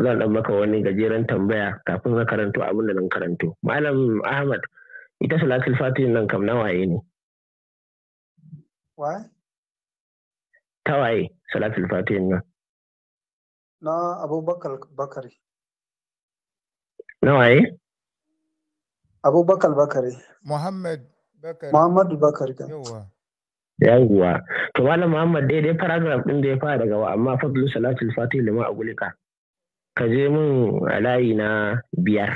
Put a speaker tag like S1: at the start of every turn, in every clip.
S1: zan dan maka wani gajeren tambaya kafin ka karanto abin da nan karanto malam ahmad ita salatul fatih nan kam na waye ne
S2: waye
S3: ta waye salatul fatih nan
S2: na abubakar bakari na waye abubakar bakari muhammad bakari muhammad bakari yawa
S1: yawwa to malam muhammad dai dai paragraph din da ya fara daga wa amma fadlu salatul fatih lima agulika ka je min a layi na biyar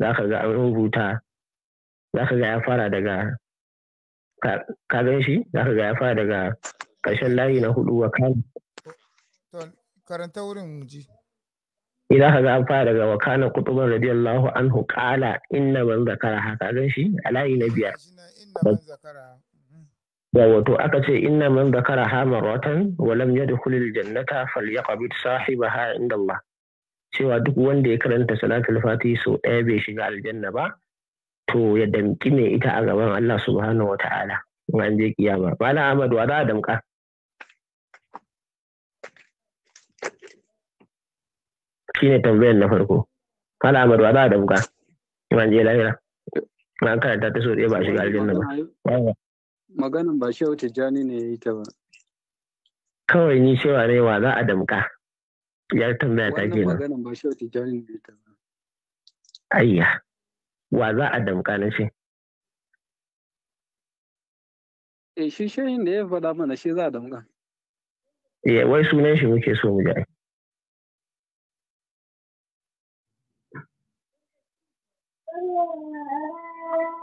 S1: za ka ga an rubuta za ka ga ya fara daga ka gan shi za ka ga ya fara daga ƙarshen layi na hudu wa kan
S4: karanta wurin ji
S1: idan eh, ka ga an fara daga wakana kutuban radiyallahu anhu kala inna man zakara haka gan shi a layi na biyar da mm-hmm. wato aka ce inna man zakara ha marwatan wa lam yadkhul jannata falyaqbit sahibaha inda Allah cewa duk wanda ya karanta salatul fati sau ɗaya bai shiga aljanna ba to ya damƙi ne ita a gaban Allah subhanahu wa ta'ala in an je kiyama malam Ahmad wa za a damƙa shine tambayar na farko malam Ahmad wa za a damƙa in an je lahira na karanta ta so ɗaya ba shiga aljanna
S2: ba maganan ba shehu jani ne ya yi ta ba
S1: kawai ni cewa ne wa za a damƙa yar tambaya ta ke nan.
S2: ba shi wata ne ta zama.
S1: Ayya, wa za a damka na shi?
S2: E shi shayin da ya faɗa mana shi za a damka.
S3: E eh, wai sunan shi muke so mu ji.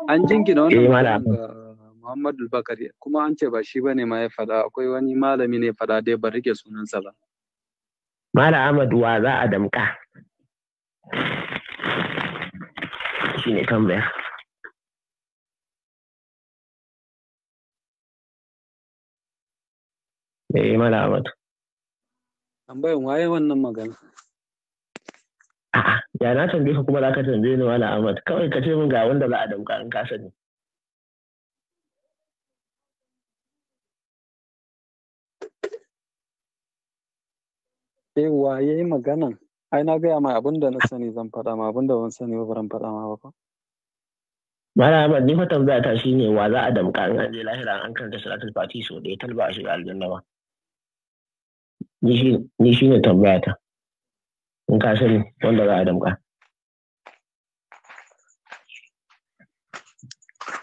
S2: An jingina wannan eh, Muhammadu Bakari kuma an ce ba shi bane ma ya faɗa akwai wani malami ne faɗa dai ba rike sunansa ba.
S1: Malam Ahmad wa za a damka?
S3: Shi ne tambaya. Eh Mala Ahmad.
S2: Tambayan waye wannan magana?
S1: A'a, ya na tambaye ka kuma za ka tambaye ni Mala Ahmad. Kawai ka ce min ga wanda za a damka
S3: in ka sani.
S2: eh wa ya yi maganan ai na gaya mai abin da na sani zan faɗa ma abin da ban sani ba ban faɗa ma ba
S1: Mala ba ni fatan za ta shine wa za a damka in an je
S2: lahira an karanta salatul fati so ɗaya talba a shiga
S1: aljanna ba. Ni shi ne tambaya ta. In ka sani wanda za a damka.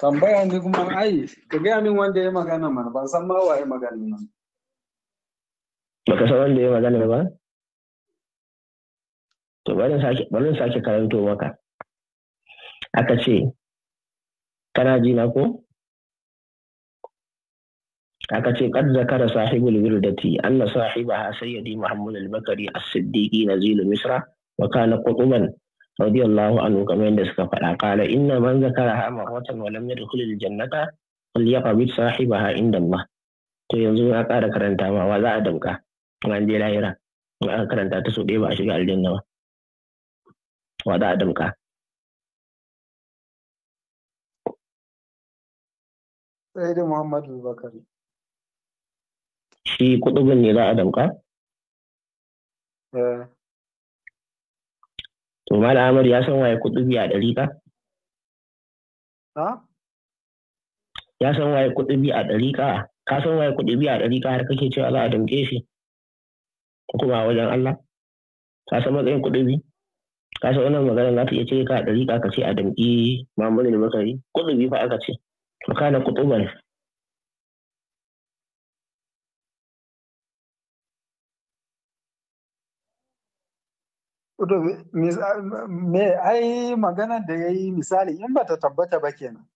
S2: Tambaya ne kuma ai ka gaya min wanda ya magana mana ban san ma waye magana nan.
S1: Baka san wanda ya magana ba? to bari sake sake karanto maka aka ce kana ji na ko aka ce kad zakara sahibul wirdati anna sahibaha sayyidi muhammad al-bakari as-siddiqi nazil misra wa kana qutuban radiyallahu anhu kamar yadda suka faɗa kala inna man ha marratan wa lam yadkhul al-jannata sahiba sahibaha inda Allah to yanzu
S3: ya ƙara karanta ma wa za a damka an je lahira in aka karanta ta so ɗaya ba a shiga aljanna ba wa za a sai da muhammadu bakari shi kudubin ne za a damka eh. to mala amur ya san waye kudubi a Ha?
S1: ya san waye kudubi a ɗari ka san waye kudubi a ka har kake cewa za a damke shi ko kuma wajen Allah ka san matsayin biyu? ka san wannan magana za ta iya cire ka a ɗari ka ce a damƙi mamuri da bakari
S3: kuɗubi fa aka ce to ka makana kuɗuban
S2: me ai maganar da ya yi misali in ba ta tabbata ba kenan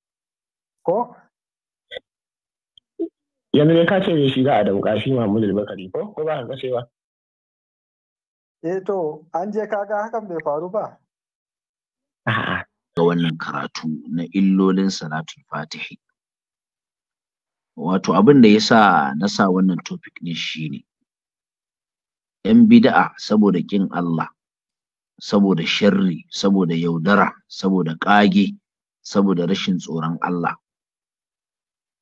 S2: ko
S1: yanzu ne ka ce zai shiga a
S5: damƙa shi mamuri da bakari
S2: ko ba ka cewa eh to an je kaga hakan bai faru ba
S5: a'a ga wannan karatu na illolin salatul fatihi wato abin da ya sa na sa wannan topic ne shine yan bida'a saboda ƙin Allah saboda sharri saboda yaudara saboda ƙage saboda rashin tsoron Allah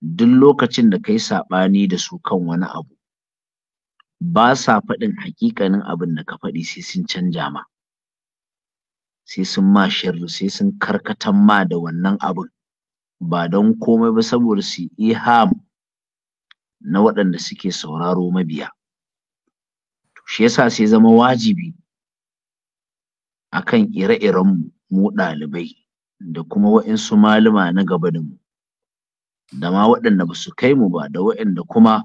S5: duk lokacin da ka yi saɓani da su kan wani abu ba sa faɗin haƙiƙanin abin da ka faɗi sai sun canja ma sai sun ma sharru sai sun karkatan ma da wannan abin ba don komai ba saboda su iham na waɗanda suke sauraro mabiya shi yasa sai zama wajibi akan ire-iren mu ɗalibai da kuma waɗansu malama na gaba da mu da ma waɗanda ba su kai mu ba da waɗanda kuma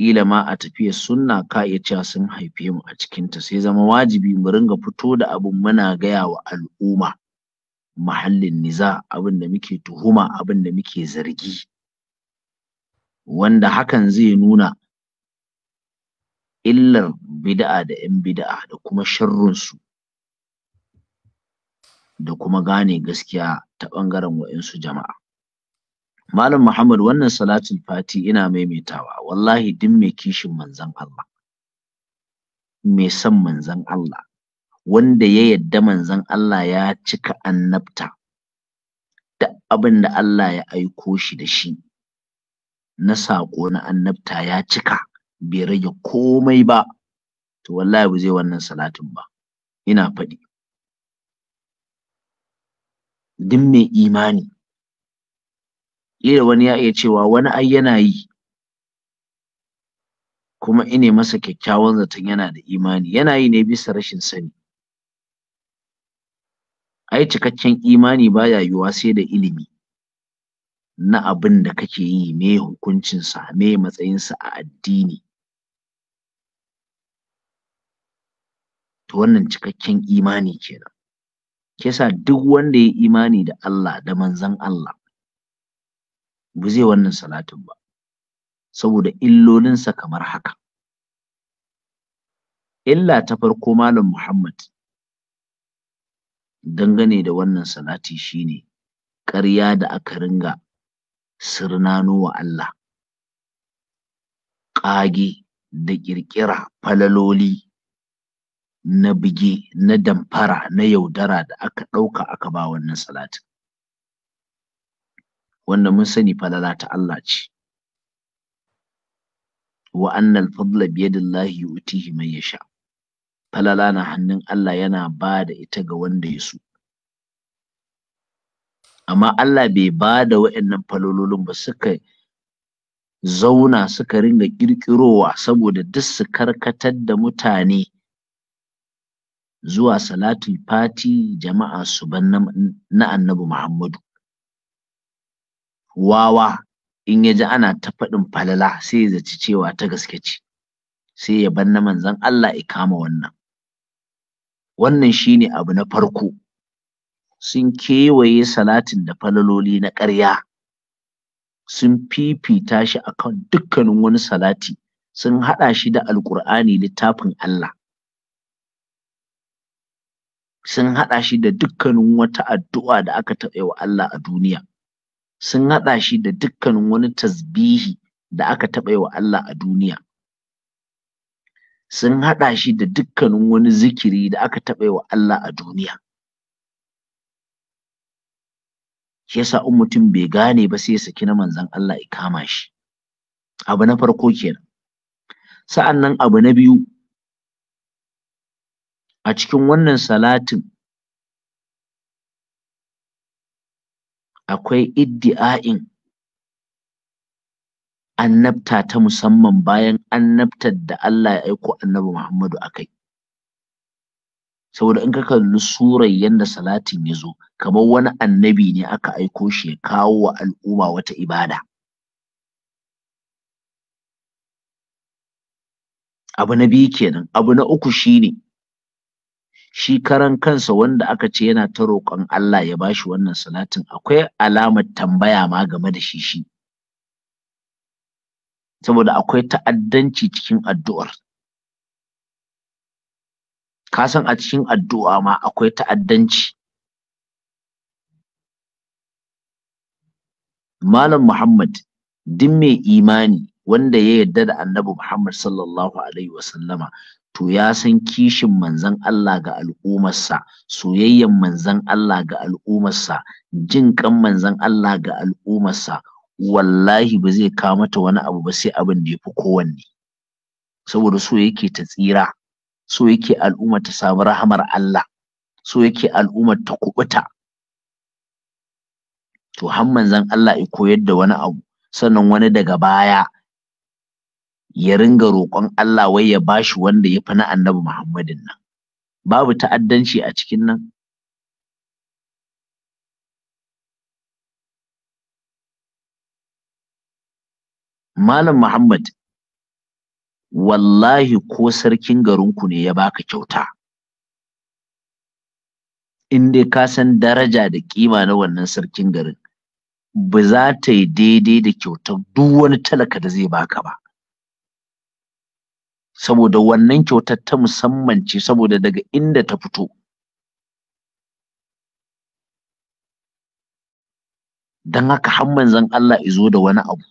S5: kila ma a tafiyar sunna ka iya cewa sun haife mu a cikinta sai zama wajibi mu ringa fito da abin muna gaya wa al'umma mahallin niza abin da muke tuhuma abin da muke zargi wanda hakan zai nuna illar bid'a da 'yan bid'a da kuma sharrunsu da kuma gane gaskiya ta ɓangaren wa'insu jama'a Malam Muhammad wannan salatul fati ina maimaitawa wallahi duk mai kishin manzon Allah mai son manzon Allah wanda ya yadda manzon Allah ya cika annabta da abin da Allah ya aiko shi da shi na saƙo na annabta ya cika bai rage komai ba to wallahi ba zai wannan salatin ba ina faɗi duk mai imani ƙila wani ya iya cewa wani ai yana yi kuma ine masa kyakkyawan zaton yana da imani yana yi ne bisa rashin sani ai cikakken imani baya yiwuwa sai da ilimi na abin da kake yi me hukuncinsa me matsayinsa a addini to wannan cikakken imani kenan shi yasa duk wanda yayi imani da Allah da manzon Allah ba zai wannan salatin ba saboda illolinsa kamar haka illa ta farko malam Muhammad dangane da wannan salati shine ƙarya da aka ringa sirnano wa Allah ƙage da ƙirƙira falaloli na bige na damfara na yaudara da aka ɗauka aka ba wannan salatin wanda mun sani falala ta Allah ce wa annal fadla biyadillahi yu'tihi man yasha falala na hannun Allah yana bada ita ga wanda ya so amma Allah bai ba da wa'annan falololin ba suka zauna suka ringa ƙirƙirowa saboda duk su karkatar da mutane zuwa salatul fati jama'a su ban na annabi Muhammadu wawa in ya ji ana ta faɗin falala sai ya zaci cewa ta gaske ce sai ya bar na manzon Allah ya kama wannan wannan shine abu na farko sun kewaye salatin da falaloli na ƙarya sun fifita shi a kan dukkanin wani salati sun haɗa shi da alƙur'ani littafin Allah sun haɗa shi da dukkanin wata addu'a da aka taɓa wa Allah a duniya sun haɗa shi da dukkanin wani tasbihi da aka taɓa yi wa Allah a duniya sun haɗa shi da dukkanin wani zikiri da aka taɓa yi wa Allah a duniya shi yasa in mutum bai gane ba sai saki na manzan Allah ya kama shi abu na farko kenan sa'annan abu na biyu a cikin wannan salatin akwai iddi'ain annabta ta musamman bayan annabtar da Allah ya aiko Annabi Muhammadu a kai. saboda in ka kalli surai yanda salatin ya zo kamar wani annabi ne aka aiko shi ya kawo wa al'umma wata ibada abu na biyu kenan abu na uku shine shi karan kansa wanda aka ce yana ta roƙon Allah ya bashi wannan salatin akwai alamar tambaya ma game da shi shi saboda akwai ta'addanci cikin addu'ar ka san a cikin addu'a ma akwai ta'addanci Malam Muhammad duk mai imani wanda ya yarda da Annabi Muhammad sallallahu alaihi wasallama to ya san kishin manzan Allah ga al'umarsa, soyayyan manzan Allah ga al'umarsa, jin kan manzan Allah ga al'umarsa. wallahi ba zai kawo mata wani abu ba sai abin da ya fi kowanne saboda so yake ta tsira so yake al'umma ta samu rahamar Allah so yake al'umma ta kubuta to har manzon Allah ya koyar da wani abu sannan wani daga baya ya ringa roƙon Allah wai ya bashi wanda ya fi na annabi Muhammadin nan babu ta'addanci a cikin nan Malam Muhammad wallahi ko sarkin garinku ne ya baka kyauta in dai ka san daraja da ƙima na wannan sarkin garin ba za ta yi daidai da kyautar duk wani talaka da zai baka ba saboda wannan kyautar ta musamman ce saboda daga inda ta fito don haka har manzon Allah ya izo da wani abu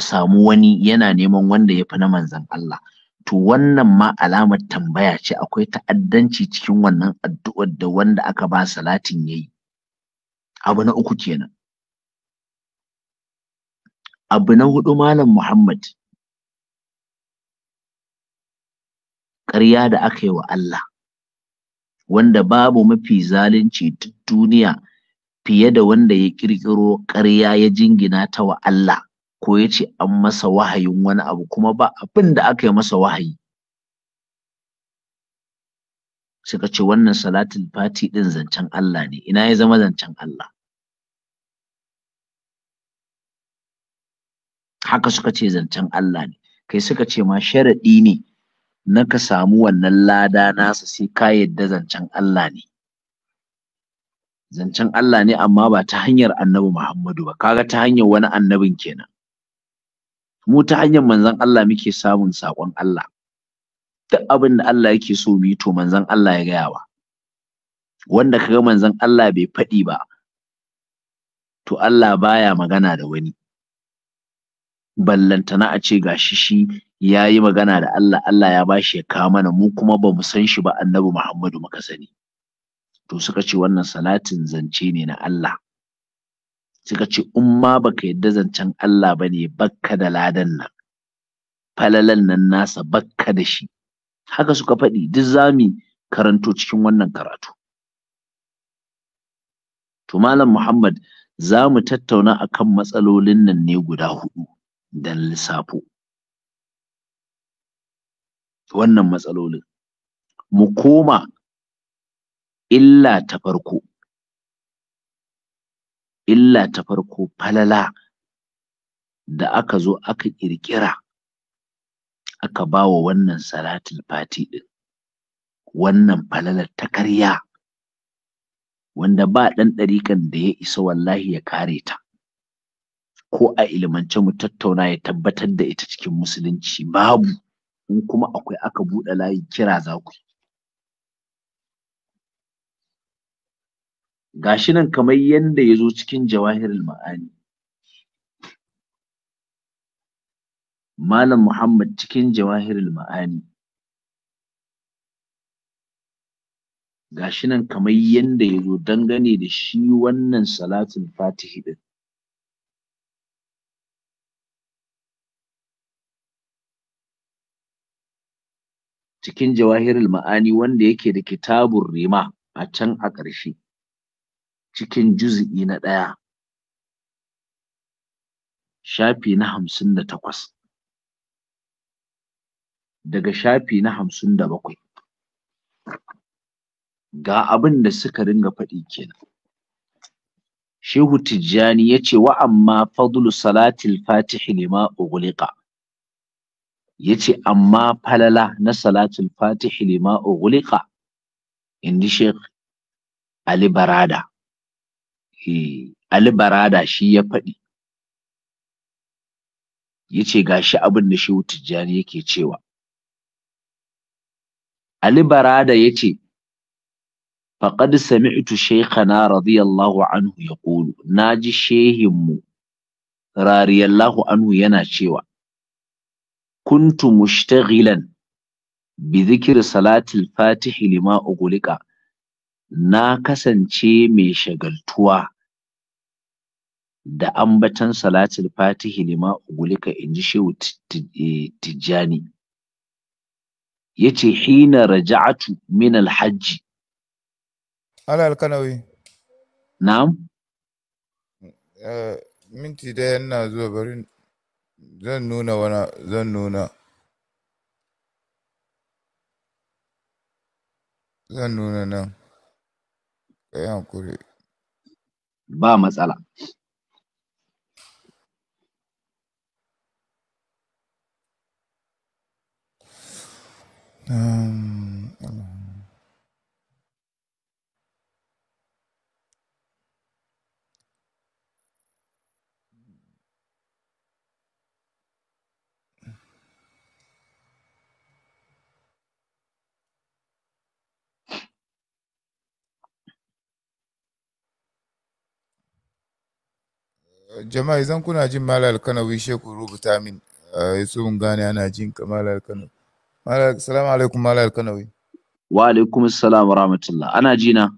S5: a samu wani yana neman wanda ya fi na manzon Allah to wannan ma alamar tambaya ce akwai ta'addanci cikin wannan addu'ar da wanda aka ba salatin yayi abu na uku kenan abu na hudu malam Muhammad ƙarya da aka yi wa Allah wanda babu mafi zalunci duk duniya fiye da wanda ya ƙirƙiro ƙarya ya jingina ta wa Allah ko ya ce an masa wahayin wani abu kuma ba abin da aka yi masa wahayi suka ce wannan salatul fati ɗin zancen Allah ne ina ya zama zancen Allah haka suka ce zancen Allah ne kai suka ce ma sharaɗi ne na ka samu wannan lada nasa sai ka yadda zancen Allah ne zancen Allah ne amma ba ta hanyar annabi Muhammadu ba kaga ta hanyar wani annabin kenan mu ta hanyar manzon Allah muke samun saƙon Allah duk abin da Allah yake so mu to manzon Allah ya gaya wa wanda kaga manzon Allah bai faɗi ba to Allah baya magana da wani ballantana a ce gashi shi ya yi magana da Allah Allah ya shi ya kawo mana mu kuma ba mu san shi ba annabi Muhammadu muka sani to suka ce wannan salatin zance ne na Allah suka ce in ma baka yadda zancen Allah ba ne bakka da ladan nan falalan nan nasa bakka da shi haka suka faɗi duk zami karanto cikin wannan karatu to malam Muhammad za mu tattauna akan matsalolin nan ne guda hudu dan lissafo wannan matsalolin mu koma illa ta farko illa ta farko falala da aka zo aka ƙirƙira aka ba wa wannan salatul fati ɗin wannan falalar ta ƙarya wanda ba ɗan ɗariƙan da ya isa wallahi ya kare ta ko a ilimance mu tattauna ya tabbatar da ita cikin musulunci babu in kuma akwai aka buɗe layi kira za ku yi ga shi nan kamar yanda ya zo cikin jawahirul ma'ani malam muhammad cikin jawahirul ma'ani ga shi nan kamar yanda ya zo dangane da shi wannan salatul fatihi ɗin cikin jawahirul ma'ani wanda yake da kitabun rima a can a ƙarshe cikin juz'i na ɗaya shafi na hamsin da takwas daga shafi na hamsin da bakwai ga abin da suka ringa faɗi kenan shehu tijjani ya ce wa amma fadlu salatil fatihi lima ughliqa yace amma falala na salatul fatihi lima ughliqa indi sheikh ali barada eh ali barada shi ya faɗi yace gashi abin da shehu tijjani yake cewa ali barada yace faqad sami'tu shaykhana radiyallahu anhu yaqulu naji mu, rariyallahu anhu yana cewa كنت مشتغلا بذكر صلاة الفاتح لما أغلق na kasance mai shagaltuwa da ambatan salatul fatihi lima ugulika inji shehu eh, tijjani yace hina raja'atu min alhajji
S4: ala alkanawi na'am eh, minti da yana zuwa barin. Zan nuna wana zan nuna. Zan nuna nan. Ka kure. Ba matsala.
S6: Um...
S4: jama'a idan kuna jin malal alkanawi she ku rubuta min yaso eh, mun gane ana jin ka malal alkanawi malal salamu alaikum malal alkanawi
S5: wa alaikum assalam rahmatullah ana ji na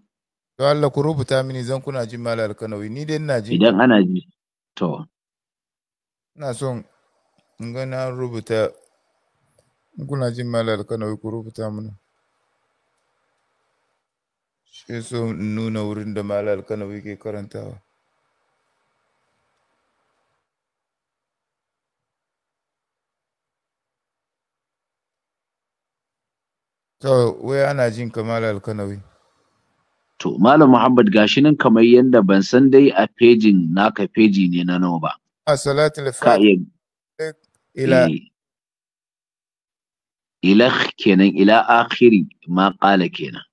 S4: to Allah ku rubuta min idan kuna jin malal alkanawi ni dai ina ji idan ana
S5: ji to
S4: ina son in ga na rubuta in kuna jin malal alkanawi ku rubuta min. shi so nuna wurin da malal alkanawi ke karantawa To, wai ana jin kamar Alkanawi.
S5: To, Malam Muhammad gashi nan kamar yadda ban san dai a fejin naka feji ne na nawa ba.
S4: A salatul
S5: fa'il. Ila. Eh. Ila kenan ila akhiri ma qala kenan.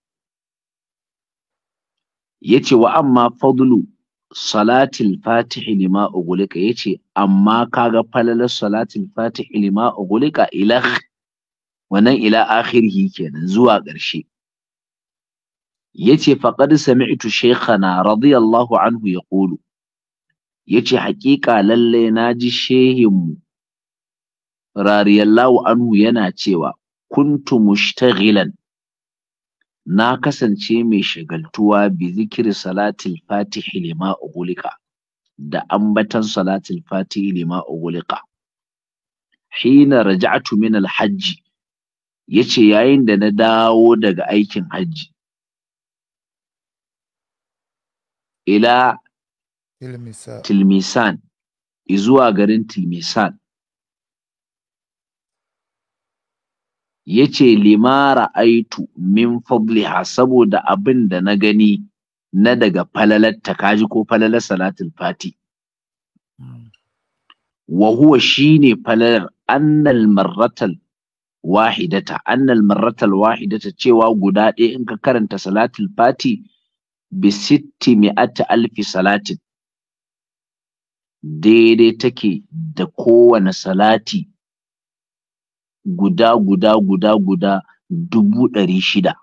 S5: Yace wa amma fadlu salatul fatihi lima ugulika yace amma kaga falalar salatul fatihi lima ugulika ilakh wannan ila akhirihi kenan zuwa ƙarshe yace faqad sami'tu shaykhana radiyallahu anhu yaqulu yace haƙiƙa lalle naji shehinmu radiyallahu anhu yana cewa kuntu mushtaghilan na kasance mai shagaltuwa bi zikiri salatil Fatih lima ugulika da ambatan salatil Fatih lima ugulika hina raja'tu min hajji ya ce yayin da na dawo daga aikin hajji ila tilmisan zuwa garin tilmisan ya ce limara aitu min fadliha saboda abin da na gani na daga falalar takaji ko falalar salatul fati hmm. wa huwa shine falalar annal marratal wahidata annal marratal wahidata cewa guda ɗaya in ka karanta salatul fati bi sitti mi'ati alfi salatin daidai take da kowane salati guda guda guda guda dubu ɗari shida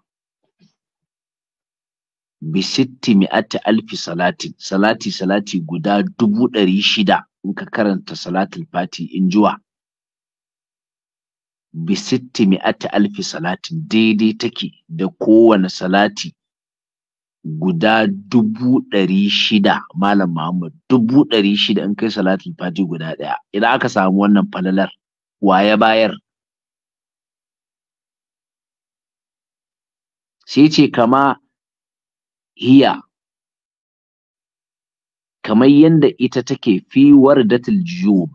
S5: bi sitti mi'ati alfi salatin salati salati guda dubu ɗari shida in ka karanta salatul fati in jiwa bisitti sitti mi'ati alfi salati daidai take da kowane salati guda dubu ɗari shida malam Muhammad dubu ɗari shida in kai salatin fati guda ɗaya idan aka samu wannan falalar waye bayar sai ce kama hiya kamar yadda ita take fi wardatul juyub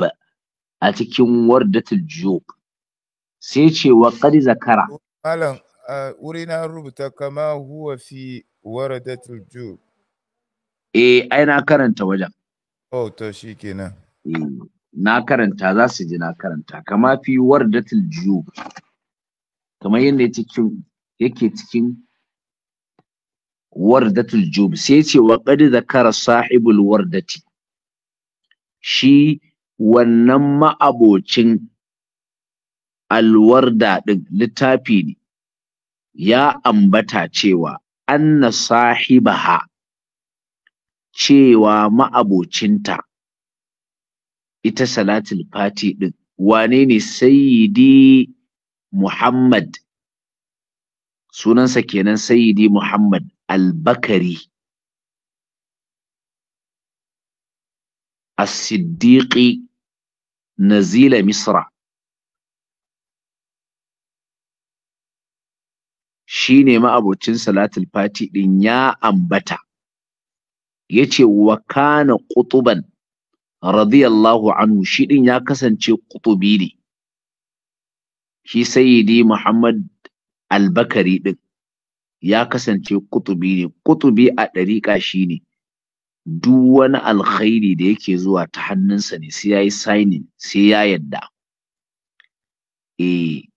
S5: a cikin wardatul juyub sai ce wa qad zakara
S4: malam wuri na rubuta kama huwa fi waradatul jub
S5: eh ai na karanta wajen
S4: oh to shikenan
S5: eh, na karanta za su ji na karanta kama fi wardatul ju. kamar yadda yake cikin yake cikin wardatul jub sai ce wa qad zakara sahibul wardati shi wannan ma'abocin alwarda ɗin littafi ne ya ambata cewa anna sahibaha cewa ma'abocinta ita salatul fati ɗin wane ne sayyidi muhammad sunansa kenan sayyidi muhammad albakari as-siddiqi nazila misra shine ma'abocin salatul fati din ya ambata yace wa kana qutuban radiyallahu anhu shi din ya kasance qutubi ne shi sayyidi muhammad albakari din ya kasance qutubi ne qutubi a dariƙa shine duk wani alkhairi da yake zuwa ta hannunsa ne sai yayi signing sai ya yadda eh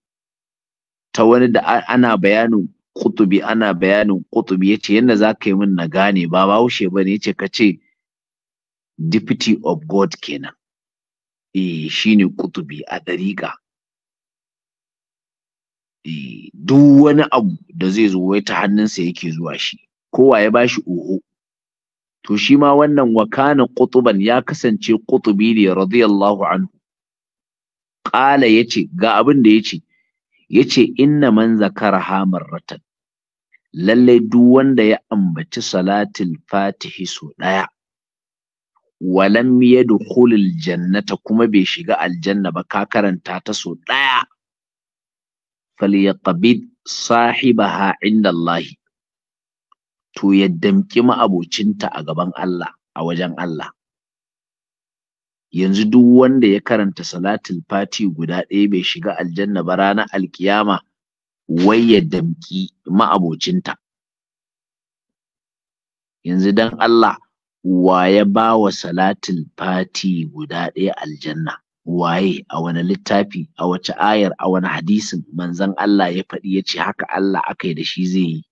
S5: ta wani da ana bayanin kutubi ana bayanin kutubi ya ce yadda za ka yi min na gane ba haushe ba ne ya ce ka ce deputy of god kenan eh ne kutubi a dariƙa e, eh, duk wani abu da zai zo wai ta hannunsa yake zuwa shi kowa ya shi oho to shi ma wannan wakanin kutuban ya kasance kutubi ne radiyallahu anhu ƙala ya ce ga abin da ya ce yace innaman zakaraha marratan lallai duk wanda ya ambaci salatul fatihi so ɗaya walam yadkhulul jannata kuma bai shiga aljanna ba ka karanta ta so ɗaya falyaqbid sahibaha inda Allah to ya damƙi abocinta a gaban Allah a wajen Allah yanzu duk wanda ya karanta salatul fati guda ɗaya bai shiga aljanna ba ranar alkiyama wai ya damƙi ma'abocinta yanzu dan Allah ya ba wa salatul fati guda ɗaya aljanna waye a wani littafi a wace ayar a wani hadisin manzon Allah ya faɗi ya ce haka Allah aka yi da shi zai yi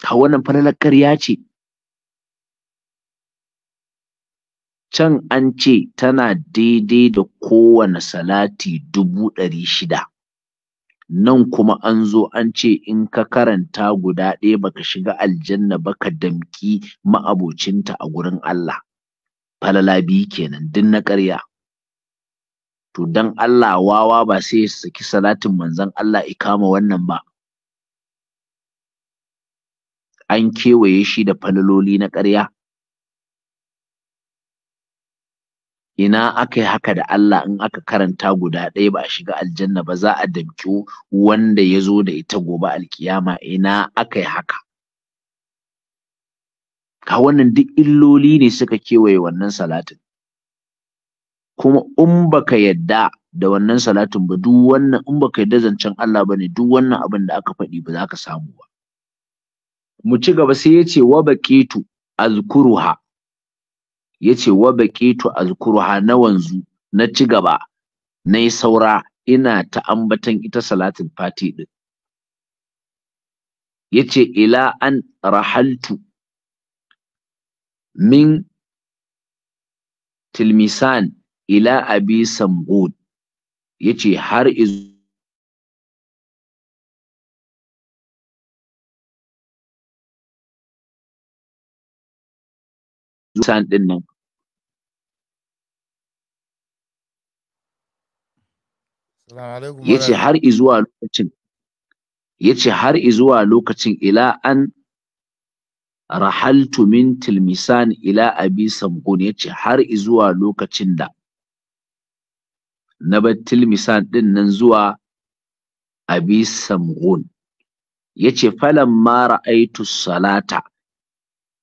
S5: ka wannan falalar ƙarya ce Can an ce tana daidai da kowane salati dubu ɗari shida, nan kuma an zo an ce in ka karanta guda ɗaya baka shiga aljanna ba ka damki ma'abocinta a gurin Allah. Falala biyu kenan duk na ƙarya. To don Allah wawa ba sai ya saki salatin manzon Allah ya kama wannan ba. An kewaye shi da falaloli na ƙarya. ina aka yi haka da Allah in aka karanta guda ɗaya ba a shiga aljanna ba za a damƙi wanda ya zo da ita gobe alkiyama ina aka yi haka ka wannan duk illoli ne suka kewaye wannan salatin kuma in baka yadda da wannan salatin ba duk wannan in baka yadda zancen Allah bane duk wannan abin da aka faɗi ba za ka samu ba mu ci gaba sai ya ce wa baqitu azkuruha yace wa baqitu azkuruha na wanzu na ci gaba nayi saura ina ta ambatan ita salatin fati din yace ila an rahaltu min tilmisan ila abi sambud
S3: yace har izu
S5: zuwa ɗin
S4: nan yace har
S5: izuwa lokacin yace har izuwa lokacin ila an rahaltu min tilmisan ila abi samgun yace har izuwa lokacin da na bar tilmisan din nan zuwa abi samgun yace falon ma ra'aitu salata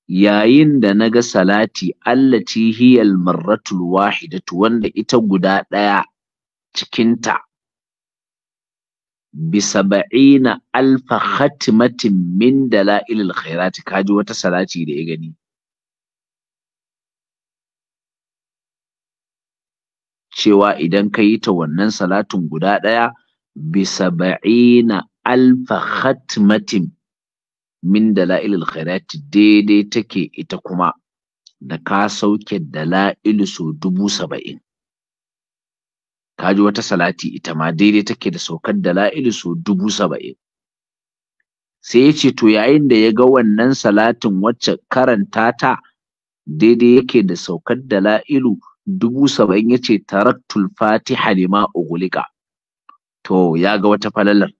S5: yayin da na ga salati allati hiyal marratul wahidatu wanda ita guda ɗaya cikinta bi saba'ina alfa khatimatin min dala'ilil khairati kaji wata salati da ya gani cewa idan ka yi ta wannan salatin guda ɗaya bi saba'ina alfa khatimatin min dala'ilil khairati daidai take ita kuma da ka sauke dala'ilu so dubu saba'in ka ji wata salati ita ma daidai take da saukar dala'ilu so dubu saba'in sai ya ce to yayin da ya ga wannan salatin wacce karanta ta daidai yake da saukar dala'ilu dubu saba'in ya ce taraktul fatiha lima ogulika to ya ga wata falalar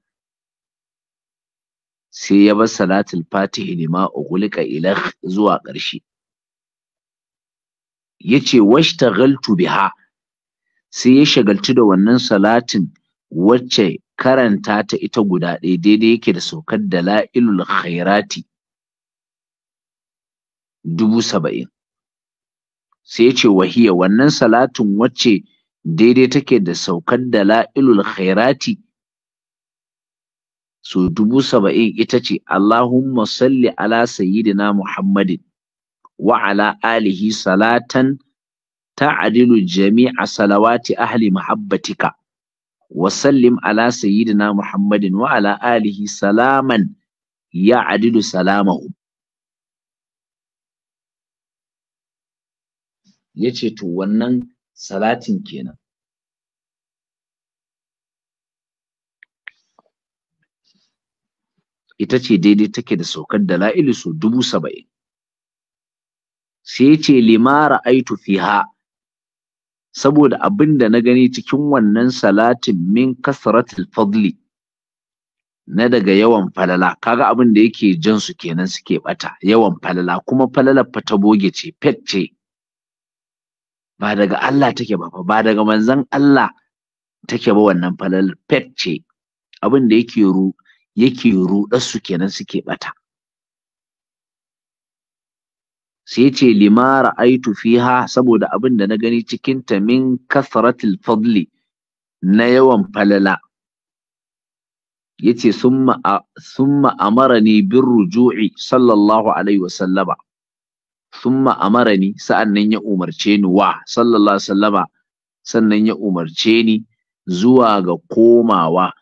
S5: sai ya bar salatul fatihi lima ughliqa ila zuwa ƙarshe yace washtaghaltu biha sai ya shagaltu da wannan salatin wacce karanta ta ita guda ɗaya daidai yake da saukar da la'ilul khairati dubu saba'in sai ya ce wahiya wannan salatin wacce daidai take da saukar da la'ilul khairati so dubu saba'in ita ce Allahumma salli ala sayyidina Muhammadin wa ala alihi salatan ta'adilu jami'a salawati ahli mahabbatika wa sallim ala sayyidina Muhammadin wa ala alihi salaman ya adilu salamahu yace to wannan salatin kenan ita ce daidai take da saukar dala'ilu su dubu saba'in sai ce limara aitu fiha saboda abin da na gani cikin wannan salatin min kasratil fadli na daga yawan falala kaga abin da yake jan su kenan suke bata yawan falala kuma falalar fa ta boge ce fet ce ba daga Allah take ba ba daga manzon Allah take ba wannan falalar fet ce abin da yake ru yake su kenan suke ɓata sai ce limara aitu fiha saboda abin da na gani cikinta min kasratil fadli na yawan falala yace summa amarani bin ruju'i sallallahu alaihi wasallama summa amarani sa'annan ya umarce ni wa sallallahu alaihi wasallama sannan ya umarce ni zuwa ga komawa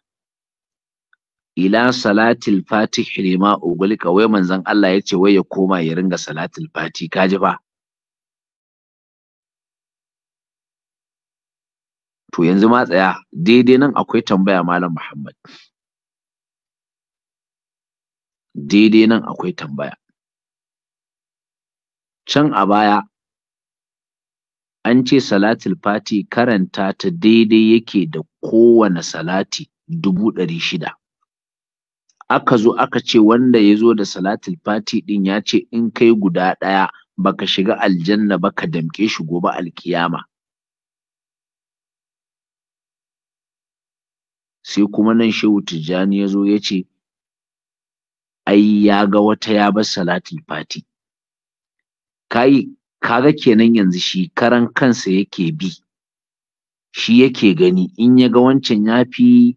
S5: ila salatil fatih lima ugulika wai manzon Allah ya ce wai ya koma ya ringa salatil fati kaji ba? to yanzu ma tsaya daidai nan akwai tambaya malam Muhammad daidai nan akwai tambaya can a baya an ce salatil fati karanta ta daidai yake da kowane salati dubu ɗari shida aka zo aka ce wanda ya zo da salatul fati din ya ce in kai guda ɗaya baka shiga aljanna ba ka damƙe shi gobe alkiyama sai kuma nan shehu tijjani ya zo ya ce ai ya ga wata ya bar salatul fati kai kaga kenan yanzu shi karan kansa yake bi shi yake gani in ya ga wancan ya fi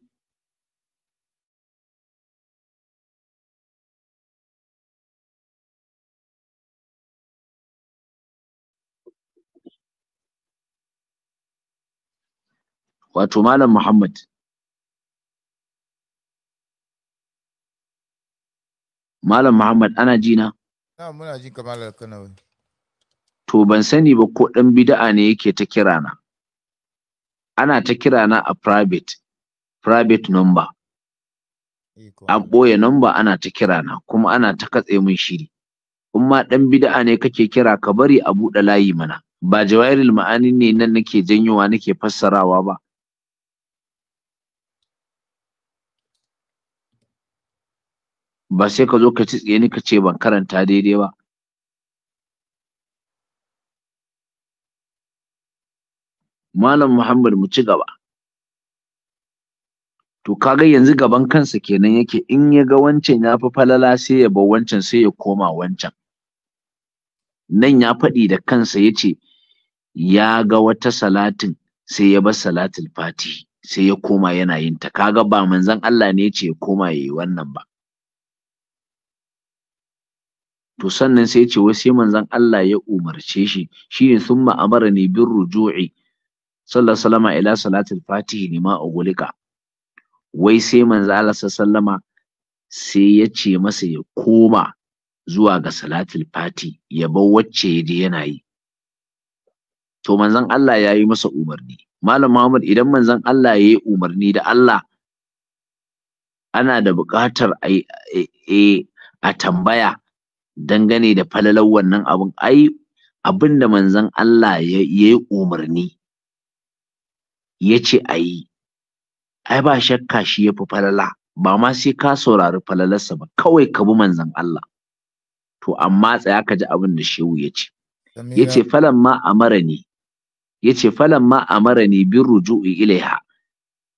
S5: wato Malam Muhammad. Malam Muhammad ana ji na?
S4: muna ji ka Malam Kanawi.
S5: To ban sani ba ko dan bid'a ne yake ta kira na. Ana ta kira na a private, private number. Eh An ɓoye number ana ta kira na kuma ana ta katse mun shiri. In ma dan bid'a ne kake kira ka bari a buɗe layi mana. Ba jawairil ma'anin ne nan nake janyowa nake fassarawa ba. ba sai ka zo ka ci tsaye ni ka ce ban karanta daidai ba malam muhammad mu ci gaba to kaga yanzu gaban kansa kenan yake in ya ga wancan ya fi falala sai ya bar wancan sai ya koma wancan nan ya faɗi da kansa ya ce ya ga wata salatin sai ya bar salatin fatihi sai ya koma yana yin ta kaga ba manzon Allah ne ya ce ya koma yayi wannan ba to sannan sai ya ce wai sai manzon Allah ya umarce shi shine amara amarani bir ruju'i sallallahu sallama ila salatul fatihi ne ma wai sai manzo Allah sallama sai yace masa ya koma zuwa ga salatul fati ya bar wacce ya je yana yi to manzon Allah ya yi masa umarni malam Muhammad idan manzon Allah ya yi umarni da Allah ana da buƙatar a, a tambaya dangane da falalar wannan abun ai abin da manzon Allah ya yi umarni ya ce a yi ai ba shakka shi ya fi falala ba ma sai ka saurari falalarsa ba kawai ka bi manzon Allah to amma tsaya ka ji abin da shehu ya ce ya ce falan ma amara ne ya ce falan ma amara ne bin ruju'i ilaiha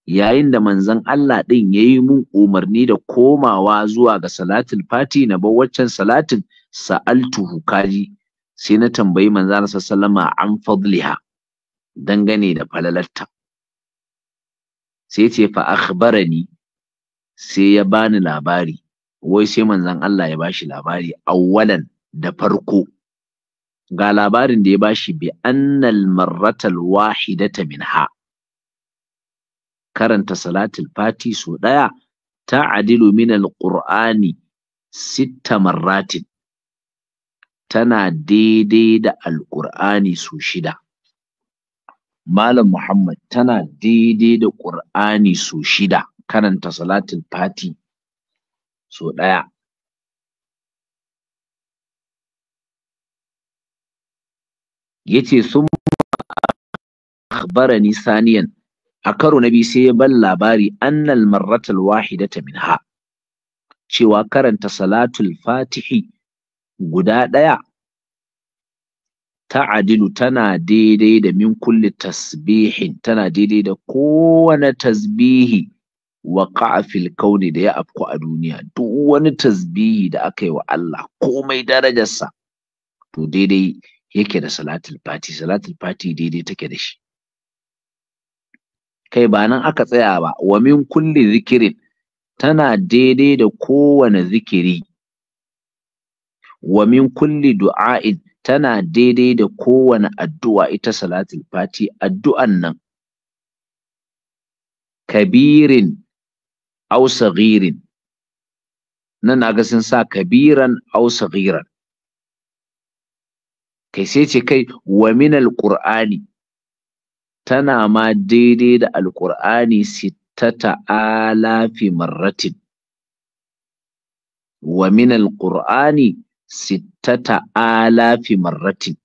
S5: yayin da manzon Allah ɗin ya yi mun umarni da komawa zuwa ga Salatin fati na bar waccan salatin sa'altu hukaji sai na tambayi manzon Allah sallama an fadliha dangane da falalarta sai ce fa akhbarani sai ya bani labari wai sai manzon Allah ya bashi labari awwalan da farko ga labarin da ya bashi bi annal marratal wahidata minha karanta salatul fati so ɗaya ta adilu min ƙurani sitta marratin tana daidai da alƙur'ani so shida malam muhammad tana daidai da Al-ƙur'ani so shida karanta salatul fati so ɗaya yace sun akhbarani saniyan a karo na biyu sai ya bar labari annal marratal wahidata ha. cewa karanta salatul fatihi guda ɗaya ta adilu tana daidai da min kulli tasbihin tana daidai da kowane tasbihi wa ka'afil kauni da ya afku a duniya duk wani tasbihi da aka yi wa Allah komai darajarsa to daidai yake da salatul fati salatul fati daidai take da shi kai ba nan aka tsaya ba wa min kulli zikirin tana daidai da kowane zikiri wa min kulli du'a'in tana daidai da kowane addu'a ita salatul fati addu'an nan kabirin aw saghirin nan naga sun sa kabiran aw saghiran kai sai ce kai wa min alqur'ani tana ma daidai da alƙur'ani sittata alafi marratin wa min alƙur'ani sittata alafi marratin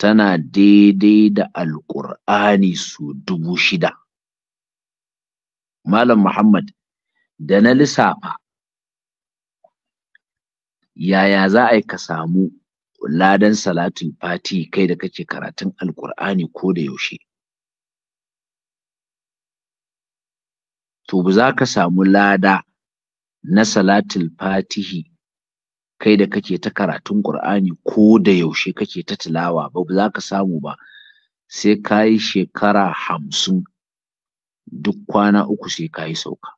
S5: tana daidai da alƙur'ani su dubu shida malam muhammad da na lissafa yaya za a yi ka samu ladan salatul fati kai da kake karatun alkur'ani ko da yaushe to ba za ka samu lada na salatul fatihi kai da kake ta karatun qur'ani ko da yaushe kake ta tilawa ba ba za ka samu ba sai ka yi shekara hamsin duk kwana uku sai ka yi sauka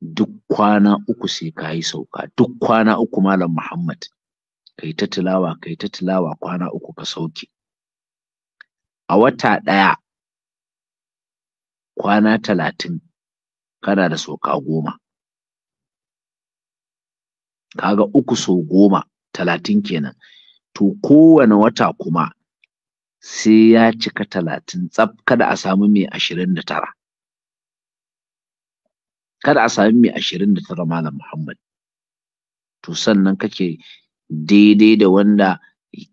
S5: duk kwana uku sai ka yi sauka duk kwana uku malam muhammad kai ta tilawa kai ta tilawa kwana uku ka sauke a wata ɗaya kwana talatin kana da sauka goma kaga uku sau goma talatin kenan to kowane wata kuma sai ya cika talatin tsaf kada a samu mai ashirin da tara kada a sami mai ashirin da tara malam muhammad to sannan kake daidai da wanda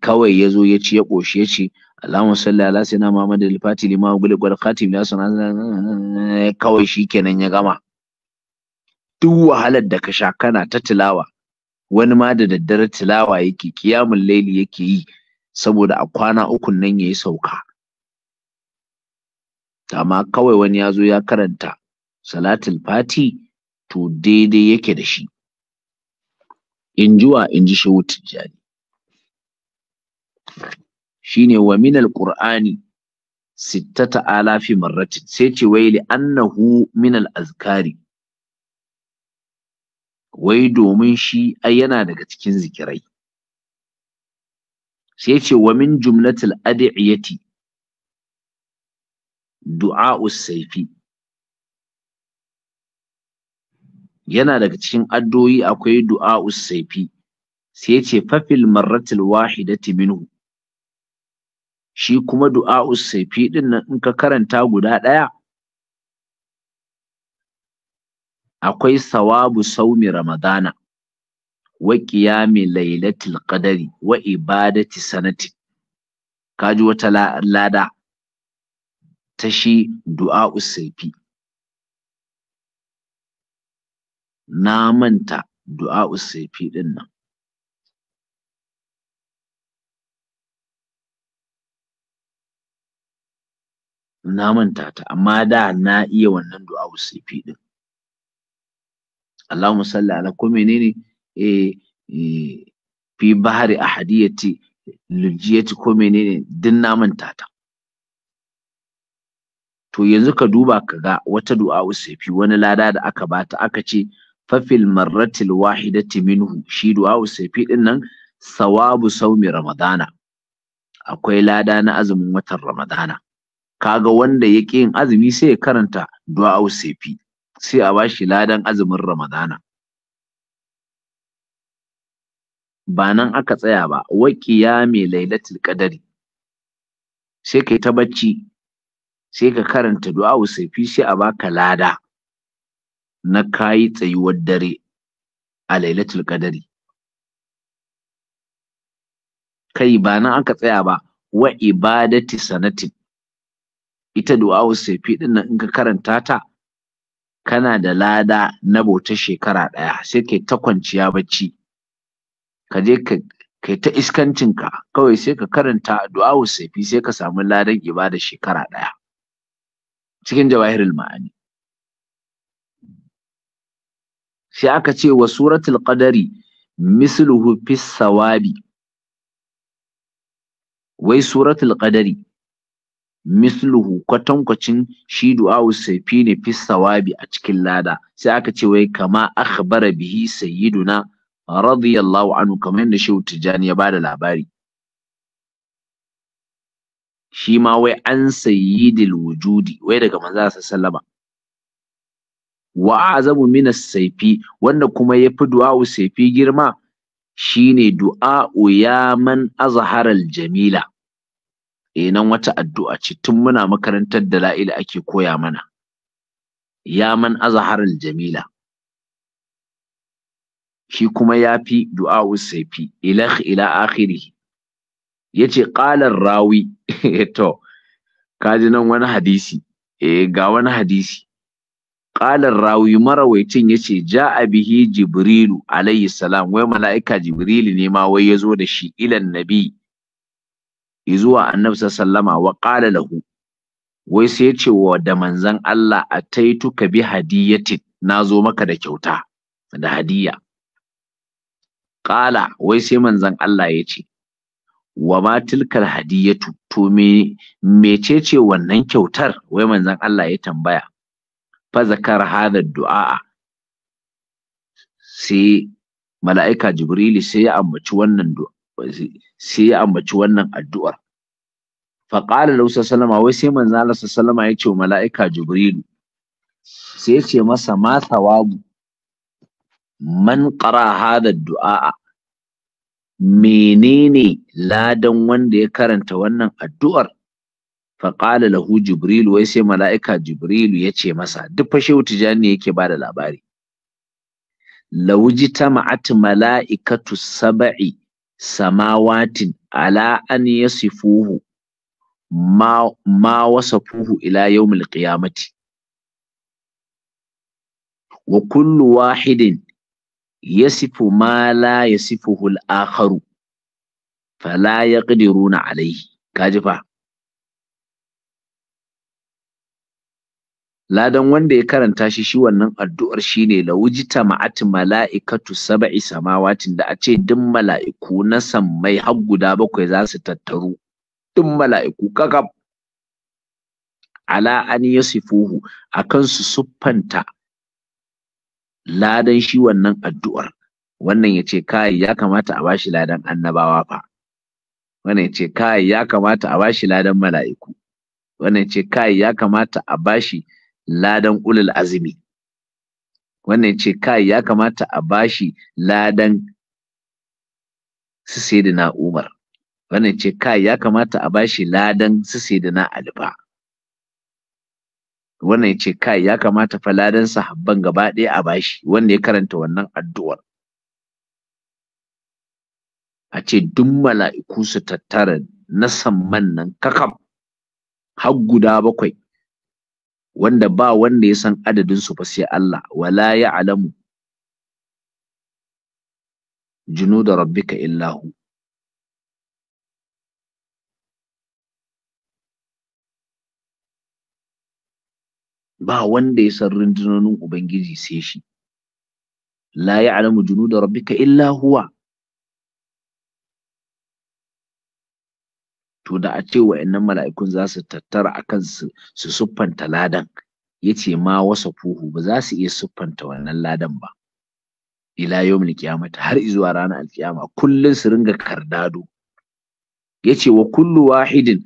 S5: kawai ya zo ya ci ya ƙoshi ya ce Allahumma salli ala sayyidina Muhammad al-Fatih lima ugul gwal khatim ya sana kawai shikenan ya gama duk wahalar da ka sha kana ta tilawa wani ma da daddare tilawa yake kiyamul laili yake yi saboda a kwana ukun nan yayi sauka amma kawai wani ya zo ya karanta salatul fati to daidai yake da shi in ji wa in ji shehu tijjani shine wa min alqur'ani sittata alafi marratin sai ce wai li annahu min azkari wai domin shi ai yana daga cikin zikirai sai ce wa min jumlatil adiyati du'a us yana daga cikin addu'o'i akwai du'a saifi, sai yace fafil marratil wahidati minhu shi kuma du'a saifi din nan in ka karanta guda ɗaya akwai sawabu saumi ramadana wa qiyami lailatul qadari wa ibadati sanati kaji wata lada ta shi du'a saifi. na manta du'a usaifi din nan na manta ta amma da na iya wannan du'a usaifi din Allahumma salli ala ko menene eh, eh fi bahari ahadiyati lujiyati ko menene din na manta ta to yanzu ka duba ka ga wata du'a usaifi wani lada da aka bata aka ce fafil marratil wahidati minhu shi du'a'u safi din nan sawabu saumi ramadana akwai lada na azumin watan ramadana kaga wanda ya yin azumi sai ya karanta du'a'u safi sai a bashi ladan azumin ramadana ba nan aka tsaya ba wa qiyami lailatul qadari sai kai ta bacci sai ka karanta du'a'u safi sai a baka lada na kayi tsayuwar dare a lailatul qadari kai ba nan aka tsaya ba wa ibadati sanatin ita du'a usefi din nan in ka karanta ta kana da lada na bautar shekara ɗaya sai kai ta kwanciya bacci ka je ka kai ta iskancin ka kawai sai ka karanta du'a usefi sai ka samu ladan ibada shekara ɗaya cikin jawahirul ma'ani sai aka ce wa suratul qadari misluhu fis sawabi wai suratul qadari misluhu kwatankwacin shi du'a'u safi ne fis sawabi a cikin lada sai aka ce wai kama akhbara bihi sayyiduna radiyallahu anhu kamar yadda shehu tijani ya bada labari shi ma wai an sayyidil wujudi wai daga manzo sallama wa azamu min saifi, wanda kuma ya yafi du'a'u saifi girma shine du'a'u ya man azaharar jamila eh nan wata addu'a ce tun muna makarantar da la'ila ake koya mana ya man azaharar jamila shi kuma ya yafi du'a'u saifi ila ila Ya ce ƙalar rawi to kaji nan wani hadisi eh, ga wani hadisi Ƙalar rawi mara marawaitin ya ce a bihi Jibrilu alayhi salam wai mala'ika Jibrilu ne ma wai ya zo da shi ilan nabi zuwa annabi sallama wa qala wai sai ya ce wa da manzon Allah a ataituka bi hadiyatin nazo maka da kyauta da hadiya Ƙala. wai sai manzon Allah ya ce wa ma tilkal hadiyatu to me mecece wannan kyautar wai manzon Allah ya tambaya fazakar hada du'a sai mala'ika jibrili sai ya ambaci wannan addu'ar faƙala da sallama wai sai manzo Allah sallama ya ce mala'ika jibrilu sai ya ce masa ma thawabu man qara hada du'a menene ladan wanda ya karanta wannan addu'ar faƙala lahu jibrilu wai sai mala'ika jibrilu ya ce masa duk fashe tijani yake ba da labari lauji ta ma'at mala'ikatu saba'i samawatin ala an yasifuhu ma, ma wasafuhu ila yawmil qiyamati wa kullu wahidin yasifu ma la yasifuhu al-akharu fala yaqdiruna alayhi kajifa fa ladan wanda ya karanta shi shi wannan addu'ar shine laujita ma'ati mala'ikatu sab'i samawatin da a ce duk mala'iku na sammai har guda bakwai za su tattaru duk mala'iku kakab ala an yasifuhu akan su siffanta ladan shi wannan addu'ar wannan ya ce kai ya kamata a bashi ladan annabawa fa wannan ya ce kai ya kamata a bashi ladan mala'iku wannan ya ce kai ya kamata a bashi ladan ulul azumi wannan ce kai ya kamata a bashi ladan su sayyidina Umar wannan ce kai ya kamata a bashi ladan su sayyidina Ali ba wannan ce kai ya kamata fa ladan sa sahabban gaba ɗaya a bashi wanda ya karanta wannan addu'ar a ce duk mala'iku su tattara na samman nan kakam har guda bakwai wanda ba wanda ya san adadin su ba sai Allah wala ya'lamu da rabbika illa hu ba wanda ya san rundunonin ubangiji sai shi la ya'lamu da rabbika illa huwa to da a ce wa'annan mala'ikun za su tattara a kan su siffanta ladan ya ce ma wasa fuhu ba za su iya siffanta wannan ladan ba ila yawmil kiyamata har izuwa ranar alkiyama kullun su ringa kardado ce wa kullu wahidin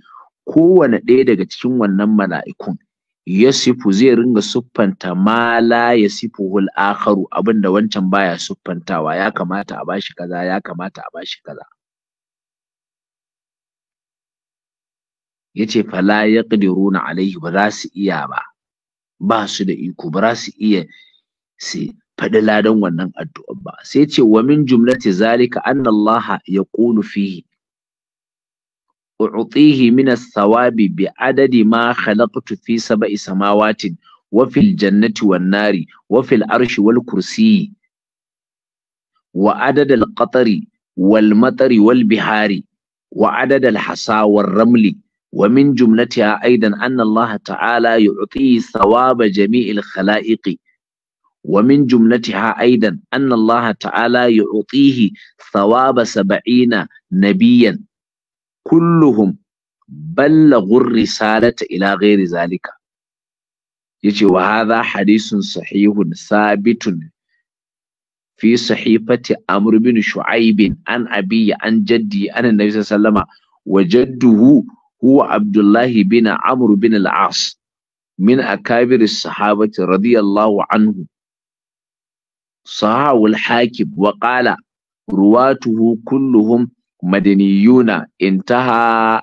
S5: kowane ɗaya daga cikin wannan mala'ikun sifu zai ringa siffanta ma la yasifuhu al-akharu abinda wancan baya siffantawa ya kamata a bashi kaza ya kamata a bashi kaza yace fala yaqdiruna alaihi ba za su iya ba ba su da iko ba za su iya su faɗi ladan wannan addu'a ba sai ce wa min jumlati zalika anna Allah yaqulu fihi u'tihi min as-sawabi bi adadi ma khalaqtu fi sab'i samawatin wa fil jannati wan nari wa fil arshi wal kursiyi wa adad al qatari wal matari wal bihari wa adad al hasa wal ramli ومن جملتها أيضا أن الله تعالى يعطي ثواب جميع الخلائق ومن جملتها أيضا أن الله تعالى يعطيه ثواب سبعين نبيا كلهم بلغوا الرسالة إلى غير ذلك يجي وهذا حديث صحيح ثابت في صحيفة أمر بن شعيب عن أبي عن جدي عن النبي صلى الله عليه وسلم وجده هو عبد الله بن عمرو بن العاص من أكابر الصحابة رضي الله عنه صحاه الحاكم وقال رواته كلهم مدنيون انتهى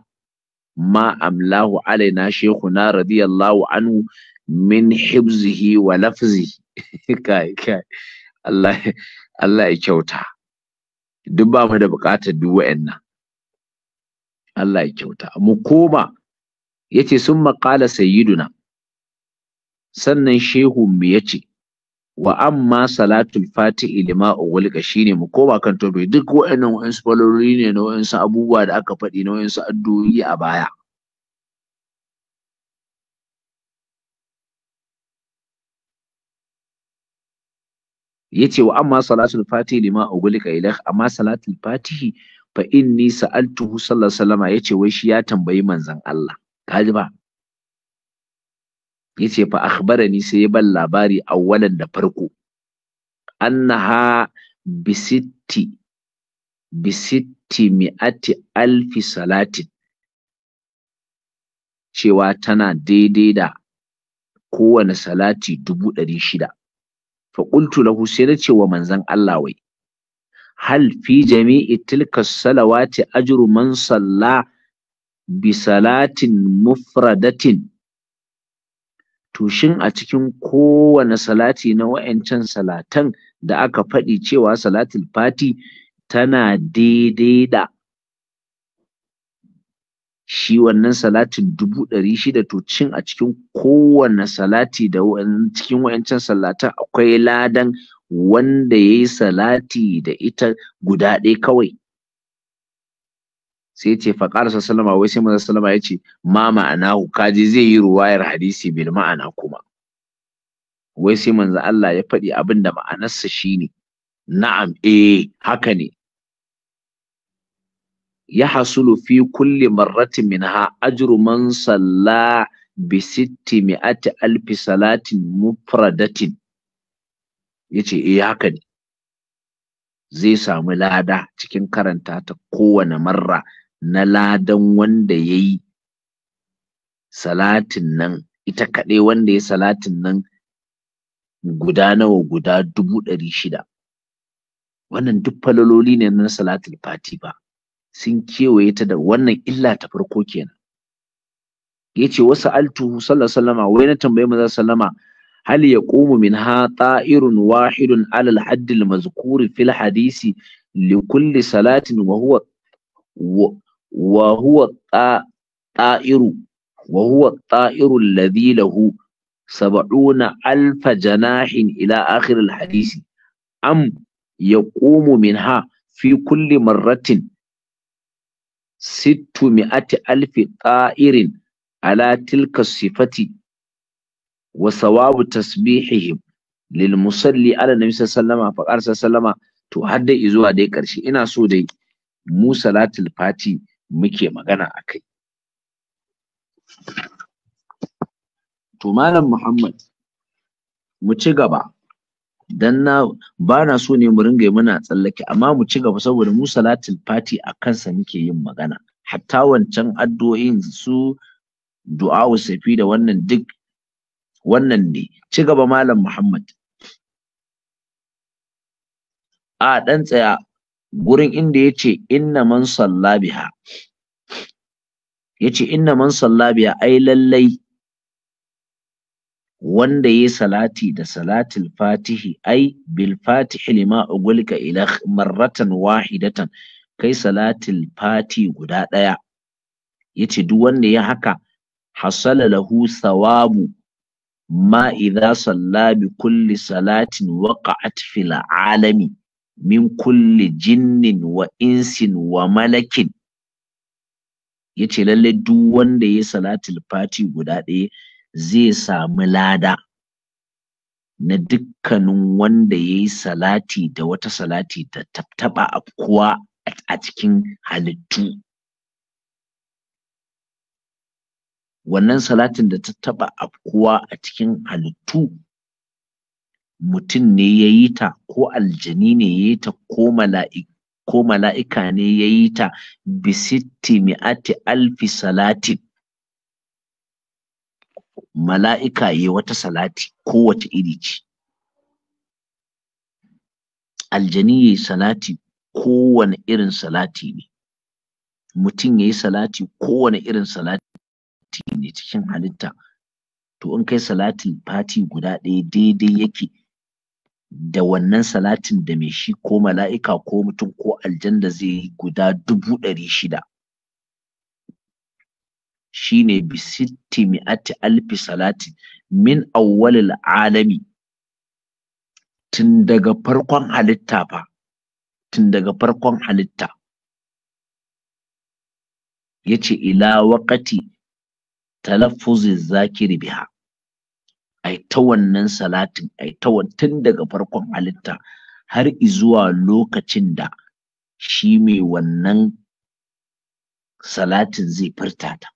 S5: ما أملاه علينا شيخنا رضي الله عنه من حفظه ولفظه كاي كاي الله الله يكوتا دبا ما دبقات دو وإنّا Allah ya kyauta mu koma yace sun maƙala sayyiduna sannan shehu mu yace wa amma salatul fatihi lima uwalqa shine mu koma kan to duk wayannan wa'ansu falolori ne na su abubuwa da aka faɗi na su addu'o'i a baya yace wa amma salatul fatihi lima uwalqa ilah amma salatul fatihi fa inni sa'altuhu sallallahu alaihi wasallama yace wai shi ya tambayi manzon Allah kaji ba yace fa akhbarani sai ya ban labari awwalan da farko annaha bisitti bisitti mi'ati alfi salatin cewa tana daidai da kowane salati dubu ɗari shida fa qultu lahu sai na ce wa manzon Allah wai Halfi jami'i tilka salawati ajru man salla bi salatin mufradatin to a cikin kowane salati na wa'ancan salatan da aka faɗi cewa Salatin fati tana daidai da shi wannan salatin dubu ɗari shida to a cikin kowane salati da cikin salatan akwai ladan wanda ya yi salati da ita guda ɗaya kawai sai ce faƙar sallama wai sai manzon sallama ya ce ma ma'ana ku? kaji zai yi ruwayar hadisi bil ma'ana kuma wai sai manzo Allah ya faɗi abin da ma'anarsa shine na'am eh haka ne ya hasulu fi kulli marratin minha ajru man salla bi sitti mi'ati alfi salatin mufradatin yace eh haka ne zai samu lada cikin karanta ta kowane marra na ladan wanda yayi salatin nan ita kaɗai wanda ya salatin nan guda nawa guda dubu ɗari shida wannan duk falaloli ne na salatul fati ba sun kewaye ta da wannan illa ta farko kenan yace wasu altuhu sallallahu alaihi wasallama wai na tambayi maza sallama هل يقوم منها طائر واحد على الحد المذكور في الحديث لكل صلاة وهو وهو الطائر وهو الطائر الذي له سبعون ألف جناح إلى آخر الحديث أم يقوم منها في كل مرة ستمائة ألف طائر على تلك الصفة wa sawabu tasbihihim lil musalli ala nabi sallama fa qarsa sallama to har dai zuwa dai karshe ina so dai mu salatul fati muke magana akai to malam muhammad mu ci gaba dan na ba na so ne mu ringa muna tsallake amma mu ci gaba saboda mu salatul fati a kansa muke yin magana hatta wancan addu'o'in su du'a'u safi da wannan duk wannan ne ci gaba malam muhammad a dan tsaya gurin inda yace inna man yace inna man salla ai lallai wanda yayi salati da salatul fatihi ai bil fatihi lima ugulka ila marratan wahidatan kai salatul fati guda ɗaya, yace duk wanda ya haka hasala lahu sawabu Ma ما إذا صلى بكل صلاة وقعت في العالم من كل insin wa malakin yace lalle duk wanda ya salatul fati guda ɗaya zai samu lada na dukkanin wanda ya yi salati da wata salati da tattaɓa afkuwa a cikin halittu wannan salatin da ta taɓa afkuwa a cikin halittu mutum ne ya yi ta ko aljani ne ya yi ta ko mala'ika ko ne ya yi ta bisitti mi'ati alfi salatin mala'ika ya wata salati kowace iri ce aljani ya yi salati kowane irin salati ne mutum ya yi salati kowane irin salati fati ne cikin halitta to in kai salatin fati guda ɗaya daidai yake da wannan salatin da mai shi ko mala'ika ko mutum ko aljanda zai yi guda dubu ɗari shida shine ne bisitti mi'ati alfi salati min awwalil alami tun daga farkon halitta fa tun daga farkon halitta yace ila wakati talaffuzin zakiri biha ai ta wannan salatin ai ta tun daga farkon halitta har izuwa lokacin da shi mai wannan salatin zai furta ta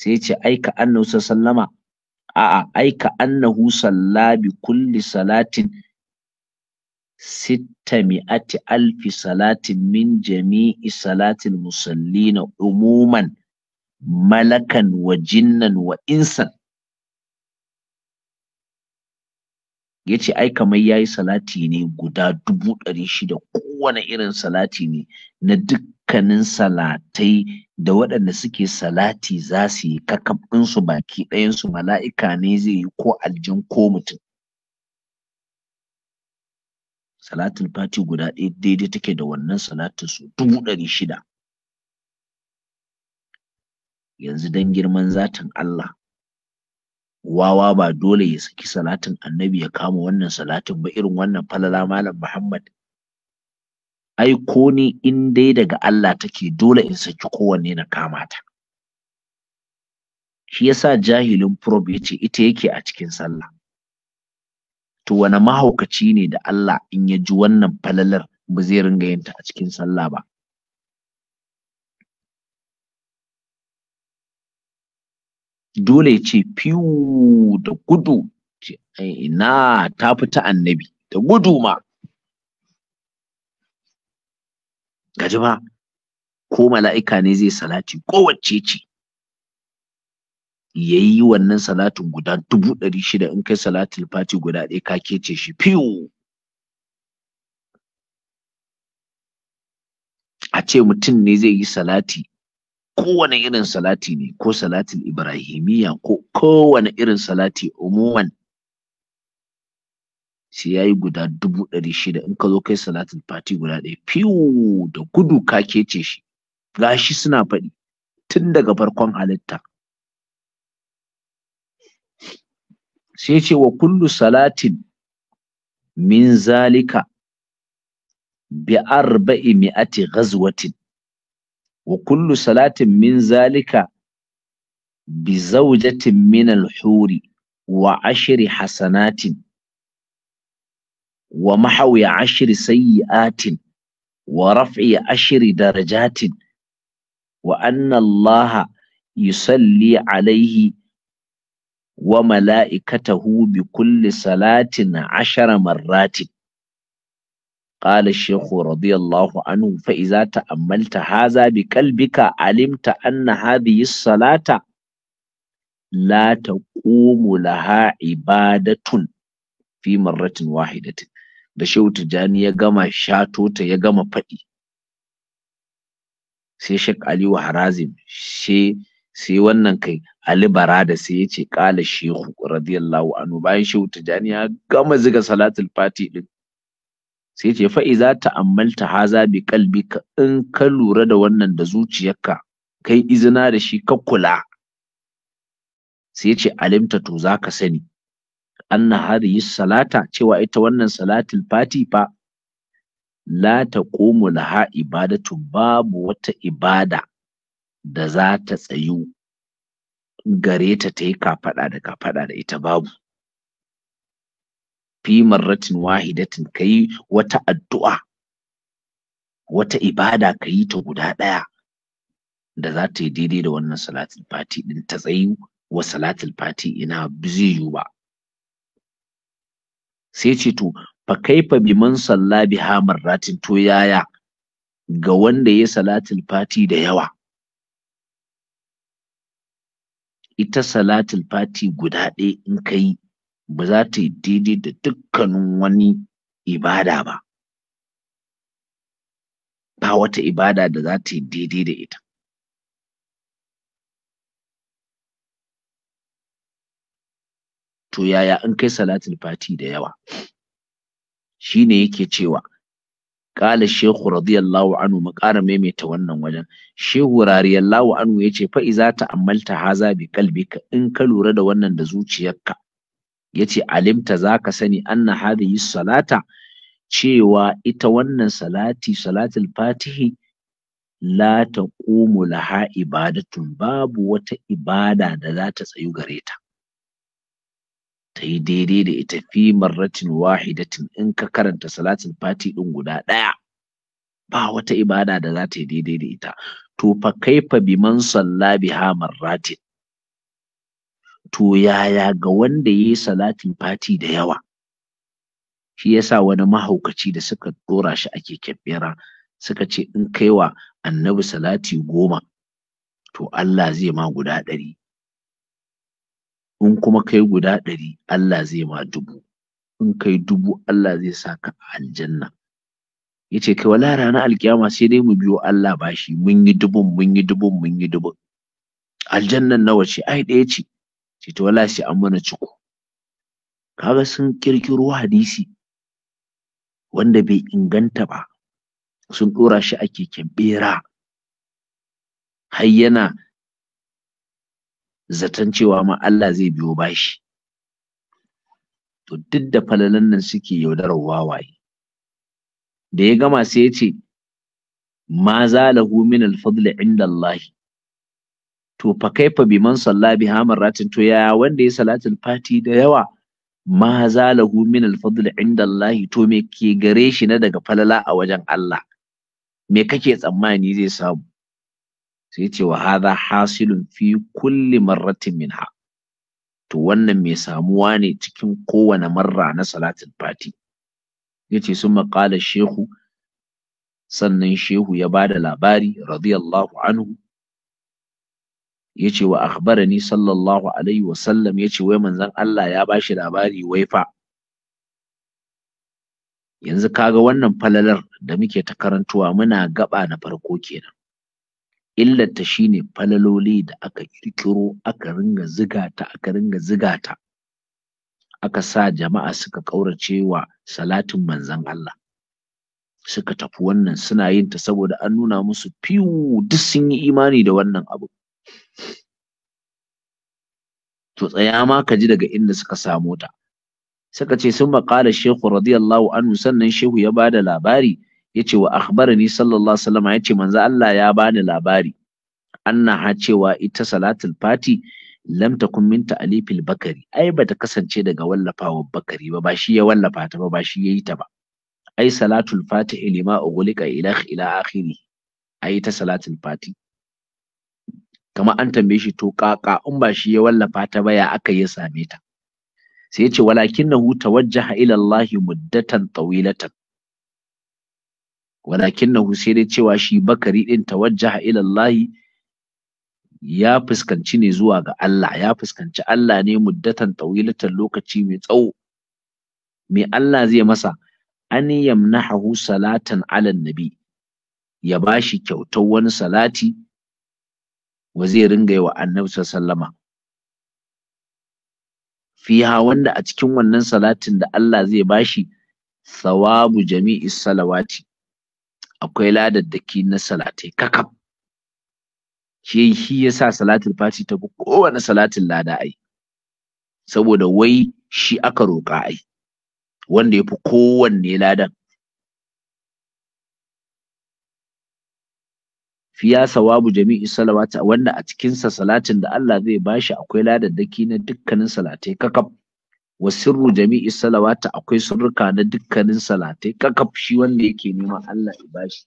S5: sai ce aika annahu sallama a'a aika annahu salla bi kulli salatin sitta mi'ati alfi salatin min jami'i salatin musallina umuman malakan wa jinnan wa insan ya ce ai kamar ya yi salati ne guda dubu ɗari shida kowane irin salati ne na dukkanin salatai da waɗanda suke salati za su yi kakabinsu baki ɗayansu mala'ika ne zai yi ko aljin ko mutum salatin fati guda ɗaya daidai take da wannan salatin su dubu ɗari shida yanzu dan girman zatin Allah wawa ba dole ya saki salatin annabi ya kama wannan salatin ba irin wannan falala malam Muhammad ai ko ni in dai daga Allah take dole in saki kowanne na kama ta shi yasa jahilin prob yace ita yake a cikin sallah to wani mahaukaci ne da Allah in ya ji wannan falalar ba zai ringa yin ta a cikin sallah ba dole ya ce fiwu da gudu ina ta fita annabi da gudu ma gaji ba ko mala'ika ne zai salati kowace ce ya yi wannan salatin guda dubu ɗari shida in kai salatin fati guda ɗaya ka kece shi fiwu a ce mutum ne zai yi salati kowane irin salati ne ko salatin ibrahimiyya ko kowane irin salati umuman sai ya yi guda dubu ɗari shida in ka zo kai salatin fati guda ɗaya fiwu da gudu ka kece shi gashi suna faɗi tun daga farkon halitta sai ce wa kullu salatin min zalika bi arba'i mi'ati ghazwatin wa kullu salatin min zalika bi zawjatin min al-huri wa ashri hasanatin wa mahawi ashri sayyi'atin wa raf'i ashiri darajatin wa anna Allah salli alaihi wa mala'ikatahu bi kulli salatin ashara marratin قال الشيخ رضي الله عنه فإذا تأملت هذا بقلبك علمت أن هذه الصلاة لا تقوم لها عبادة في مرة واحدة da shehu tijjani ya gama shato ta ya gama faɗi sai shek aliyu harazim sai wannan kai ali barada sai yace ce ƙala shehu radiyallahu anhu bayan shehu tijjani ya gama ziga salatul fati din sai ce fa iza ta'ammalta haza bi ka in ka lura da wannan da zuciyarka kai izina da shi ka kula sai ce alimta to zaka sani anna yi salata cewa ita wannan salatul fati fa la ta taqumu laha ibadatu babu wata ibada da za ta tsayu gareta ta ta yi kafaɗa da kafaɗa da ita babu fi marratin wahidatin kayi wata addu'a wata ibada kayi ta guda ɗaya da za ta yi daidai da wannan salatul fati ɗin ta tsayi wa salatul fati ina zai yiwu ba sai ce to fa kaifa biman salla biha marratin to yaya ga wanda ya salatul fati da yawa ita salatul fati guda ɗaya in ka yi ba za ta yi daidai da dukkanin wani ibada ba ba wata ibada da za ta yi daidai da ita to yaya in kai salatul fati da yawa Shi ne yake cewa ƙala shehu radiyallahu anhu mu ƙara maimaita wannan wajen shehu radiyallahu anhu Fa’i za ta ammalta, haza bi kalbika in ka lura da wannan da zuciyarka yace alimta zaka sani anna hadhihi salata cewa ita wannan salati salatul fatihi la taqumu laha ibadatun babu wata ibada da za ta tsayu gare ta yi daidai da ita fi marratin wahidatin in ka karanta salatul fati din guda ɗaya ba wata ibada da za ta yi daidai da ita to fa kaifa biman salla biha marratin to yaya ga wanda yayi salatin fati da yawa shi yasa wani mahaukaci da suka dora shi ake keken suka ce in kai wa annabi salati goma to Allah zai ma guda ɗari in kuma kai guda ɗari Allah zai ma dubu in kai dubu Allah zai sa ka aljanna yace kai wala rana alkiyama sai dai mu biyo Allah bashi mun yi dubun mun yi dubun mun yi dubun aljannan nawa ce ai ɗaya ce ce to wallahi sai an mana ciko kaga sun kirkiro hadisi wanda bai inganta ba sun ɗora shi a keken bera. har yana zaton cewa ma Allah zai biyo bashi to duk da falalan nan suke yaudarar wawaye da ya gama sai ya ce ma zalahu min al-fadl inda Allah to fa kai fa biman salla biha ratin to ya wanda ya salatul fati da yawa ma zalahu min al-fadl inda Allah to me ke gare shi na daga falala a wajen Allah me kake tsammani zai samu sai ce wa hadha hasilun fi kulli marratin minha to wannan mai samuwa ne cikin kowane marra na salatul fati yace sun maƙala shehu sannan shehu ya bada labari radiyallahu anhu yace wa akhbarani sallallahu alaihi wa sallam yace wai manzon Allah ya bashi labari wai fa yanzu kaga wannan falalar da muke ta karantuwa muna gaba na farko kenan illar ta shine falaloli da aka kirkiro aka ringa zigata aka ringa zigata aka sa jama'a suka ƙaurace wa salatin manzon Allah suka tafi wannan suna yin ta saboda an nuna musu fiwu duk sun yi imani da wannan abu to tsaya ma ka ji daga inda suka samo ta suka ce sun maƙala shehu radiyallahu anhu sannan shehu ya ba da labari ya ce wa akhbarani sallallahu alaihi wasallam ya ce manzo Allah ya bani labari annaha cewa ita salatul fati lam takun min ta'alifil bakari ai bata kasance daga wallafawa bakari ba ba shi ya wallafa ta ba ba shi yayi ta ba ai salatul fati ilima ughliqa ila ila akhiri ai ta salatul fati kamar an tambaye shi to kaka in ba shi ya wallafa ta ba ya aka ya same ta sai ya ce walakinnahu tawajjaha ila Allah muddatan tawilatan walakinnahu sai dai cewa shi bakari din tawajjaha ila Allah ya fuskanci ne zuwa ga Allah ya fuskanci Allah ne muddatan tawilatan lokaci mai tsawo me Allah zai masa an yamnahu salatan ala nabi ya bashi kyautar wani salati wa zai ringa yi wa annabi sallama fiha wanda a cikin wannan salatin da Allah zai bashi sawabu jami'i salawati akwai ladaddaki na salatai kakab shi shi yasa salatin fati ta kowane salatin lada ai saboda wai shi aka roƙa ai wanda ya fi kowanne ladan fiya sawabu jami'i salawata wanda a cikinsa salatin da Allah zai bashi akwai ladaddaki na dukkanin salatai kakaf wa sirru jami'i salawata akwai sirruka na dukkanin salatai kakaf shi wanda yake nema Allah ya bashi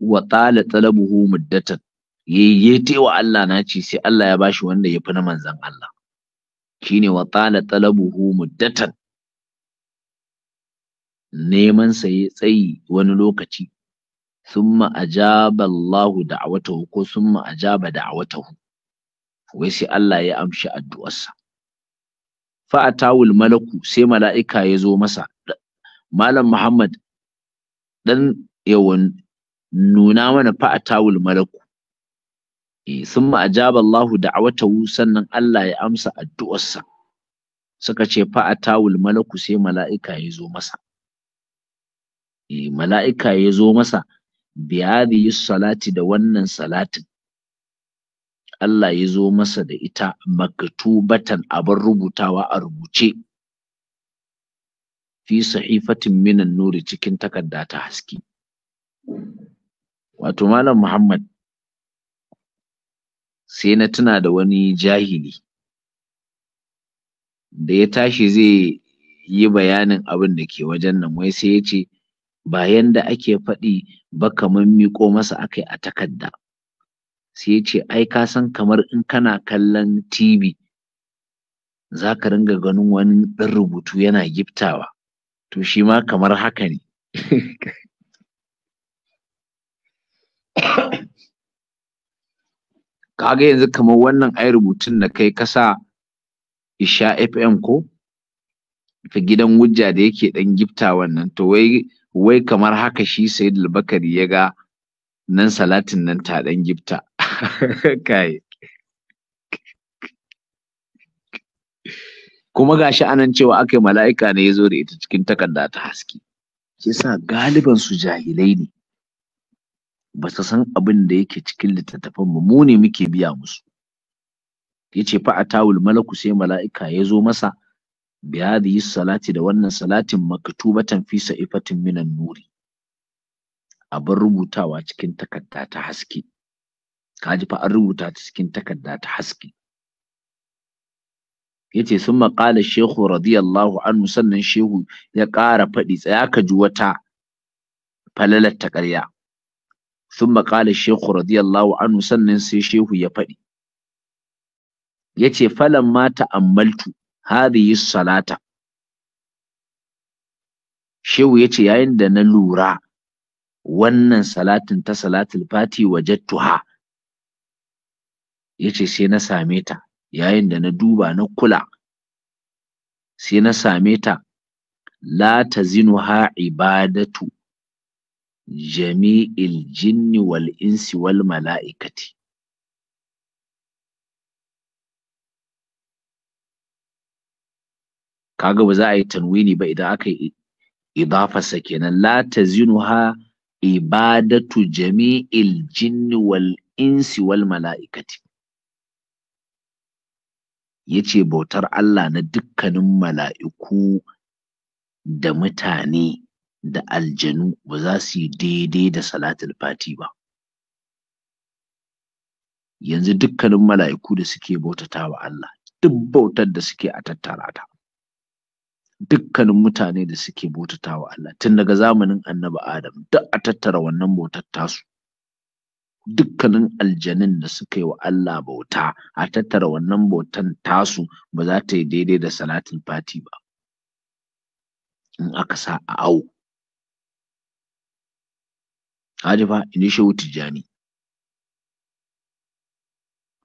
S5: wa tala talabuhu muddatan yayyete wa Allah na ce sai Allah ya bashi wanda ya fi na manzan Allah shine wa tala talabuhu muddatan neman sa ya tsayi wani lokaci summa ajaba Allahu da'watahu ko summa ajaba da'watahu wai sai Allah ya amshi addu'arsa fa atawul malaku sai mala'ika ya zo masa malam Muhammad dan yawan nuna mana fa atawul malaku summa eh, ajaba Allahu da'watahu sannan Allah ya amsa addu'arsa suka ce fa atawul malaku sai mala'ika ya zo masa eh, mala'ika ya zo masa bi salati da wannan salatin Allah ya zo masa da ita maktubatan abin rubutawa a rubuce fi sahifatin minan nuri cikin takarda ta haske wato malam Muhammad sai na tuna da wani jahili da ya tashi zai yi bayanin abin da ke wajen nan wai sai ya ce ba yanda ake faɗi ba kamar miƙo masa akai a takarda sai ya ce ai ka san kamar in kana kallon TV za ka ringa ganin wani ɗan rubutu yana giftawa to shi ma kamar haka ne kaga yanzu kamar wannan ai rubutun da kai ka sa isha fm ko ta gidan wujja da yake ɗan gifta nan to wai wai kamar haka shi sai bakari ya ga nan salatin nan ta Dan gifta kai kuma gashi anan cewa aka mala'ika ne ya zo da ita cikin takarda ta haske shi sa galiban su jahilai ne ba su san abin da yake cikin littattafan mu ne muke biya musu yace fa a tawul malaku sai mala'ika ya zo masa bi hadhihi salati da wannan salatin maktubatan tanfisa sa'ifatin minan nuri abin rubutawa cikin takarda ta haske kaji fa an rubuta ta cikin takarda ta haske yace sun maƙala shehu radiyallahu anhu sannan shehu ya ƙara faɗi tsaya ka ji wata falalar ta sun maƙala shehu radiyallahu anhu sannan sai shehu ya faɗi yace falan ma ta'ammaltu hadhihi salata shehu yace yayin da na lura wannan salatin ta salatul fati wajadtuha yace sai na same ta yayin da na duba na kula sai na same ta la tazinuha ibadatu jami'il jinni wal insi wal mala'ikati kaga ba za a yi tanwini ba idan aka yi idafarsa kenan la tazinuha ibadatu jami'il jinni wal insi wal mala'ikati yace bautar Allah na dukkanin mala'iku da mutane da aljanu ba za su yi daidai da salatul fati ba yanzu dukkanin mala'iku da suke bautata wa Allah duk bautar da suke a tattara ta dukkanin mutane da suke bautata wa Allah tun daga zamanin annabi Adam duk a tattara wannan bautar tasu dukkanin aljanin da suka yi wa Allah bauta a tattara wannan bautan tasu ba za ta yi daidai da salatin fati ba in aka sa a awo Hajifa ini shehu tijjani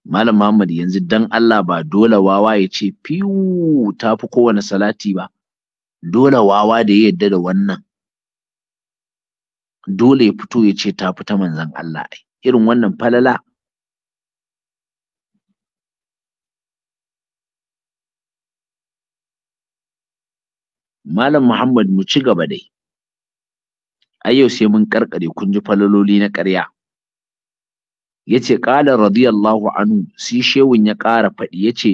S5: Malam Muhammad yanzu dan Allah ba dole wawa ya ce fiwu ta fi kowane salati ba dole wawa da ya yadda da wannan dole ya fito ya ce ta fita manzon Allah ai irin wannan falala Malam Muhammad mu ci gaba dai ai yau sai mun karkare kun ji falaloli na ƙarya yace qala radiyallahu anhu si shewun ya ƙara faɗi yace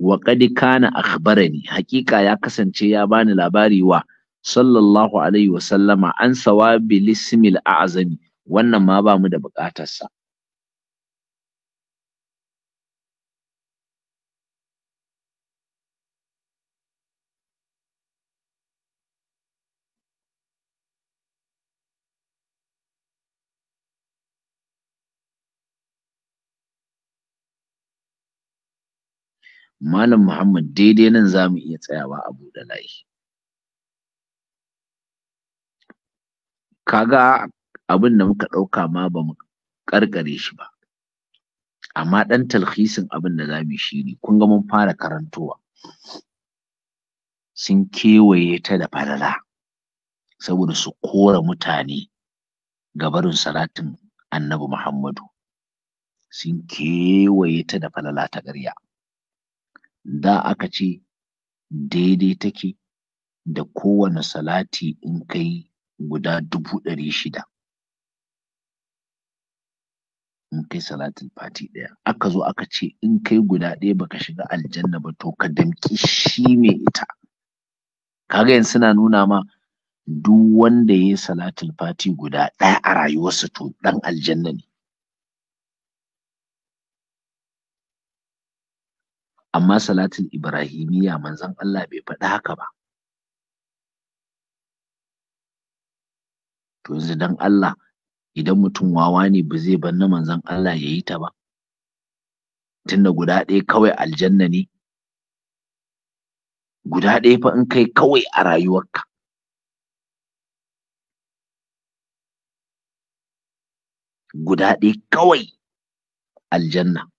S5: wa qad kana akhbarani hakika ya kasance ya bani labari wa sallallahu alaihi wa sallama an sawabi lismil a'zami wannan ma ba mu da buƙatarsa. Malam Muhammad daidai nan za mu iya tsayawa a buɗe layi. Kaga abin da muka ɗauka ma ba mu ƙarƙare shi ba. Amma ɗan talhisin abin da za mu yi shi ne, kun ga mun fara karantowa. Sun kewaye ta da falala saboda su kora mutane ga barin salatin Annabi Muhammadu. Sun kewaye ta da falala ta ƙarya. da aka ce daidai take da kowane salati in ka guda dubu ɗari shida. In kai salatin fati ɗaya. Aka zo aka ce in kai guda ɗaya baka shiga aljanna ba to ka damƙi shi mai ita. Ka ga yanzu suna nuna ma duk wanda ya yi salatin fati guda ɗaya a rayuwarsa to ɗan aljanna ne. amma Salatin ibrahimiyya manzon Allah bai faɗi haka ba to yanzu dan Allah idan mutum wawa ne ba zai bar na manzon Allah ya yi ta ba tunda guda ɗaya kawai aljanna ne guda ɗaya fa in kai kawai a rayuwarka guda ɗaya kawai aljanna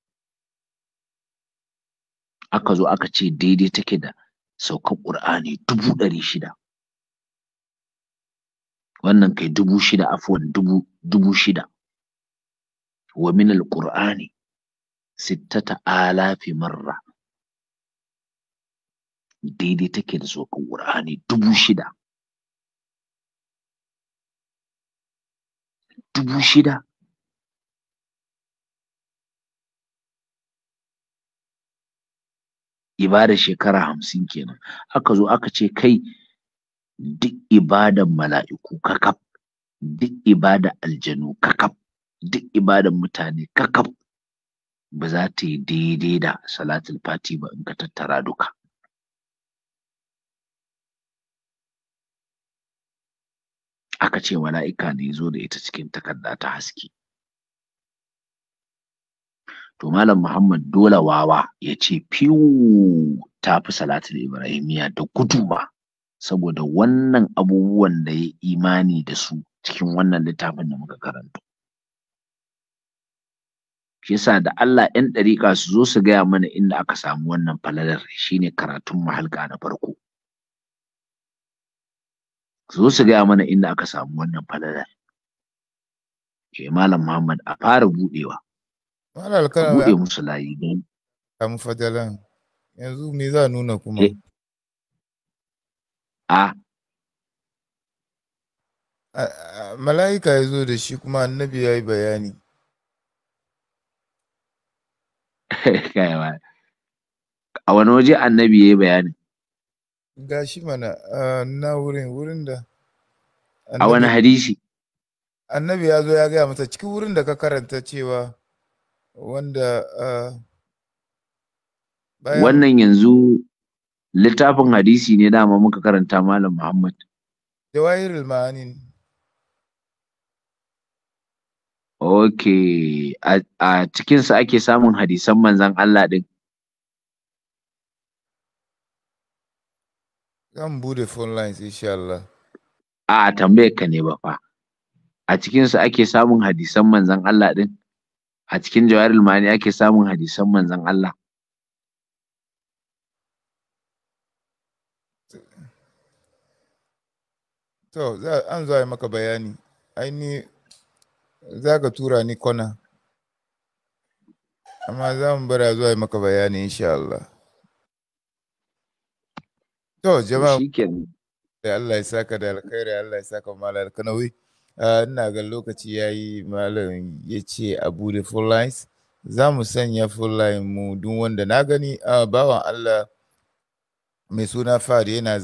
S5: aka zo aka ce daidai take da saukan ƙur'ani dubu ɗari shida wannan kai dubu shida afuwan dubu shida wa min sittata alafi marra daidai take da saukan ƙur'ani dubu shida dubu shida ibada shekara hamsin kenan aka zo aka ce kai duk ibadan mala'iku kakaf duk ibadan aljanu kakaf duk ibadan mutane kakaf ba za ta yi daidai da salatul fati ba in ka tattara duka aka ce mala'ika ne zo da ita cikin takarda ta haske to malam muhammad dole wawa ya ce fiwu ta fi salatul ibrahimiya da guduma saboda wannan abubuwan da ya imani da su cikin wannan littafin da muka karanta shi yasa da Allah 'yan ɗariƙa su zo su gaya mana inda aka samu wannan falalar shine karatun mahalka na farko su zo su gaya mana inda aka samu wannan falalar ke malam Muhammad a fara buɗewa
S4: Malal kana buɗe musu layi ne. Am fadalan. Yanzu me za nuna kuma?
S5: Eh. A.
S4: Mala'ika ya zo da shi kuma annabi ya yi bayani.
S5: A wani waje annabi ya yi bayani?
S4: Ga shi mana na wurin wurin da.
S5: A wani hadisi?
S4: Annabi ya zo ya gaya masa cikin wurin da ka karanta cewa wanda ah,
S5: wannan yanzu littafin hadisi ne dama muka karanta malam muhammad
S4: jawahirul ma'ani
S5: ok a cikinsa ake samun hadisan manzan allah din
S4: zan bude phone lines insha Allah
S5: a tambayar ka ne ba fa a cikinsa ake samun hadisan manzan allah din a cikin jawaharul ma'ani ake samun hadisan manzon Allah
S4: to za an zo maka bayani aini za ka tura ni kona amma za mu bara zuwa maka bayani insha Allah to jama'a da Allah ya saka da alkhairi Allah ya saka mala alkanawi ina ga lokaci ya yi malam ya ce a bude full lines. Za mu sanya full line mu duk wanda na gani a bawan Allah mai suna faru yana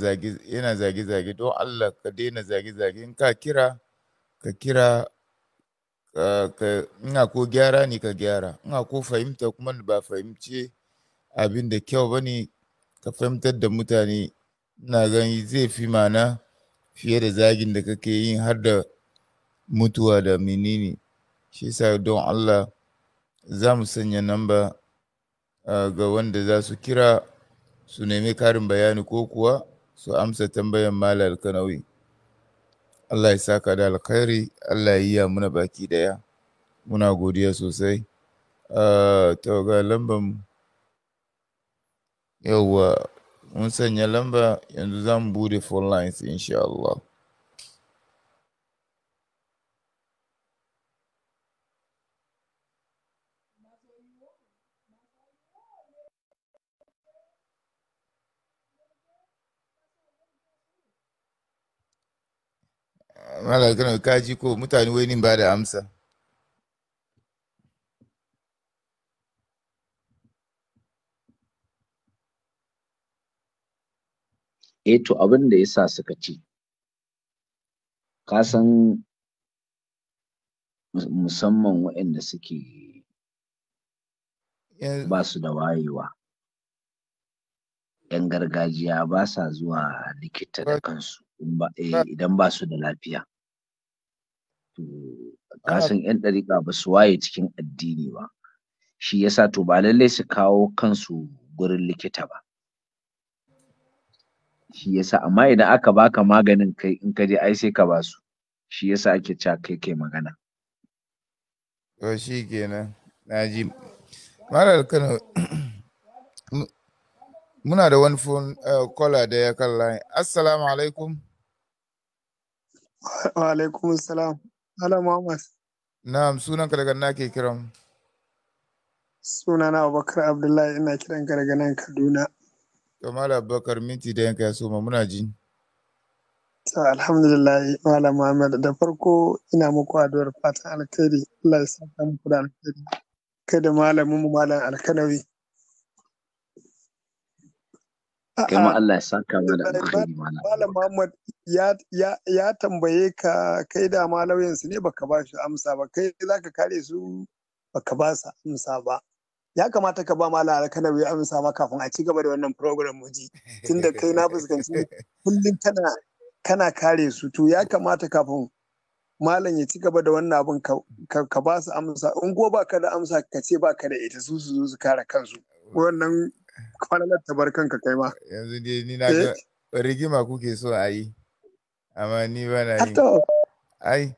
S4: zage-zage don Allah ka daina zage-zage in ka kira ka kira ina ko gyara ne ka gyara ina ko fahimta kuma ba fahimce abin da kyau ba ne ka fahimtar da mutane ina gani zai fi mana fiye da zagin da kake yin har da mutuwa da menene shi sa don Allah za mu sanya namba ga wanda za su kira su nemi karin bayani ko kuwa su amsa tambayan malar kanawi Allah ya saka da alkhairi Allah ya yi muna baki daya muna godiya sosai uh, ta ga yauwa mun sanya lamba yanzu za mu bude phone lines insha Allah
S6: malar ka kaji ko mutane wai
S4: ba da amsa
S5: eh to abin da yasa suka ce ka san musamman waɗanda suke ba su da wayewa yan gargajiya ba sa zuwa likita da kansu Eh, ah. idan ba su da lafiya to kasan ah. yan ɗariƙa ba su waye cikin addini ba shi yasa to ba lallai su kawo kansu gurin likita ba shi yasa amma idan aka baka maganin kai in ka je ai sai ka ba su shi yasa ake cewa kai kai magana
S4: to shi kenan naji marar kano muna da wani phone eh, caller da ya kan line assalamu alaikum Wa alaikum salam. Ala Muhammad. Na'am, sunan daga na ke kiran. Sunana Abubakar Abdullahi ina kiran ka daga nan Kaduna. Kamal Abubakar minti da yanka ya soma muna ji.
S2: Ta alhamdulillah Malam Muhammad da farko ina muku addu'ar fatan alkhairi Allah ya saka muku da alkhairi. Kada malamin mu Malam Alkanawi
S5: kai ma Allah ya saka ma da alkhairi
S2: malam malam Muhammad ya ya tambaye ka kai da ma su ne baka ba shi amsa ba kai zaka kare su baka ba su amsa ba ya kamata ka ba malam alkanawi amsa ma kafin a ci gaba da wannan program muji tunda kai na fuskanci kullum kana kana kare su to ya kamata kafin malam ya ci gaba da wannan abin ka ba su amsa in ko ka da amsa ka ce ba ka da ita su su zo su kare
S4: kansu wannan kwanan ta bar kanka kai ma yanzu dai ni na eh? ga rigima kuke so a yi amma ni ba na yi ai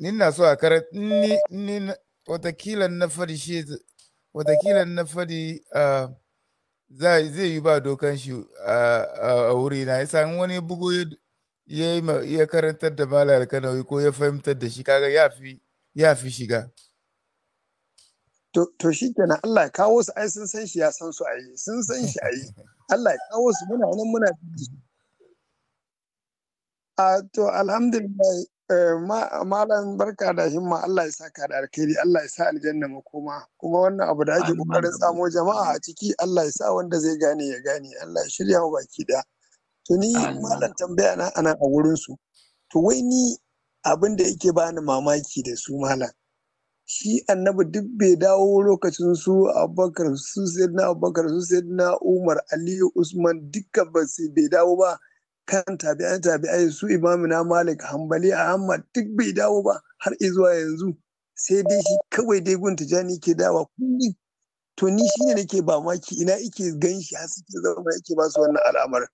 S4: ni na so a karat ni ni watakila na fadi shi watakila na fadi zai yi ba dokan shi a wuri na yasa wani bugu ya karantar da malar kanawi ko ya fahimtar da shi kaga ya fi shiga to shi kenan Allah ya
S2: kawo su ai sun san shi ya san su yi, sun san shi yi. Allah ya kawo su muna nan muna a to alhamdulillah eh, malam barka da himma Allah ya ka da alkhairi Allah ya sa aljanna makoma kuma wannan abu da ake kokarin tsamo jama'a a ciki Allah ya sa wanda zai gane ya gane Allah ya shirya wa baki da to ni malam tambaya na ana a wurin su to wai ni abin da yake bani mamaki da su malam shi annabi duk bai dawo lokacin su abubakar su na abubakar su na umar aliyu usman duka ba su bai dawo ba kan tabi'an tabi'ai su imamina malik hambali ahmad duk bai dawo ba har zuwa yanzu sai dai shi kawai dai gun tijani ke dawa kullum to ni shine nake ba maki ina ike gan shi har suke zama yake ba su wannan alamar?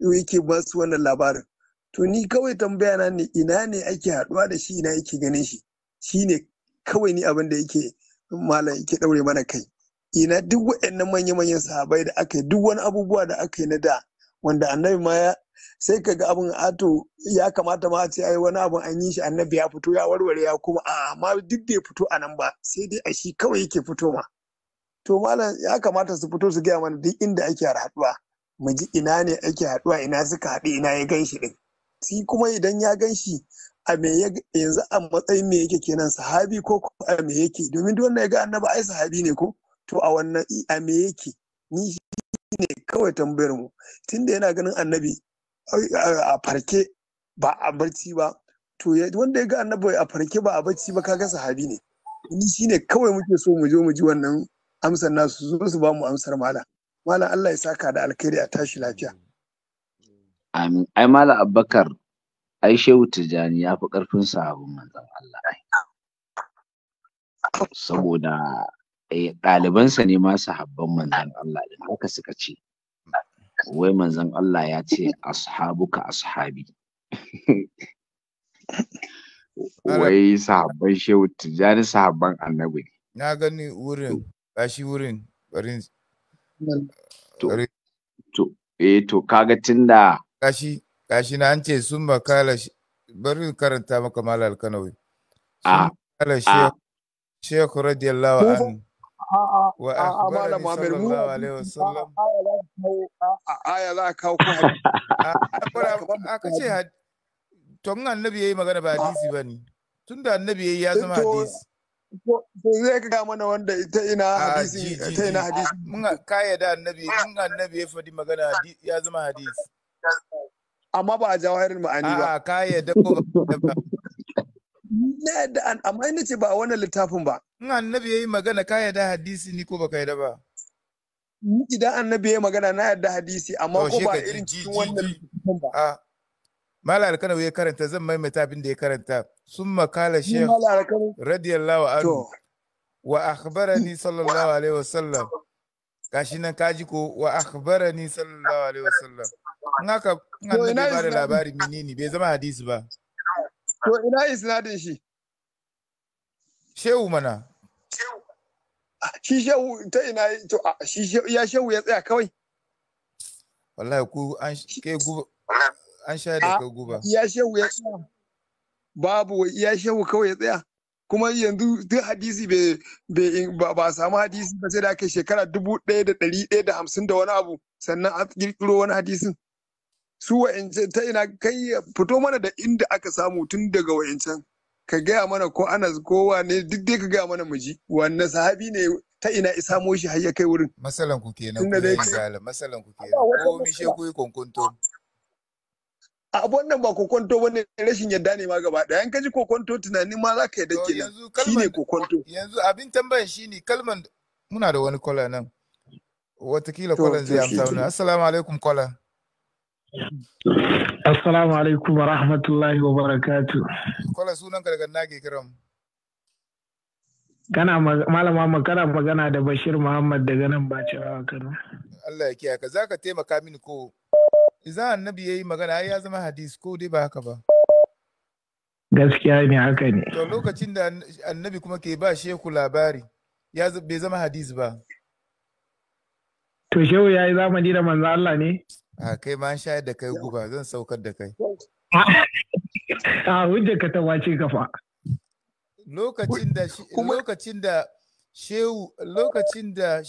S2: yake ba su wannan labarin to ni kawai tambayana ne ina ne ake haɗuwa da shi ina yake ganin shi shine kawai ni abin da yake malam yake daure mana kai ina duk waɗannan manya-manyan sahabai da aka yi duk wani abubuwa da aka yi na da wanda annabi ma ya sai ka ga abin ato ah, ya kamata ma a ce ai wani abin an yi shi annabi ya fito ya warware ya kuma a amma duk da ya fito a nan ba sai dai a shi kawai yake fito ma to malam ya kamata su fito su gaya mana duk inda ake haɗuwa mu ji ina ne ake haɗuwa ina suka haɗu ina ya gan shi ɗin kuma idan ya ganshi. a me yanzu a matsayin me yake kenan sahabi ko a me yake domin duk wanda ya ga annabi ai sahabi ne ko to a wannan a me yake ni ne kawai tambayar mu tunda yana ganin annabi a farke ba a barci ba to wanda ya ga annabi a farke ba a barci ba kaga sahabi ne ni shine kawai muke so mu je mu ji wannan amsar nasu zo su ba mu amsar malam malam Allah ya saka da alkhairi a tashi lafiya
S5: amin ai malam Abubakar. ai shehu tijjani ya fi ƙarfin sahabin manzon Allah saboda eh, ɗalibansa ne ma sahabban manzon Allah din haka suka ce wai manzon Allah ya ce ashabuka ashabi wai sahabban shehu tijjani sahabban annabi
S4: na gani wurin gashi wurin
S5: barin to eh to kaga tunda
S4: gashi gashi na an ce sun makala bari karanta maka mala alkanawi kala shekhu radiyallahu anhu wa akhbarani sallallahu alaihi wasallam aya za ka kawo ko aka ce tun annabi yayi magana ba hadisi bane tunda annabi yayi ya zama hadisi to zai ka mana wanda ita ina hadisi ta ina hadisi mun ka yadda annabi mun annabi ya fadi magana ya zama hadisi amma ba a jawahirin ma'ani ba A'a ka yadda ko na yadda an amma ina ce ba a wannan littafin ba in annabi yi magana ka yadda hadisi ni ko ba ka yadda ba idan annabi yi magana na yadda hadisi amma ko ba irin cikin wannan littafin ba ah. Mala Alkanawu ya karanta zan maimaita abin da ya karanta sun makala shekaru. radiyallahu anhu wa akhbarani sallallahu alaihi wasallam gashi nan kaji ko wa akhbarani sallallahu alaihi wasallam naka naka ina ba da labari menene bai zama hadisi ba to ina isnadin shi shehu mana shi shehu ta ina to shi ya shehu ya tsaya kawai wallahi ku an ke guba an sha da ka guba ya shehu ya tsaya babu ya shehu kawai ya tsaya kuma yanzu duk hadisi bai ba samu hadisi ba sai da aka shekara dubu ɗaya da ɗari ɗaya da hamsin da wani abu sannan an kirkiro wani hadisin.
S2: su wa'ancan ta ina kai fito mana da inda aka samu tun daga wa'ancan ka
S4: gaya mana ko anas ko wane duk dai ka gaya mana muji wannan sahabi ne ta ina isa moshi har ya kai wurin masalan ku kenan ku dai misalan masalan ku kenan ko mi she ku konkonto a wannan ba kokonto bane rashin yadda ne ma gaba Da yan kaji ji kokonto tunanin ma za ka yadda nan shine kokonto yanzu abin tambayan shine kalman muna da wani kola nan kila kolan zai amsa mana assalamu alaikum kola
S2: Assalamu alaikum wa rahmatullahi wa barakatu.
S4: Kwala sunan gargar nage kiran.
S1: Kana malama makara magana da Bashir Muhammad
S2: daga nan Bacirawa Kano.
S4: Allah ya kiyaka za ka taimaka mini ko za annabi ya yi magana ya zama hadis ko dai ba haka ba.
S2: Gaskiya ne haka ne.
S4: To lokacin da annabi kuma ke ba sheku labari ya bai zama hadis ba.
S2: To shehu ya yi zamani da manzo Allah ne?
S4: a kai ma shayar da kai guba zan saukar da kai a hujjar ka ta wace kafa lokacin da lokacin da shehu lokacin da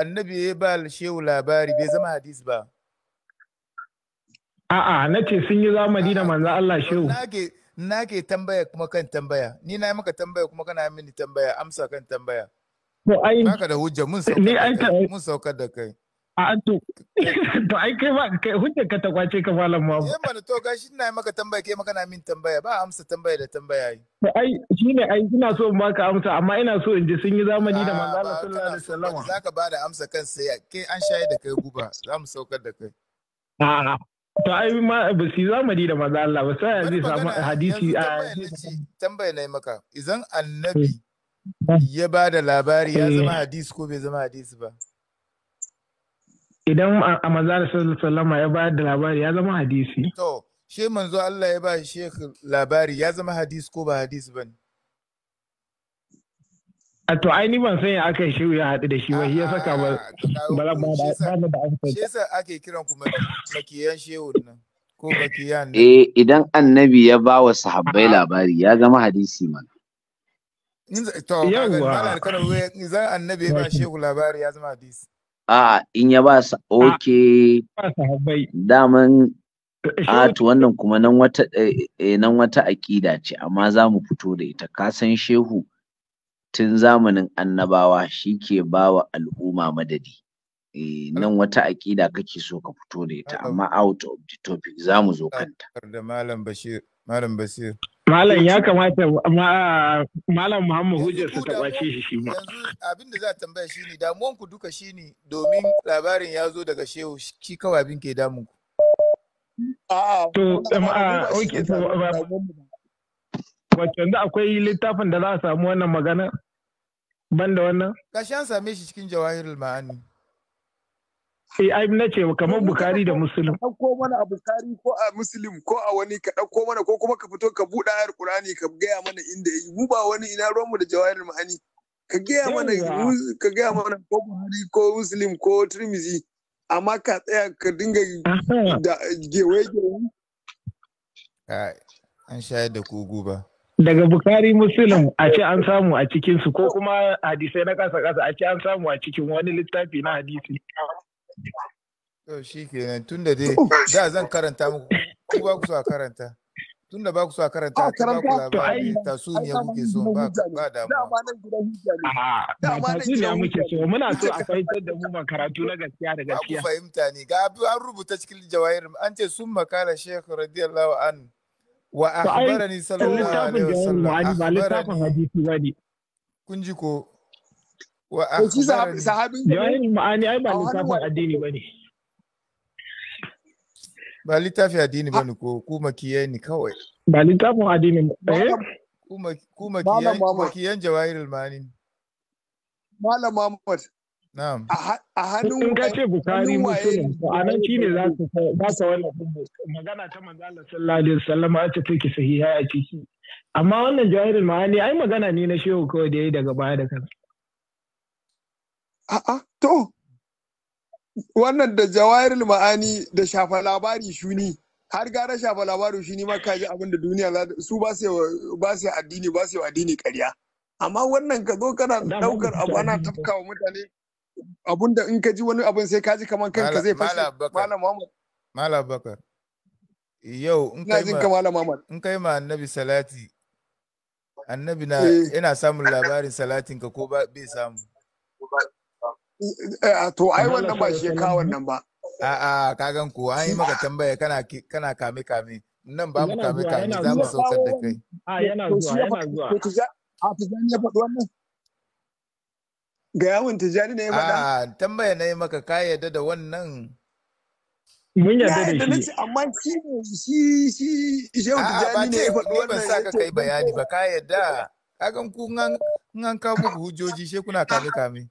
S4: annabi ya ba shehu labari bai zama hadis ba a'a na ce sun yi zamani da manzo Allah shehu na ke tambaya kuma kan tambaya ni na maka tambaya kuma kana mini tambaya amsa kan tambaya to ai baka da hujja mun saukar da kai A to, to ai kai ba kai hujjar ka ta kwace ka malam mamu. Eh mana to gashi ina maka tambaya kai maka na min tambaya ba amsa tambaya da tambaya yi.
S2: To ai shine ai ina so in baka amsa amma ina so in ji sun yi zamani da ah, manzo Allah
S4: sallallahu alaihi wasallam. Zaka ba da amsa kan sai kai an shaye da kai guba za mu saukar da kai.
S2: a to ai ma ba su zamani da manzo Allah ba sai zai samu hadisi a
S4: tambaya ne maka idan annabi
S2: eh.
S4: ya ba da labari ya eh. zama hadisi ko bai zama hadisi ba.
S1: idan a mazara sallallahu ya bayar da labari ya zama hadisi
S4: to she manzo Allah ya ba shi labari ya zama hadisi ko ba hadisi ne?
S2: a to ai ni ban san ya aka shi ya haɗu da shi ba
S4: shi ya saka ba ba da ba amsa shi yasa ake kiran ku makiyan shehu nan ko makiyan
S5: eh idan annabi ya ba wa sahabbai labari ya zama hadisi mana
S4: to yawwa kana annabi ya ba shehu labari ya zama hadisi
S5: a in ya ba sa oke daman eh, a to wannan kuma nan wata eh, eh, nan wata aƙida ce amma za mu fito da ita ka san shehu tun zamanin annabawa shi ke ba wa al'umma madadi nan wata aƙida kake so ka fito da ita amma out of the topic za mu zo kanta
S4: malam bashir malam bashir Malam ya kamata
S2: Malam Muhammad hujjarsa ta kwace shi shi ma. Yanzu abin da za
S4: a tambaya shi ne damuwan ku duka shi ne domin labarin ya zo daga shehu shi kawai abin ke damun ku. To, wacce um, ah, da
S2: akwai littafin da za a samu wannan magana? Ban da wannan?
S4: Kashi an same shi cikin jawahirul ma'ani.
S2: Eh, ai na ce kamar Bukari da Musulun. Ka
S4: ɗauko mana a Bukari ko a Musulun ko a wani ka ɗauko mana ko kuma ka fito ka buɗe ayar Qur'ani ka gaya mana
S2: inda yi mu ba wani ina ruwanmu da jawahirul ma'ani. Ka gaya mana ka gaya mana ko Buhari ko Musulun ko Tirmizi amma ka tsaya ka dinga da
S4: gewe-gewe. An shayar da ku ba. daga
S2: bukari Musulun a ce an samu a cikinsu ko
S4: kuma hadisai na kasa kasa a ce an samu a cikin wani littafi na hadisi To shi kenan tun da dai da zan karanta muku ku ba ku so a karanta. Tun da ba ku so a karanta a ba ku labari ne muke so ba ba mu. Da ma tasuniya muke so muna so a fahimtar da mu ma karatu na gaskiya da gaskiya. Ku fahimta ne ga an rubuta cikin jawahir an ce sun makala Sheikh radiyallahu anhu. wa akhbarani sallallahu alaihi wasallam akhbarani kun ji ko shi sahabin yayin ma'ani ai ba littafin addini ba ne ba littafin addini ba ne ko kuma kiyaye ni kawai ba littafin addini ba eh kuma kiyayen jawahirul ma'ani malam Muhammad na'am a hannun in ka ce bukari muslim to anan shine za su wannan sa
S2: wannan magana ta manzo Allah
S4: sallallahu alaihi wasallam ta take sahiha a ciki amma wannan
S2: jawahirul ma'ani ai magana ne na shehu kawai da ya yi daga baya da kansa
S4: A'a, to, wannan da jawairul ma'ani da shafa labari shuni, har gara shafa labari shuni ma kaji abin da duniya su ba su addini
S2: ba su addini karya. Amma wannan ka zo kana ɗaukar abu ana tafkawa mutane abun da in ka ji wani abin sai ka ji kamar kanka zai fashe. Malam Muhammad.
S4: Malam Bakar. Yau in kai ma in kai ma Annabi salati Annabi na eh. yana samun labarin salatin ka ko bai samu. Eh, ah, to ai wannan ba shi ka wannan ba a a kagan ko an yi maka tambaya kana kana kame kame nan ba mu kame kame za mu saukar da kai a yana zuwa yana zuwa
S2: a tijani ya faɗi wannan ga yawon tijani ne ya faɗa a
S4: tambaya na yi maka ka yadda da wannan mun yarda da shi amma shi shi shi shehu tijani ne ya faɗi wannan ba sa ka kai bayani ba ka yarda kagan ku nan nan ka muku hujoji she kuna kame kame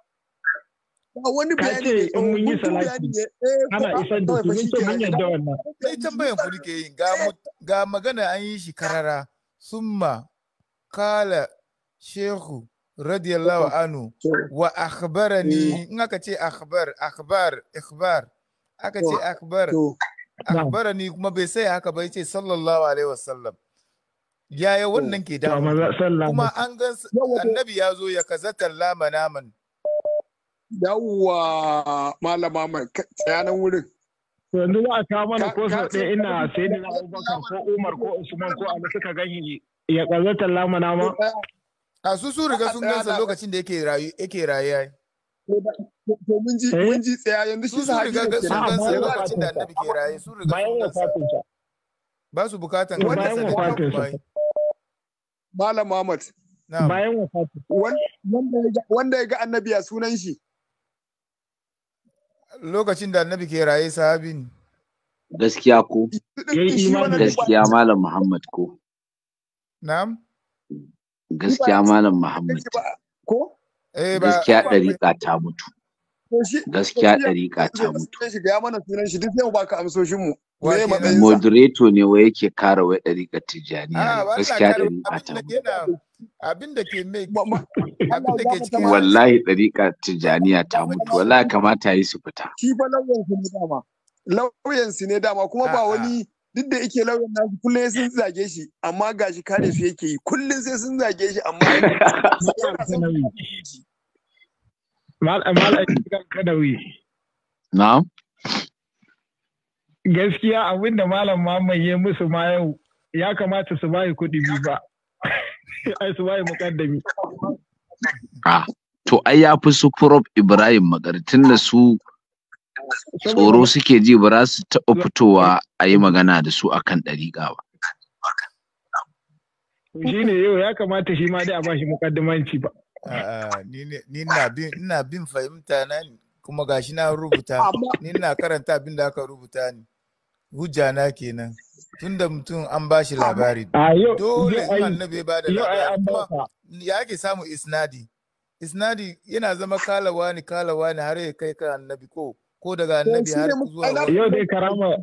S4: ba wani bayani ne mun yi salati ana isa da su mun ce mun yarda wannan sai tambayan ku nake yi ga magana an yi shi karara summa kala shehu radiyallahu anhu wa akhbarani eh. in aka ce akhbar akhbar ikhbar aka ce akhbar akhbarani kuma bai sai haka ba yace sallallahu alaihi wasallam yaya wannan ke damu kuma an ga annabi ya zo ya kazatan lama naman
S2: yawwa malama mai tsayanan wurin yanzu za a kawo mana ko sau ɗaya ina sai da
S4: abubakar ko umar ko usman ko ali suka gani
S2: ya ƙazata lamana ma
S4: a su su riga sun gansa lokacin da yake rayu yake rayuwa to mun ji eh? mun ji tsaya yanzu shi su riga sun gansa lokacin da annabi ke raye su riga sun gansa. ba su bukatan wanda sai wafatin bai. malam Muhammad bayan wanda ya ga annabi a sunan shi lokacin da annabi ke raye sahabin
S5: gaskiya ko gaskiya malam muhammad ko na'am gaskiya malam muhammad
S4: ko eh, gaskiya
S5: dariƙa ta mutu gaskiya dariƙa ta mutu moderator ne wa yake kara ah, wai ɗariƙa tijani gaskiya dariƙa ta mutu
S4: abin da ke mai abin da ke cikin
S5: wallahi dariƙa tijaniya ta mutu wallahi kamata yi su fita
S2: shi ba lauyan su ne dama lauyan su ne dama kuma ba wani duk da yake lauyan nasu kullum sun zage shi amma gashi kare su yake yi kullum sai sun zage shi amma mal'aikatan kadawi na'am gaskiya abinda malam mamaye musu ma yau ya kamata su bayi kuɗi biyu ba ai su mukaddami
S5: ah, to ai ya fi su prof ibrahim magartin da su tsoro suke ji ba za su taɓa fitowa a yi magana da su akan ɗari gawa
S2: shi ne yau ya kamata shi ma dai a shi mukaddimanci ba
S4: ni na bin fahimta na kuma gashi na rubuta ni na karanta abin da aka rubuta ne. hujja na kenan tunda mutum an ba shi labari dole in annabi ya bada labari ya ke samu isnadi isnadi yana zama kalawa ne kalawa ne har ya kai ka annabi ko ko daga annabi har zuwa yau dai karama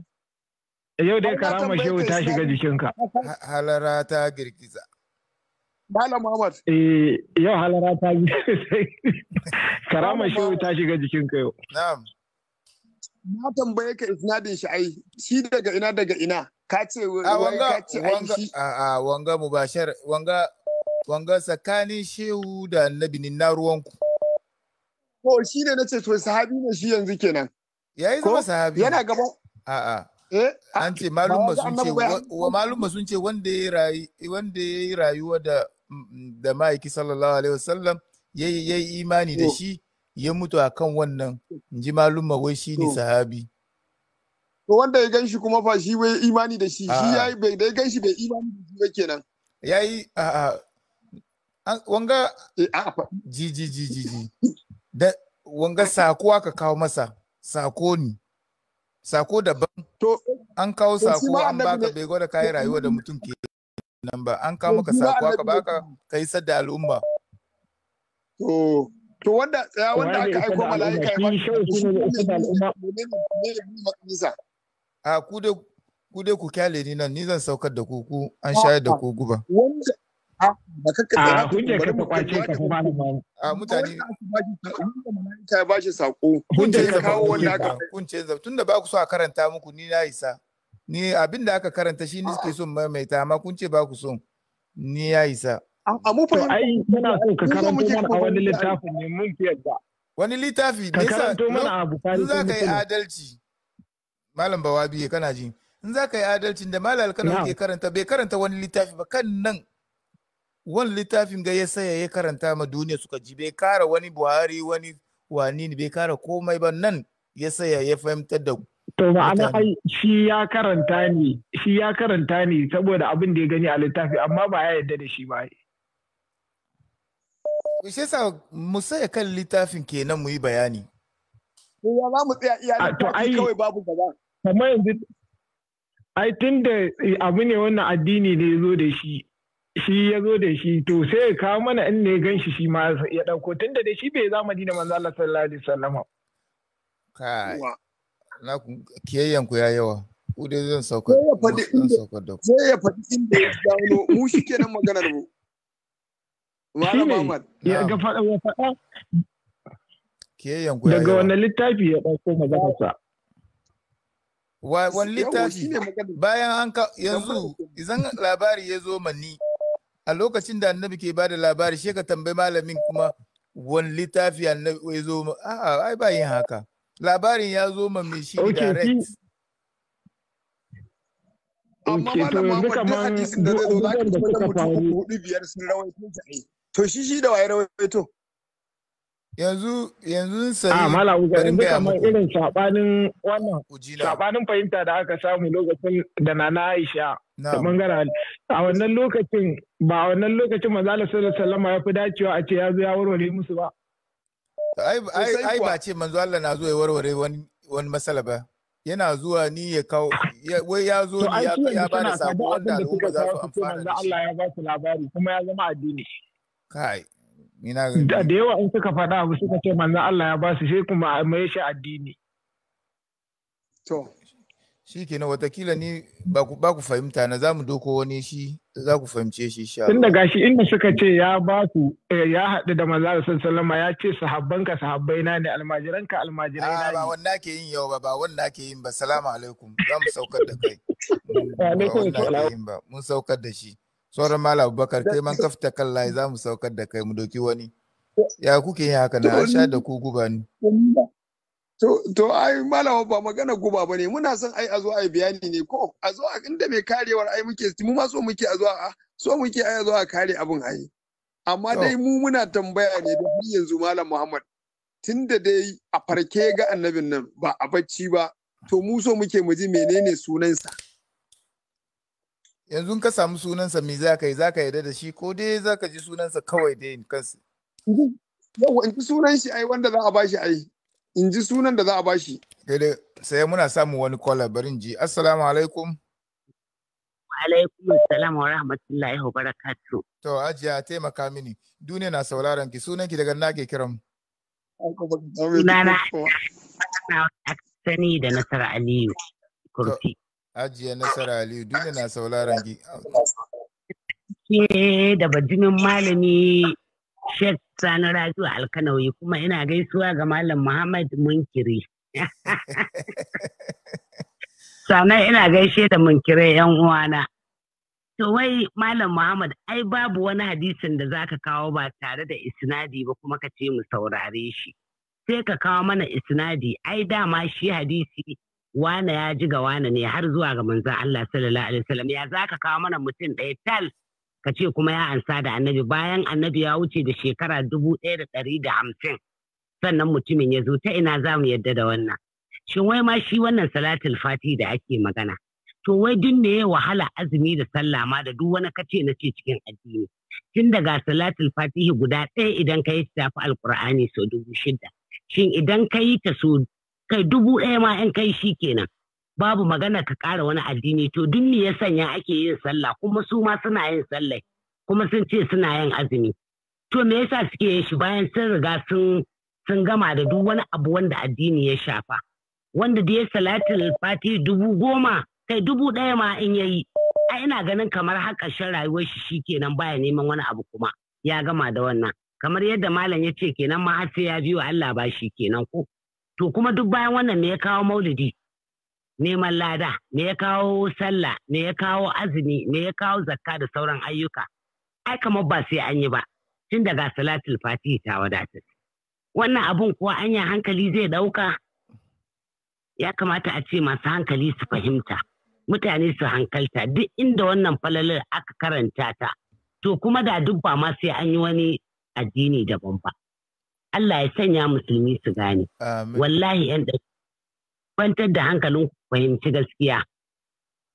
S2: yau dai karama shehu ta shiga jikinka
S4: halara ta girgiza
S2: Malam Muhammad. Eh, yau halara ta
S4: karama shehu ta shiga jikinka yau. Na'am. na tambaye ka isnadin shi ai shi daga ina daga ina ka ce ah, wanga wanga a ah, ah, wanga mubashar wanga wanga tsakanin shehu da annabi ne na ruwanku ko shi ne nace to sahabi ne shi yanzu kenan yayi zama sahabi yana gaba a a eh, an ce malumma sun ce wa malumma sun ce wanda ya rayu wanda ya yi rayuwa da da ma'aiki sallallahu alaihi wasallam yayi imani da shi ya mutu akan wannan in ji malum wai shi ne sahabi to wanda ya ganshi kuma fa shi wai imani da shi shi yi bai da ya ganshi bai imani da shi ba kenan Ya a a wanga eh, ji ji ji ji ji da wanga sako aka kawo masa sako ne sako daban to an kawo sako an baka bai gwada kayi rayuwa da mutum ke nan ba an kawo maka sako aka baka kai sadda al'umma to To wanda wanda aka aiko mala'ika ya faɗi A ku dai ku dai ku kyale ni nan ni zan saukar da ku ku an shayar da ku guba. Wanda a ba ka je ka kwace ka kuma a mutane ta ba shi sako kun ce ka kawo wanda aka kun ce tunda ba ku so a karanta muku ni na isa ni abin da aka karanta shi ne suke son maimaita amma kun ce ba ku son ni ya isa. A mu ai so ka karanto mana a wani littafin ne mun fi yadda. Wani littafi ka karanto mana a Bukhari. Za ka yi adalci. Malam Bawabi kana ji. In za ka yi adalcin da Malam Alkano ke karanta bai karanta wani littafi ba kan nan wani littafin ga ya saya ya karanta ma duniya suka ji bai kara wani Buhari wani wani ne bai kara komai ba nan ya saya ya fahimtar da To ma'ana
S1: ai shi ya karanta ne, shi ya karanta ne saboda abin da ya gani a littafi amma
S2: ba ya yarda da shi ba.
S4: shi yasa mu saya kan littafin kenan mu yi bayani ya za mu tsaya
S2: iya littafi kawai
S4: babu gaba kamar yanzu ai tun da eh, abu ne wannan addini ne ya zo da shi
S2: shi ya zo da shi to sai ya kawo mana in ne gan shi shi ma ya ɗauko tun da shi bai
S4: zamani da manzo Allah sallallahu alaihi wasallam kai na ku kiyayyan ku ya yawa ku dai zan saukar da ku sai ya faɗi inda ya gano mu shi kenan maganar mu Malam Ahmad. Ya ga faɗa ya faɗa.
S2: Ke yanku Daga wani littafi ya ɗauko maganarsa.
S4: Wani littafi bayan an ka yanzu izan labari ya zo manni a lokacin da annabi ke bada labari shi ka tambayi malamin kuma wani littafi annabi ya zo a'a ai ba yin haka labarin ya zo ma mai shi direct amma malamin duk hadisin da zai zo za ka da kuka mutum hudu biyar sun rawaito ne to shi shi da waye rawaito yanzu yanzu sai a ah, mala ugarin da kamar irin sabanin wannan sabanin fahimta da aka samu lokacin da nana Aisha da bangaren a wannan lokacin ba wannan lokacin manzo Allah sallallahu alaihi wasallam ya fi dacewa a ce ya zo ya warware musu ba ai ai ai ba ce manzo Allah na zo ya warware wani wani masala ba yana zuwa ni ya kawo wai ya zo ya ya ba da sabo wanda ba za su amfana da Allah ya ba su labari kuma ya zama addini kai ina da da yawa in suka faɗa abu suka ce manzon Allah ya ba su sai kuma mai shi addini to shi ke kenan watakila ni ba ku ba ku fahimta na za mu doko wani shi za ku fahimce shi sha tun daga shi inda suka ce
S2: ya ba su
S4: eh, ya haɗu da manzo da sallama ya ce sahabbanka sahabbai na ne almajiranka almajirai na ah, ne ba wannan ke yin yau ba ba wannan ke yin ba salamu alaikum za mu saukar da kai mun saukar da shi sauran mala abubakar kai man kafta kan layi za mu saukar da kai mu doki wani ya kuke yin haka na sha da ku guba ni to to ai malama ba magana guba bane muna
S2: son ai a zo ai bayani ne ko a zo inda mai karewar ai muke mu ma so muke a zo a so muke ai a zo a kare abun ai amma dai mu muna tambaya ne da har yanzu malam Muhammad
S4: tunda dai a farke ga annabin nan ba a bacci ba to mu so muke mu ji menene sunansa yanzu ka samu sunansa me za ka yi za ka yarda da shi ko dai za ka ji sunansa kawai dai kansa Yau, in ji sunan shi ai wanda za a ba shi ai in ji sunan da za a shi. dai sai muna samu wani kwala barin ji assalamu alaikum alaikum assalam wa
S7: rahmatullahi wa barakatu.
S4: to ajiya taimaka mini duniya na sauraron ki sunan ki daga na ke kiran sunana
S7: sani da nasara aliyu kurfi
S4: Ajiye Nasara Aliyu duniya na sauraron gi
S7: Ke eh, da bajinin malami shek Sani a Alkanawi kuma ina gaisuwa ga Malam Muhammad Munkiri. Sannan ina gaishe da Munkire yan uwana. To wai Malam Muhammad ai babu wani hadisin da zaka kawo ba tare da isnadi ba kuma ka ce mu saurare shi. Sai ka kawo mana isnadi ai dama shi hadisi wane ya ji ga wane ne har zuwa ga manzon Allah sallallahu alaihi wasallam ya zaka kawo mana mutum ɗaya tal ka ce kuma ya ansa da annabi bayan annabi ya wuce da shekara dubu ɗaya da ɗari da hamsin sannan mutumin ya zo ta ina za mu yadda da wannan shin wai ma shi wannan salatul fati da ake magana to wai duk ne ya wahala azumi da sallah ma da duk wani kace na ce cikin addini tun daga salatul fatihi guda ɗaya idan ka yi tafi alkur'ani sau dubu shida shin idan ka yi ta sau kai dubu ɗaya ma in kai shi kenan babu magana ka ƙara wani addini to duk me ya sanya ake yin sallah kuma su ma suna yin sallah kuma sun ce suna yin azumi to me yasa suke yin shi bayan sun riga sun sun gama da duk wani abu wanda addini ya shafa wanda da ya salatin fati dubu goma kai dubu ɗaya ma in yayi a ina ganin kamar haka shan rayuwar shi shi kenan baya neman wani abu kuma ya gama da wannan kamar yadda malam ya ce kenan ma har sai ya biyo Allah ba shi kenan ko To kuma duk bayan wannan me ya kawo maulidi? Neman lada, me ya kawo sallah, me ya kawo azumi, me ya kawo zakka da sauran ayyuka. Ai kamar ba sai an yi ba, tun daga salatul fatih ta wadatar. Wannan abun kuwa anya hankali zai ɗauka ya kamata a ce masu hankali su fahimta, mutane su hankalta duk inda wannan falalar aka karanta ta, to kuma da duk ma sai an yi wani addini daban ba. Allah ya sanya musulmi su gane. Wallahi ‘yan da kwantar da hankalin ku fahimci gaskiya.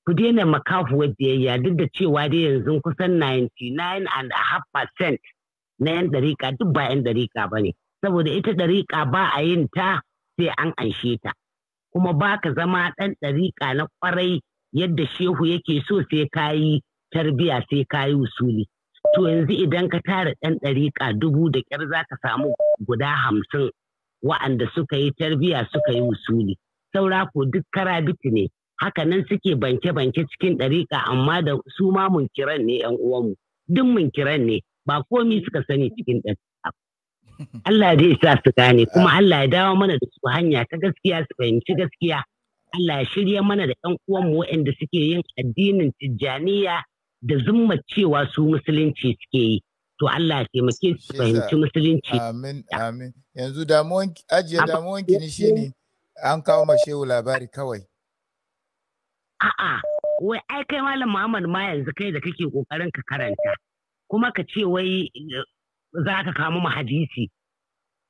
S7: Ku daina makafuwar biyayya duk da cewa dai yanzu kusan 99 and a half percent na ‘yan ɗariƙa duk ba ‘yan ɗariƙa ba ne. Saboda ita ɗariƙa ba a yin ta sai an anshe ta. Kuma ba ka zama ɗan ɗariƙa na ƙwarai yadda shehu yake so sai ka yi tarbiya sai ka yi usuli. to yanzu idan ka tara ɗan ɗariƙa dubu da ƙyar za ka samu guda hamsin wa'anda suka yi tarbiyya suka yi wusuli saura ko duk kara ne haka nan suke banke-banke cikin ɗariƙa amma da su ma munkiran ne ƴan uwanmu duk munkiran ne ba komi suka sani cikin ɗariƙa Allah dai sa su gane kuma Allah ya dawo mana da su hanya ta gaskiya su fahimci gaskiya Allah ya shirya mana da ƴan uwanmu waɗanda suke yin addinin tijjaniya da zumma cewa su musulunci suke yi to Allah ya taimake su fahimci musulunci amin amin yanzu damuwan
S4: ajiye damuwan ki ne eh, an kawo ma shehu labari kawai
S7: a'a wai ai kai malam Muhammad ma yanzu kai da kake kokarin ka karanta kuma ka ce wai eh, za ka kama mu hadisi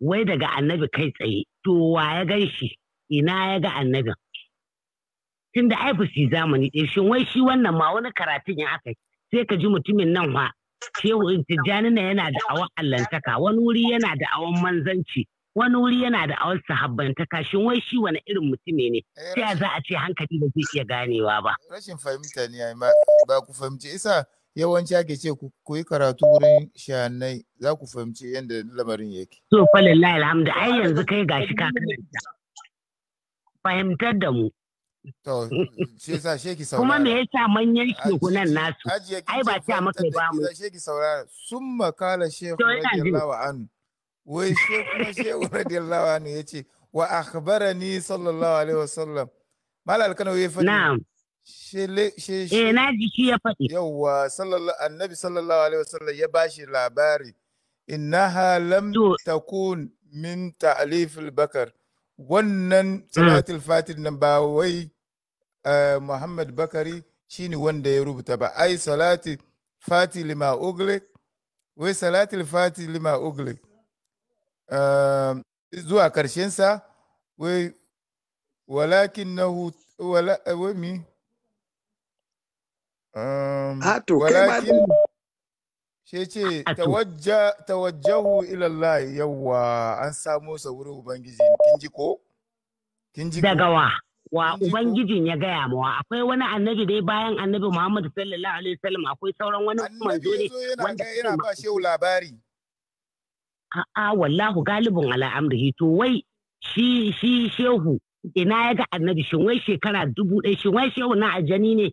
S7: wai daga annabi kai tsaye to wa ya gan shi ina ya ga annabin tun da ai shi zamani ɗaya shin wai shi wannan ma wani karatun ya aka sai ka ji mutumin nan ma shehu tijjani na yana da awon allantaka wani wuri yana da awon manzanci wani wuri yana da awon sahabbantaka shin wai shi wani irin mutumi ne eh, sai za a ce hankali da zai iya ganewa ba
S4: rashin fahimta ne ba
S7: ku fahimci isa yawanci ake ce
S4: ku yi karatu wurin shanai, za ku fahimci yadda lamarin yake.
S7: So falin alhamdu ai yanzu kai gashi ka Fahimtar da mu. To, shi yasa sheki saurara. Kuma me yasa manyan shehunan nasu? Ai ba ta maka ba mu.
S4: Sheki saurara. Sun makala shehu radiyallahu anhu. Wai shehu radiyallahu anhu ya ce wa sallallahu alaihi Malal ya faɗi. Na'am. She Eh na ji shi ya faɗi. Yawwa sallallahu annabi sallallahu alaihi ya bashi labari. Innaha lam takun min bakar Wannan mm. salatul fatir nan ba wai Eh, muhammad bakari shi ne wanda ya rubuta ba ai salati fati lima uglik wai salati fati lima uglik eh, zuwa sa wai eh, um, ah, walakin na wala kai walakin she ce tawajjahu ilallahi yawwa an samo sa wurin ubangiji kin ji ko
S7: kin ji wa ubangijin ya gaya wa akwai wani annabi dai bayan annabi Muhammadu sallallahu alaihi wasallam akwai sauran wani manzo ne wanda yana ba shehu labari a'a wallahu galibin al'amrihi to wai shi shi shehu ina ya ga annabi shin wai shekara dubu ɗaya shin wai shehu na ajani ne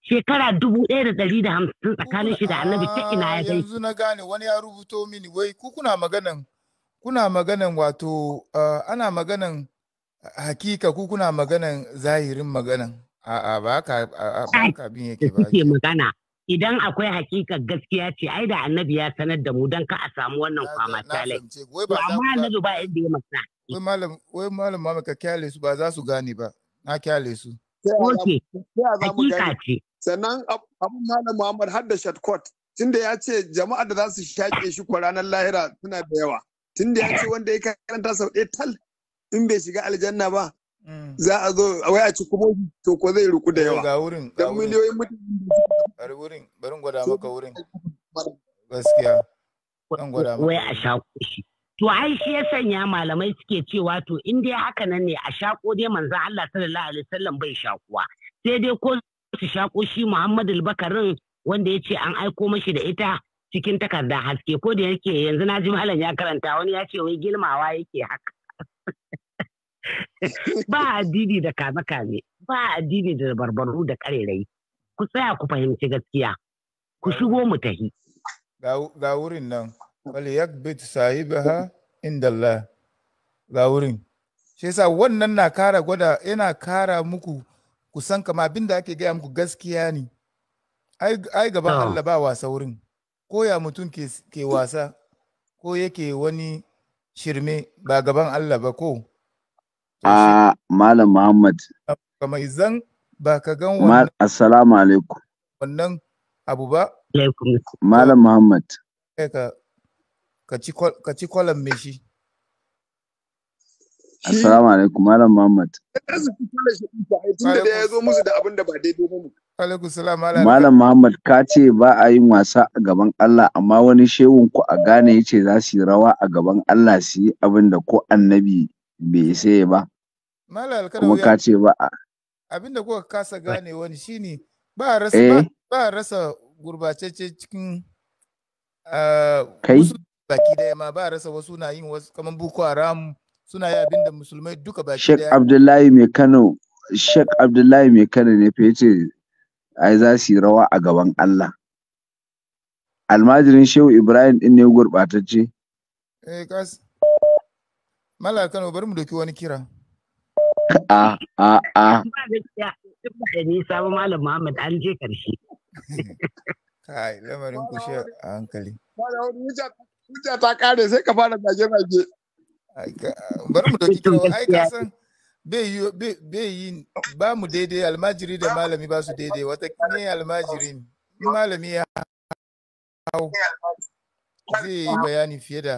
S7: shekara dubu ɗaya da ɗari da hamsin tsakanin shi da annabi ta ina ya gani yanzu
S4: na gane wani ya rubuto mini wai ku kuna maganan kuna maganan wato ah, ana maganan hakika ku kuna maganan zahirin maganan
S7: a'a ba ka ba ka bin yake ba ke magana idan akwai hakika gaskiya ce ai da annabi ya sanar da mu dan ka a samu wannan kwama tale
S4: amma annabi ba inda ya masa wai malam wai malam mama ka kyale su ba za su gane ba na kyale su okay hakika ce sannan abu malam Muhammad har da shortcut tunda ya ce jama'a da za su shaƙe shi ko ranar lahira suna
S2: da yawa tunda ya ce wanda ya karanta sau ɗaya tal in bai shiga aljanna ba
S4: mm. za a zo a wai ci kuma to ko zai ruku da eh, yawa ga miliyoyin mutane wurin barin gwada maka wurin gaskiya dan gwada maka wai a shako shi
S7: to ai shi ya sanya malamai suke cewa to in dai haka nan ne a shako dai manzo Allah sallallahu alaihi wasallam bai shakuwa sai dai ko su shako shi Muhammadu Bakarin wanda ya ce an aiko mashi da ita cikin takarda haske ko da yake yanzu na ji malam ya karanta wani ya ce wai girmawa yake haka ba addini da kame-kame ba addini da barbaru da karerai ku tsaya ku fahimci gaskiya ku shigo mu tahi
S4: ga wurin nan wal yakbit sahibaha inda Allah ga wurin shi yasa wannan na kara gwada yana kara muku san kama abin da ake gaya muku gaskiya ne ai gaban Allah ba wasa wurin ko ya mutum ke wasa ko yake wani shirme ba gaban Allah ba ko
S5: a malam muhammad
S4: kamar izan ba ka gan wannan
S5: assalamu alaikum
S4: wannan abu ba
S5: malam muhammad
S4: ka ci kwalan mai shi
S5: assalamu alaikum malam muhammad Malam Muhammad ka ce ba a yin wasa a gaban Allah amma wani shehun ku a gane ya ce za su yi rawa a gaban Allah su yi abin da ko annabi bai sai ba. kuma ka ce ba a
S4: abinda kuka kasa gane wani shine ba a rasa ba eh. a rasa gurbacece cikin ah, kai baki daya ma ba a rasa wasu na yin wasu kamar Boko Haram suna yi abinda musulmai duka baki daya Sheikh
S5: Abdullahi mai Kano Sheikh Abdullahi mai Kano ne fa yace ai za su yi rawa a gaban Allah almajirin Shehu Ibrahim din ne gurbatacce
S4: eh kas Mala Kano bari mu doki wani kira
S5: a
S7: a a ba gaskiya duk ba da nisa ba malam Muhammad an je karshe
S4: kai lamarin ku shi a hankali hujja
S7: ta kare sai
S4: ka fara zage zage bari mu doki kiro ai ka san bai bai yi ba mu daidai almajiri da malami ba su daidai wata ne almajiri malami ya hau zai yi bayani fiye da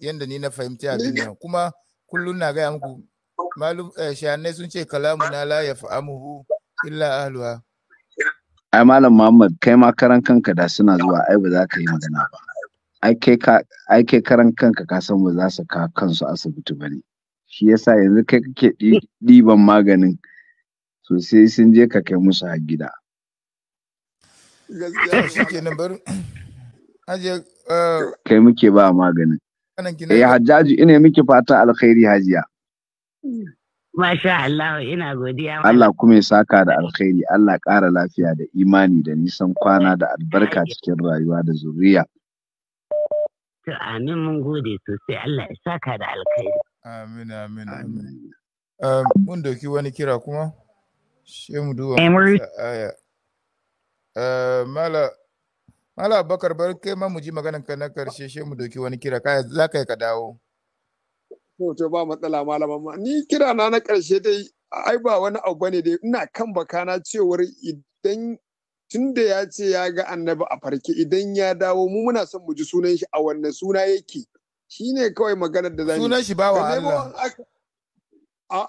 S4: yadda ni na fahimci abin nan kuma kullum na gaya muku malum eh, shayanai sun ce kalamu na la amuhu illa ahluha
S5: ai malam Muhammad kai ma karan kanka da suna zuwa ai ba za ka yi magana ba ai kai karan kanka ka san ba za su ka kansu asibiti ba ne shi yasa yanzu kai kake ɗiban maganin so sai sun je ka kai musu har gida eh, kai muke ba maganin eh hajjaji ina miki fatan alkhairi hajiya
S7: Masha Allah ina godiya. Allah
S5: kuma ya saka da alkhairi, Allah ƙara lafiya da imani da nisan kwana da albarka cikin rayuwa da zuriya.
S7: To amin mun gode sosai Allah ya saka da alkhairi. Amin amin amin.
S4: Mun dauki wani kira kuma? Shi mu duba eh, aya. Eh, Mala Mala Bakar bar kai ma mu ji maganar ka na karshe shi mu dauki wani kira kai za ka yi ka dawo. to to ba matsala malaman ma ni kira na na karshe dai ai ba wani abu bane dai ina kan bakana cewar idan
S2: tun da ya ce ya ga annabi a farke idan ya dawo mu muna son mu ji sunan shi a wanne suna
S4: yake shine kawai maganar da zan sunan shi wa Allah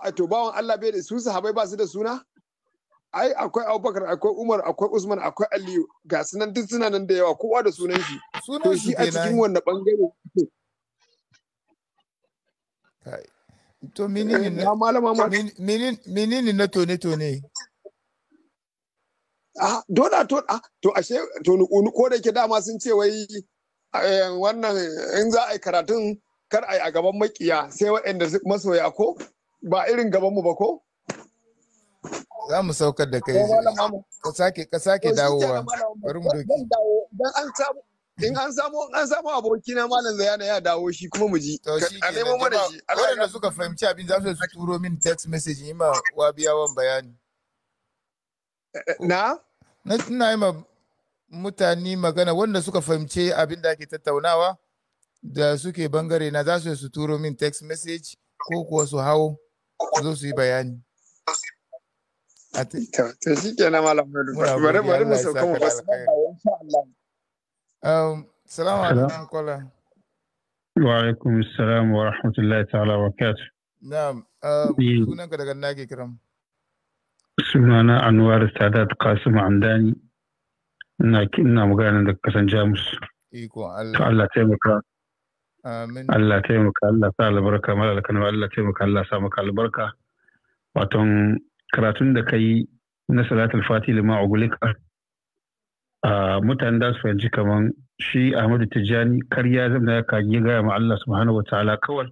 S4: a to bawan Allah bai da su sahabbai ba su da suna ai akwai Abubakar akwai Umar akwai Usman akwai Aliyu ga sunan duk suna nan da yawa kowa da sunan shi to shi a cikin wannan bangare to menene na eh, malama menene na tone tone ah dole to ah to ashe to nuku ko da ke dama sun ce wai eh, wannan in za a yi karatun kar a yi a gaban makiya sai waɗanda masoya ko ba irin gaban mu ba ko za mu saukar da kai ka sake ka sake dawowa bari mu doki dan an samu in an samu an samu aboki na malam yana ya dawo shi kuma mu ji a nemo mana shi waɗanda suka fahimci abin za su turo min text message yi ma wabiyawan bayani eh, eh, na na tuna yi ma mutane magana wanda suka fahimci abin da ake tattaunawa da suke bangare na za su su turo min text message ko kuwa su hau zo su yi bayani ta shi kenan malam bari bari mu sauka mu basu Allah Um, salamu alaikum kola
S2: wa alaikum assalam wa rahmatullahi ta'ala wa barakatuh
S4: na'am um, sunanka daga nake kiran
S2: sunana anwar sadat kasim andani ina ina magana daga kasan jamus
S4: iko Allah Allah taimaka amin Allah
S2: taimaka Allah sa albarka malalaka Allah taimaka Allah sa maka albarka karatun da yi na salatul fati lima mutane da su fahimci kamar shi Ahmadu Tijjani karya zama ya kage gaya ma Allah subhanahu wa ta'ala kawai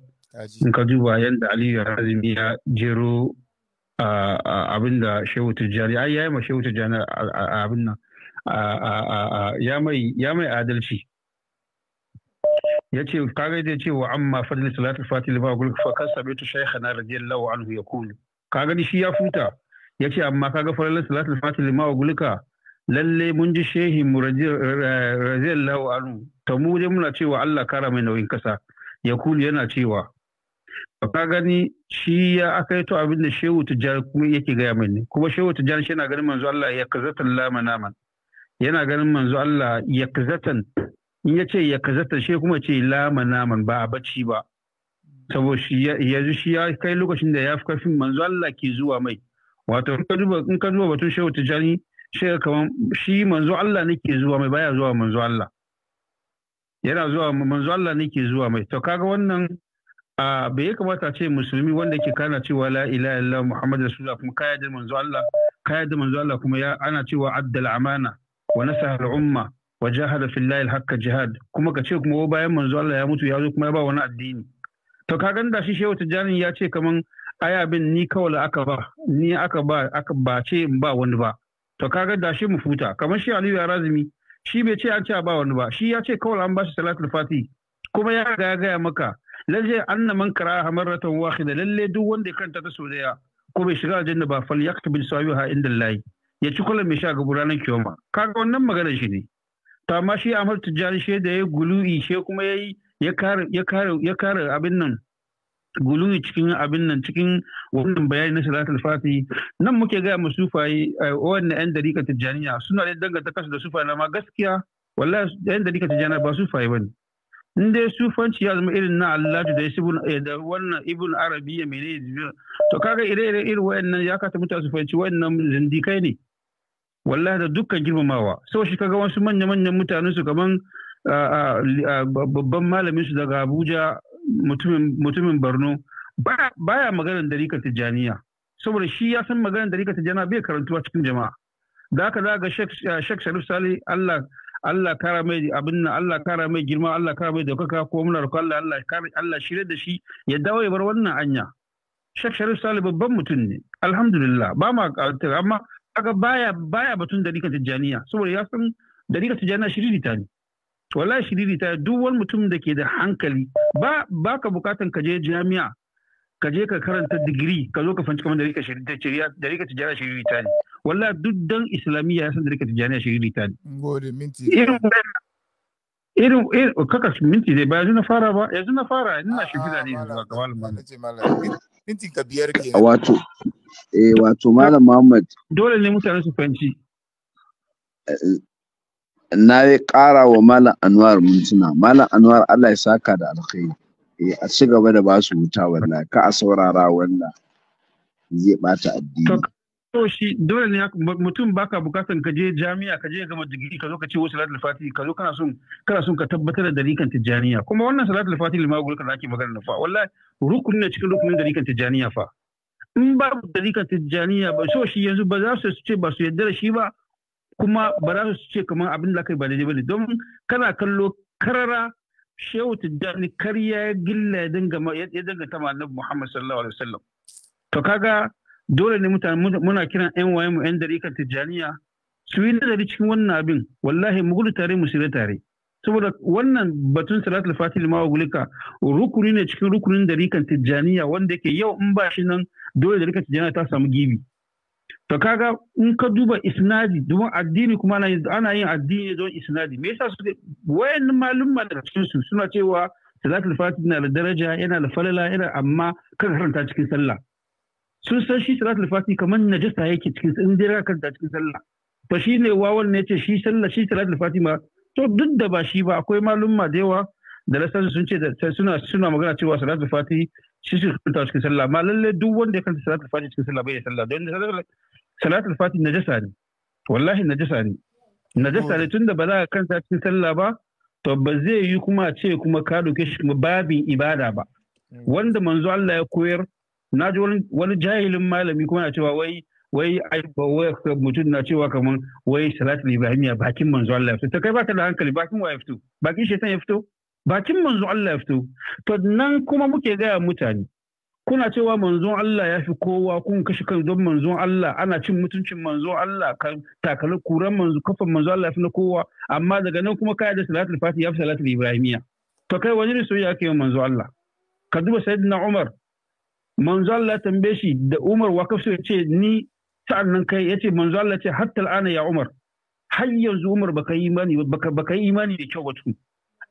S2: in ka duba yadda Aliyu Razumi ya jero abin da Shehu Tijjani ai yi ma Shehu Tijjani abin nan ya mai adalci ya ce ga dai ce wa amma fadli salatu fatil ba gulk fa kan sabitu shaykhana radiyallahu anhu yaqulu Ka ni shi ya futa ya ce amma kaga fadli salatu fatil ma gulka lalle mun ji shehi mu radiyallahu anhu ta mu dai muna cewa Allah kara mai nauyin kasa ya kuli yana cewa ka gani shi ya akaito abin da shehu tijjar kuma yake gaya mai ne kuma shehu tijjar shi yana ganin manzo Allah ya kazatan lama naman yana ganin manzo Allah ya kazatan in ya ce ya kazatan shi kuma ce lama naman ba a bacci ba saboda shi yanzu shi ya kai lokacin da ya fi karfin manzo Allah ke zuwa mai wato in ka duba batun shehu tijjani shi kaman shi manzo Allah nake zuwa mai baya zuwa manzo Allah yana zuwa manzo Allah nake zuwa mai to kaga wannan a bai kamata ce musulmi wanda ke kana cewa la ilaha illallah muhammad rasulullah kuma kaya da manzo Allah kaya da manzo Allah kuma ya ana cewa addal amana wa nasaha al umma wa jahada fillahi al haqq jihad kuma ka ce kuma bayan manzo Allah ya mutu ya zo kuma ya ba wani addini to ka ganda shi shehu tijani ya ce kaman aya bin ni kawai aka ba ni aka ba aka ba ce in ba wani ba to kaga da shi mu futa kamar shi Aliyu Arazimi shi bai ce an ce ba wani ba shi ya ce kawai an bashi salatul fati kuma ya ga ya gaya maka lalle anna man ratan hamaratan wahida lalle duk wanda ya kanta ta soyayya daya ko bai shiga aljanna ba fal yaktubil sawiha inda lillahi ya ci kullum mai sha ga buranan kiyoma kaga wannan magana shi ne to amma shi Ahmad Tijjani shi da ya gulu'i shi kuma yayi ya kare ya kare ya kare abin nan guluyi cikin abin nan cikin wannan bayani na salatul fati nan muke gaya ma sufaye eh, wannan yan dariƙa tijjaniya suna da danganta kasu da sufaye amma gaskiya wallahi yan dariƙa tijjaniya ba sufaye bane in dai sufanci ya zama irin na Allah da ya eh, da wannan ibn arabi ya mene to kaga ire-ire irin wayannan ya kata mutane sufanci fahimci wayannan zindikai ne wallahi da dukkan girmamawa sau shi kaga wasu manya-manyan mutanen su kaman ah, ah, ah, babban malamin su daga Abuja mutumin Borno baya maganar dariƙar Tijjaniya saboda shi ya san maganar dariƙar Tijjaniya bai karantuwa cikin jama'a da haka za ga Sheikh eh, Sharif Sali Allah Allah kara mai abin nan Allah kara mai girma Allah kara mai daukaka ko muna roƙon Allah Allah kara Allah shirye da shi ya dawo ya bar wannan anya Sheikh Sharif Sali babban mutum ne alhamdulillah ba ma amma kaga baya baya batun dariƙar Tijjaniya saboda ya san dariƙar Tijjaniya shiriri ta ne wallahi shiriri ta duk wani mutum da ke da hankali ba ka bukatan ka je jami'a ka je ka karanta digiri ka zo ka fanci kamar da rika shirya da rika tijara shiriri ta ne wallahi duk dan islamiyya ya san da rika tijara shiriri ta ne
S4: gode minti irin
S2: irin oh, kaka minti dai ba yanzu na fara ba
S4: yanzu na fara ina shimfiɗa ne zuwa ga malamin minti ka biyar ke
S5: wato eh wato malam Muhammad
S4: dole
S2: ne mutane su fanci
S5: eh, na ƙara wa Malam Anwar mintuna. Malam Anwar Allah ya saka da alkhairi. Eh a ci gaba da ba su wuta wannan ka a saurara wannan zai bata addini.
S2: To shi dole ne mutum baka bukatan ka je jami'a ka je gama digiri ka zo ka ce wa salatul fatihi ka zo kana son kana son ka tabbatar da dalikan tijaniya kuma wannan salatul fatihi gurka kan ake magana fa wallahi rukun ne cikin rukunin dalikan tijaniya fa in babu dalikan tijaniya ba so shi yanzu ba za su ce ba su yarda da shi ba kuma ba za su ce kamar abin da kai ba daidai bane don kana kallo karara shehu tijjani karya ya gilla ya danga ta annabi muhammad sallallahu alaihi wasallam to kaga dole ne mutane muna kiran yan waye mu yan dariƙar tijjaniya su yi nazari cikin wannan abin wallahi mu gudu tare mu shirya tare saboda wannan batun salatul fatil ma gulika rukuni ne cikin rukunin dariƙar tijjaniya wanda yake yau in ba shi nan dole dariƙar tijjaniya ta samu gibi to kaga in ka duba isnadi domin addini kuma ana yin addini don isnadi me yasa suke wayan malumma daga cikin su suna cewa salatul fatih na da daraja yana da falala yana amma kan karanta cikin sallah sun san shi salatul fatih kamar najasa yake cikin in dai karanta cikin sallah to ne wawan ne ce shi sallah shi salatul fatih ma to duk da ba shi ba akwai malumma da yawa da lasansu sun ce suna suna magana cewa salatul fatih shi shi kuta cikin sallah amma lalle duk wanda ya kanta salatul fati cikin sallah bai da sallah don salatul fati najasa ne wallahi najasa ne najasa ne tunda ba za ka kanta cikin sallah ba to ba zai yi kuma ce kuma ka doke shi kuma babin ibada ba wanda manzo Allah ya koyar na ji wani jahilin malami kuma na cewa wai wai mutum na cewa kaman. wai salatul ibrahimiya bakin manzo Allah ya fito ta kai ta da hankali bakin wa ya fito bakin shaitan ya fito bakin manzon Allah ya fito to nan kuma muke gaya mutane kuna cewa manzon Allah ya fi kowa kun kashe kan don manzon Allah ana cin mutuncin manzon Allah takalar kuran manzo kafan manzon Allah ya fi na kowa amma daga nan kuma kai da salatul fati ya fi salatul ibrahimiya to kai wani riso ya kai manzon Allah ka duba sayyidina Umar manzo Allah tambaye shi da Umar wa kafsu ya ce ni nan kai ya ce manzo Allah ce hatta al'ana ya Umar har yanzu Umar baka yi imani baka yi imani da kyau ba tukun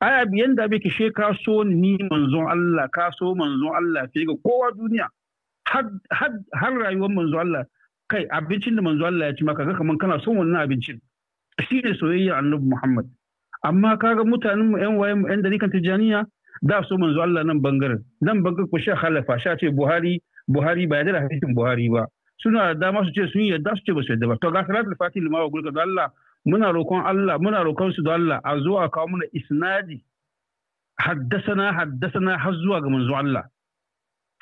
S2: biyan yanda bai kishe ka so ni manzon Allah ka so manzon Allah fiye ga kowa duniya har rayuwar manzon Allah kai abincin da manzon Allah ya ci maka ga kaman kana son wannan abincin shi ne soyayya annabi Muhammad amma kaga mutanen mu yan waye mu yan tijaniya da so manzo Allah nan bangaren nan bangaren ku sha halafa sha ce Buhari Buhari ba ya da hadisin Buhari ba suna da dama su ce sun yarda su ce ba su yarda ba to ga salatul fatih lima wa gulka Allah muna roƙon Allah muna roƙon su da Allah a zuwa kawo muna isnadi haddasana haddasana har zuwa ga manzo Allah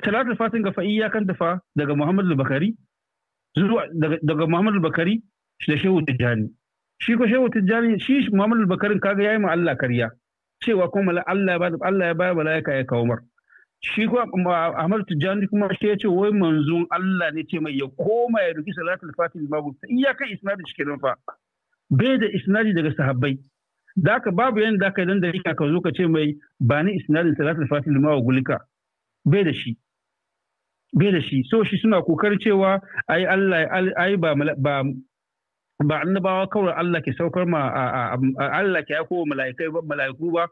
S2: talatul fatin gafa iyakan dafa daga Muhammad al-Bakari zuwa daga Muhammad al-Bakari da Shehu Tijjani shi ko Shehu Tijjani shi Muhammad al-Bakarin kaga yayi ma Allah kariya cewa kuma Allah ya ba Allah ya ba malaika ya kawo shi kuma Ahmad Tijjani kuma shi ya ce wai manzon Allah ne ce mai ya koma ya ruki salatul fatin babu iyakan isnadin shi kenan fa bai da isnadi daga sahabbai da haka babu yadda da ka dan da ka zo ka ce mai ba ni isnadin salatul fatil ma wa gulika bai da shi bai da shi so shi suna kokarin cewa ai Allah ai ba ba ba annabawa kawai Allah ke saukar ma Allah ke aiko mala'ikai ba mala'iku ba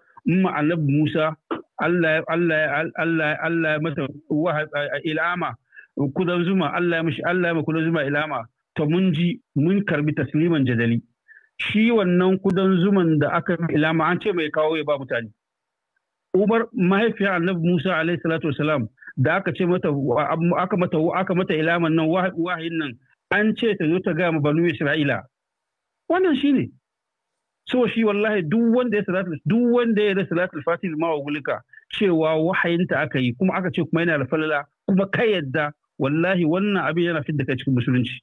S2: ma annabi Musa Allah Allah Allah Allah ilama kudan zuma Allah ya mishi Allah ya kudan zuma ilama to mun ji mun karbi tasliman jadali shi wannan kudan zuman da aka ilama an ce mai kawo ya ba mutane umar mahaifiyar annabi musa alaihi salatu wasalam da aka ce mata aka mata ilaman nan wahayin nan an ce ta zo ta gama ma banu isra'ila wannan shi ne. so shi wallahi duk wanda ya salatu duk wanda ya salatu fatil ma gulika cewa wahayinta aka yi kuma aka ce kuma yana da falala kuma ka yadda wallahi wannan abin yana fidda kai cikin musulunci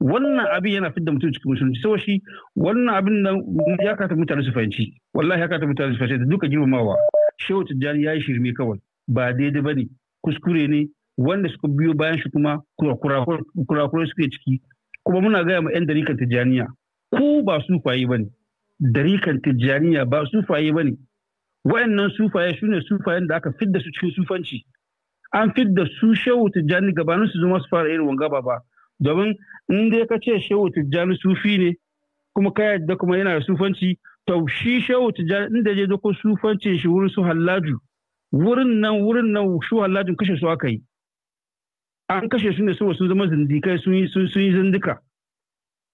S2: wannan abin yana fidda mutum cikin musulunci sai shi wannan abin nan ya kata mutane su fahimci wallahi ya kata mutane su fahimci da duka girmamawa shehu tijjani ya yi shirme kawai ba daidai ba ne kuskure ne wanda suka biyo bayan shi kuma kurakurai suke ciki kuma muna gaya ma 'yan darikan tijjaniya ku ba sufaye ba ne darikan tijjaniya ba sufaye ba ne wa'annan sufaye su ne sufayen da aka fidda su cikin sufanci an fidda su shehu tijjani gabanin su zama su fara irin wanga ba domin in dai ka ce shehu tijjani sufi ne kuma ka yadda kuma yana da sufanci to shi shehu tijjani inda je doko sufancin shi wurin su hallaju wurin nan wurin nan shu hallajin kashe su aka yi an kashe su ne saboda sun zama zindikai sun yi zindika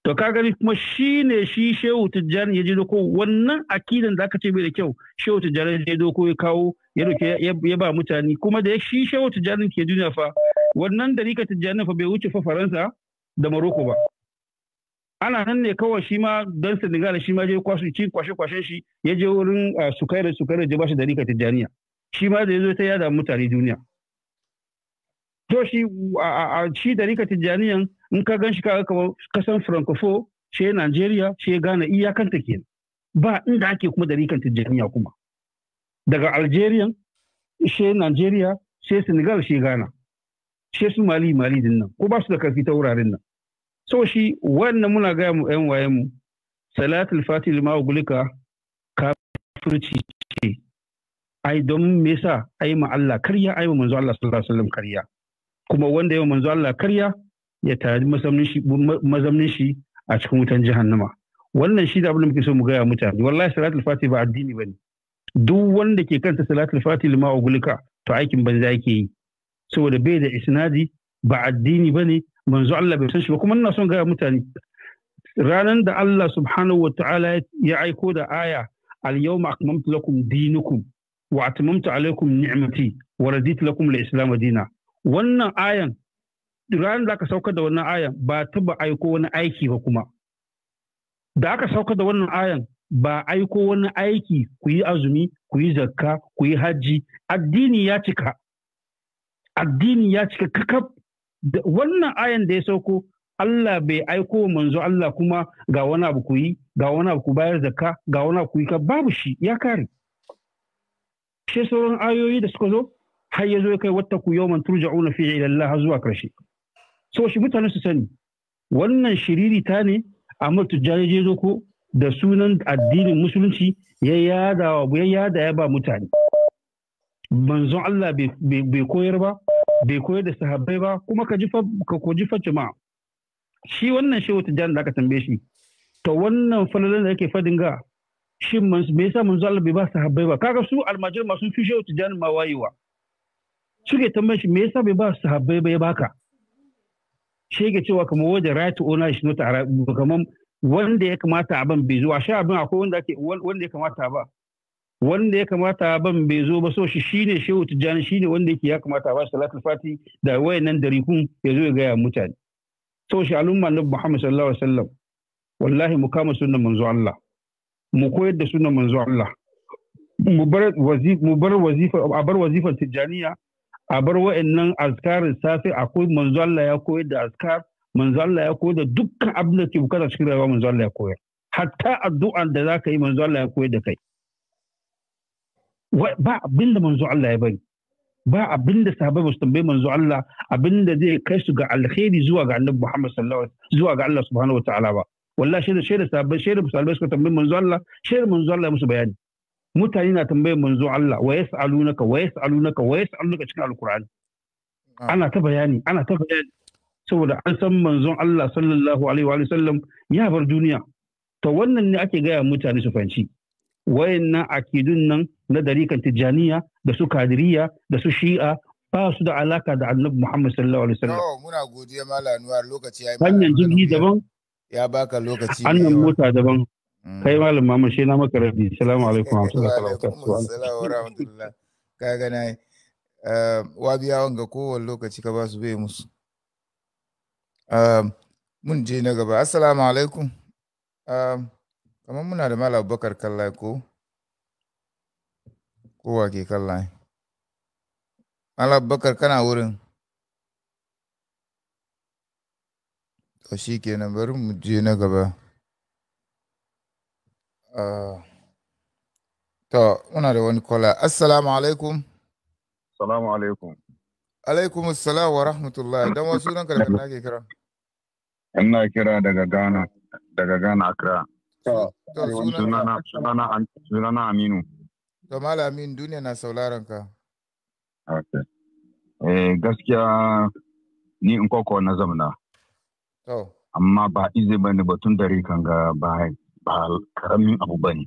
S2: to ka gani kuma shi ne shi shehu tijjani ya je doko wannan akidan da aka ce bai da kyau shehu tijjani ya doko ya kawo ya doke ya ba mutane kuma da shi shehu tijjani ke duniya fa wannan dalika tijjani fa bai wuce fa faransa da maroko ba ana nan ne kawai shi ma dan senegal shi ma je kwashe ci kwashe kwashen shi ya je wurin ah, sukaira sukaira ya ba shi dalika Tijjani. shi ma da ya zo ta yada mutane duniya to shi a shi da rika tijjaniyan in ka gan shi ka kamar kasan francofo shi Najeriya she Ghana iyakanta ke ba inda ake kuma da rikan tijjaniya kuma daga Algeria she Najeriya ya Senegal she Ghana Shi su Mali Mali din nan ko ba su da karfi ta wuraren nan so shi wannan muna gaya mu yan waye mu salatul fatil ma gulika kafirci ce ai don me yasa ai ma Allah karya ai ma manzo Allah sallallahu alaihi wasallam karya kuma wanda yawa manzo Allah karya ya tari mazamnin shi a cikin wutan jahannama wannan shi da abin da muke so mu gaya mutane wallahi salatul fati ba addini bane duk wanda ke kanta salatul fati lima ogulika to aikin banza yake yi saboda bai da isnadi ba addini bane manzo Allah bai san shi ba kuma ina son gaya mutane ranan da Allah subhanahu wa ta'ala ya aiko da aya al-yawma akmamtu lakum dinukum wa atmamtu alaykum ni'mati wa raditu lakum al-islam dina wannan ayan ranar da aka saukar da wannan ayan ba ta ba aiko wani aiki ba kuma da aka saukar da wannan ayan ba aiko wani aiki ku yi azumi ku yi zakka ku yi hajji addini ya cika addini ya cika da wannan ayan da ya sauko Allah bai aiko wa manzo Allah kuma ga wani abu ku yi ga wani abu ku bayar zakka ga wani abu ku yi ka babu shi ya kare shi sauran ayoyi da suka zo har ya zo ya kai wata ku yawman turja'una fi ila Allah zuwa karshe so shi mutane su sani wannan shiriri ta ne amma tujjani je zo ko da sunan addinin musulunci ya yada wa ya yada ya ba mutane manzon Allah bai koyar ba bai koyar da sahabbai ba kuma ka ji ka ko jifa jama'a shi wannan shehu tijjani da aka tambaye shi to wannan falalan da yake fadin ga shin me yasa manzon Allah bai ba sahabbai ba kaga su almajir masu fi shehu tijjani ma wayewa suke ta shi me yasa bai ba su habbai bai baka shi yake cewa kamar wajen right owner shi not arabu kamar wanda ya kamata abin bai zo a sha abin akwai wanda ake wanda ya kamata ba wanda ya kamata abin bai zo ba so shi shine shehu tijjani shine wanda yake ya kamata ba salatul fati da wayannan rikun ya zo ya gaya mutane so shi al'umma na Muhammad sallallahu alaihi wasallam wallahi mu kama sunnan manzo Allah mu koyar da sunnan manzo Allah mu bar wazifa a bar wazifar tijjaniya a bar wa'annan askarin safe akwai manzo Allah ya koyar da azkar manzo Allah ya koyar da dukkan abin da ke bukata cikin rayuwa manzo Allah ya koyar hatta addu'an da za ka yi manzo Allah ya koyar da kai ba abin da manzo Allah ya bari ba abin da sahabbai ba su tambayi manzo Allah abin da zai kai su ga alkhairi zuwa ga Annabi Muhammad sallallahu alaihi wasallam zuwa ga Allah subhanahu wataala ba wallahi shaida shaida sahabbai shaida sahabbai suka tambayi manzo Allah da manzo Allah ya musu bayani mutane na tambayar manzo Allah wa alunaka wa alunaka wa alunaka cikin alkur'ani ah. ana ta bayani ana ta bayani saboda an san manzon Allah sallallahu alaihi wa sallam ya bar duniya to wannan ne ake gaya mutane su fahimci wayannan akidun nan na dariƙan tijjaniya da su kadiriya da su shi'a ba su da alaka da annabi Muhammad sallallahu alaihi wasallam.
S4: muna godiya Malam Anwar lokaci ya yi. Hanyar
S2: jirgi daban.
S4: Ya baka lokaci. Annan
S2: mota daban. kai mm. malam mama shi na maka rabi salamu alaikum wa rahmatullahi
S4: wa rahmatullah ka ga na um, wa biyawan ga kowane lokaci ka ba su bai musu um, mun je na gaba assalamu alaikum um, kamar muna da malam bakar kallai ko kowa ke kallai malam bakar kana wurin to shi kenan bari mu je na gaba Ah, to muna da wani kola assalamu alaikum assalamu alaikum alaikum assalam wa rahmatullah Don wasu nan karfi na ke kira
S2: ina kira daga Ghana daga Ghana Accra
S4: to sunana
S2: sunana Aminu
S4: to malam Aminu duniya na sauraron ka
S2: okay eh gaskiya ni in koko na zamana. to amma ba izi bane batun dare kan ga bahai ba karamin abu ba ne.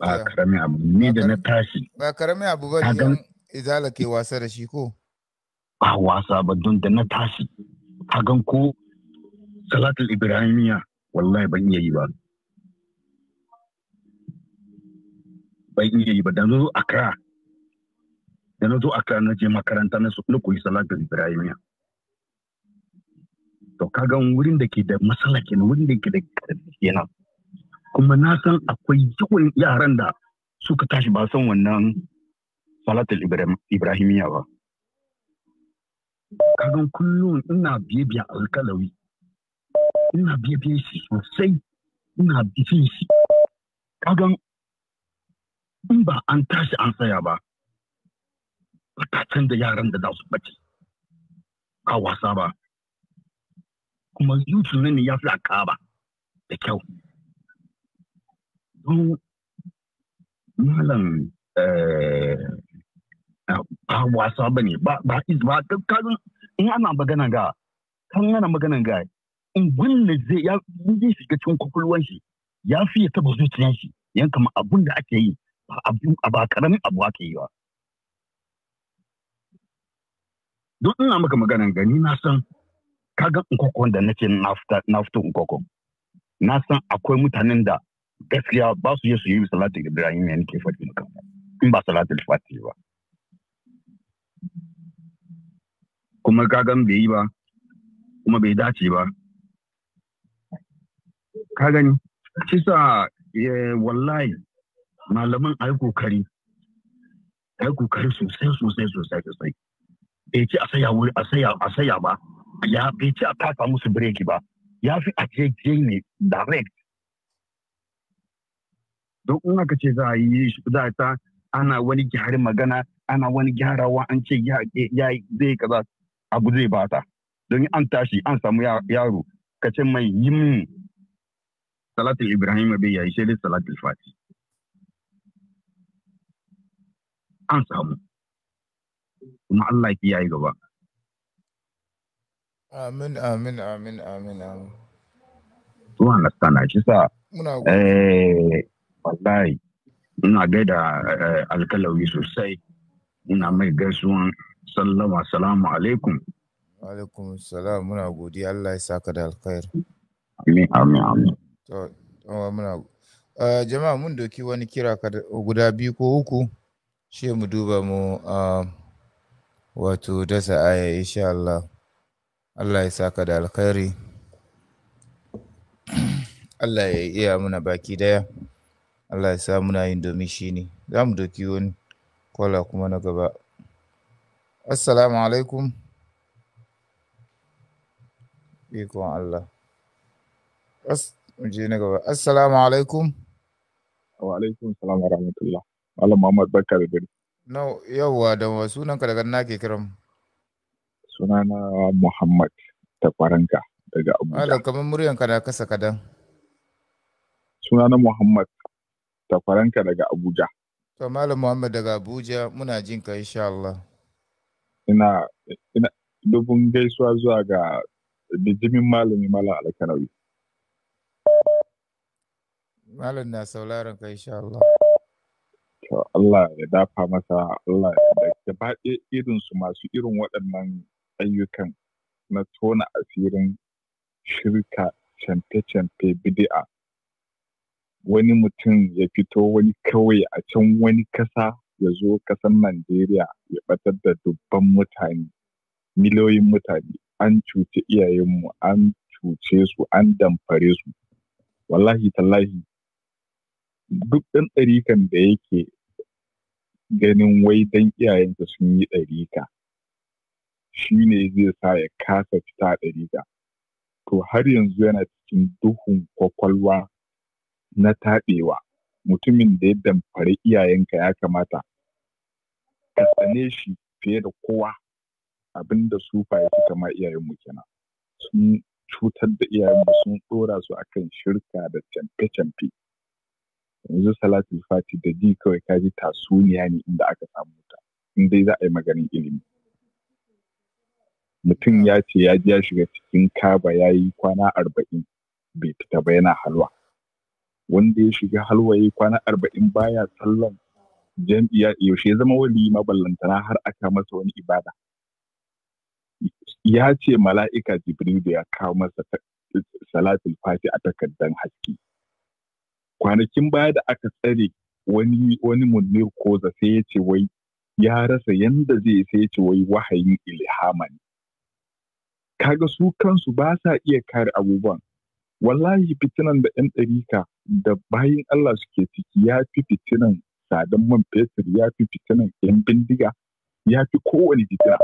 S2: Ba karamin abu ne da na tashi.
S4: Ba karamin abu ba ne izala ke wasa da shi ko?
S2: Ba wasa ba don da na tashi. Kagan ko Salatul Ibrahimiya wallahi ban iya yi ba. Ban iya yi ba da na zo Accra. Da na zo Accra na je makaranta na koyi Salatul Ibrahimiya. to kagan wurin da ke da matsala kenan wurin da ke da karfi kenan kuma na san akwai yawan yaran da suka tashi ba san wannan salatul ibrahimiya ba kagan kullum ina biye-biye alkalawi ina biye-biye shi sosai ina biye shi kagan in ba an tashi an saya ba ba ta canza yaran da za su bace a wasa ba kuma zuciyar nan ne ya fi akaba da kyau malam eh, ah, ba wasa ba ne ba ba ba kazan in ana magana ga kan ana magana ga in gwamna zai ya zai shiga cikin kwakwalwar shi ya fi ya taba zuciyar shi yan kama abun da ake yi ba ba karamin abu ake yi ba don ina maka magana gani na san kaga nkokon da nake na fito nkokon na san akwai mutanen da gaskiya ba su yi su yi salatin ibrahim ne nake faɗi maka in ba salatin fati ba kuma kagan bai yi ba kuma bai dace ba ka gani kisa eh, wallahi malaman yi kokari ai kokari sosai sosai sosai sosai bai ci a saya a saya
S1: ba ya bai ci a kasa musu bireki ba ya fi a je ne direct
S2: don in aka ce za a yi shi za a ta ana wani gyaran magana ana wani gyarawa an ce ya yi zai kaza abu zai bata don an tashi an samu yaro ka ce mai yi min salatul ibrahim bai yayi shi salatul fati an samu kuma Allah ki yayi gaba
S4: Amin, amin, amin, amin, amin.
S2: na sana, shi sa eh, wallahi muna gaida eh, alkalawi
S4: sosai muna mai gaisuwan sallama salamu alaikum. Alaikum salam muna godi Allah ya saka da alkhair.
S7: Amin, amin, amin.
S4: To, muna eh, jama'a mun doki wani kira guda biyu ko uku shi mu duba mu ah, wato dasa aya insha Allah. Allah ya saka da alkhairi Allah ya iya muna baki daya Allah ya sa muna yin domin shi ne za mu doki wani kwala kuma na gaba assalamu alaikum ikon Allah je na gaba assalamu alaikum wa alaikum salam wa rahmatullah
S5: Allah Muhammad barka da dare
S4: no yawwa da sunan ka daga nake kiran mu sunana
S2: Muhammad Kwaranka daga Abuja. Malam
S4: kamar muryanka na kasa kadan.
S2: Sunana Muhammad Kwaranka daga Abuja.
S4: To Malam Muhammad daga Abuja muna jin ka insha Allah.
S2: Ina ina dubun gaisuwa zuwa ga bijimin malami Malam Alkanawi.
S4: Malam na sauraron ka insha Allah.
S2: To Allah ya dafa masa Allah ya
S4: da irin su masu irin
S2: waɗannan ayyukan na tona asirin shirka camfe-camfe bidi'a wani mutum ya fito wani kawai a can wani kasa ya zo kasan Najeriya ya ɓatar da dubban mutane miliyoyin mutane an cuce iyayenmu an cuce su an damfare su wallahi tallahi duk ɗan ɗarikan da yake ganin wai dan iyayensa sun yi ɗarika shi ne zai sa ya kasa fita ɗariƙa. To har yanzu yana cikin duhun kwakwalwa na taɓewa mutumin da ya damfari iyayenka ya kamata
S5: ka tsane shi fiye da kowa abin da su ya suka ma iyayenmu kenan sun cutar da iyayenmu sun ɗora su akan shirka da
S2: canfe-canfe yanzu salatul fati da ji kawai kaji tatsuniya ne inda aka samu ta in dai za a yi maganin ilimi mutum ah. ya ce ya ji ya shiga cikin kaba ya yi kwana arba'in bai fita ba yana halwa wanda ya shiga halwa ya yi kwana arba'in baya sallan jam'iya yaushe ya zama wali maballantana har aka masa wani ibada ya ce mala'ika da ya kawo masa salatul fati a takardar haske kwanakin baya da aka tsare wani wani munir koza sai ya ce wai ya rasa yanda zai sai ya ce wai wahayin ilhamani kaga su kansu ba sa iya kare abubuwan wallahi fitinan da yan ɗarika da bayin Allah suke ciki ya fi fitinan sadan man fetur ya fi fitinan yan bindiga ya fi kowane fitina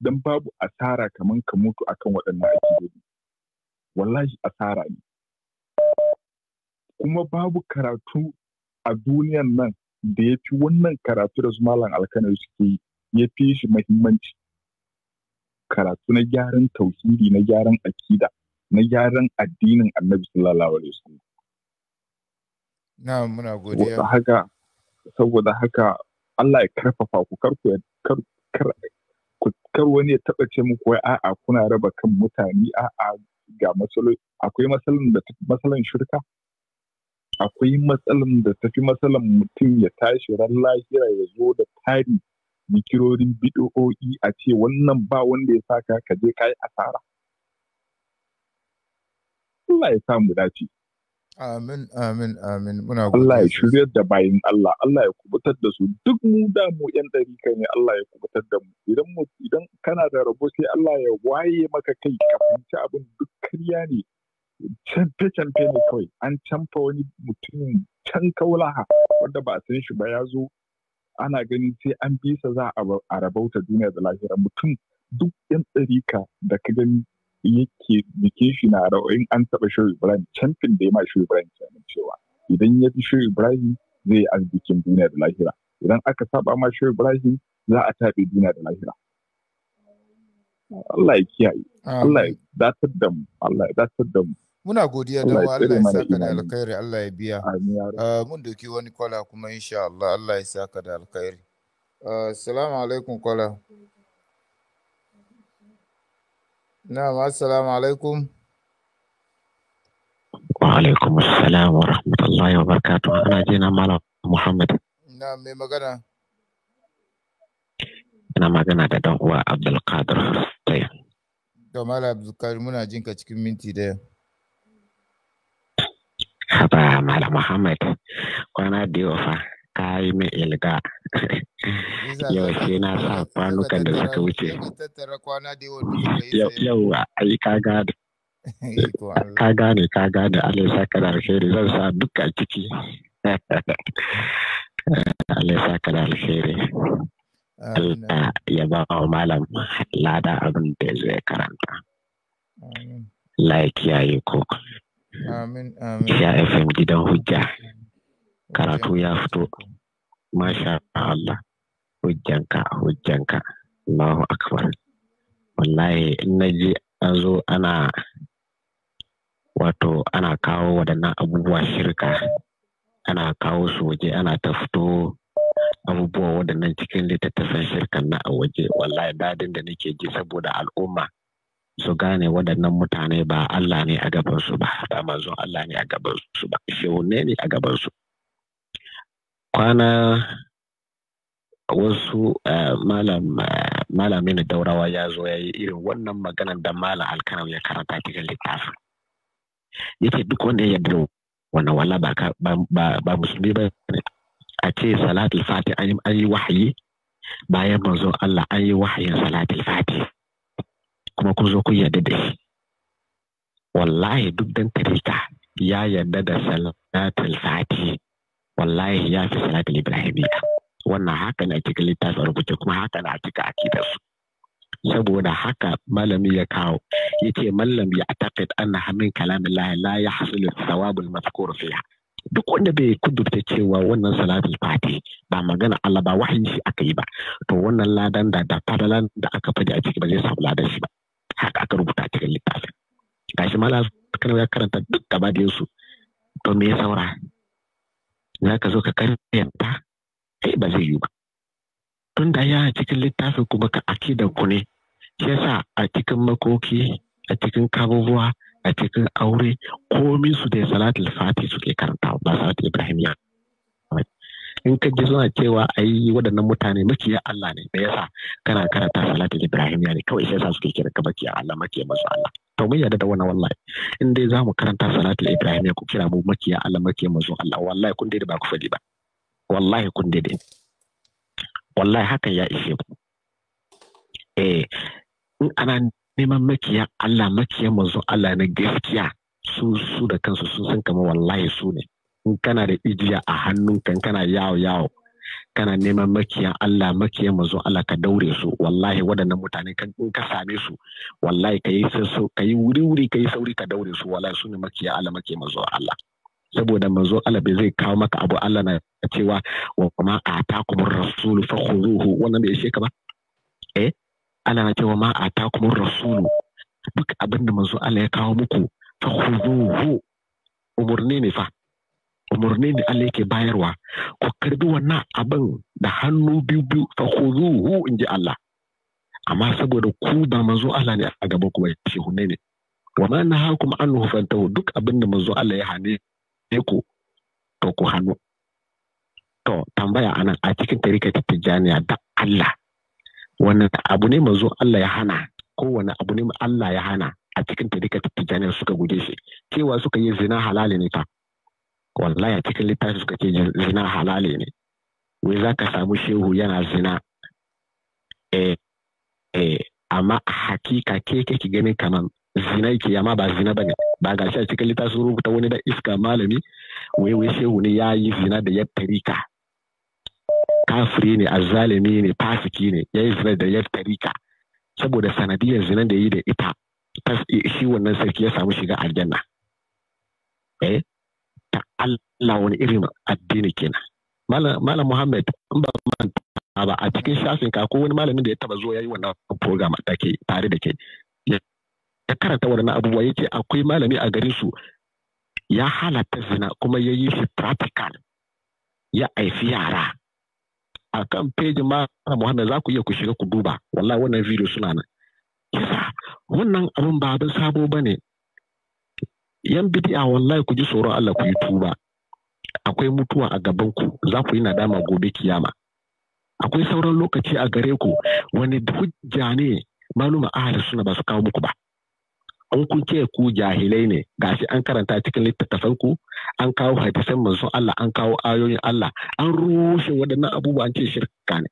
S2: don babu asara kamar ka mutu akan waɗannan akidoji wallahi asara ne kuma babu karatu a duniyan nan da ya fi wannan karatu da su malam alkanar suke yi ya fi shi mahimmanci karatu na gyaran tauhidi na gyaran akida na gyaran addinin annabi sallallahu alaihi wasallam
S4: na muna godiya
S2: haka saboda haka Allah ya karfafa ku kar ku kar wani ya taba ce muku wai a'a kuna raba kan mutane a'a ga matsaloli akwai matsalan da matsalan shirka akwai matsalan da tafi matsalan mutum ya tashi ran lahira ya zo da tari mikirori kirorin a ce wannan ba wanda ya saka ka je kai asara Allah ya samu dace
S4: Amin, amin, amin. Muna Allah ya shiryar da bayin Allah, Allah ya kubutar da su
S2: duk mu da mu ‘yan kai ne Allah ya kubutar da mu. Idan mu idan kana da rabo sai Allah ya waye maka kai ka fahimci abin duk karya ne. Camfe-camfe ne kawai, an camfa wani mutumin can kaulaha wanda ba a san shi ba ya zo ana ganin sai an bi sa za a rabauta duniya da lahira mutum duk yan ɗarika da ka gani yake jikin shi na ra'ayin an taɓa shehu ibrahim camfin da ya ma shehu ibrahim
S3: nan cewa idan ya fi shehu ibrahim zai yi arzikin duniya da lahira idan aka saba ma shehu ibrahim za a taɓe duniya da lahira Allah ya kiyaye Allah ya datar da mu Allah ya datar da mu
S4: Muna godiya da mu Allah ya saka da alkhairi Allah ya biya. Ah, mun doki wani kwala kuma insha Allah Allah ya saka da alkhairi. Ah, assalamu alaikum kwala. Na'am assalamu alaikum. Wa alaikum assalam
S1: wa rahmatullahi wa barakatuh. Ana jina Malam Muhammad.
S4: Na mai magana.
S1: Ina magana da dan uwa Abdulkadir Hussein.
S4: To Malam Abdulkadir muna jinka cikin minti daya.
S1: haba malam muhammad kwana da yawa fa ka yi mai ilga yau sai na sa kwanukan da suka wuce yau ai ka gane ka gane ka gane allah sa ka da alheri zan sa duka ciki allah sa ka alheri
S4: Allah
S1: ya ba wa malam lada abin da zai karanta. Allah ya kiyaye ko.
S4: Amin, Ya FM
S1: gidan hujja. Karatu ya fito. Masha Allah. Hujjanka, hujjanka. Allahu akbar. Wallahi in na ji an zo ana wato ana kawo waɗannan abubuwa shirka. Ana kawo su waje ana ta fito abubuwa wadannan cikin littattafan shirkan na a waje. Wallahi dadin da nake ji saboda al'umma. su gane waɗannan mutane ba Allah ne a gabansu ba ba manzon Allah ne a gabansu ba shehunne ne a gabansu kwana wasu eh, malamin eh, daurawa ya zo ya yi irin wannan maganar da malam alkanau ya karanta cikin littafin yake duk wanda ya yarda wannan wala ba musulmi ba a ce salatul fati an yi wahayi bayan manzon Allah an yi wahayin salatul fati kuma kun zo kun yarda da shi wallahi duk dan tarika ya yarda da salatul fati wallahi ya fi salatul ibrahimiyya wannan haka ne cikin littafin rubuce kuma haka ne a da su. saboda haka malami ya kawo ya ce mallam ya taqid anna hamin kalamin lahi la ya hasilu thawabul mazkur fiha duk wanda bai kudurta cewa wannan salatul fati ba magana Allah ba wahayi shi aka yi ba to wannan ladan da da fadalan da aka faɗi a ciki ba zai samu ladan shi ba haka aka rubuta cikin littafin gashi malam kana ya karanta duk gaba da yansu to me ya saura za ka zo ka karanta ai eh, ba zai yi ba tun da ya cikin littafin kuma ka akidan ku ne shi yasa a cikin makoki a cikin kabubuwa a cikin aure komi su da salatul fati suke karanta ba salatul ibrahim ya in ka ji suna cewa ai waɗannan mutane makiya Allah ne da yasa kana karanta Ibrahim ya ne kawai sai sa suke kira ka makiya Allah makiya masu Allah to mun yarda da wannan wallahi in dai zamu karanta Ibrahim ya ku kira mu makiya Allah makiya masu Allah wallahi kun dai ba ku fadi ba wallahi kun dai wallahi hakan ya ishe ku eh in ana neman makiya Allah makiya masu Allah na gaskiya su su da kansu sun san kamar wallahi su ne in kana da igiya a hannunka kana yawo yawo kana neman makiyan Allah makiyan mazo Allah ka daure su wallahi waɗannan mutane kan in ka same su wallahi ka yi ka yi wuri wuri ka yi sauri ka daure su wallahi su ne makiyan Allah makiyan mazo Allah saboda mazo Allah bai zai kawo maka abu Allah na cewa wa kuma atakumur rasulu fakhuzuhu wannan bai ishe ka ba eh Allah na cewa ma atakumur rasulu duk abin da Allah ya kawo muku fakhuzuhu umurni ne fa umarni ne Allah yake bayarwa ku karbi wannan abin da hannu biyu biyu fa khuzuhu in ji Allah amma saboda ku ba manzo Allah ne a gaban ku ba hunne ne wa ma nahakum anhu fantahu duk abin da manzo Allah ya hane ku to ku hannu to tambaya anan a cikin tarika ta tijaniya da Allah wannan abu ne manzo Allah ya hana kowane abu ne Allah ya hana a cikin tarika ta tijaniya suka guje shi cewa suka yi zina halali ne ta wallahi cikin littafi suka ce zina halale ne wai za ka samu shehu yana zina eh eh amma hakika ke kake ganin kaman zina yake amma ba zina ba ne ba ga shi a cikin littafin rubuta wani da iska malami wai wai shehu ne ya yi zina da yar tarika kafiri ne azzalimi ne fasiki ne ya yi zina da yar tarika saboda sanadiyar zina da ya yi da ita shi wannan sarki ya samu shiga aljanna eh ta Allah wani irin addini kenan malam Muhammad in ba manta ba a cikin shafin ka ko wani malamin da ya taba zo yi wannan program da ke tare da ke ya karanta wannan abubuwa ce akwai malami a garin su ya halatta zina kuma ya yi shi practical ya aifi yara a kan pejin Malam muhammad za ku iya ku shiga ku duba wallahi wannan video suna nan kisa wannan abin ba abin sabo ba ne yan bid'a wallahi ku ji tsoron Allah ku yi tuba akwai mutuwa a gaban ku za ku yi nadama gobe kiyama akwai sauran lokaci a gare ku wani hujja ne maluma ahli suna ba su kawo muku ba an kun ce ku jahilai ne gashi an karanta cikin littattafan ku an kawo hadisan manzon Allah an kawo ayoyin Allah an rushe waɗannan abubuwa an ce shirka ne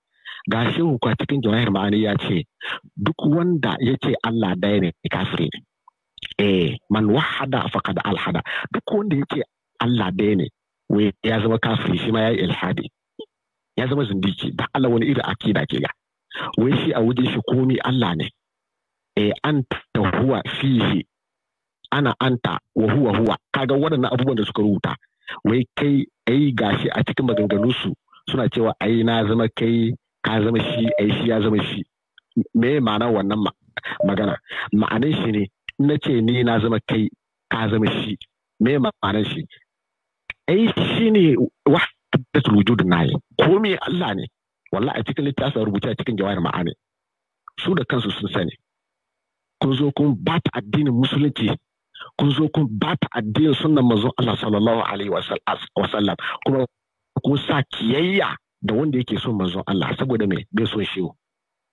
S1: gashi ku cikin jawahir ma'ani ya ce duk wanda ya ce Allah daya ne kafiri ne eh man wahada faqad alhada duk wanda yake Allah ɗaya ne wai ya zama kafiri shi ma ya yi ilhadi ya zama zindiki da Allah wani irin akida ke ga wai shi a wajen shi komi Allah ne eh an huwa fihi ana anta wa huwa huwa kaga waɗannan abubuwan da suka rubuta wai kai ai gashi a cikin maganganunsu suna cewa ai na zama kai ka zama shi ai shi ya zama shi me ma'ana wannan magana ma'anar shi ne na ce ni na zama kai ka zama shi me ma'anar shi ai shi ne wahdatul wujud yi, ko me Allah ne wallahi a cikin littafin rubuce a cikin jawahir ma'ani su da kansu sun sani kun zo kun ba ta addinin musulunci kun zo kun ba ta addinin sunnan manzo Allah sallallahu alaihi wa sallam kuma kun sa kiyayya da wanda yake son manzo Allah saboda me bai son shehu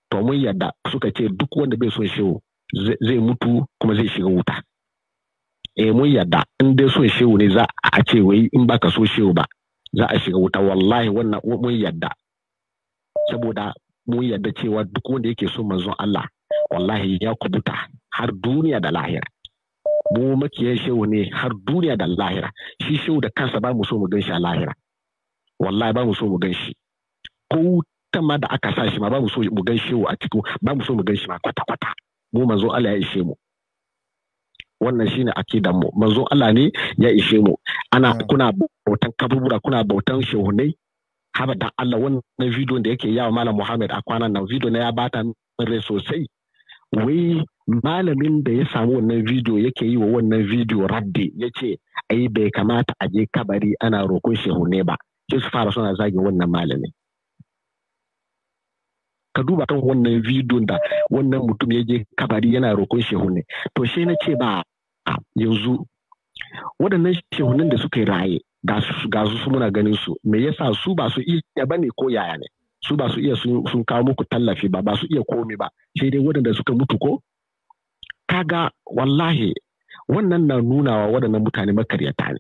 S1: to mun yarda suka ce duk wanda bai son shehu zai mutu kuma zai shiga wuta eh mun yadda in dai son shehu ne za a ce wai in baka so shehu ba za a shiga wuta wallahi wannan mun yadda saboda mun yadda cewa duk wanda yake so manzon Allah wallahi ya kubuta har duniya da lahira mu makiyan shehu ne har duniya da lahira shi shehu da kansa ba mu so mu gan shi a lahira wallahi ba mu so mu gan shi ko ta ma da aka sa shi ma ba mu so mu gan shehu a cikin ba mu so mu gan shi ma kwata kwata mu manzo Allah ya ishe mu wannan shine akidan mu manzo Allah ne ya ishe mu ana ah. kuna bautan kaburbura kuna bautan shehunai haba dan Allah wannan video da yake yawa malam Muhammad a kwanan nan video na ya bata min rai sosai wai malamin da ya samu wannan video yake yi wa wannan video raddi ya ce ai bai kamata a je kabari ana roƙon shehunai ba sai su fara suna zagin wannan malamin ka duba kan wannan vidiyon da wannan mutum ya je kabari yana roƙon shehunne to shi na ce ba yanzu waɗannan shehunan da suka yi raye ga su su muna ganin su me yasa su ba su iya ba ne ko yaya ne su ba su iya sun kawo muku tallafi ba ba su iya komi ba sai dai waɗanda suka mutu ko kaga wallahi wannan na nunawa waɗannan mutane makaryata ne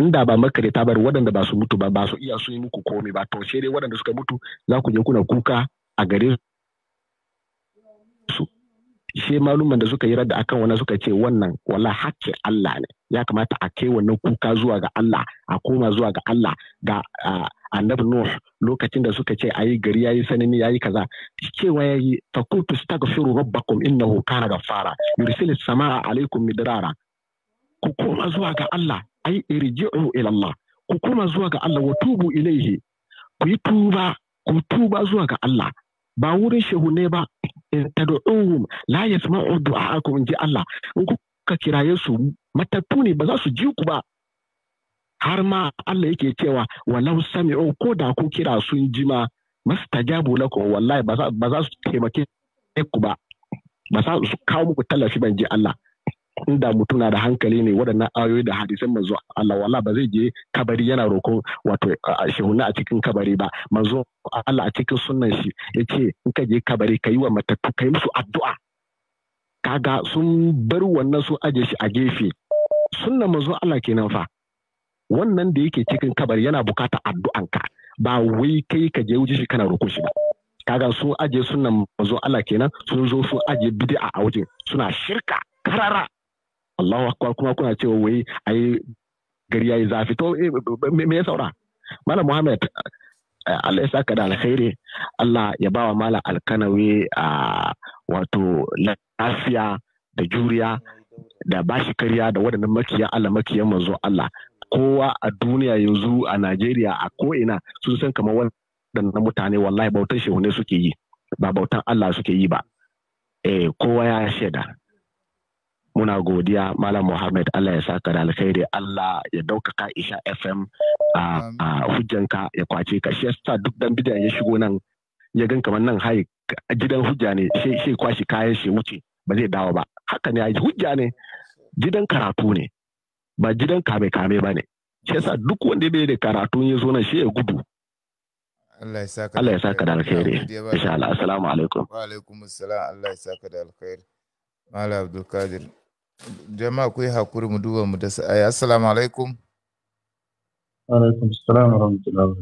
S1: inda ba makaryata ba waɗanda ba su mutu ba ba su iya sun yi muku komi ba to sai dai waɗanda suka mutu za ku je kuna kuka a gare su she maluman da suka yi radda akan wannan suka ce wannan wala hakki Allah ne ya kamata a kai wannan kuka zuwa ga Allah a koma zuwa ga Allah ga annabi Nuh lokacin da suka ce ayi gari yayi sanani yayi kaza cewa yayi fakultu astaghfiru rabbakum innahu kana ghaffara yursilu samaa alaykum midrara ku koma zuwa ga Allah ai irji'u ila Allah ku koma zuwa ga Allah wa tubu ilaihi ku yi tuba ku tuba zuwa ga Allah ba wurin ne ba in eh, tad'uhum la yasma'u du'a'akum inji Allah in kuka kiraye su matattu ne ba za su ji ku ba har ma Allah yake cewa walau sami'u ko da ku kira sun ji ma mastajabu lakum wallahi ba za su taimake ku ba ba za su kawo muku tallafi ban ji Allah inda mutum na da hankali ne waɗannan ayoyi da hadisan manzo Allah wala ba zai je kabari yana roko wato shehuna a cikin kabari ba manzo Allah a cikin sunnan shi yace in ka je kabari ka yi wa matattu ka yi musu addu'a kaga sun bar wannan sun aje shi a gefe sunnan manzo Allah kenan fa wannan da yake cikin kabari yana bukata addu'anka ba wai kai ka je wuce shi kana roƙo shi ba kaga sun aje sunan manzo Allah kenan sun zo sun aje bid'a a wajen suna shirka karara Allahu akbar kuma kuna cewa wai ai gari yayi zafi to eh, me ya saura Malam Muhammad eh, Allah ya saka da alkhairi Allah ya bawa Malam Alkanawi a ah, wato lafiya da juriya da bashi kariya da waɗannan makiyan Allah makiyan manzo Allah kowa a duniya yanzu a Najeriya a ko ina sun san kamar waɗannan mutane wallahi bautan shehu ne suke yi ba bautan Allah suke yi ba eh kowa ya shaida muna godiya malam muhammad allah ya saka da alkhairi allah ya daukaka isha fm a hujjanka ya kwace ka shi yasa duk dan bidan ya shigo nan ya gan kamar nan hai gidan hujja ne shi kwashi kayan shi wuce ba zai dawo ba haka ne hujja ne gidan karatu ne ba gidan kame kame ba ne
S2: shi yasa duk wanda bai da karatu ya zo nan shi ya gudu
S4: Allah ya saka da alkhairi insha Allah assalamu alaikum wa alaikum Allah ya saka da alkhairi Mala Abdul Kadir jama'a ku yi hakuri mu duba mu da sa'ayi assalamu alaikum
S2: alaikum salam wa rahmatullahi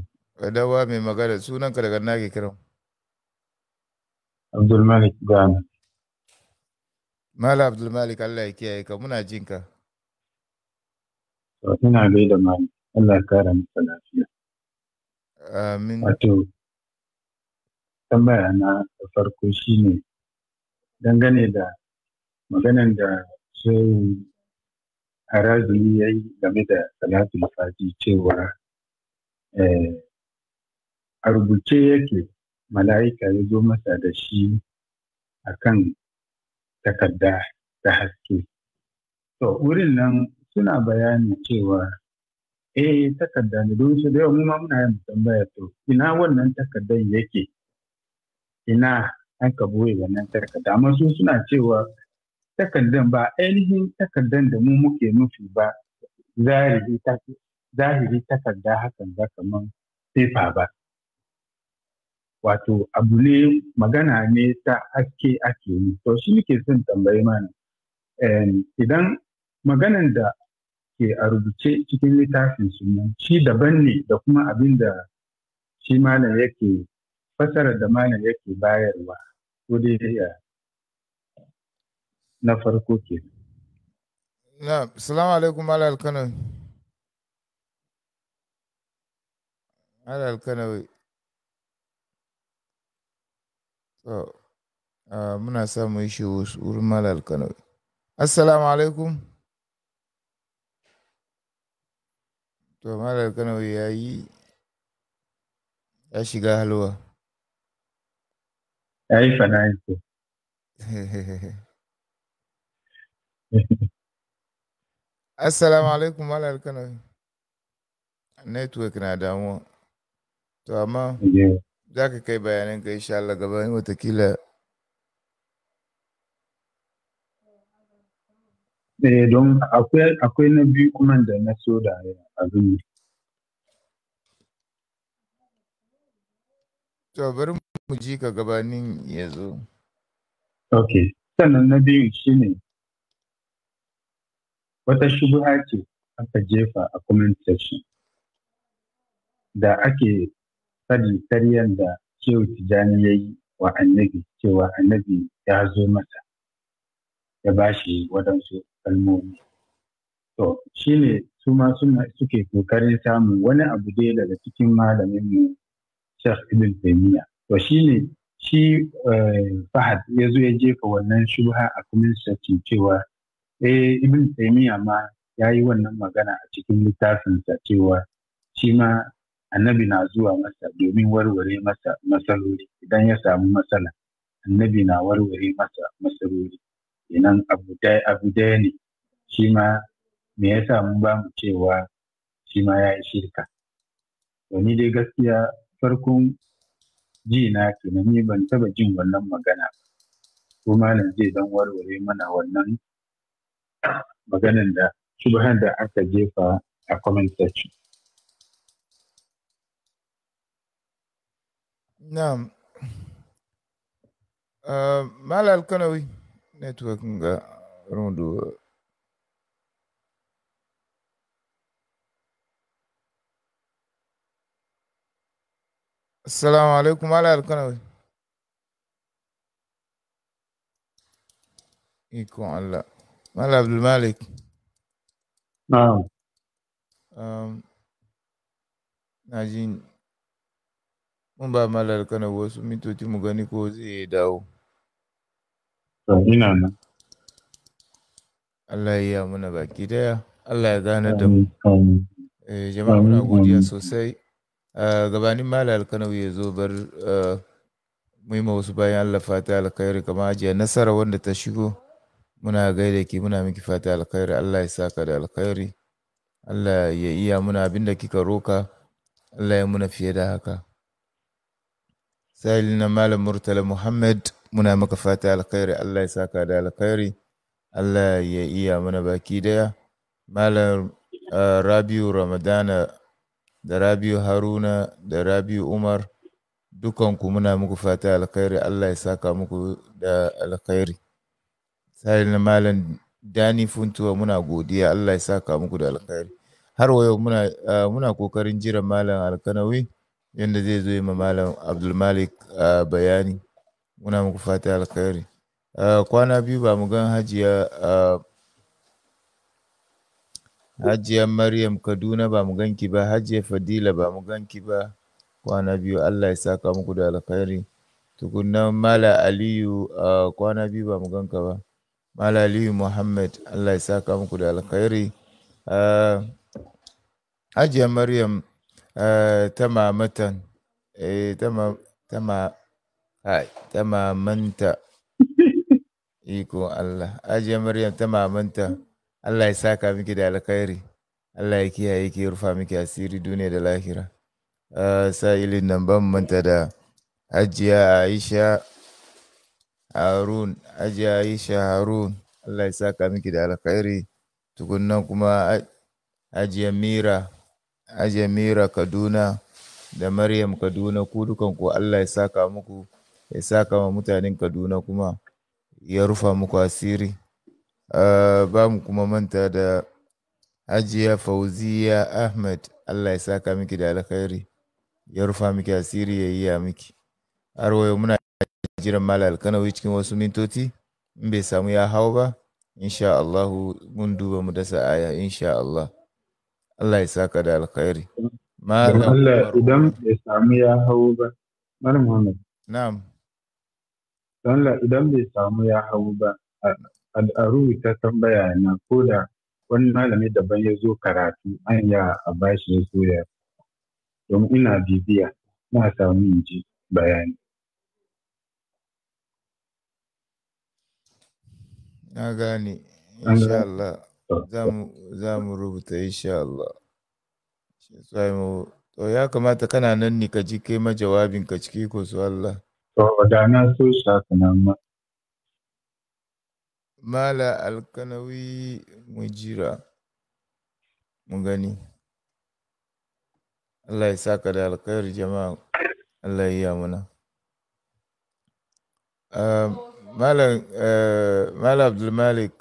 S4: dawa mai magana sunan ka daga nake kiran
S3: abdulmalik gana
S4: mala abdulmalik allah ya kiyaye ka muna jin ka ina da mali allah ya kara masa lafiya amin wato
S3: tambaya na farko shine dangane da
S2: maganan da shehu harazumi ya yi game da salatul fati cewa eh, a rubuce yake mala'ika ya zo masa da shi a kan takarda ta haske to wurin nan suna bayani cewa eh takarda ne don su da yau mu ma muna yin tambaya to ina wannan takardar yake ina an ka boye wannan takarda amma su suna cewa takardan ba ainihin takardan da mu muke nufi ba zahiri takarda hakan da kamar fefa ba wato abu ne magana ne ta haske ake yi to shi muke son tambayi mana idan maganan da ke a rubuce cikin littafin sunan shi daban ne da kuma abin da shi malam yake fasara da malam yake bayarwa ko dai na farko ke
S4: na salamu alaikum ala alkanawi ala alkanawi so muna sa mu yi shi wurin ala alkanawi assalamu alaikum to ala alkanawi ya yi ya shiga halwa ya yi fana
S3: yake
S4: Assalamu alaikum Malam Kano. Network na damuwa. To amma za ka kai bayanan ka insha Allah yi watakila.
S2: Eh don akwai akwai na biyu kuma da na so da abin.
S4: To bari mu ji ka gabanin yanzu.
S3: Okay. Sannan na biyu shine
S4: wata shubuha ce
S2: aka jefa a comment section da ake sadi karyan da shehu tijjani ya yi wa annabi cewa annabi ya zo mata, ya ba shi waɗansu kalmomi to shi ne su ma suke kokarin samun wani abu dai daga cikin malamin mu shek Ibn Taymiya to shi ne shi eh, Fahad ya zo ya jefa wannan shubha a comment section cewa eh ibn taimiyya ma ya yi wannan magana a cikin littafinsa cewa shi ma annabi na zuwa masa domin warware masa matsaloli idan ya samu matsala annabi na warware masa matsaloli idan abu daya ne shi ma me ya samu ba mu cewa shi ma ya yi shirka wani dai gaskiya farkon ji na tunani ban taba jin wannan magana ko malam zai dan warware mana wannan maganin da shubhan da aka jefa a comment section.
S4: Na'am. Uh, Malal Kanawi, network ga rundu. Assalamu alaikum Malal Kanawi. Iko Allah. Mala Abdul Malik. na ji mun ba malar kana wasu mitoci mu gani ko zai dawo. Ina nan. Allah ya muna baki daya. Allah ya gane da mu. Jama'a muna godiya sosai. Gabanin malar kana ya zo bar mu wasu bayan Allah fata alkhairi Kama, ajiya nasara wanda ta shigo. Muna gaida ki muna miki fata alkhairi Allah ya saka da alkhairi. Allah ya iya muna abinda da kika roka Allah ya muna fiye da haka. na Malam Murtala Muhammad muna maka fata alkhairi Allah ya saka da alkhairi. Allah ya iya mana baki daya. Malam uh, Rabiu Ramadana da Rabiu Haruna da Rabiu Umar dukanku muna muku fata alkhairi Allah ya saka muku da alkhairi Sahil na Malam Dani Funtuwa muna godiya Allah ya saka muku da alkhairi. Har wayo muna, ah, muna kokarin jira Malam Alkanawi yadda zai zo ma Malam Abdulmalik ah, bayani. Muna muku fata alkhairi. Ah, kwana biyu ba mu gan hajiya Hajiya Maryam Kaduna ba mu ganki ba, Hajiya Fadila ba mu ganki ba, kwana biyu Allah ya saka muku da alkhairi. Tukunna Mala Aliyu kwana biyu ba mu ganka ba. Malaliyu Muhammad Allah ya saka muku da alkhairi. Ah, Hajiya Maryam ah, ta mamatan, eh, ta mamanta, iko Allah. Hajiya Maryam ta mamanta, Allah ya saka miki da alkhairi. Allah ya kiyaye ki rufa miki asiri duniya da lahira. Ah, ilin nan ban manta da Hajiya Aisha Harun, ajayi Aisha Harun, Allah ya saka miki da alkhairi. Tukunnan kuma Hajiya Mira, Mira Kaduna da Maryam Kaduna ku dukan ku Allah ya saka muku, ya saka wa mutanen Kaduna kuma ya rufa muku asiri. Uh, ba mu kuma manta da Hajiya Fauziya Ahmed, Allah ya saka miki da alkhairi, ya rufa miki asiri ya yi ya miki. Har muna jiran Malam Alkanawi cikin wasu mintoci in bai samu ya hau ba insha Allah mun duba mu dasa aya insha Allah Allah ya saka da alkhairi Malam Allah idan bai samu ya hau ba Malam Muhammad Na'am la idan bai samu ya hau ba al'aru
S2: ta tambaya na ko da wani malami daban ya zo karatu an ya a bashi ya soya domin ina bibiya na samu in ji bayani
S4: na gane insha Allah za mu rubuta insha Allah to ya kamata kana nan ne ka ji kai ma jawabin ka ciki ko su Allah
S2: to da na so shaka nan ma
S4: mala alkanawi mujira mu gani Allah ya saka da alkhairi jama'a Allah ya yi muna um, Malam eh, Abdul Abdulmalik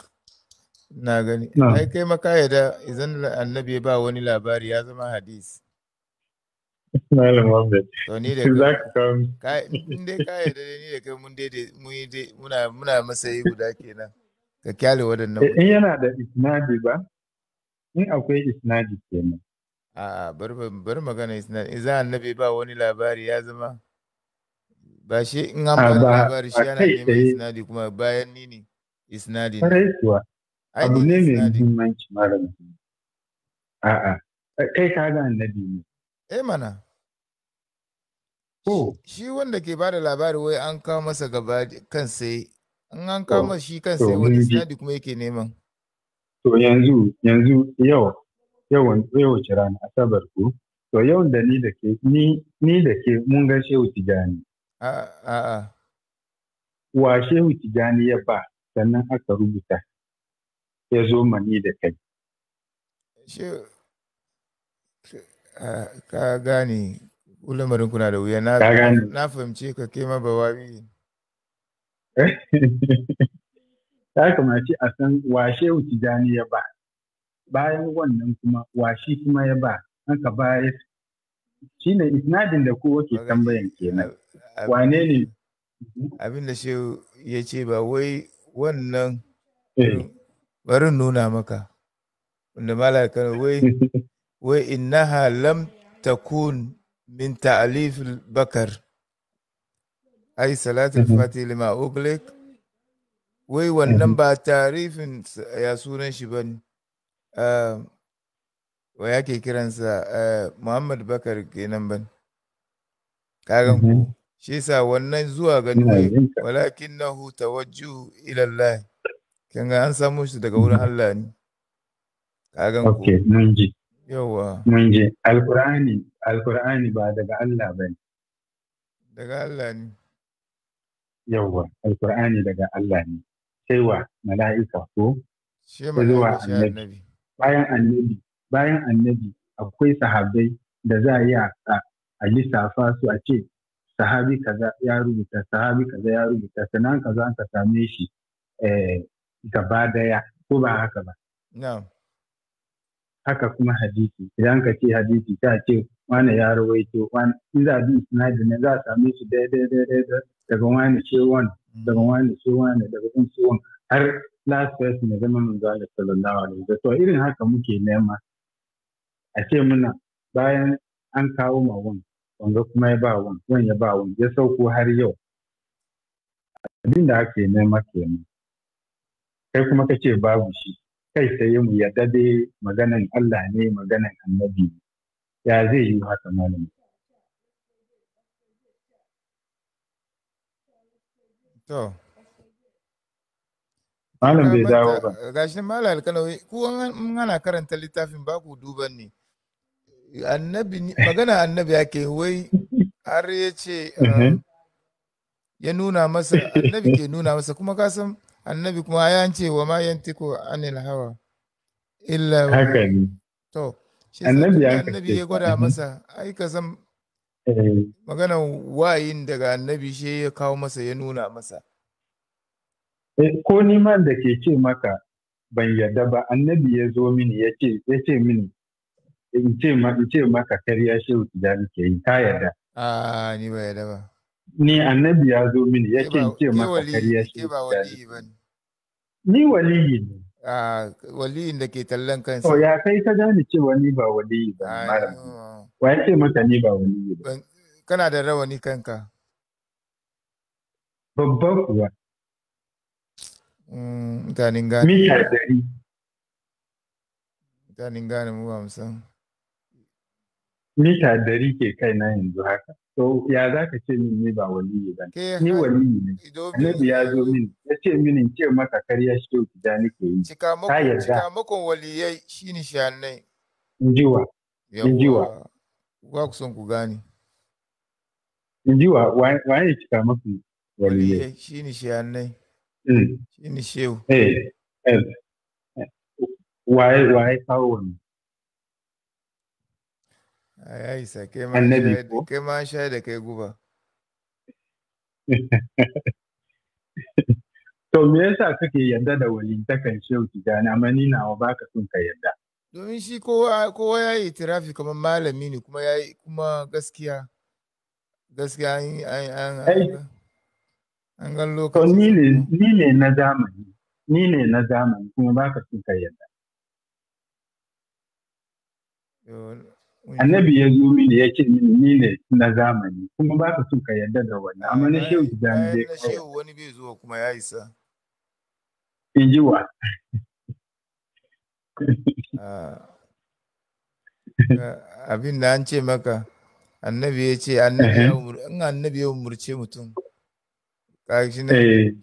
S4: na gani. Ai kai maka da idan annabi ba wani labari ya zama hadis. Malam Muhammad. To ni da kai. In ni da kai mun daidai mun yi dai muna muna masayi guda kenan. Ka kyale waɗannan. In eh, yana da isnadi ba? In akwai isnadi kenan. A'a bar magana isnadi. Idan annabi ba wani labari ya zama ba shi in an ba labari shi ana neman isnadi kuma bayan ni ne isnadi ne abu ne mai muhimmanci mara a'a kai ka ga annabi ne eh mana shi wanda ke ba da labari wai an kawo masa gaba kan sai in an kawo masa shi kan sai wani isnadi kuma yake neman
S2: to yanzu yanzu yau yau yau rana asabar ku to yau da ni da ke ni ni da ke mun ga shehu tijani Wa Shehu Tijjani ya ba sannan aka rubuta
S4: ya zo mani da kai. Ka gane ulamarin kuna da wuya na fahimce ka kema ba Ta Ya kamace a
S2: san washe Shehu jani ya ba. Bayan wannan kuma washe kuma ya ba, an ka bayar shi ne isnadin da kowa ke tambayan kenan. wane
S4: ne abin da shi ya ce ba wai wannan eh. bari nuna maka wanda malaka wai wai innaha lam takun min ta'alif bakar ai salatu mhm. fati lima uglik wai wannan mhm. ba tarifin ya sunan shi ba ne ah, wa yake kiransa ah, muhammad bakar kenan ba kagan ku shi sa wannan zuwa ga dubai walakin na huta wajju ilallah kin ga an samu shi daga wurin Allah ne kagan ku okay mun ji yawa mun ji alqur'ani alqur'ani ba daga Allah bane daga Allah ne
S2: yawa alqur'ani daga Allah ne sai wa mala'ika ko
S4: sai zuwa annabi
S2: bayan annabi bayan annabi akwai sahabbai da za a yi a lissafa su a ce sahabi kaza ya rubuta sahabi kaza ya rubuta sannan kaza ka same shi eh, gaba daya ko ba haka ba haka kuma hadisi idan ka ce hadisi ta ce wani ya rawaito wani in za bi isnadi ne za a same shi daidai daidai daga wani ce wani daga wani ce wani daga wani ce wani har last person ne zama manzo Allah sallallahu alaihi wasallam sallam irin haka muke nema a ce muna bayan an kawo ma wani wanga kuma ya ba wani wani ya ba wani ya sauko har yau abin da ake nema kenan kai kuma kace babu shi kai sai mu yadda dai maganan Allah ne maganan annabi ya zai yi haka malami
S4: to malam bai dawo ba gashi malam alkalawi ku an ana karanta littafin ba duban ne annabi magana annabi yake wai har ya ce um, mhm. ya nuna masa annabi ke nuna masa kuma kasan annabi kuma ya ce wa ma yantiko anil hawa illa haka ne to shi annabi annabi ya gwada mhm. masa ai ka san eh. magana wayin daga annabi shi ya kawo masa ya nuna masa
S2: eh, ko niman da ke ce maka ban yarda ba annabi ya zo mini ya ce mini in ce maka kariya shehu da ke yi ka yarda
S4: a ni ba yarda ba ni
S2: annabi ya zo mini ya ce in ce maka kariya shehu
S4: tijani
S2: ni waliyi
S4: ne a waliyin da ke tallan kansa to ya
S2: kai ka gane cewa ni ba waliyi ba malam
S4: wa ya ce maka ni ba waliyi ba kana da rawani kanka babban kuwa mm, mutanen gane mita dari mutanen gane mu ba musamman
S2: mita dari ke kai na yanzu haka to ya za ka ce min ni ba waliyi ba
S4: ni waliyi
S2: ne annabi ya zo min ya ce mini ce maka karya shi ki da nake
S4: yi ta yarda cikamakon waliyai shine shannai injiwa injiwa wa ku son ku gane injiwa waye cika
S2: mafi waliyai
S4: shine shannai hmm. shine shehu eh, eh waye waye kawo wannan ya isa kai ma sha da kai guba
S2: to me yasa kake yarda da walintakan shehu tijani amma ni nawa baka son ka yarda
S4: domin shi kowa kowa ya yi tirafi kamar malami ne kuma ya yi kuma gaskiya gaskiya an
S2: an lokacin lokaci ni ne ni ne na zamani ni ne na zamani kuma baka son ka yarda annabi ya zo mini ya ce mini ni ne na zamani kuma ba ka so ka yarda da wannan amma na shehu da ni dai na
S4: shehu wani bai zuwa kuma ya isa in ji wa ah. Ah, abin da an ce maka annabi ya ce in annabi ya umurce mutum shi ne eh.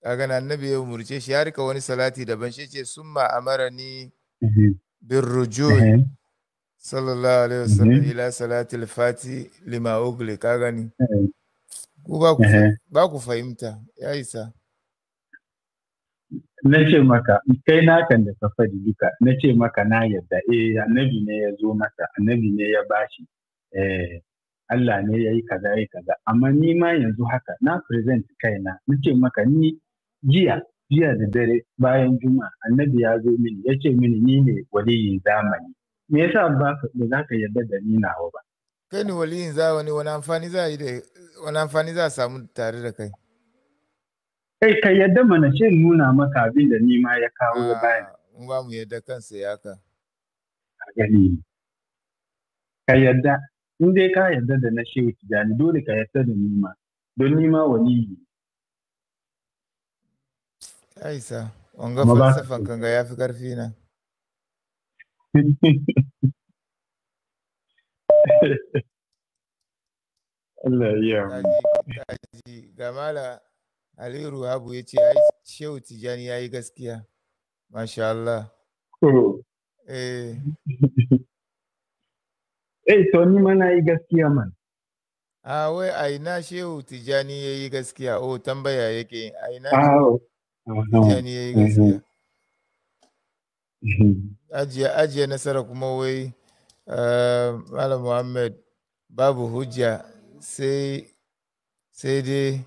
S4: kaga annabi ya umurce shi ya rika wani salati daban shi ce summa ni. Mhm. بالرجوع sallallahu alaihi wasallam ila salatil fati lima ugli ka gani ba ku fahimta ya isa
S2: na ce maka kai nakan da ka faɗi duka na ce maka na yadda eh annabi ne ya zo maka annabi ne ya bashi eh Allah ne ya yi kaza ya kaza amma ni ma yanzu haka na present kaina na ce maka ni jiya jiya da dare bayan juma annabi ya zo mini ya ce mini ni ne waliyin zamani me yasa ba ba za ka yarda da ni nawa ba
S4: kai ne waliyin zamani wani amfani za yi da wani amfani za a samu tare da kai
S2: kai ka yarda mana ce nuna maka abin da ni ma ya kawo ah, bayan
S4: in ba mu yarda kansa ya ka
S2: a gani ka yarda in dai ka yarda da na shehu tijani dole ka yarda da ni ma don ni ma waliyi
S4: Aisa, wanga falsafan kanga ya fi ƙarfi na. Allah ya yi. Gamala Mala Aliyu Habu ya ce, ai, Shehu tijani ya yi gaskiya. Masha Allah. Eh.
S2: Eh, to ni mana yi gaskiya man.
S4: Ah, a wai aina Shehu tijani ya yi gaskiya, oh tambaya yake aina. Ah,
S6: oh. Eh, eh.
S4: ajiye ajiye nasara kuma wai eh, malam muhammad babu hujja sai dai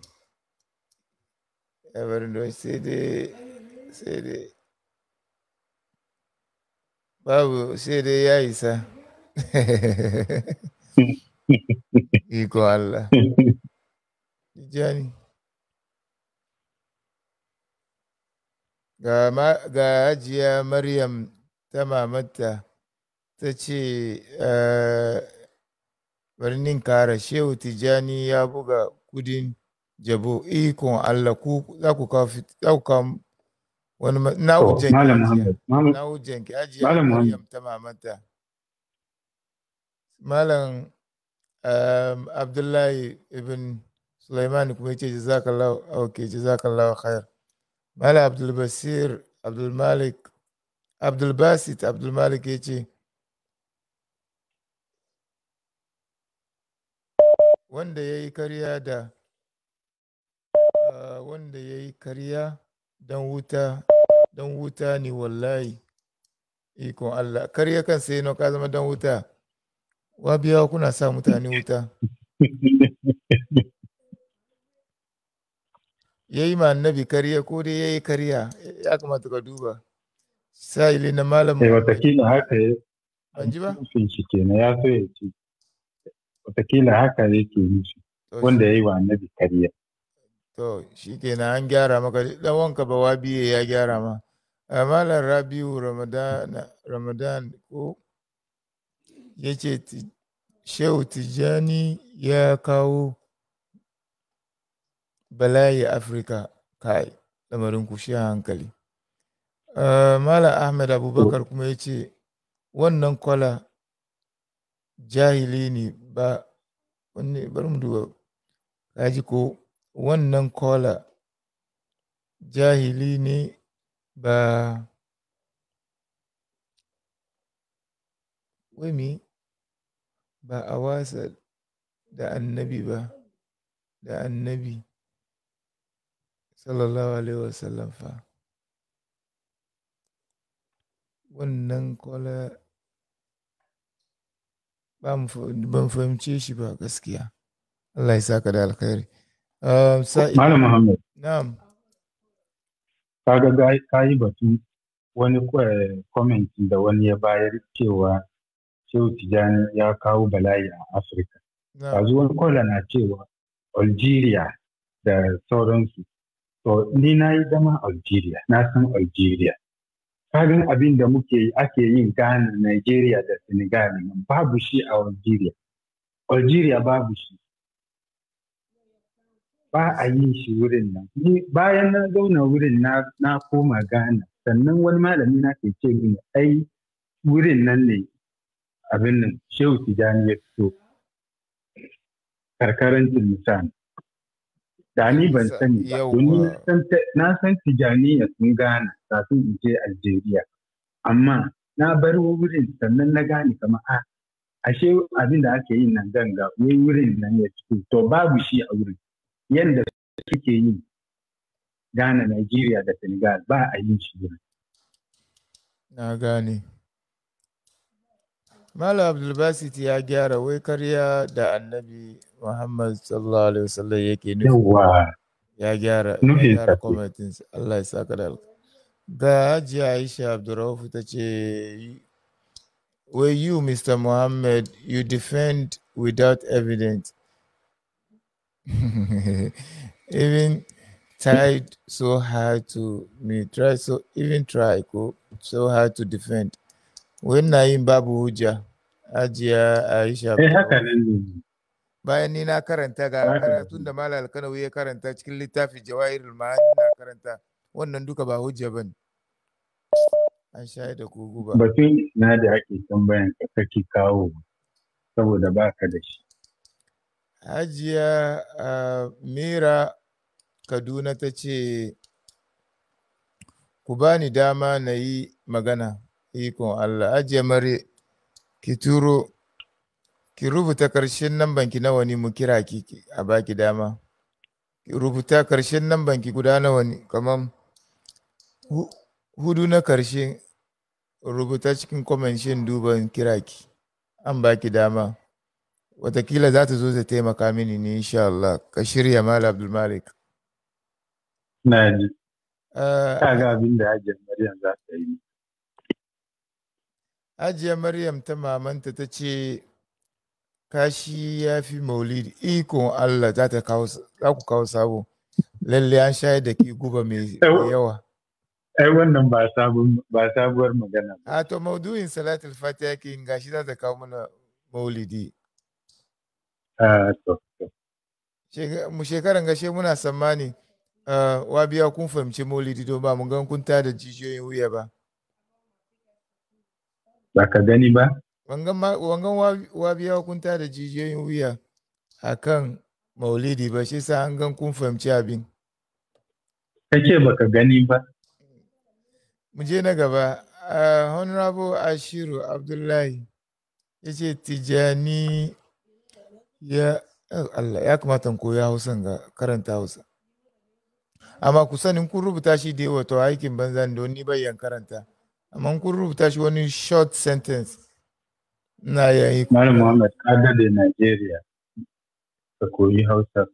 S4: sai dai sai babu sai dai ya isa iko Allah ga hajiya maryam ta mamata ta ce eh, birnin kara shehu tijjani ya buga kudin jabo ikon allah ku za ku kawo wani na'ujen hujjanki hajiya maryam ta mamata malam eh, abdullahi ibn sulaimani kuma ya ce jazakallahu ok jazakallahu khair Mala Abdulbasir Abdulmalik Abdulbasit Abdulmalik ya ce, Wanda ya yi karya da ah, wanda ya yi karya don wuta don wuta ne wallahi ikon Allah karya kan sai ka zama don wuta wa biya kuna sa mutane wuta ya yi ma annabi kariya ko dai ya yi kariya ya kamata ka duba sa'ili na malam eh watakila haka ya ban ji ba shi kenan ya so ya ce watakila
S2: haka yake nufi wanda ya yi wa annabi kariya
S4: to shi kenan an gyara maka dan wanka ba wabiye ya gyara ma eh, malam rabiu ramadan ko ya ce shehu tijjani ya kawo bala'i Afirka kai lamarin ku shi hankali. Eh, mala Ahmed Abubakar kuma ya ce, wannan kwala jahili ne ba, wanne bari mu duba, kaji ko wannan kwala jahili ne ba, wai ba a wasa da annabi ba, da annabi. sallallahu alaihi wasallam fa wannan kwala ban fahimce shi ba gaskiya Allah ya saka da alkhairi um, Malam Muhammad. Na'am. Kaga ka yi batun wani eh, comment da wani
S2: ya bayar cewa Shehu Tijani ya kawo bala'i a Afirka. Kazu wani kola na cewa Algeria da sauransu To, ni na yi zama Algeria, na san Algeria. Kagan abin da muke ake yin Ghana, Nigeria da Senegal babu shi a Algeria. Algeria babu shi. Ba a yin shi wurin nan. Ni bayan na zauna wurin na, koma Ghana, sannan wani malami na ke ce mini ai wurin nan ne abin nan Shehu Tijani ya fito. Karkaran Tilmisan. dani ban sani ba domin na san tijaniya sun gane kafin in je Algeria amma na bar wurin sannan na gane kama a ah, ashe abin da ake yi nan ganga wai wurin nan ya ciki to babu shi a wurin yanda suke yi gane Nigeria da Senegal ba a yin shi wurin.
S4: Na gane. Malam Abdulbasit ya gyara wai karya da annabi Muhammad sallallahu alaihi wasallam yake nufi ya gyara ya gyara commenting Allah ya saka da ga hajiya Aisha Abdurrauf ta ce were you Mr. Muhammad you defend without evidence even tried so hard to me try so even try go so hard to defend when na yin babu hujja hajiya Aisha eh haka ne bayan ni na karanta ga karatun da malam alkanawi ya karanta cikin littafin jawahirul ma'ani na karanta wannan duka ba hujja bane an shayar da kogo ba batun
S3: na da ake tambayan ka kake kawo saboda baka da shi
S4: hajiya mira kaduna ta ce ku bani dama na yi magana ikon allah hajiya mare ki turo ki rubuta ƙarshen namban ki nawa ne mu kira ki a baki dama ki rubuta ƙarshen namban ki guda nawa ne kamar hudu na ƙarshe rubuta cikin comment shin duban kira ki an baki dama watakila za ta zo ta taimaka mini ne insha Allah ka shirya mala abdul malik na ji ah, ga abin da hajjar maryam za ta yi Hajiya Maryam ta mamanta ta ce kashi ya fi maulidi ikon Allah za ta kawo za ku kawo sabo lalle an shayar da ki guba mai yawa ai wannan ba sabon ba sabuwar magana a to maudu'in salatul fatiha ke gashi za ta kawo mana maulidi a to mu shekaran gashe muna tsammani wa biya kun fahimci maulidi don ba mun gan kun tada jijiyoyin wuya ba ba ka gani ba wangan wabiya kun da jijiyoyin wuya a kan maulidi ba shi sa an gan kun fahimci abin kake baka gani ba mu je na gaba honorable ashiru abdullahi ya ce tijani ya oh, Allah ya kamata koya hausan ga karanta hausa amma ku sani kun rubuta shi da yi to aikin banza da wani bayan karanta amma kun rubuta shi wani short sentence
S2: na yayi Malam Muhammad ka dade ka koyi Hausa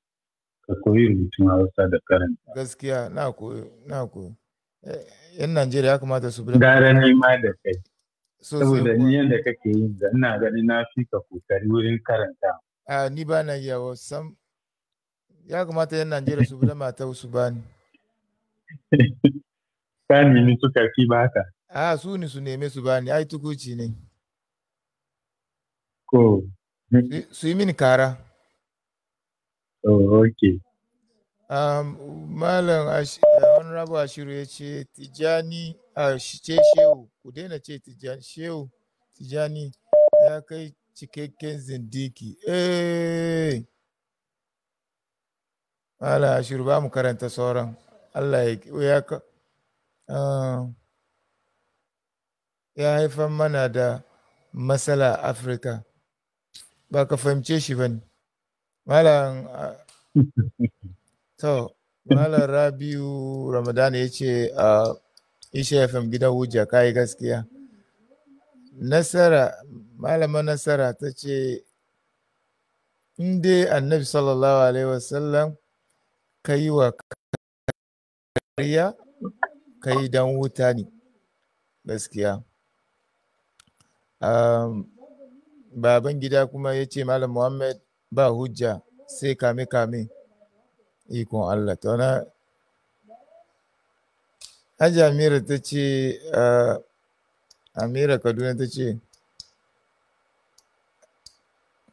S2: ka koyi rubutun Hausa da karanta
S4: gaskiya na koyi na koyi eh, yan Najeriya kamata su bi gara ni ma da kai saboda ni yanda
S2: kake yi da ina gani na fi ka kokari wurin karanta
S4: a ni ba na yawo sam ya kamata yan Najeriya su bi da mata su bani
S2: ka nemi suka fi baka
S4: a su ni su neme su bani ai tukuci ne Ko. Su yi mini kara.
S3: Oh, okay.
S4: Um, Malam eh, Honorable Ashiru ya ce, Tijani, a ah, ce Shehu, ku daina ce Tijani, Shehu, Tijani ya kai cikakken zindiki. Eh! Malam Ashiru ba mu karanta sauran. Allah ya ka. Um, ya haifar mana da matsala Afirka. ba ka fahimce shi ba ne malam to malam rabiu ramadana ya ce a isha fm gidan hujja yi gaskiya nasara malama nasara ta ce in annabi sallallahu alaihi wasallam ka yi wa kariya ka yi don wuta ne gaskiya um, baban gida kuma ya ce malam muhammad ba hujja sai kame kame ikon allah ta hajji amira ta ce amira kaduna ta ce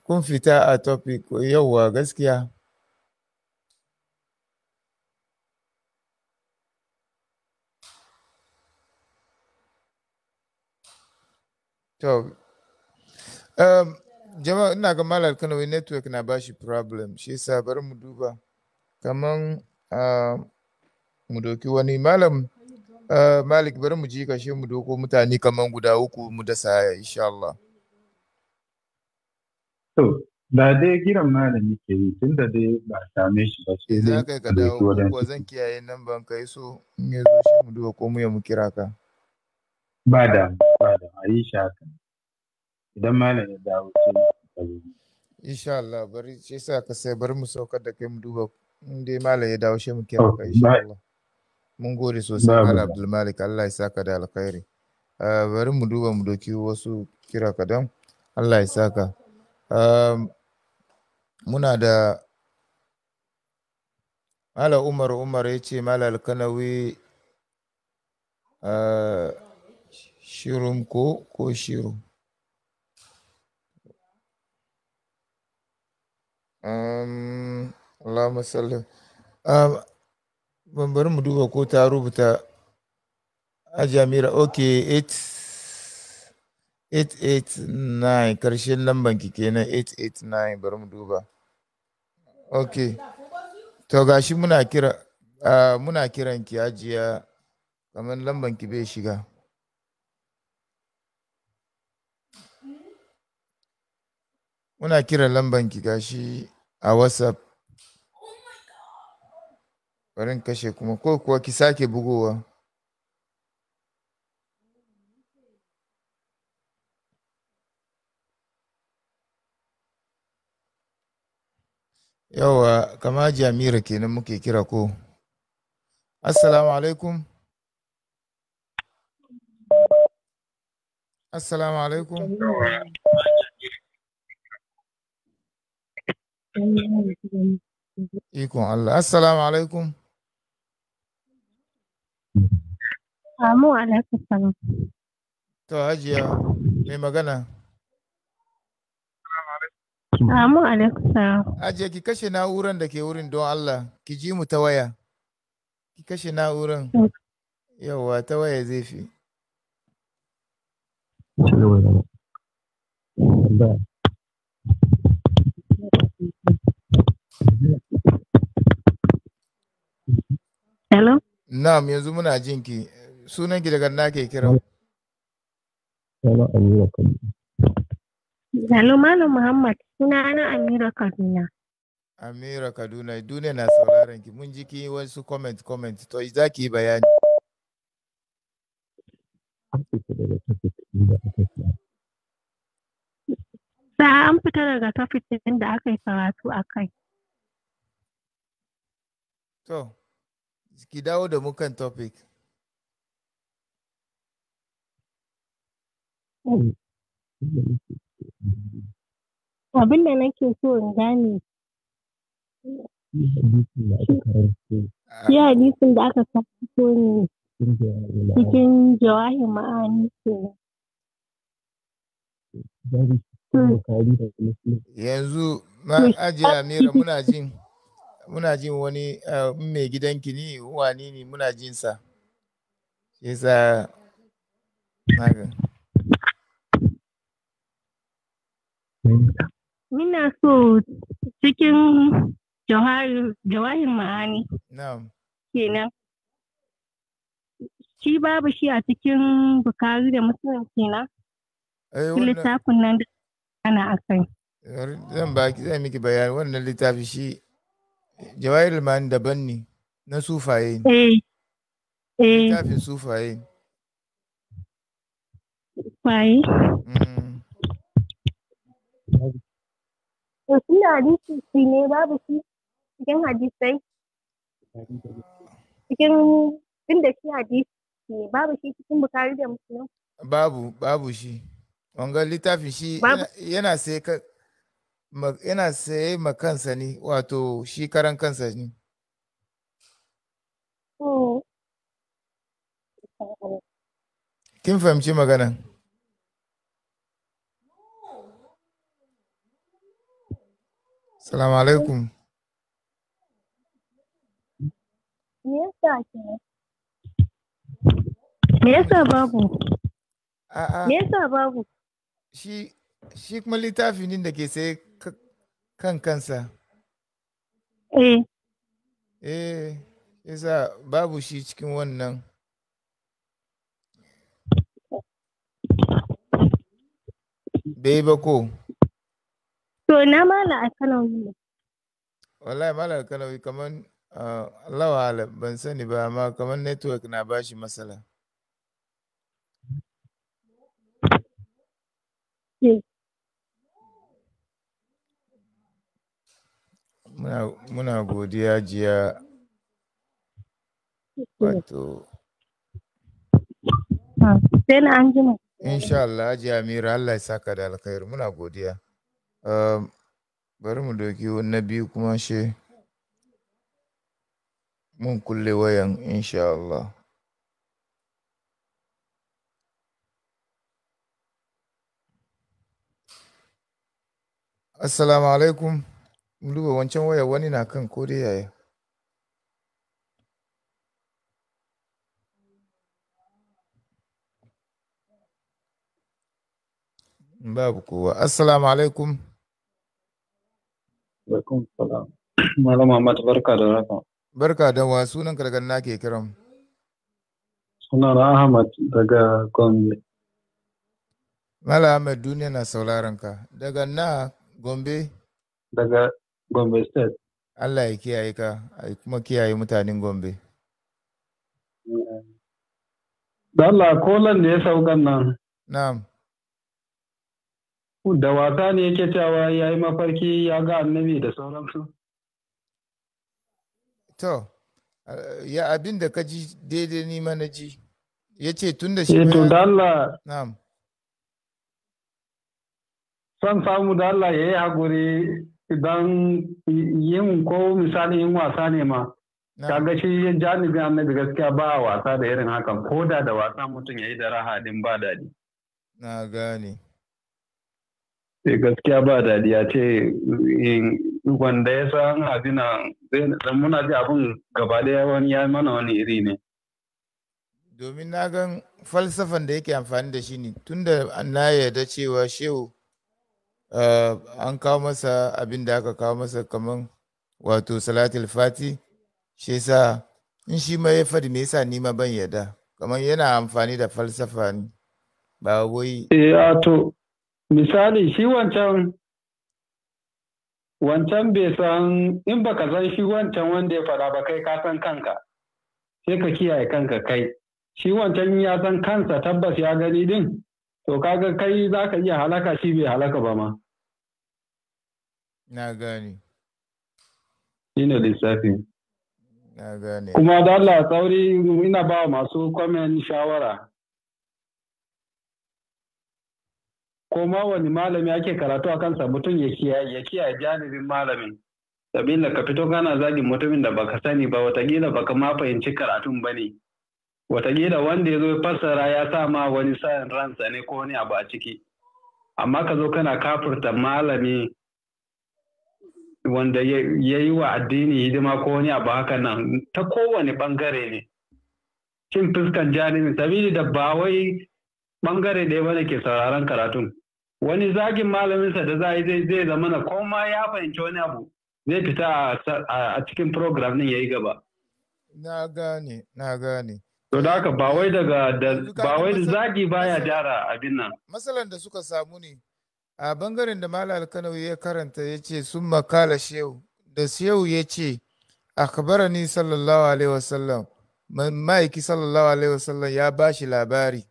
S4: kun fita a topic yauwa gaskiya to Um, jama'a ina ga malar kano network na bashi problem shi yasa bari mu duba kaman um, mu doki wani malam uh, malik bari mu ji kashe mu doko mutane kaman guda uku mu dasa ya insha Allah
S2: to ba dai kiran malami
S4: ke yi tun da dai ba a same shi ba sai dai za ka ka dawo ko zan kiyaye nan ban kai so in ya zo shi mu duba ko mu ya mu kira ka ba da ba da a yi shi haka idan malam ya dawo sai insha Allah bari sai sa ka sai bari mu saukar da kai mu duba in dai malam ya dawo shi mu kira oh, ka insha Allah mun gode sosai malam Abdul Malik Allah ya saka da alkhairi ah, bari mu duba mu doki wasu kira kadan Allah ya saka muna da Mala Umar Umar ya ce Mala Alkanawi Uh, ah, shirin ko ko shirin Um, masallin um, ban bari mu duba ko ta rubuta a jamira ok 889 karshen lamban ki kenan 889 bari mu duba ok to gashi muna kira uh, muna kiran ki ajiya kamar lamban ki bai shiga Muna kiran lamban ki gashi a WhatsApp. barin kashe kuma ko kuwa ki sake bugowa. Yawa, kama Jamira kenan muke kira ko. Assalamu alaikum. Assalamu alaikum. Ikon Allah. Assalamu alaikum.
S7: Amu alaikum salam.
S4: To hajiya mai magana.
S7: Amu alaikum salam.
S4: Hajiya ki kashe na'uran da ke wurin don Allah ki ji mu ta waya. Ki kashe na'uran. Yawwa ta waya zai fi.
S6: Ba.
S7: Hello?
S4: Na'am, yanzu muna jin ki. Sunan ki daga nake kira.
S1: Hello,
S7: Amira Kaduna. Hello, Malam Muhammad. Suna ana Amira Kaduna.
S4: Amira Kaduna, duniya na sauraron ki. Mun ji ki wasu comment comment. To, za ki
S7: bayani. Afirka daga tafi da aka Sa'a an fita daga topic ɗin da aka yi karatu a kai.
S4: To, ki dawo da mukan topic.
S7: Abin da nake so in gane shi hadisin da aka karanto ne cikin jawahi ma'ani ke
S3: Hmm.
S4: yanzu ma ajiya naira muna jin muna jin wani uh, mai gidanki ne wani ne muna jin sa shi sa naga
S7: Muna so cikin jawahin ma'ani. Kenan. Shi babu shi a cikin bukari da musulun kenan.
S4: Eh, littafin
S7: nan da magana a kai.
S4: Zan baki zai miki bayani wannan littafi shi Jawahirul Ma'ani daban ne na sufaye. Eh. Eh. Littafin sufaye.
S3: Sufaye. Mm-hmm. Wasu da na hadisi
S6: su
S7: ne babu shi cikin hadisai. Cikin inda shi hadisi ne babu shi cikin bukari da musulun.
S4: Babu babu shi. wanga littafin shi yana sai ka yana sai ma kansa ne wato shi karan kansa ne kin fahimci magana salamu alaikum
S5: me yasa babu me
S4: yasa babu shi shi kuma littafi ne da ke sai kan kansa eh eh isa babu shi cikin wannan bai ba ko
S7: to na mala a kanawi
S4: wallahi mala a kanawi kamar uh, ah, lawa ban sani ba amma kamar network na bashi matsala ji muna muna godiya jiya
S7: wato ah, sai na
S4: insha Allah jiya mira Allah ya saka da alkhairi muna godiya um, bari mu doki na biyu kuma she mun kulle wayan insha Allah Assalamu alaikum. duba wancan waya wani na kan ko dai yaya. Babu kowa. Assalamu alaikum. Barkun salam.
S2: Malam Ahmad barka da rafa.
S4: Barka da wa sunan kargan na ke kiran.
S2: Sunan Ahmad daga Gombe.
S4: Malam Ahmad duniya na sauraron ka. Daga na Gombe? Daga Gombe State. Allah ya kiyaye ka, kuma kiyaye mutanen Gombe. Allah kolan da ya saukan nan. Na'am.
S2: Da wasa ne yake cewa ya yi mafarki ya ga annabi da
S4: sauransu. To, ya abin da ka ji daidai ni mana ji. Ya ce tun da shi. Eh to da Allah. Na'am. son samu da Allah ya yi haƙuri idan
S2: yin ko misali yin wasa ne ma kaga shi ya janibin annabi gaskiya ba wasa da irin hakan ko da da wasa mutum
S4: ya yi da raha din ba daɗi na gane
S2: eh, gaskiya ba daɗi ya ce wanda ya san abina zai muna ji abin gaba ɗaya wani ya mana wani iri ne
S4: domin na gan falsafan da yake amfani da shi ne tunda na yarda cewa shehu Eh, an kawo masa abin da aka kawo masa kamar wato salatul fati shi yasa in shi ma ya faɗi me yasa ni ma ban yarda kamar yana amfani da falsafa ne ba wai eh
S2: to misali shi wancan wancan bai san in baka san shi wancan wanda ya faɗa ba kai ka san kanka sai ka kiyaye kanka kai shi wancan ya san kansa tabbas ya gani din to kaga kai za ka iya halaka shi bai halaka ba ma
S4: na gani. shi ne na gani. kuma
S2: da Allah tsauri ina ba masu kwamen shawara ko ma wani malami ake karatu a kansa mutum ya kiyaye janibin malamin sabila ka fito kana zagin mutumin da baka sani ba watakila baka ma fahimci karatun ba ne Wataƙila wanda ya zo fassara ya sa ma wani sa'in ransa ne ko wani abu a ciki. Amma ka zo kana kafurta malami wanda ya yi wa addini hidima ko wani abu haka nan ta kowane ɓangare ne. Cin fuskan jami'in sabili da ba wai bangare ɗaya ne ke sauraron karatun. Wani zagin malaminsa da za zai zai zama na koma ya fahimci wani abu zai fita a cikin program ɗin ya yi gaba.
S4: Na gane, na gane.
S2: To da haka ba wai daga ba wai zagi baya gyara abin nan.
S4: Matsalan da suka samu ne a bangaren da Malam alkanau ya karanta ya ce sun makala shehu da shehu ya ce akhbarani sallallahu alaihi wasallam ma'aiki sallallahu alaihi wasallam ya ba shi labari.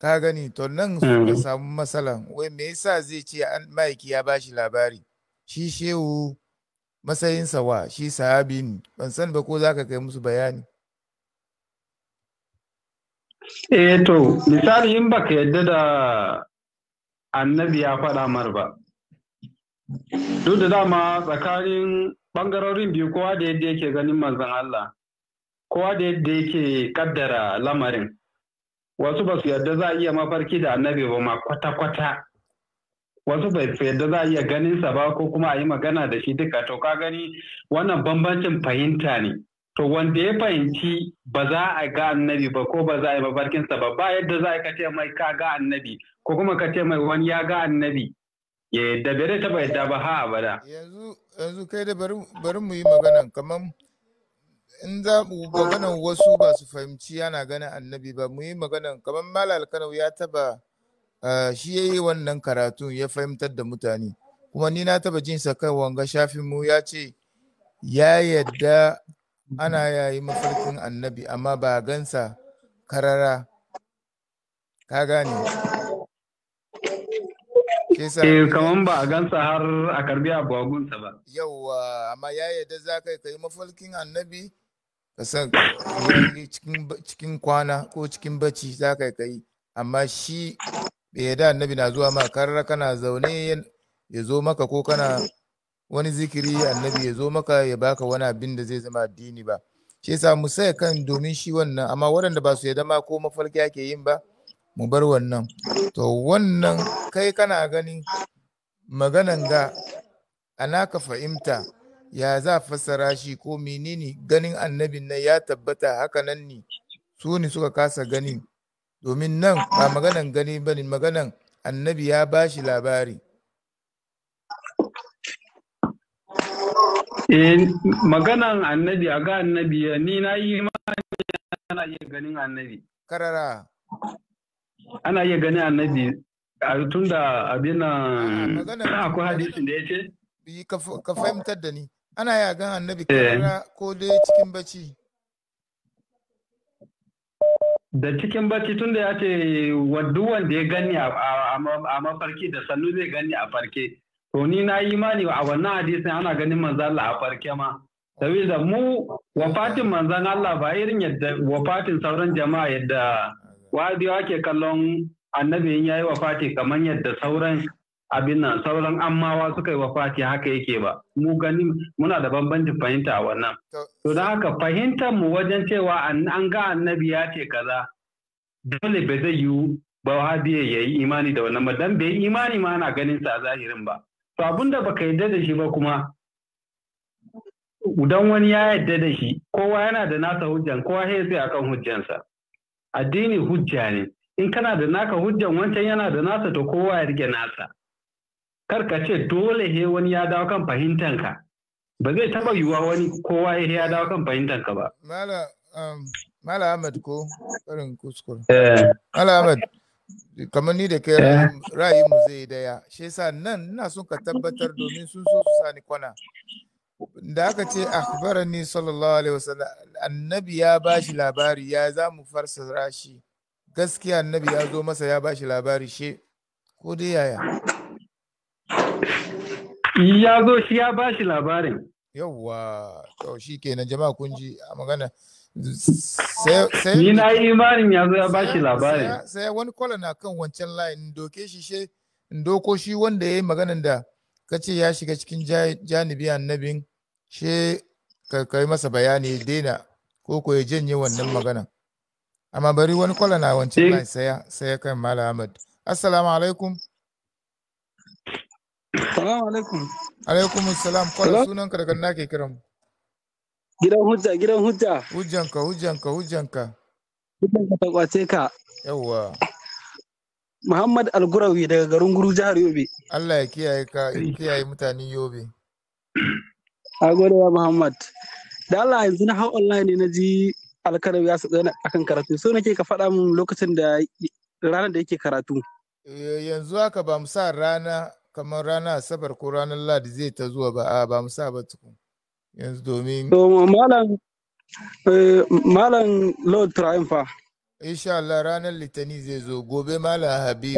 S4: Ka gani to nan suka hmm. samu matsalan wai me yasa zai ce ma'aiki ya ba shi labari shi shehu matsayinsa wa shi sahabi ne ban san ba ko za ka kai musu bayani. Eh to, misali in baka yadda da
S2: annabi ya faɗa mar ba. Duk da dama tsakanin ɓangarorin biyu kowa da yadda yake ganin manzon Allah, kowa da yadda yake kaddara lamarin. Wasu ba su yadda za a iya mafarki da annabi ba ma kwata-kwata. Wasu bai yadda za a iya ganinsa ba ko kuma a yi magana da shi duka to ka gani wannan bambancin fahimta ne. to wanda ya fahimci ba za a ga annabi ba ko ba za a yi mafarkinsa ba ba yadda za a ce mai ka ga annabi ko kuma ka mai wani ya ga annabi ya yadda bai ba yadda ba ha abada yanzu
S4: yanzu kai da bari mu yi magana kamar in za mu magana wasu ba su fahimci yana ganin annabi ba mu yi maganan kamar malal kanau ya taba ah, shi ya yi wannan karatun ya fahimtar da mutane kuma ni na taba jinsa kan wanga shafin mu ya ce ya yadda ana yayi mafarkin annabi amma ba gansa karara ka gane Eh kaman ba a
S2: gansa har a karbi abu
S4: ba. Yawwa amma ya yadda za ka yi mafarkin annabi ka san cikin kwana ko cikin bacci za ka yi amma shi bai yadda annabi na zuwa ma karara kana zaune ya zo maka ko kana wani zikiri annabi ya zo maka ya baka wani abin da zai zama addini ba shi yasa mu saya kan domin shi wannan amma waɗanda ba su yarda ma ko mafarki ake yin ba mu bar wannan to wannan kai kana ganin maganan ga ana ka fahimta ya za fassara shi ko menene ganin annabin nan ya tabbata haka nan ne su ne suka kasa gani domin nan ba maganan gani ba ne maganan annabi ya ba shi labari
S2: Eh, maganan annabi a ga annabi ni na yi imani ana iya ganin annabi. Karara. Ana iya ganin annabi
S4: a tun da abinan akwai hadisin da ya ce? Ka fahimtar da ni. Ana iya ganin annabi eh. karara ko dai cikin bacci.
S2: da cikin bacci tun da ya ce wadduwan da ya gani a mafarki da sannu zai gani a farke To ni na yi imani a wannan hadisin ana ganin manzo Allah a farke ma. Saboda mu wafatin manzon Allah ba irin yadda wafatin sauran jama'a yadda wadiyo ake kallon annabi in wa wafati kamar yadda sauran abin nan sauran ammawa suka yi wafati haka yake ba. Mu gani muna da bambancin fahimta a wannan. To da haka fahimtar mu wajen cewa an ga annabi ya ce kaza dole ba zai yiwu ba ya yi imani da wannan ba dan bai imani ma ana ganin sa a zahirin ba. to abin da baka yadda da shi ba kuma Udan wani ya yadda da shi kowa yana da nasa hujjan kowa ya tsaye akan hujjansa addini hujja ne in kana da naka hujjan wancan yana da nasa to kowa ya rike nasa kar ka ce dole he wani ya dawo kan fahimtanka ba zai taba yiwuwa wani kowa ya ya dawo kan fahimtanka ba
S4: mala um, Ahmed ko karin kuskure eh. mala Ahmed. kamar ni da kai eh. ra'ayi mu zai daya shi yasa nan ina son ka tabbatar domin sun so su sani kwana da aka ce akhbarani sallallahu alaihi wasallam annabi ya bashi labari ya za mu farsa shi gaskiya annabi ya zo masa ya bashi labari she ko dai yaya ya zo shi ya bashi labarin yawwa to shi kenan jama'a kun ji a magana Ni na yi imanin yanzu ya ba shi labarin. Sai wani kwala na kan wancan layin doke shi she in doko shi wanda ya yi magana da ka ce ya shiga cikin janibi annabin she ka kai masa bayani daina ko ko ya janye wannan maganan. Amma bari wani kwala na wancan eh. layin saya saya kan Malam Ahmad. Assalamu alaikum. alaikum. Alaikum salam. kwala sunanka daga nake kiran mu. Gidan hujja, gidan hujja. Hujjanka, hujjanka, hujjanka. Hujjanka ta kwace ka. Yawwa. Muhammad Algurawi daga garin Guru jihar Yobe. Allah ya kiyaye ka, ya kiyaye mutane Yobe.
S2: A godewa Muhammad. Da Allah yanzu na hau online ne na ji alkarar ya su tsaye akan karatu. So nake ka faɗa min lokacin da ranar da yake karatu.
S4: Eh, yanzu haka ba mu sa rana kamar rana Asabar ko ranar Ladi zai ta zuwa ba, a ba mu sa ba tukun. yanzu domin to malam eh, malam lord triumpha insha Allah ranar litani zai zo gobe malam habib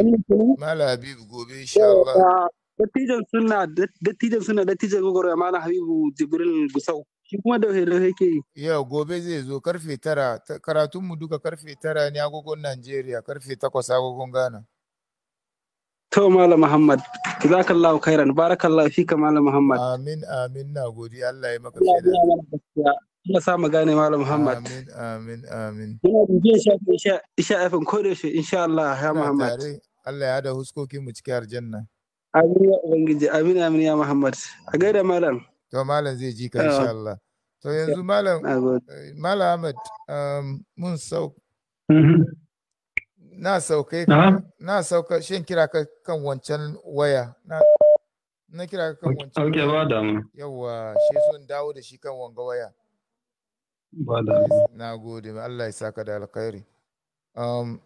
S4: malam habib gobe insha Allah dattijan suna dattijan suna dattijan
S2: gogoro malam habibu jibril gusau
S4: shi kuma da hero yake yi. Yau gobe zai zo karfe tara, karatunmu duka karfe tara ne agogon Najeriya, karfe takwas agogon Ghana.
S2: To Malam Muhammad, jazakallahu khairan, barakallahu fika Malam Muhammad.
S4: Amin amin na gode Allah ya maka shaida.
S2: Allah sa mu gane Malam Muhammad. Amin amin amin. Muna bibiyar shafin Isha FM ko da insha Allah ya Muhammad.
S4: Allah ya da huskokin mu cikin aljanna. Amin ya ubangiji, amin amin ya Muhammad. A gaida malam. To malam zai ji ka insha Allah. To yanzu malam eh, Malam Ahmad um, mun sau mm-hmm. na sauka na sauka shin kira ka kan wancan waya na na kira ka kan wancan okay ba da mu yawa shi so in dawo da shi kan wanga waya ba da na gode Allah ya saka da alkhairi um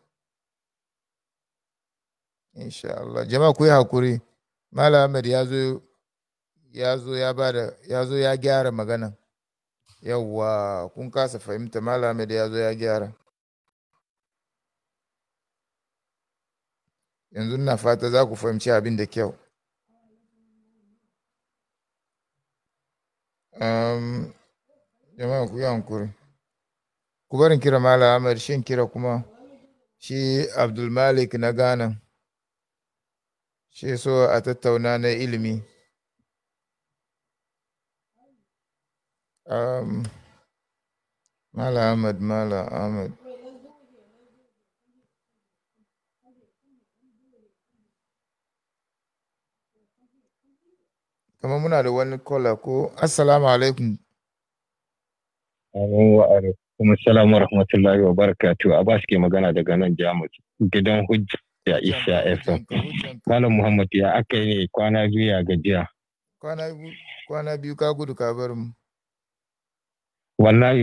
S4: insha Allah jama'a ku yi hakuri Malam Ahmed ya zo ya zo ya bada ya zo ya gyara magana yawa kun kasa fahimta Malam Ahmed ya zo ya gyara yanzu na fata za ku fahimci abin da kyau jama'a ku yi hankuri ku barin kira mala ahmad shin kira kuma shi abdulmalik na ghana shi so a tattauna na ilimi mala ahmad mala ahmad kamar muna da wani kola ko assalamu alaikum
S2: amin wa kuma salamu rahmatullahi wa barakatu abbas ke magana daga nan jamus gidan hujja isha fm malam muhammad ya aka yi kwana biyu ya gajiya
S4: kwana biyu ka gudu ka bar mu
S2: wallahi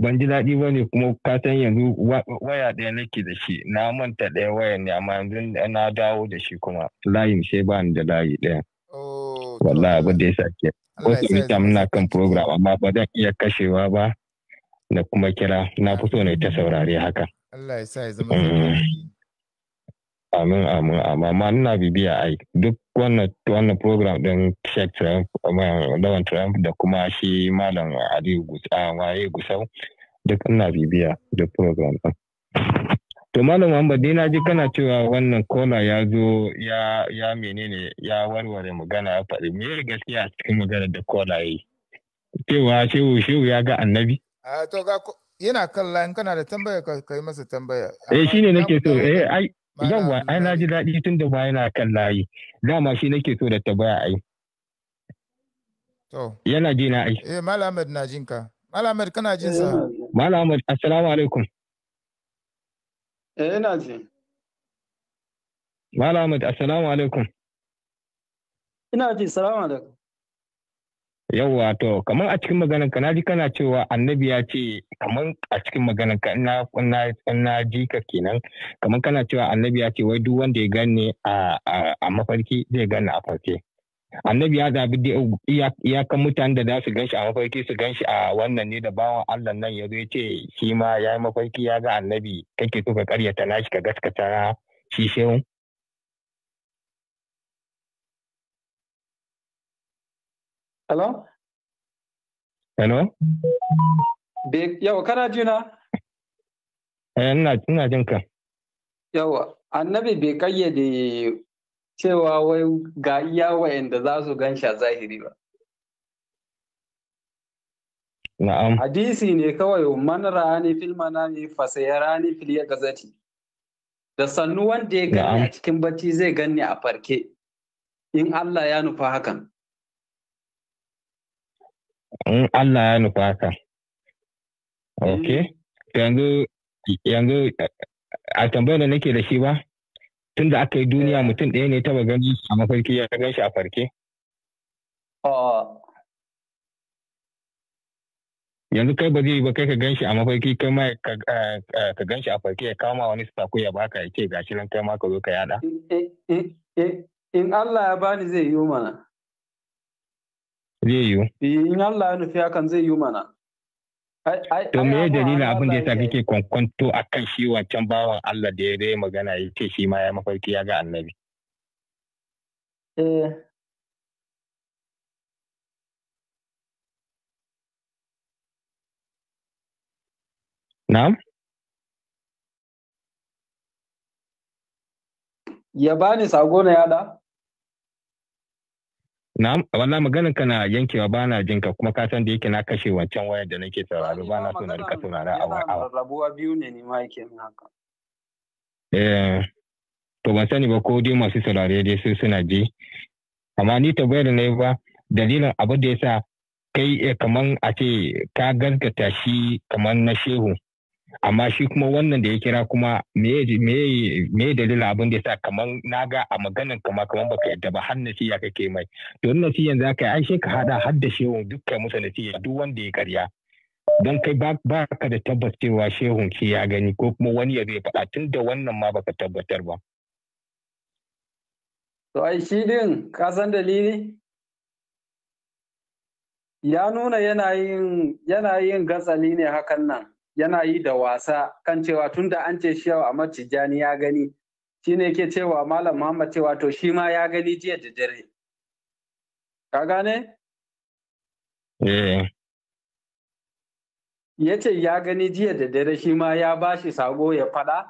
S2: ban ji daɗi ba ne kuma ka san yanzu
S4: waya ɗaya nake da shi na manta ɗaya waya ne amma yanzu
S2: na dawo da shi kuma layin sai ba ni da layi ɗaya. Oh, wallah abin da ya sake wasu ita muna kan program amma ba zan iya kashewa ba na kuma kira na fi so ne ta saurare haka Allah ya sa ya zama mm. amin amin amma amma nuna bibiya ai duk wannan wannan program din Sheikh Trump Lawan Trump da kuma shi Malam Aliyu Gusau waye Gusau duk ina bibiya duk program din To Malam Muhammad dai na ji kana cewa wannan kola ya zo
S4: ya ya menene ya warware magana ya faɗi me gaskiya a cikin magana da kola yi.
S2: Cewa shehu shehu ya ga annabi.
S4: to ga yana kan layin kana da tambaya ka yi masa tambaya. Eh shine nake
S2: so eh ai yawa ai na ji daɗi tun da ba yana kan layi dama shi nake so da tambaya ai. To. Yana ji na ai.
S4: Eh Malam Ahmed na jinka. Malam Ahmed kana jin sa.
S2: Malam Ahmed assalamu alaikum.
S4: Eh ina ji.
S2: Malam Ahmad, assalamu alaikum. Ina ji, salamu alaikum. Yawwa to, kamar a cikin maganar ka ji kana cewa annabi ya ce kamar a cikin maganar ka ina ina ina ji ka kenan kamar kana cewa annabi ya ce wai duk wanda ya gane a a mafarki zai gane a farke. annabi ya zabi iyakan mutanen da za su ganshi a mafarki su ganshi a wannan ne da bawan Allah nan ya zo ce shi ma ya yi mafarki ya ga annabi kake so ka karyata shi ka gaskata shi shehun Hello? Hello? Yawa, kana jina?
S4: Eh, ina jin ka.
S2: Yawa, annabi bai kayyade cewa wai ga iya wa'anda za su gan sha a zahiri ba. Na'am. Hadisi ne kawai man rani fil manami fasayarani fil ya gazati. Da sannu wanda ya gani a cikin bacci zai ganni a farke in Allah ya nufa hakan.
S4: In Allah ya nufa hakan. Eh. Ok.
S2: Yanzu yanzu a tambayar da nake da shi ba? tun da aka yi duniya eh. mutum ɗaya ne taba gani a mafarki ya gan shi a farke? Ah. Yanzu kai ba zai ba kai ka gan shi a mafarki kai ma ka eh, eh, gan shi a farke ya kama wani sako ya baka ya ce gashi nan kai ma ka zo ka yada. In Allah ya bani zai yi mana. Zai yi. In Allah ya nufi hakan zai yi mana. To me dalilin abin da ya yasa kake kwankwanto a kan shi wancan bawan Allah da ya zai magana ya ce shi ma ya mafarki ya ga annabi?
S3: Na eh. Na'am?
S2: Ya bani sago na yada? Na wannan maganin ka na yankewa ba na jinka kuma ka san da yake na kashe wancan wayar da nake sauraro ba na so na rika saurara a waya. Rabuwa biyu ne ni ma yake haka. Eh, to ban sani ba ko dai masu saurare dai su suna ji. Amma ni ta bayar ne ba dalilin abin da yasa kai eh, kaman a ce ka gaskata shi kamar na shehu amma shi kuma wannan da ya kira kuma me dalilin abin da ya sa kamar ga a maganin kama kamar baka yadda ba har nasiya kake mai don nasiyan za ka yi aishe ka hada har da shehun duk kai musa nasiya duk wanda ya karya don kai ba ka da tabbas cewa shehun shi ya gani ko kuma wani ya zai faɗa tun da wannan ma baka tabbatar ba. To ai shi din ka san dalili? Ya nuna yana yin gatsali ne hakan nan. yana yi da wasa kan cewa tunda an ce shi yau Ahmad Tijjani ya gani shi ne ke cewa Malam Muhammad cewa to shi ma ya gani jiya da dare. Ka gane? Eh. Ya ce ya gani jiya da dare shi ma ya bashi sago ya faɗa?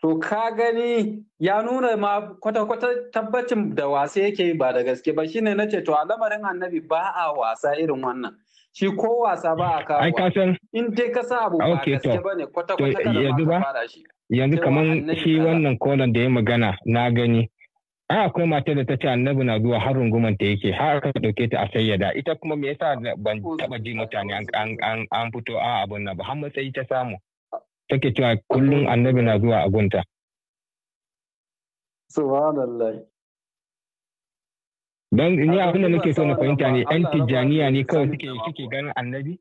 S2: To ka gani ya nuna ma kwata-kwata tabbacin da wasa yake ba da gaske ba shine na ce to a lamarin annabi ba a wasa irin wannan. shi ko wasa ba a kawo ai kasan in dai ka sa abu ba gaske ne kwata kwata ba fara shi yanzu kamar shi wannan kolon da ya magana na gani a akwai matar da ta ce annabi na zuwa har runguman ta yake har aka dauke ta a sayyada ita kuma me yasa ban taba ji mutane an fito a abun nan ba har matsayi ta samu take cewa kullum annabi na zuwa a gunta subhanallah don ni abin da nake so na fahimta ne yan tijjaniya ne kawai suke suke ganin annabi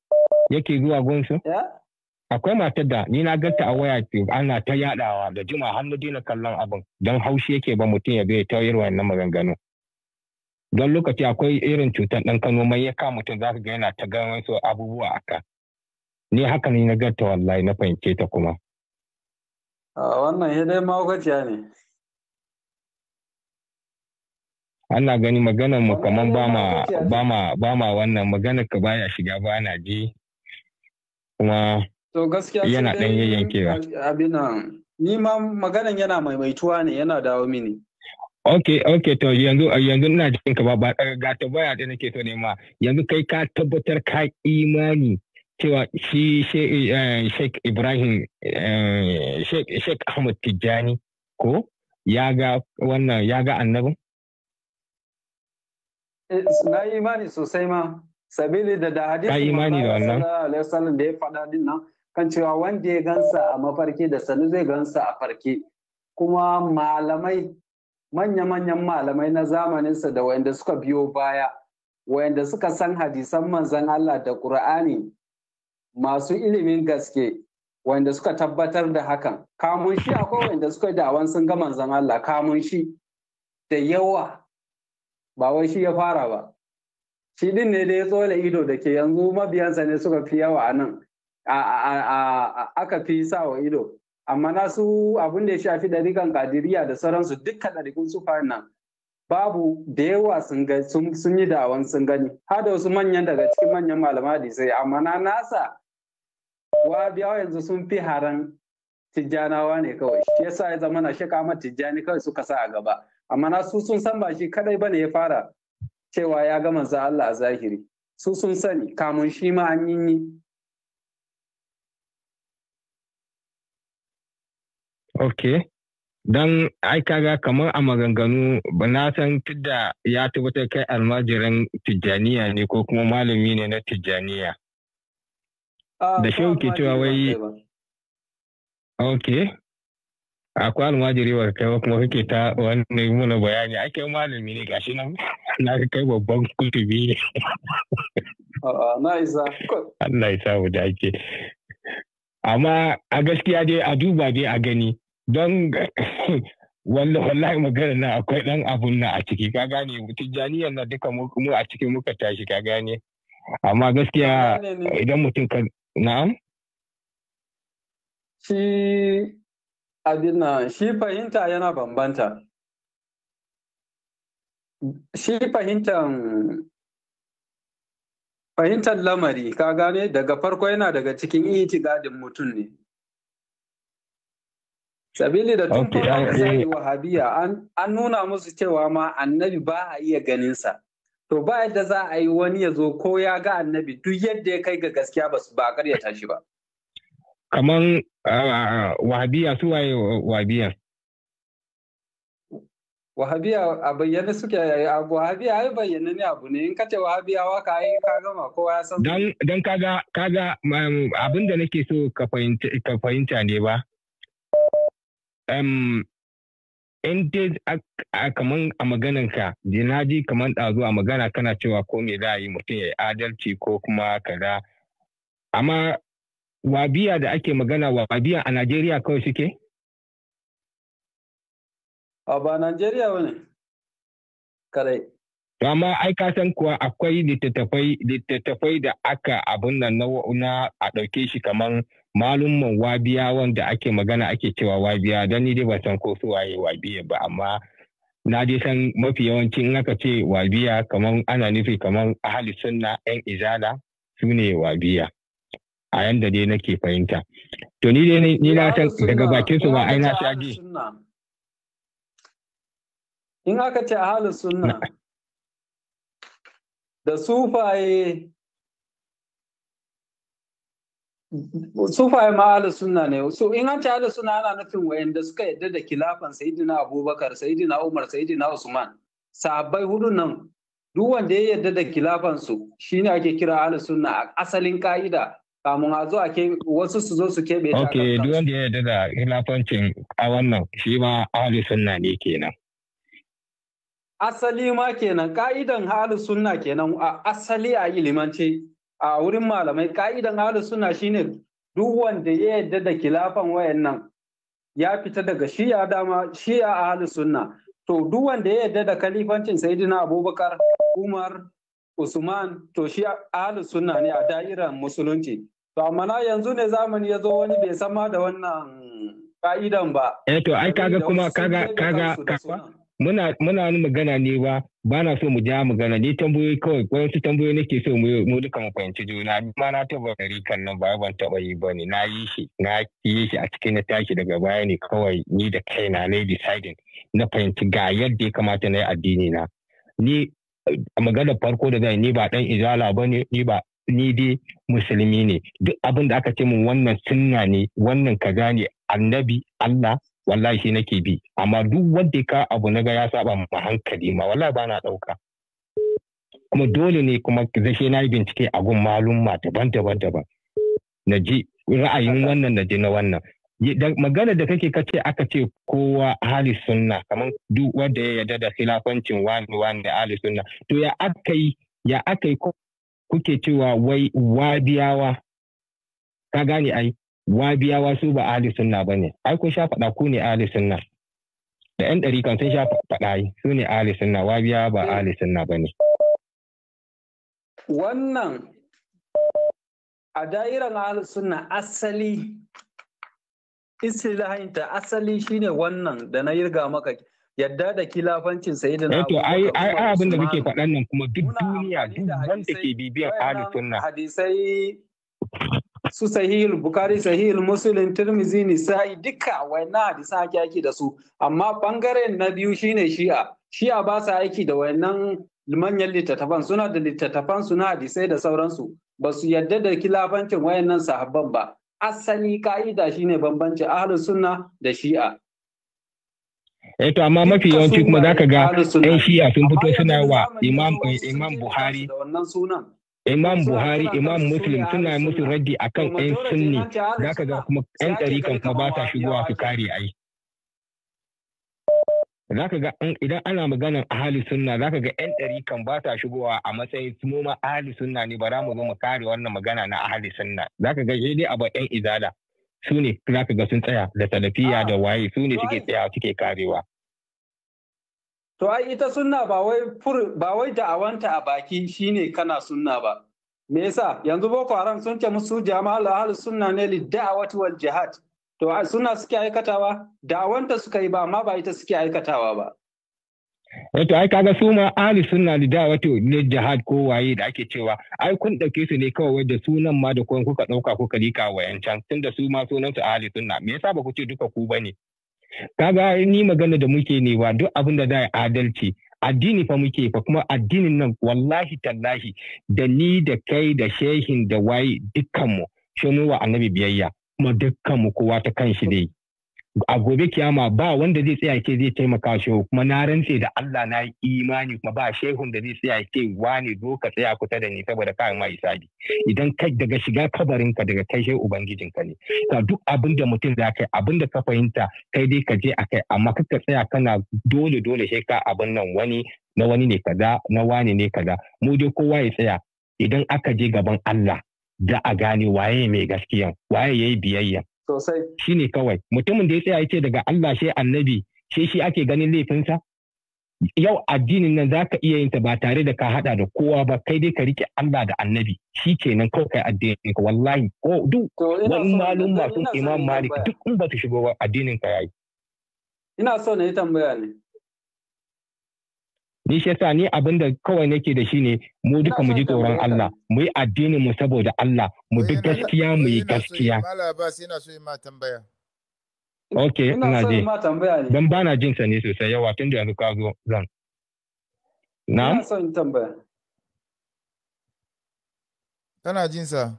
S2: yake zuwa gonsu akwai matar da ni na ganta a waya ce ana ta yadawa da juma har na daina kallon abin don haushi yake ba mutum ya bai ta irin wannan maganganu don lokaci akwai irin cutar ɗan kano mai ya kama mutum za ka ga yana ta ganin wasu abubuwa a ka ni haka ne na ganta wallahi na fahimce ta kuma wannan ya dai mahaukaciya ne ana gani maganar mu kaman ba ma ba ma ba ma wannan maganar ka baya shiga ba na ji kuma yana dan yayyankewa abina ni ma maganar yana maimaituwa ne yana dawo mini Ok, ok, to yanzu yanzu ina jin ka ba eh, gata baya
S4: da nake to nema
S2: yanzu kai ka tabbatar ka imani cewa shi eh, Sheikh Ibrahim eh, Sheikh Ahmad Tijjani ko ya ga wannan ya ga annabin? Eh, na yi imani sosai ma sabili da da hadisin da ya faɗa din nan kan cewa wanda ya gansa a mafarki da sanu zai gansa a farke kuma malamai manya-manyan malamai na zamaninsa da wayanda suka biyo baya wayanda suka san hadisan manzan Allah da Ƙur'ani masu ilimin gaske wayanda suka tabbatar da hakan kamun shi akwai wayanda suka yi dawan sun ga manzan Allah kamun shi da yawa ba wai shi ya fara ba shi din ne da ya tsola ido da ke yanzu mabiyansa ne suka fi yawa a nan aka fi sa wa ido amma na su abin da ya shafi ɗarikan kadiriya da sauransu dukkan ɗarikun su nan babu da yawa sun yi dawon sun gani har da wasu manyan daga cikin manyan malamadi sai amma na nasa wa yanzu sun fi haran tijjanawa ne kawai shi yasa ya zama na shi tijjani kawai suka sa a gaba amma na su sun san ba shi kadai bane ya fara cewa ya ga manzo Allah a zahiri su sun sani kamun shi ma an yi Okay. Don ai kaga kamar a maganganu na san tudda ya tabbatar kai almajiran tijjaniya ne ko kuma malami ne na tijjaniya. Ah, da shauki cewa wai Okay. akwai almajiri ba kai kuma kake ta wani muna bayani ake malami ne gashi nan na kai babban kutubi ne na isa Allah ya samu da ake amma a gaskiya dai a duba dai a gani don wanda wallahi magana na akwai dan abun na a ciki ka gane tijjaniyar na duka mu a ciki muka tashi ka gane amma gaskiya idan mutum ka na'am shi abin shi fahimta yana bambanta shi fahimtan fahimtar lamari ka gane daga farko yana daga cikin itigadin mutum ne sabili da tun okay, eh, wahabiya an, an nuna musu cewa ma annabi ba a iya ganinsa to ba yadda za a yi wani ya zo ko ya ga annabi duk yadda ya kai ga gaskiya ba su ba karyata shi ba kaman wahabiya su waye wahabiya wahabiya a bayyane suke wahabiya ai bayyane ne abu ne in ka ce wa ka yi ka gama kowa ya san dan dan kaga kaga um, abin da nake so ka fahimta ka fahimta ne ba um, in dai kaman a maganarka, ka jinaji kaman ɗazu a magana kana cewa ko me za a yi mutum ya adalci ko kuma kaza amma wabiya da ake magana wabiya a Najeriya kawai suke? A ba Najeriya ba ne, kadai. Amma ai ka san kuwa akwai littattafai da aka abin nan na a ɗauke shi kamar malumman wabiya wanda ake magana ake cewa wabiya don ni dai ba san ko su waye wabiya ba amma na dai san mafi yawanci in aka ce wabiya kamar ana nufi kamar ahli sunna yan izala su ne wabiya. a yanda dai nake fahimta to ni dai ni na san daga bakin su ba ai na shage. in aka ce ahlus sunna da sufaye sufaye ma ahlus sunna ne so in an ce ahlus sunna ana nufin wayanda suka yadda da kilafan sayyidina abubakar sayyidina umar sayyidina usman sahabbai hudu nan duk wanda ya yadda da kilafansu shine ake kira ahlus sunna a asalin ka'ida kamun a zo a ke wasu su zo su keɓe ta. Ok, duk wanda ya yarda da hilafancin a wannan shi ma ahli sunna ne kenan. Asali ma kenan ka'idan ahli sunna kenan a asali a ilimance a wurin malamai ka'idan ahli sunna shine duk wanda ya yarda da kilafan wayannan ya fita daga shi'a dama shi'a ahli sunna to duk wanda ya yarda da kalifancin sayyidina Abubakar Umar Usman to shi ahlus sunna ne a da'irar musulunci To mana yanzu ne zamani ya zo wani bai sama da wannan ka'idan ba. Eh to ai kaga kuma kaga kaga muna muna magana ne ba ba na so mu ja magana ni tambayoyi kawai wasu tambayoyi na ke so mu duka mu fahimci juna ma na taba gari kan nan ba ban taba yi bane na yi shi na yi shi a cikin na tashi daga baya ne kawai ni da kaina na deciding na fahimci ga yadda ya kamata na yi addini na ni magana farko da zai ni ba dan izala ba ni ba ni dai musulmi ne duk abin da aka ce min wannan sunna ne wannan kaza ne annabi Allah wallahi shi nake bi amma duk wanda ka abu na ga ya saba ma hankali ma wallahi bana dauka kuma dole ne kuma zashe na yi bincike a gun malumma daban-daban daban na ji ra'ayin wannan na ji na wannan magana da kake kace aka ce kowa hali sunna kamar duk wanda ya yarda da khilafancin wani wani hali sunna to ya aka yi ya aka yi kuke cewa wai wabiyawa ka gane ai wabiyawa su ba ahli sunna bane ai kun sha faɗa ku ne ahli sunna da ɗan ɗari kan sun sha faɗa ai su ne ahli sunna wabiyawa ba ahli sunna bane wannan a da'irar ahli sunna asali istilahinta asali shine wannan da na yirga maka yadda da kilafancin sayyidina eh Abu Bakar ai ai abin da kake faɗan nan kuma duk duniya duk wanda ke bibiyar ahli sunna hadisai su sahihul bukari sahihul muslim tirmizi nisa'i duka wayannan hadisan ake aiki da su amma bangaren na biyu shine shi'a shi'a ba sa aiki da wayannan manyan littattafan suna da littattafan su na hadisai da sauransu ba su yadda da kilafancin wayannan sahabban ba asali ka'ida shine bambanci ahlus sunna da shi'a eh to amma mafi yawanci kuma zaka ga ɗan shi'a sun fito suna wa imam eh, imam buhari imam buhari imam muslim suna musu raddi akan ɗan sunni zaka ga kuma ɗan ɗarikan kuma ba ta shigowa su kare ai zaka ga idan ana maganar ahali sunna zaka ga ɗan ɗari kan ba ta shigowa a matsayin mu ma ahali sunna ne ba za mu zo mu kare wannan magana na ahli sunna zaka ga dai abu ɗan izala su ne za ka ga sun tsaya da talafiya ah. da waye su ne suke tsaya suke karewa. To ai ita sunna ba wai fur ba wai da'awanta a baki shine kana sunna ba. Me yasa yanzu Boko Haram sun ce musu jama'al ahli sunna ne li da'awati wal jihad. To ai sunna suke aikatawa da'awanta suka yi ba amma ba ita suke aikatawa ba. wato ai kaga su ma ahli sunna da da wato ne jihad ko waye da ake cewa ai kun dauke su ne kawai da sunan ma da kun kuka dauka kuka lika wayancan tunda su ma sunan su ahli sunna me yasa ba ku ce duka ku bane kaga ni magana da muke ne ba duk abin da za adalci addini fa muke fa kuma addinin nan wallahi tallahi da ni da kai da shehin da waye dukkanmu shi mu wa annabi biyayya kuma dukkanmu kowa ta kan shi ne a gobe kiyama ba wanda zai tsaya ke zai taimaka shehu kuma na rantse da Allah na imani kuma ba shehun da zai tsaya ke wani zo ka tsaya kusa da ni saboda kai ma isabi idan kai daga shiga kabarin ka daga kai shehu ubangijin ka ne ka duk abin da mutum za kai abin da ka fahimta kai dai ka je akai amma ka tsaya kana dole dole shi ka abin nan wani na wani ne kaza na wani ne kaza mu dai kowa ya tsaya idan aka je gaban Allah da a gane waye mai gaskiya waye yayi biyayya Sosai. Shi ne kawai. Mutumin da ya tsaya ce daga Allah shi annabi shi shi ake ganin laifinsa? Yau addinin nan za ka iya yin ta ba tare da ka hada da kowa ba kai dai ka rike Allah da annabi shi ke nan kawai kai addinin ka wallahi ko duk wani malum masu imam malik duk in ba ta shigo ba addinin ka yayi. Ina so na yi tambaya ne. ni shi yasa ni abin da kawai nake da shi ne mu duka mu ji tsoron Allah mu yi addini mu saboda Allah mu duk gaskiya mu yi gaskiya ok ina je don ba na jin sa ne sosai yawa tun da yanzu ka zo zan na ina
S4: son tambaya kana jin sa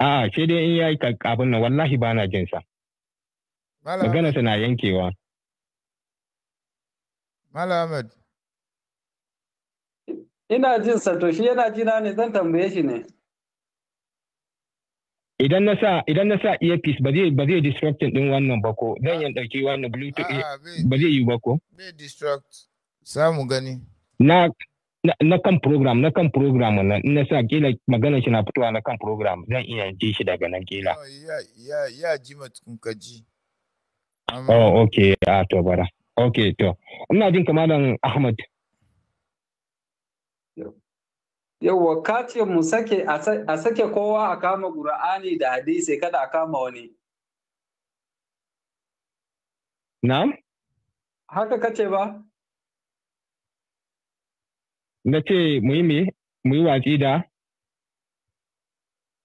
S2: a'a sai dai in yayi abin nan wallahi ba na jin sa magana na yankewa Mala Ina jin sa shi yana jina ne zan tambaye shi ne. Idan na sa idan na sa earpiece ba zai ba zai distracting din wannan ba ko
S4: zan ah. yi dauki wannan bluetooth ah, eh,
S2: ba zai yi ba ko. Bai
S4: distract samu gani.
S2: Na na kan program na kan program na na sa kila magana shi na fitowa na kan program
S4: zan iya ji shi daga nan kila. Oh, ya ya ya ji matukun ka ji.
S2: Oh okay a ah, to bara. Ok, to. Ina jin kamalan Ahmad. Yawwa ka ce mu sake a sake kowa a kama Qur'ani da hadisi kada a kama wani. Na? Haka ka ce ba? Na ce mu yi Mu yi watsi da?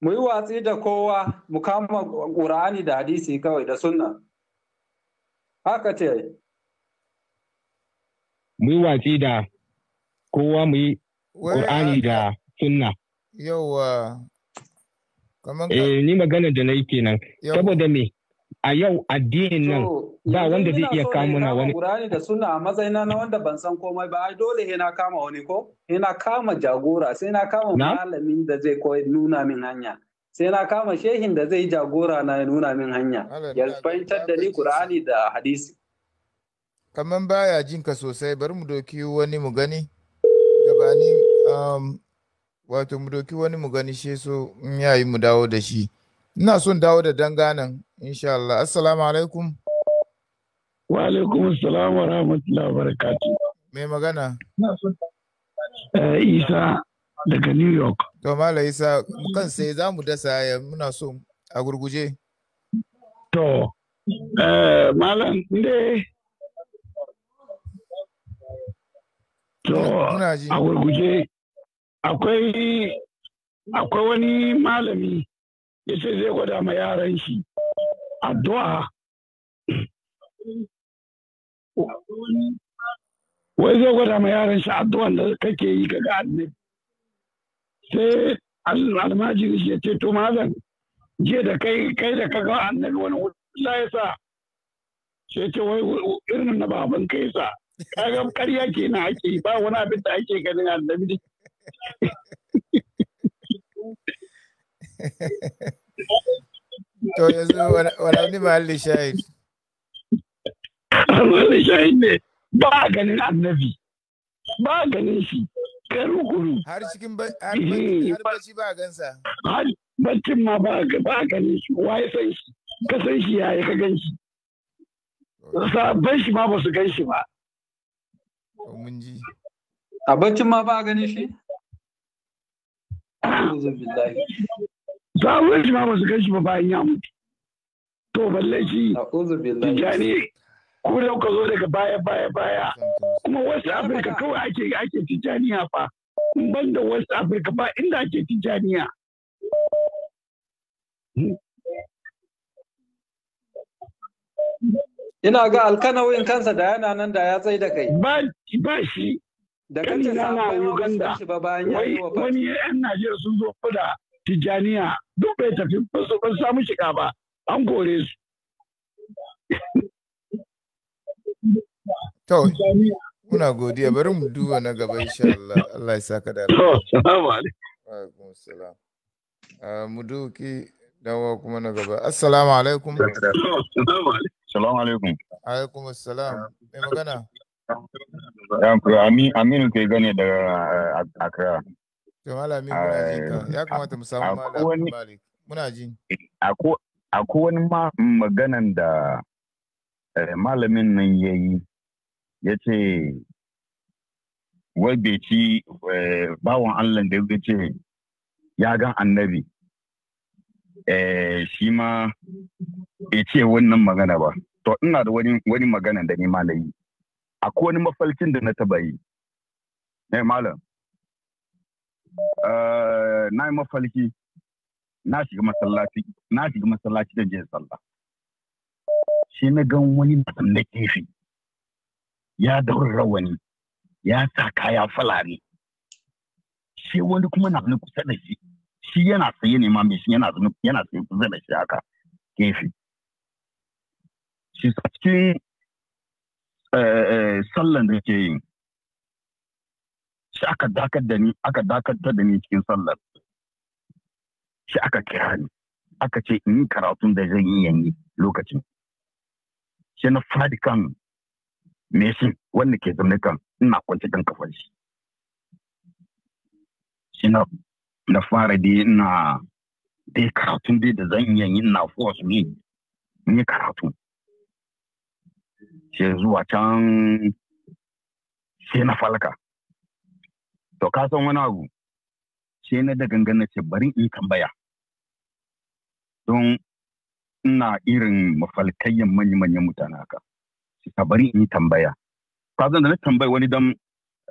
S2: Mu yi watsi da kowa mu kama Qur'ani da hadisi kawai da sunna. Haka ce. mu yi watsi da kowa mu yi ƙur'ani da sunna
S4: yauwa kamar eh,
S2: ni magana da na yi kenan saboda me a yau addinin nan ba wanda zai iya kama na wani ƙur'ani da sunna a matsayina na wanda ban san komai ba ai dole he na kama wani ko he na kama jagora sai na kama malamin da zai koyi nuna min hanya sai na kama shehin da zai jagora na nuna min hanya ya fahimtar da ni ƙur'ani da hadisi
S4: kamar baya jin ka sosai bari mu doki wani mu gani gabanin um, wato mu doki wani mu gani she so in yayi mu dawo da shi ina son dawo da danganan insha Allah assalamu alaikum wa alaikum assalam wa rahmatullahi wa barakatuh mai magana
S2: eh, isa daga new york
S4: to mala isa kan sai za mu dasa ya muna so a gurguje to uh, malam dai So, a gurguje,
S2: akwai akwai wani malami ya ce zai gwada ma yaran shi addu'a wai zai gwada ma yaran shi addu'a da kake yi ga annabi sai shi ya ce to malam je da kai kai da kaga annabi wani wuri ya sa sai ce wai irin na baban kai sa kaga karya na ake ba wani abin da ake ganin annabi
S4: to yanzu wani mahalli shahid mahalli shahid ne ba a ganin annabi ba a ganin shi
S2: karukuru
S4: har cikin eh. bacci ba a gansa
S2: har baccin ma ba a ganin shi wa ya san shi ka san shi ya yi ka gan shi sabon shi ma ba su gan shi ba mun ji a baccin ma ba ganin shi ba wani ma ba su gan shi ba bayan ya mutu to balle shi tijjani ku da kuka zo daga baya baya baya kuma wasu afirka kawai ake ake tijjaniya fa ban da wasu afirka ba inda ake tijjaniya Mm-hmm. Ina ga alkanawin kansa da yana nan da ya tsaye da kai. Ba shi.
S7: Da kace sabai
S2: Uganda. Ba bayan Uganda. yi Wani yan Najeriya sun zo da Tijjaniya duk bai tafi ba su
S4: ban samu shiga ba an kore su. To, muna godiya bari mu duba na gaba insha Allah. Allah ya saka da To, salamu alaikum. salam. Ah, mu duki dawo kuma na gaba. Assalamu alaikum. Assalamu alaikum. Salamu alaikum. Alaikum salam. Mai magana? Amin Aminu ke gane daga eh, Accra. Jamal Aminu muna jin ka. Ya kamata mu samu Malam Malik. Muna ji.
S2: Akwai wani maganan da eh, malamin nan ya yi ya ce wai bai ci eh, bawan Allah da ya ce ya gan annabi Eh, shi ma ya ce wannan magana ba. To ina da wani magana da ni ma na yi. Akwai wani mafalkin da na taba yi. Eh malam. Eh, na yi mafalki na shiga masallaci na shiga masallaci da jin sallah. Sai na gan wani mutum da kefi ya daura rawani ya sa kaya falare. Sai wani kuma na kusa da shi. shi yana tsaye ne ma mai shi yana zunubi yana tsaye kusa da shi haka gefe
S3: shi cikin
S2: eh, eh, sallan da ke yi shi aka dakar da ni aka dakatar da ni cikin sallar shi aka kira ni aka ce in yi karatun da zan yi yanyi lokacin shi na fadi kan meshin wanda ke zaune kan ina kwanci kan kafar shi shi na da fara dai ina dai karatun dai da zan iya yin na force ne ne karatu sai zuwa can sai na falka to ka san wani abu sai na da gangana ce bari in tambaya don ina irin mafalkayyan manya-manyan mutane haka ka bari in tambaya ka zan da na tambayi wani dan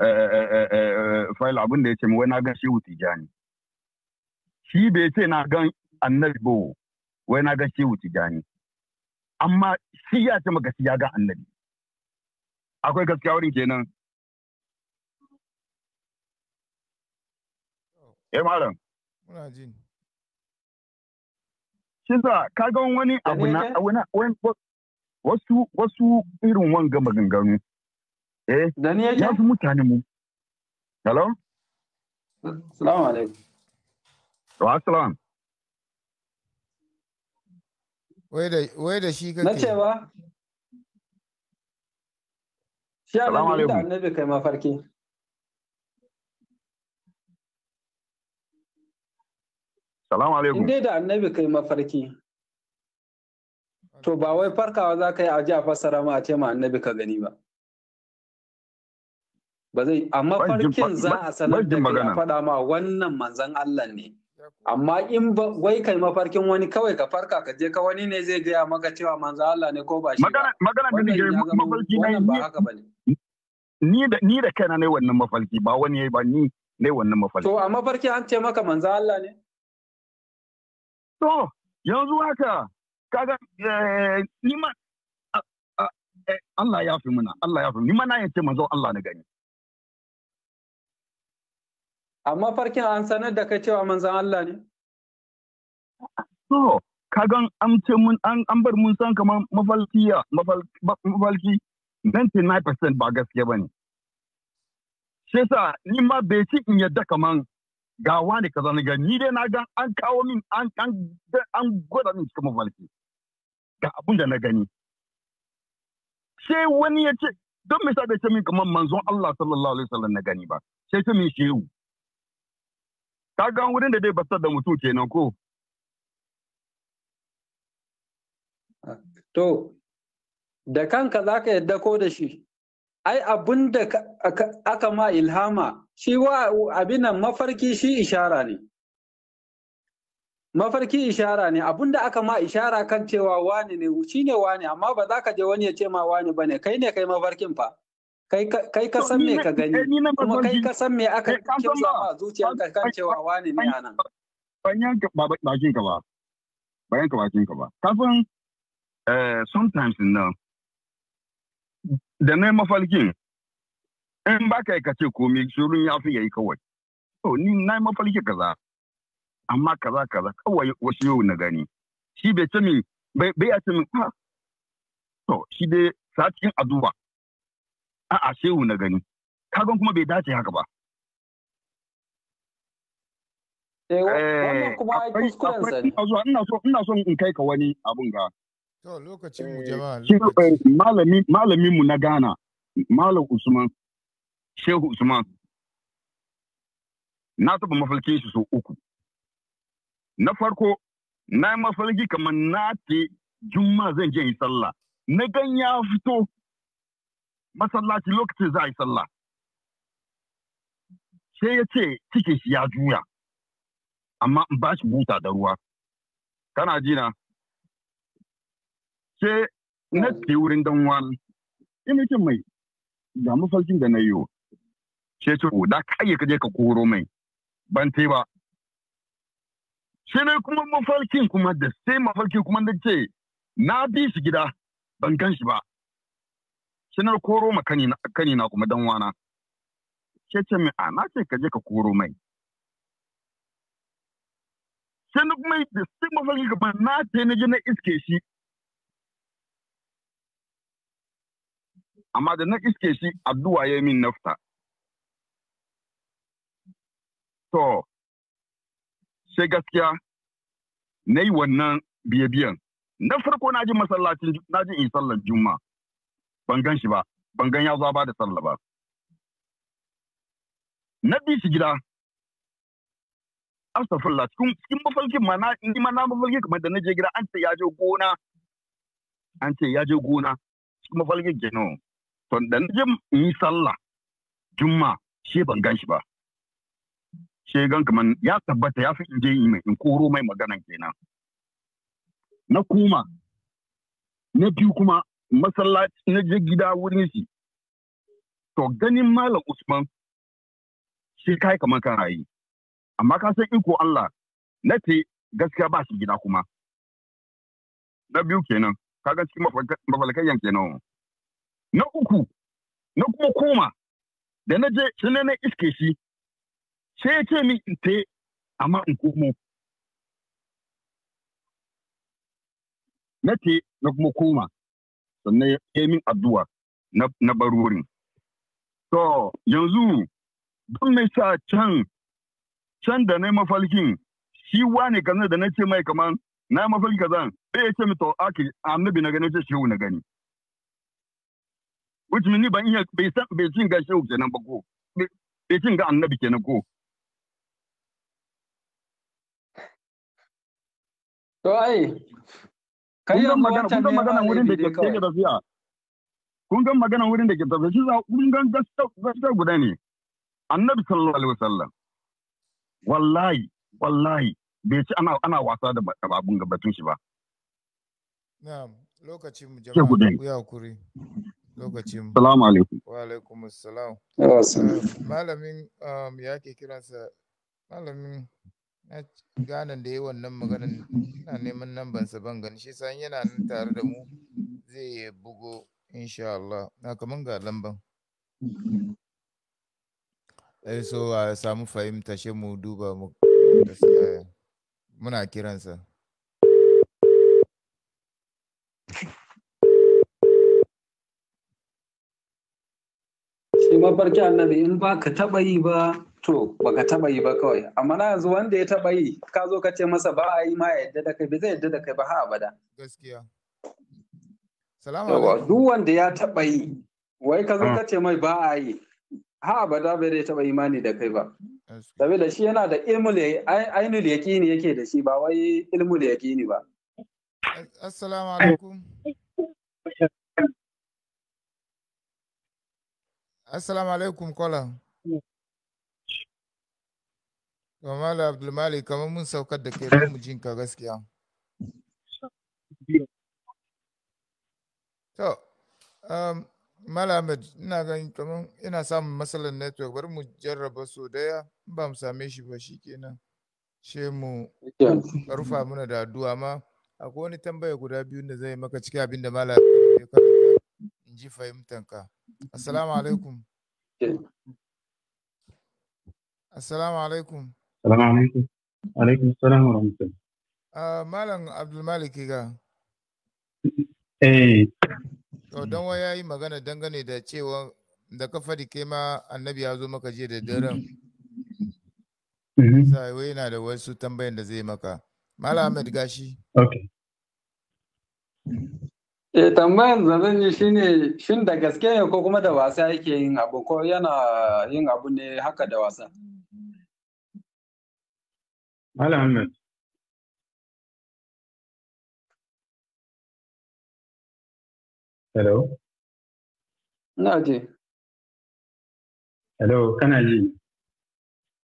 S2: eh, eh, eh, fayil abin da ya ce wai na gan shehu tijani shi bai ce na gan annabi ba wai na gan shehu tijani amma shi ya ce maka shi ya ga annabi akwai gaskiya wurin kenan
S4: eh malam muna jin
S2: shi za ka ga wani abu na eh, eh. wani wasu wasu irin wanga maganganu eh ya fi mutane mu hello
S4: salamu alaikum Wasalam. Wai da shi kake. Na ce
S3: ba?
S2: Shi a ɗan da annabi kai mafarki. Salamu alaikum. Inde da annabi kai mafarki. To ba wai farkawa za ka yi aji a fassara ma a ce ma annabi ka gani ba. Ba zai, amma farkin za a sanar da ya faɗa ma wannan manzan Allah ne. amma in wai kai mafarkin wani kawai ka farka ka je ka wani ne zai gaya maka cewa manzo Allah ne ko ba shi ba magana da nake mafarki na ba haka bane ni da ni da kaina ne wannan mafarki ba wani ba ni ne wannan mafarki to a mafarki an ce maka manzo Allah ne to yanzu
S3: haka kaga eh, ni ma
S2: eh, Allah ya fi muna Allah ya fi ni ma na yace manzo Allah ne gani amma farkin an sanar da kai cewa manzan Allah ne so kagan an mun an bar mun san kamar mafalkiya, mafalki 99% ba gaske ne shi sa ni ma bai ci in yadda kaman ga wani kaza ni ga ni dai na ga an kawo min an an an gwada min cikin mafalki ga abun da na gani sai wani ya ce don me sa bai ce min kamar manzon Allah sallallahu alaihi wasallam na gani ba sai ce min shehu ka ga wurin da zai basar da mutum kenan ko to da kanka za ka yadda ko da shi ai abin da aka ma ilhama shi wa abinan mafarki shi ishara ne mafarki ishara ne abin da aka ma ishara kan cewa wani ne shi ne wani amma ba za ka je wani ya ce ma wani ba ne kai ne kai mafarkin fa kai ka san me ka gani eh, kuma kai ka san me aka eh, kimsa ma zuciyarka kan cewa wane ne anan ban yanka bakin ka ba ban yanka bakin ka ba kafin eh, sometimes nan da na mafalkin in ba ka yi kace me shirin ya fi yayi kawai to ni na mafalki kaza amma kaza kaza kawai wasu yau na gani shi bai ce min bai ya ce min ha ah. to shi dai sa cikin addu'a a'a shehu na gani kagan kuma bai dace haka ba eh, eh, ina so ina so in kai ka wani abun ga eh, Malaminmu na Ghana malam Usman Shehu Usman na taba mafarkin shi so uku na farko na yi mafarki kamar na ce juma zan je yi sallah na gan ya fito masallaci lokacin za a yi sallah sai ya ce cikin shi ya juya amma in ba shi buta da ruwa kana jina. na sai na ce wurin dan wani in ce mai ga mafarkin da na yi sai ce da kai ka je ka koro mai ban te ba sai na kuma mafarkin kuma da sai mafarkin kuma da ce na bi shi gida ban gan shi ba Sanar koro ma kani na kuma dan wana sai mai a na ce ka je ka koro mai sai na kuma da sai mafarki gaba
S3: na ce na je na iske shi
S2: amma da na iske shi addu'a ya min nafta to sai gaskiya na yi wannan biye-biyen na farko na ji masallacin na ji in sallar juma'a ban gan shi ba ban gan ya zo ba da sallah ba na bi shi gida astagfirullah cikin cikin mafalkin ma na in ma na mafalkin kamar da na je gida an ce ya je gona an ce ya je gona cikin mafalkin kenan to da na je yi sallah juma she ban gan shi ba she gan kamar ya tabbata ya fi in je yi mai in koro mai magana kenan na kuma na biyu kuma masallaci na je gida wurin shi to ganin malam usman shi kai kamar kan rayu amma ka san iko Allah na ce gaskiya ba shi gida kuma na biyu kenan ka kaga cikin mafalkayyan kenan na uku na kuma koma da na je shi na iske shi sai ya ce min in te amma in komo na ce na kuma koma sannan ya min addu'a na barurin. To, yanzu don mai sa can, can da na yi mafalkin, shi wane kaza da na ce mai kaman na yi mafalki kazan, zan ya ce mi to ake annabi na gani ce shehu na gani. Which means ban iya bai san bai cin ga shehu kenan ba ko bai cin ga annabi kenan ko. To ai kun ga magana wurin da ke tafiya kun ga magana wurin da ke tafiya shi za kun ga gaskiya guda ne annabi sallallahu alaihi wasallam wallahi wallahi bai ci ana wasa da abun gabatun shi ba
S4: na'am lokacin mu jama'a ku yakuri lokacin
S2: salamu alaikum
S4: wa alaikum assalam malamin um, ya ke kiransa malamin ganin da yi wannan maganin ina neman ban sa ban gani shi san yana nan tare da mu zai bugo insha Allah na kaman ga lamban eh so a samu fahimta shi mu duba mu muna kiransa
S2: shi mafarki annabi in ba ka taba yi ba to baka taba yi ba kawai amma na yanzu wanda ya taba yi ka zo ka ce masa ba a yi ma yadda da kai ba zai yadda da kai
S4: ba ha abada gaskiya salamu
S2: duk wanda ya taba yi wai ka zo hmm. ka ce mai ba a yi ha abada bai zai taba mani da kai ba saboda shi yana da ilmul ainul yaqini yake da shi ba wai ilmul yaqini ba
S4: assalamu alaikum assalamu alaikum kola Ga abdulmali kamar mun saukar da ke mu jin ka gaskiya. To, um, Malam Ahmed, ina gani kamar ina samun matsalar network bari mu jarraba so daya ba mu same shi ba shi kenan. She mu rufa muna da addu'a ma akwai wani tambaya guda biyu da zai maka cikin abinda Mala ya karanta in ji fahimtanka. Assalamu alaikum. Assalamu alaikum.
S3: Salamu alaikum. Alaikum salam ah, eh.
S4: To dan waya yi magana dangane da cewa da ka fadi kai ma annabi ya zo maka jiya da daren. Mm-hmm. Sai wai yana da wasu tambayan da zai maka. Ahmed gashi. Eh tambayan da zan yi shine shin da gaske
S2: ne ko kuma da wasa yake yin abu ko yana yin abu ne haka da wasa.
S3: هلا عماد الو ina ji hello kana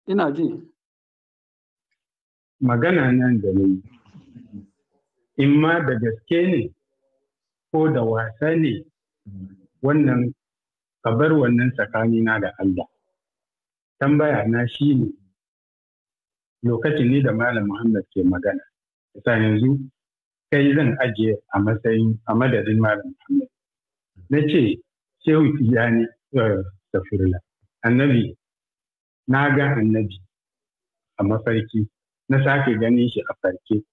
S2: ina magana nan da ni in ma da gaske ne ko da wasa ne wannan kabar wannan tsakanina da Allah tambaya na shi ne lokacin ni da Malam Muhammad ke magana. Yasa yanzu kai zan ajiye a matsayin a madadin Malam Muhammad. Na ce, Shehu Tijani eh, Safirla, annabi, na ga annabi a mafarki, na sake ganin shi a farke.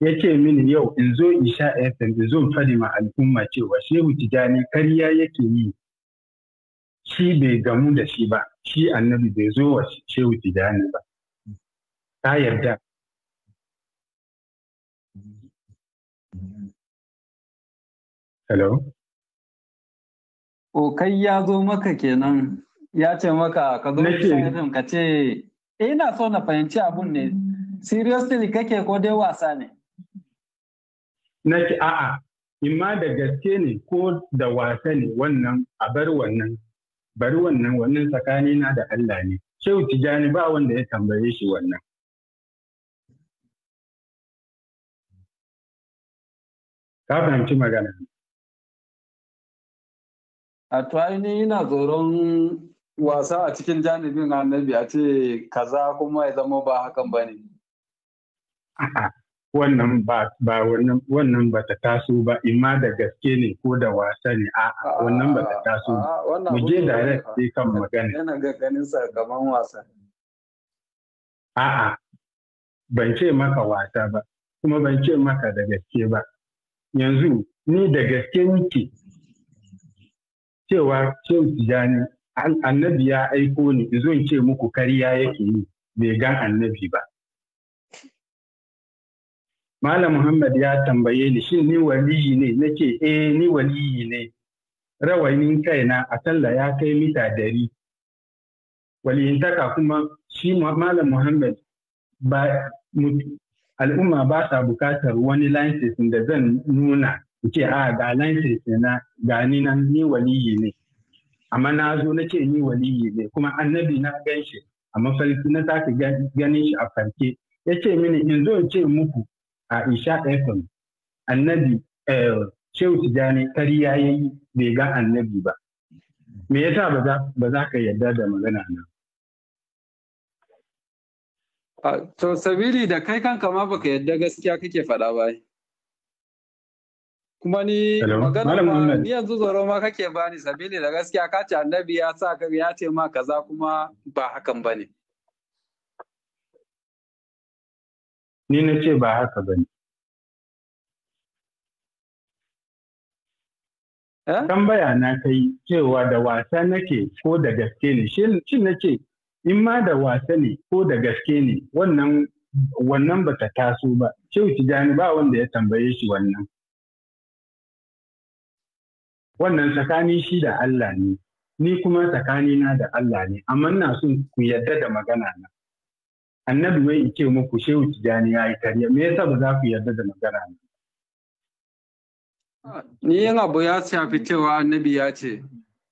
S2: Ya ce mini yau in zo in sha FM in zo in faɗi ma al'umma cewa Shehu Tijani karya yake yi shi bai gamu da shi ba, shi annabi bai zo wa Shehu Tijani
S3: ba. ta yarda hello
S2: kai ya zo maka kenan ya ce maka ka zo ka ce eh, ina so na fahimci abun ne seriously kake ko dai wasa ne na ce a'a imma da gaske ne ko da wasa ne wannan a bar wannan bari wannan wannan tsakani na da Allah ne shehu tijani ba wanda ya
S3: tambaye shi wannan ka fahimci magana a
S2: tuwaini ina tsoron wasa a cikin janibin annabi a ce kaza kuma ya zama ba hakan ba ne wannan ba wannan ba ta taso ba imma da gaske ne ko da wasa ne a ah, wannan ba ta taso ba ah, mu je direct sai kan magana yana ga ganin sakamakon wasa a'a ban ce maka wasa ba kuma ban ce maka da gaske ba yanzu ni da gaske nike cewa shehu tijani annabi ya aiko ni zo ce muku kariya yake yi bai gan annabi ba Malam Muhammad ya tambaye ni shin ni waliyi ne nake eh ni waliyi ne na kaina talla ya kai mita dari waliyantaka kuma shi Malam Muhammad ba al'umma ba sa bukatar wani license da zan nuna ce a ah, ga license na gani nan ni waliyi ne amma na zo na ce ni waliyi ne kuma annabi na gan shi a mafarki na sake ganin shi a farke ya ce mini in zo ce muku a isha fm annabi eh, shehu tijani kariya ya yi bai ga annabi ba me yasa ba za ka yarda da magana nan To, sabili da kai kanka ma baka yadda gaskiya kake faɗa ba. Kuma ni magana ni yanzu tsoro ma kake bani sabili da gaskiya ka ce annabi ya sa ka ya ce ma kaza kuma ba hakan ba ne.
S3: Ni na ce ba haka ba ne.
S2: Eh? Tambaya na kai cewa da wasa nake ko da gaske ne, shin nake in ma da wasa ne ko da gaske ne wannan wannan ta taso ba shehu tijani ba wanda ya tambaye shi wannan wannan tsakanin shi da Allah ne ni kuma tsakanina da Allah ne amma ina son ku yarda da magana na annabi wai ce muku shehu tijani ya yi karya me yasa ba za ku yarda da magana na ni yin abu ya shafi cewa annabi ya ce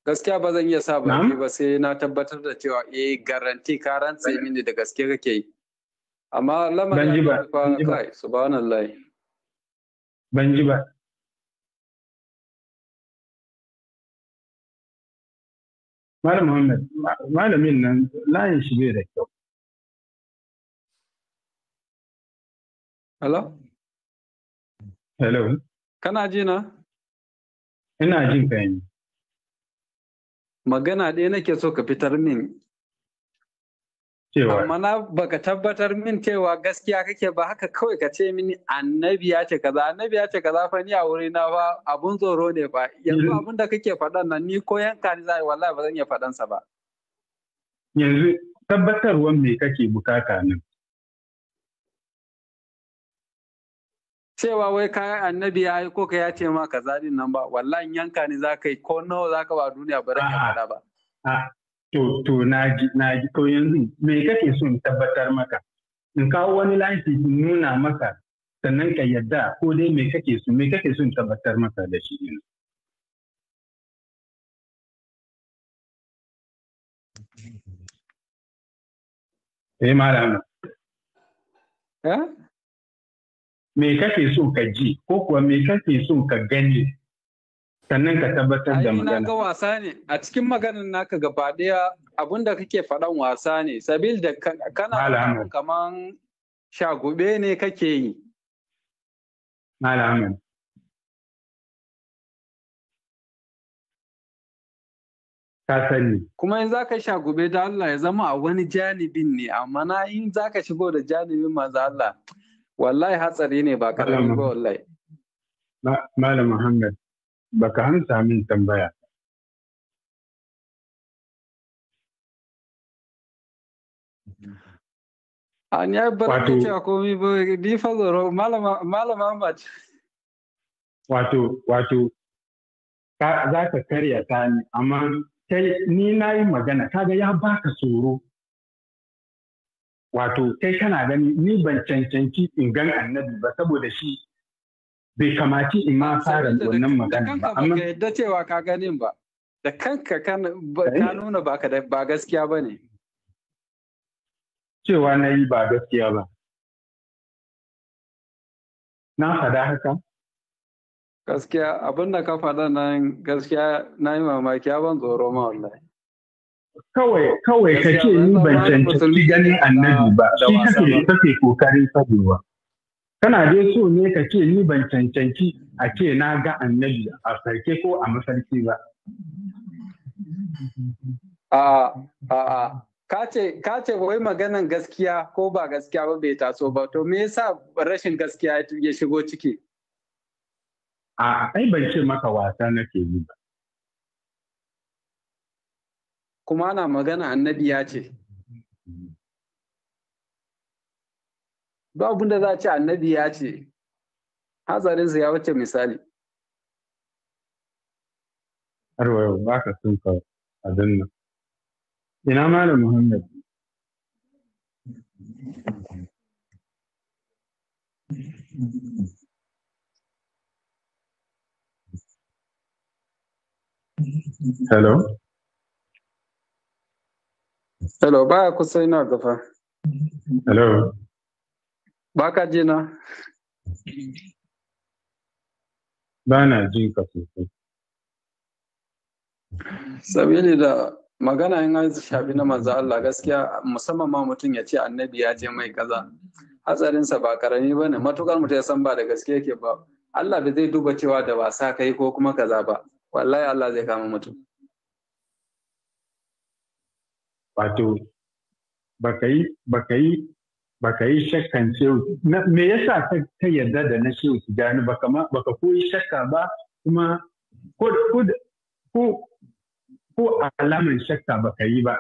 S2: gaskiya ba zan iya sa baki ba sai na tabbatar da cewa eh garanti ka rantsa mini da gaske kake yi amma lamarin ya fa kai subhanallah
S3: ban ji ba Malam Muhammad, malamin nan layin shi bai da kyau. Hello?
S2: Hello? Kana ji na? Ina jin ka yanzu. magana ɗaya nake so ka fitar min amma na baka tabbatar min cewa gaskiya kake ba haka kawai ka ce mini annabi ya ce kaza annabi ya ce kaza fa ni a wuri na fa abun tsoro ne fa yanzu abun da kake faɗan nan ni ko yanka ni zai wallahi ba zan iya faɗan ba yanzu tabbatarwan me kake bukata nan cewa wai kayan annabi ya yi ko ka ya ce ma ka zalin nan ba wallahi yanka ne za ka yi ko nawa za ka ba duniya ba ya ba. To, to, na ji, na ji, to yanzu me kake so in tabbatar maka? In kawo wani lansi in nuna maka sannan ka yadda ko dai me kake so, me kake so in tabbatar maka da shi Eh, malam. Eh? me kake so ka ji ko kuwa me kake so ka gani sannan ka tabbatar da magana. ga wasa ne a cikin maganin naka gaba daya abinda kake faɗan wasa ne sabil da kana kaman shagube ne kake yi.
S3: Malamu. Ka sani.
S2: Kuma in zaka gobe da Allah ya zama a wani janibin ne amma na in zaka shigo da janibin maza Allah. wallahi hatsari ne ba karami ba wallahi malam muhammad baka amsa min tambaya an ya bar cewa komai ba ni fa zoro malam muhammad wato wato za ka karya ta ni amma ni na yi magana kaga ya baka tsoro wato kai kana gani ni ban cancanci in gan annabi ba saboda shi bai kamaci in ma fara wannan magana ba amma ka yadda cewa ka ganin ba da kanka ka eh? nuna ba ka ba gaskiya ba ne
S3: cewa na yi ba gaskiya ba na faɗa haka
S2: gaskiya abin da ka fada nan gaskiya na yi mamaki ban tsoro ma wallahi kawai kawai ka ce ni ban cancanci ganin annabi ba shi kake kake kokarin sabewa kana dai so ne ka ce ni ban cancanci a ce na ga annabi a sarki ko a mafarki ba a a ka ce wai maganan gaskiya ko ba gaskiya ba bai taso ba to me yasa rashin gaskiya ya shigo ciki a ai ban ce maka wasa nake yi ba kuma ana magana annabi ya ce Ba abin da za a ce annabi ya ce hazarinsa ya wuce misali
S3: har yau ba ka sun ka abin nan ina malam muhammad
S2: hello Hello, ba kusa ina gafa. Hello. Ba ka ji na?
S3: Ba na ji ka
S2: sosai. da magana yin an shafi na manzo Allah gaskiya musamman ma mutum ya ce annabi ya je mai kaza. Hatsarinsa ba karami ba ne, matukar mutum ya san ba da gaske yake ba. Allah bai zai duba cewa da wasa kai ko kuma kaza ba. Wallahi Allah zai kama mutum. wato baka yi shakkan shehu me yasa ka yarda da na shehu tijani baka baka koyi shakka ba kuma ko a alaman shakka baka yi ba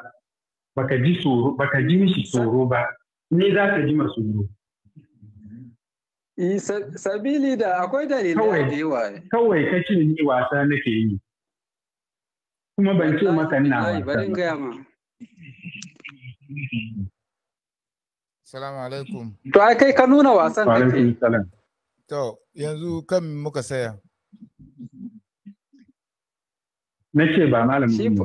S2: baka ji tsoro baka ji mishi tsoro ba ne za ka ji masu tsoro eh, sabili da akwai dalilai da yawa kawai ka ce ni wasa nake yi kuma ban ce maka ina wasa ba
S4: Salamu alaikum.
S2: To ai kai ka nuna wasan kake.
S4: To yanzu kan muka saya. ce ba malamin.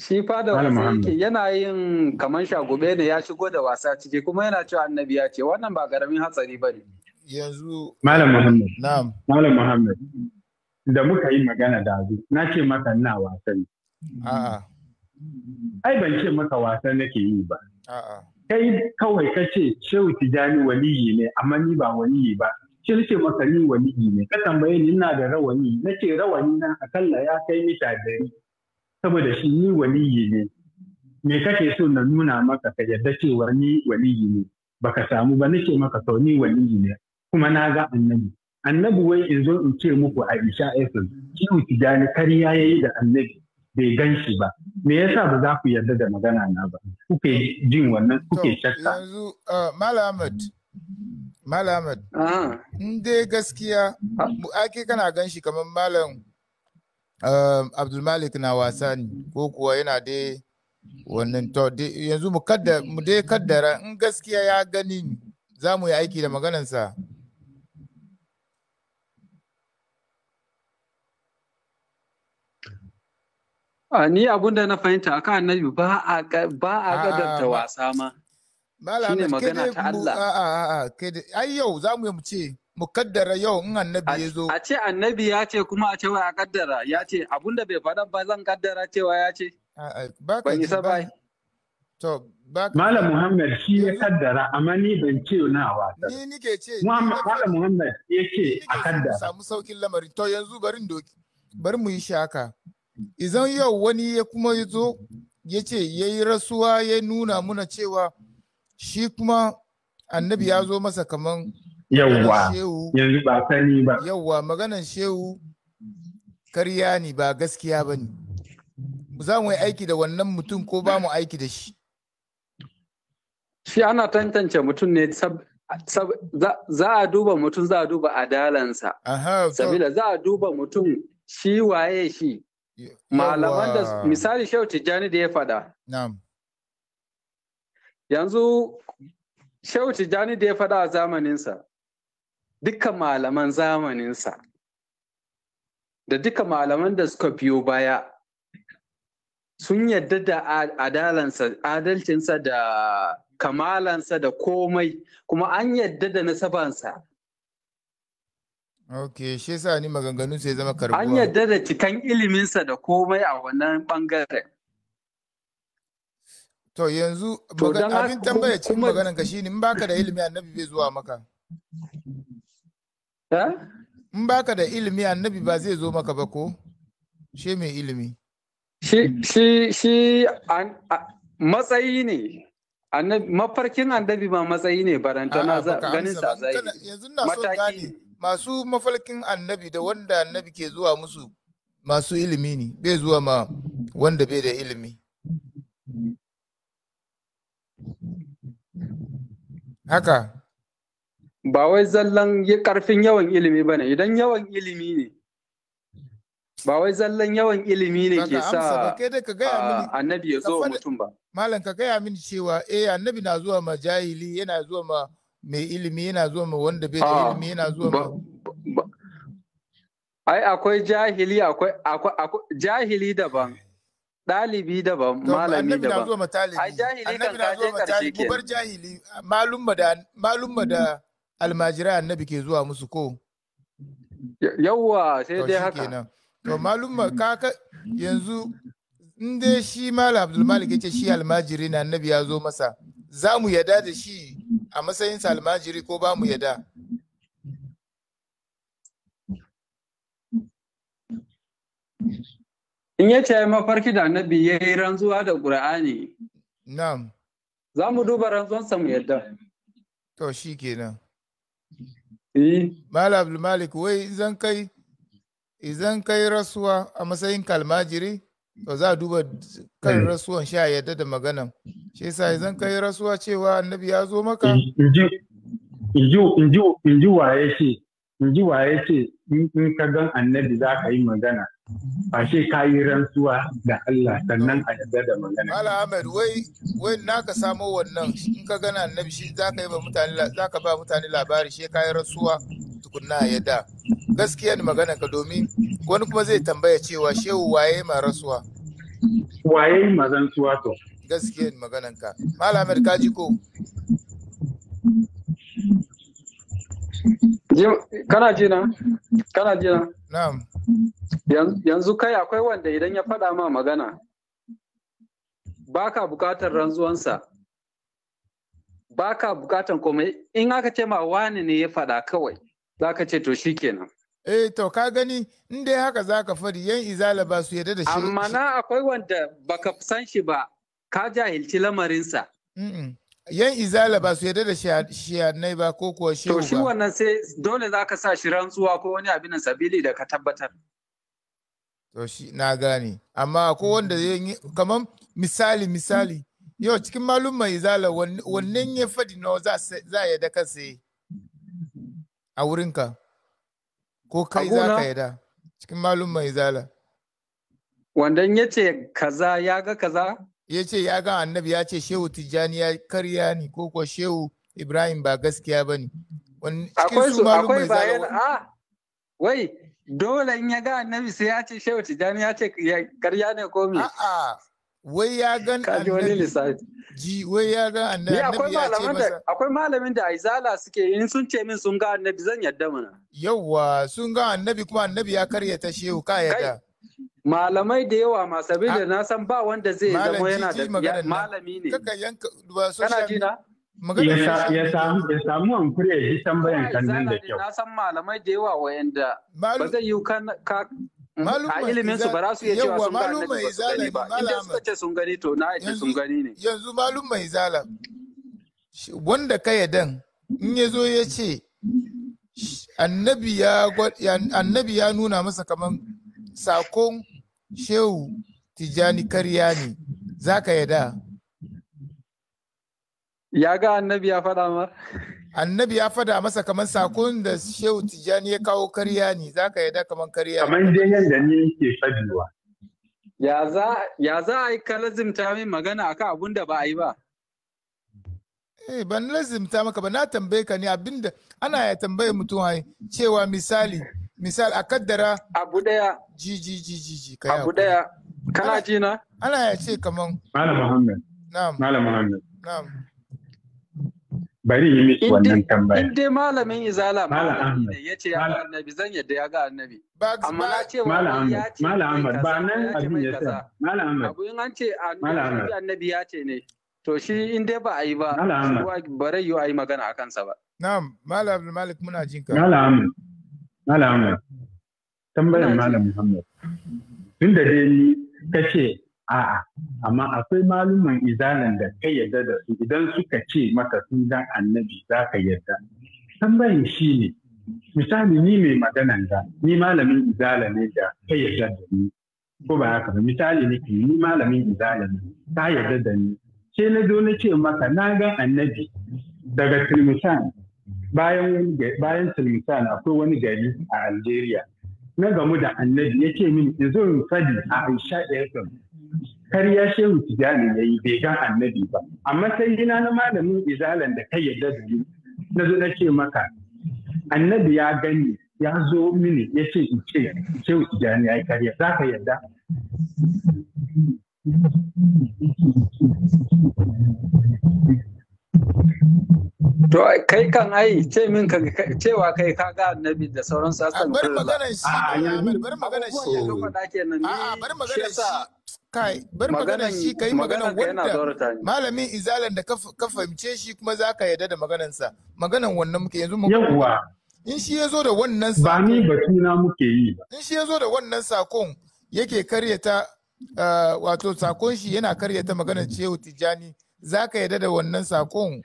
S4: Shi fa da wasa yake
S2: yana yin kamar shagube ne ya shigo da wasa ciki kuma yana cewa annabi ya ce wannan ba garamin hatsari ba ne.
S4: Yanzu. Malam Muhammad. Na'am.
S2: Malam Muhammad. Da muka yi magana da na ce maka ina wasan. A'a. ai ban ce maka wasa nake yi ba kai kawai ka ce shehu tijani waliyi ne amma ni ba waliyi ba shi nake maka ni waliyi ne ka tambaye ni ina da rawani nace rawani na akalla ya kai mita dari saboda shi ni waliyi ne me kake so na nuna maka ka yarda cewa ni waliyi ne baka samu ba nake maka to ni waliyi ne kuma na ga annabi annabi wai in zo in ce muku a isha esin kiwu tijani kariya yi da annabi bai gan shi ba me yasa ba za ku yarda da magana na ba kuke jin wannan kuke shakka yanzu
S4: malamud malamud ah. in dai gaskiya ah. ake kana gan shi kamar malam abdulmalik na wasa ne ko kuwa yana dai wannan to yanzu mu dai kaddara in gaskiya ya gani za mu yi aiki da maganansa
S2: Ah, ni abun da na fahimta akan annabi ba a ah, gadanta wasa ma
S4: shine magana ta Allah ah, ai yau za mu yi mu ce mu kaddara yau in annabi ya
S2: zo a ce annabi ya ce kuma a ce wai a kaddara ya ce abun da bai faɗa ba zan kaddara cewa ya ce
S4: ban isa ba to
S2: Malam Muhammad shi ya eh? kaddara amma ni ban ce na wasa. Ni nike ce. Malam
S4: Muhammad ya ce a kaddara. Samu saukin lamari to yanzu barin doki. Bari mu yi shaka. Izan yau wani ya kuma ya zo ya ce ya yi rasuwa ya nuna muna cewa shi kuma annabi ya zo masa kaman
S2: yawwa yanzu ba sani ba
S4: yawwa maganan shehu karya ne ba gaskiya ba ne za mu yi aiki da wannan mutum ko ba mu aiki da shi shi ana tantance mutum ne za a duba
S2: mutum za a duba adalansa sabila za a duba mutum shi waye shi Malaman da misali Shehu Tijjani da ya faɗa. Yanzu Shehu Tijjani da ya faɗa a zamaninsa, dukkan malaman zamaninsa, da duka malaman da suka biyo baya sun yadda da adalansa, adalcinsa da kamalansa da komai, kuma an yadda da nasabansa.
S4: Ok, shi sa ni maganganun sai zama karbuwa. An yarda da cikan iliminsa da komai a wannan bangaren. To yanzu abin tambaya cikin maganan ka shine in baka da ilimi annabi bai zuwa maka. Eh? In baka da ilimi annabi ba zai zo maka ba ko? Shi mai ilimi. Shi shi shi matsayi ne.
S2: Mafarkin annabi ba matsayi ne barantana ganin sa zai.
S4: Yanzu na so gane masu mafalkin annabi da wanda annabi ke zuwa musu masu ilimi ne bai zuwa ma wanda bai da ilimi haka ba wai zallan
S2: karfin yawan ilimi ba ne idan yawan
S4: ilimi ne
S2: ba wai zallan yawan ilimi ne ke sa ah, annabi ya zo mutum ba
S4: malam ka gaya mini cewa eh annabi na zuwa ma jahili yana zuwa ma mai ilimi yana zuwa ma wanda bai da ah, ilimi yana zuwa ma
S2: ai akwai jahili akwai akwai
S4: jahili daban ɗalibi daban malami daban ai jahili kan ka je ma talibi bar jahili malumma da malumma da mm. almajira annabi ke zuwa musu ko yawwa sai dai haka to malumma kaka yanzu in dai shi malam abdul malik yace shi almajiri na annabi ya zo masa za mu yada da shi a matsayin salmajiri ko ba mu yada
S2: in ya ce mafarki da annabi ya yi ranzuwa da ƙur'ani
S4: na'am za mu duba ranzuwansa mu yadda to shi kenan eh. Malam Malik, wai zan kai, kai rasuwa a matsayin kalmajiri? ba za a duba kan eh. rasuwan sha yadda da maganan shi yasa zan kai rasuwa cewa annabi ya zo maka
S2: in ji waye ce in waye ce in ka gan annabi za ka yi magana ashe ka yi rantsuwa da Allah sannan a
S4: yadda da magana. Mala Ahmed wai wai naka samo wannan in ka gana annabi shi za ka yi ba mutane za ka ba mutane labari shi ka yi rantsuwa tukunna a yadda? Gaskiya ne magana ka domin wani kuma zai tambaya cewa shehu waye ma rantsuwa. Waye ma rantsuwa to. Gaskiya ne magana ka. Mala Ahmed ka ji ko.
S2: kana ji na kana ji na na'am yanzu kai akwai wanda idan ya faɗa ma magana baka bukatar rantsuwansa baka bukatar komai in aka ce ma wani ne ya faɗa kawai zaka ce to shikenan
S4: eh to ka gani in dai haka zaka fari yan izala ba su yarda da shi amma
S2: na akwai wanda baka san shi ba ka jahilci lamarinsa mm
S4: -mm. yan izala ba su yarda da shiyanai ba ko kuwa shehu ba. To shi wannan sai
S2: dole za ka sa shi rantsuwa ko wani abin sabili da ka tabbatar.
S4: To shi na gane. Amma ko wanda mm. zai yi kamar misali misali. Yau cikin malum mai izala wannan ya fadi na za a yarda ka sai a wurinka. Ko kai za ka yada cikin malum mai izala. Wanda ya ce kaza ya ga kaza ya ce ya ga annabi ya ce shehu tijjani ya karya ni ko kuwa shehu ibrahim ba gaskiya ba ne akwai su akwai bayan
S2: a wai dole in ya ga annabi sai ya ce shehu tijjani ya ce karya ne ko me a'a wai ya gan annabi ji wai ya ga annabi ya ce masa. akwai malamin da aizala suke in sun ce min sun ga annabi zan
S4: yadda mana yawwa sun ga annabi kuma annabi ya karyata shehu ka yadda
S2: malamai da yawa masu abin da ah, na san ba wanda zai zama yana da malami ne kana ji na ya samu hankuri ya ji tambayan kan nan da kyau na san malamai da yawa wayanda ba zai yi ka mm, a ilimin su ba za su iya cewa sun ga ba gani ba inda
S4: suka ce sun gani to na ita sun gani ne yanzu malum mai zalam wanda ka yadan in ya zo ya ce annabi ya nuna masa kaman sakon shehu tijjani karya ne za ka yada ya ga annabi ya faɗa ma annabi ya faɗa masa kamar sakon da shehu tijjani ya kawo karya ne za ka yada kamar karya kamar dai yadda
S2: ni ke faɗiwa ya za a yi ka lazimta min magana akan abun da ba a yi ba
S4: Eh, ban lazimta maka ba na tambaye ka ne abinda ana ya tambaye mutum hai cewa misali misal a kaddara abu daya ji ji ji ji ji kai abu daya kana ji na ana ya ce kaman malam muhammad na'am malam muhammad
S2: na'am bari yi miki wannan tambaya Inde malamin izala ahmad ya ce ya ga annabi zan yadda ya ga annabi amma na ce malam ahmad ba nan abin ya sa malam ahmad abu
S4: in an ce annabi ya ce ne to shi in ba a yi ba
S2: bare yi a yi magana a kansa ba
S4: na'am malam malik muna jinka malam
S2: ahmad Malam Ahmad, tambayar Malam Muhammad. Tun da dai ni ka ce a'a, amma akwai maluman izalan da ka yarda da su idan suka ce maka sun dan annabi za ka yarda. Tambayin shi ne, misali ni mai maganan da ni malamin izala ne da ka yarda da ni. Ko ba haka ba, misali ne ni malamin izala ne, ka yarda da ni. Sai na zo na ce maka na ga annabi daga Tilmisan bayan bayan Tilmisan akwai wani gari a Algeria na gamu da annabi ya ce min in zo in fadi a Aisha ya kariya shehu tijani ya yi bai ga annabi ba amma sai gina na malamin izalan da kai yadda da ni na zo na ce maka annabi ya gani ya zo mini ya ce in ce shehu tijani ya yi karya. za ka yarda To kai kan ai ce min ka cewa kai ka ga annabi da sauran su asan ah, bar magana shi ah, bar magana shi a
S4: ah, bar magana shi kai bar magana shi kai magana wanda malamin izalan da ka fahimce shi kuma za ka yarda da maganan sa maganan wannan muke yanzu muke yawa in shi yazo da wannan sa ba ni batu na muke yi ba in shi ya zo da wannan sakon yake karyata wato sakon shi yana karyata maganar cewa tijani za ka yarda da wannan sakon?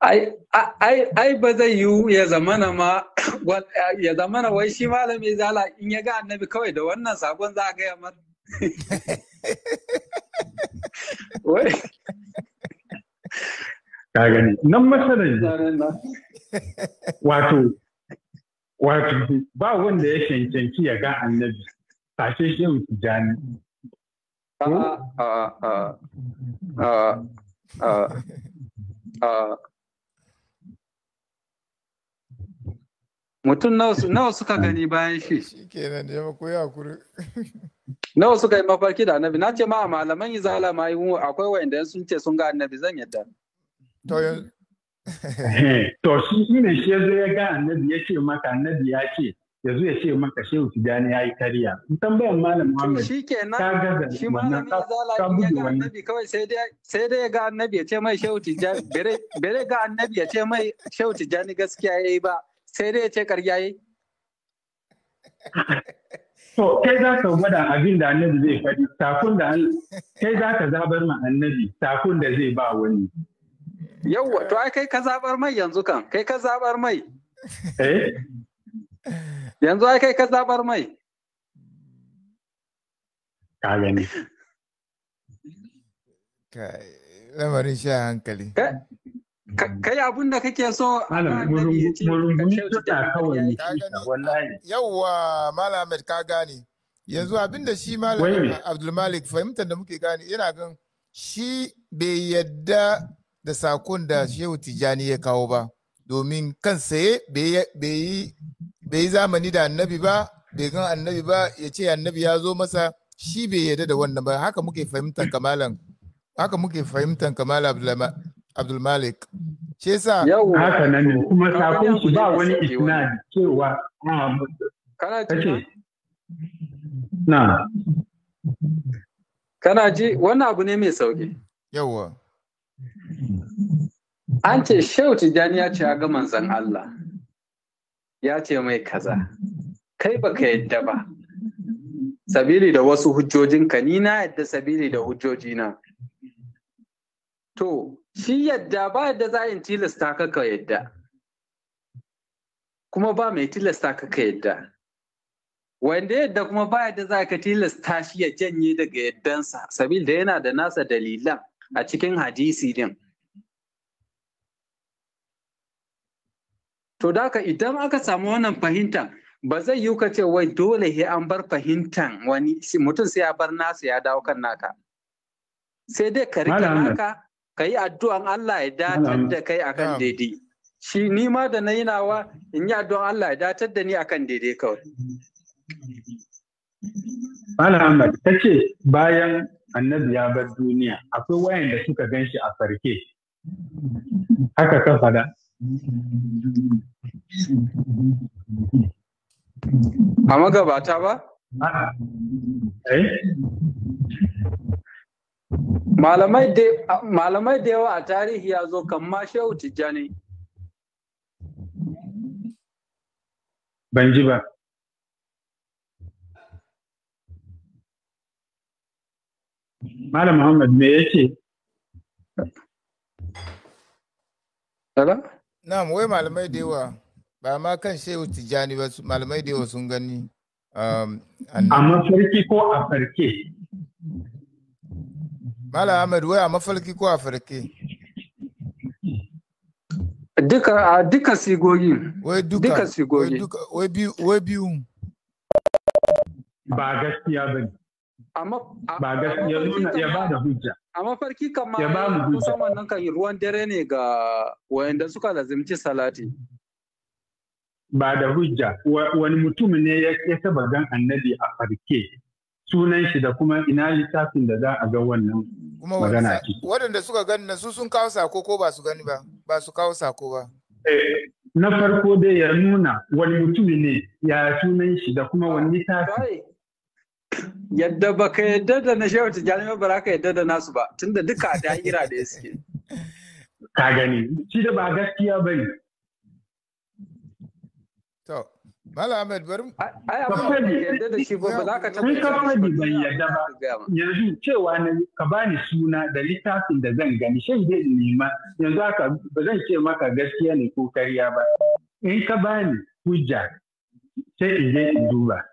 S4: Ai, ba zai yiwu ya zamana
S2: ma, ya zamana wai shi malami zala in ya ga annabi kawai da wannan sakon za a gaya mar. Ka gani, nan masarar wato, wato, ba wanda ya cancanci ya ga annabi. tashe shehu tijjani mutum nawa suka gani bayan shi nawa suka yi mafarki da annabi na ce ma a malaman yi zala ma akwai wa'inda sun ce sun ga annabi zan yadda to eh, shi ne shi ya ga annabi ya ce maka annabi ya ce yanzu ya ce maka shehu tijani ya yi kariya tambayan malam muhammad shi ke nan gaza shi malam ya zala ka buge annabi kawai sai dai ga annabi ya ce mai shehu tijani bere ga annabi ya ce mai shehu tijani gaskiya yi ba sai dai ya ce karya yi
S7: to kai za ka gwada
S2: abin da annabi zai faɗi takun da kai za ka zabar ma annabi takun da zai ba wani yawwa to ai kai ka zabar mai yanzu kan kai ka zabar mai eh yanzu ai kai ka zabar mai
S4: ka gani lamarin sha hankali kai abin da kake so yauwa malamed ka gane yanzu abin da shi malam abdulmalik fahimtar da muke gane yana gan shi bai yadda da sakon da shehu tijjani ya kawo ba domin kan saye bai yi bai yi zamani da annabi ba bai gan annabi ba ya ce annabi ya zo masa shi bai yarda da wannan ba haka muke fahimtar kamalan haka muke fahimtar kamal abdul malik ce sa haka nan ne kuma sakon su ba wani isnadi
S2: cewa ah, kana ce na kana ji wannan abu ne mai sauki yawa an ce shehu tijjani ya ce ya ga manzon Allah ya ce mai kaza kai baka yadda ba sabili da wasu hujjojinka ni na yadda sabili da hujjojina to shi yadda ba yadda za in tilasta ka ka yadda kuma ba mai tilasta ka ka yadda wanda yadda kuma ba yadda za ka tilasta shi ya janye daga yaddansa sabili da yana da nasa dalilan a cikin hadisi din To daka idan aka samu wannan fahimta ba zai yi ka ce wai dole he an bar fahimtan wani mutum sai ya bar nasu ya dawo kan naka. Sai dai ka rike naka ka yi addu'an Allah ya datar da kai akan daidai. Shi ni ma da na yi nawa in yi addu'an Allah ya datar da ni akan daidai kawai. Malam Ahmad ta ce bayan annabi ya bar duniya akwai wayanda suka gan shi a farke. Haka ka faɗa. A magabata ba? Eh? Malamai da yawa a tarihi ya zo kan ma shehu tijjani. Ban ji ba. Malam Muhammad me yake?
S4: Hello? na'am wai malamai da yawa ba ma kan shehu tijjani ba malamai da yawa sun gani um, a mafarki ko a farke mala ahmed wai a mafarki ko a farke duka a duka sigogi wai duka duka sigogi wai biyu ba gaskiya ba
S2: ne ba gaskiya ya ba da hujja a mafarki kamar ya ba mu kusan wannan kan ruwan dare ne ga wayanda suka lazimci salati ba da hujja wani mutum ne ya taba bagan annabi a farke sunan shi da kuma ina littafin da za a ga wannan magana ce
S4: waɗanda suka gani na su sun kawo sako ko ba su gani ba ba su kawo sako ba eh,
S2: na farko dai ya nuna wani mutum ne ya sunan shi da kuma wani littafi yadda ba ka yadda da na shehu tijjani ba za ka yadda da nasu ba tunda duka da hira da suke ka gani shi da ba gaskiya ba ne
S4: to Mala Ahmed bari mu. yadda da shi ba za ka taɓa ka fadi ban yadda ba.
S2: Yanzu cewa na ka bani suna da littafin da zan gani shan zai nema yanzu haka ba zan ce maka gaskiya ne ko karya ba. In ka bani hujja sai in je in duba.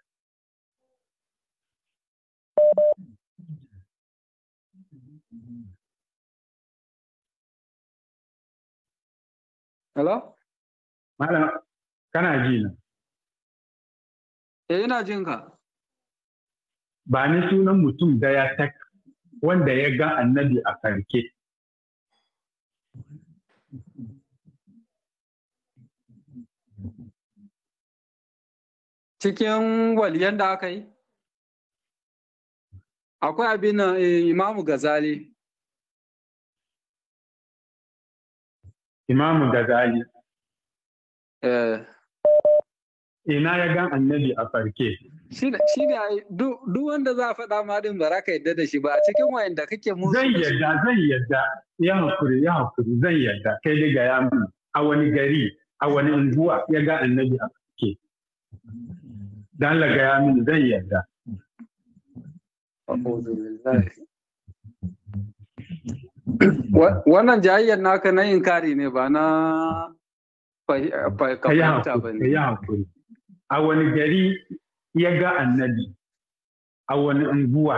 S3: Hello? Mala, kana ji na? Eh, ina jin ka.
S2: Ba ni sunan mutum daya tak wanda ya ga annabi a karke.
S3: Cikin waliyan da aka yi? akwai abin nan eh, imamu gazali imamu gazali eh
S2: ina ya gan annabi a farke shi da duk wanda za a faɗa ma din ba raka ka yadda da shi ba a cikin wayanda kake musu zan yadda zan yadda ya hakuri ya hakuri zan yadda kai daga ya mu a wani gari a wani unguwa ya ga annabi a farke dan laga ya mu zan yadda أعوذ بالله wannan jayayyar naka na inkari ne ba na fahimta ba ne. Ya A wani gari ya ga annabi, a wani unguwa.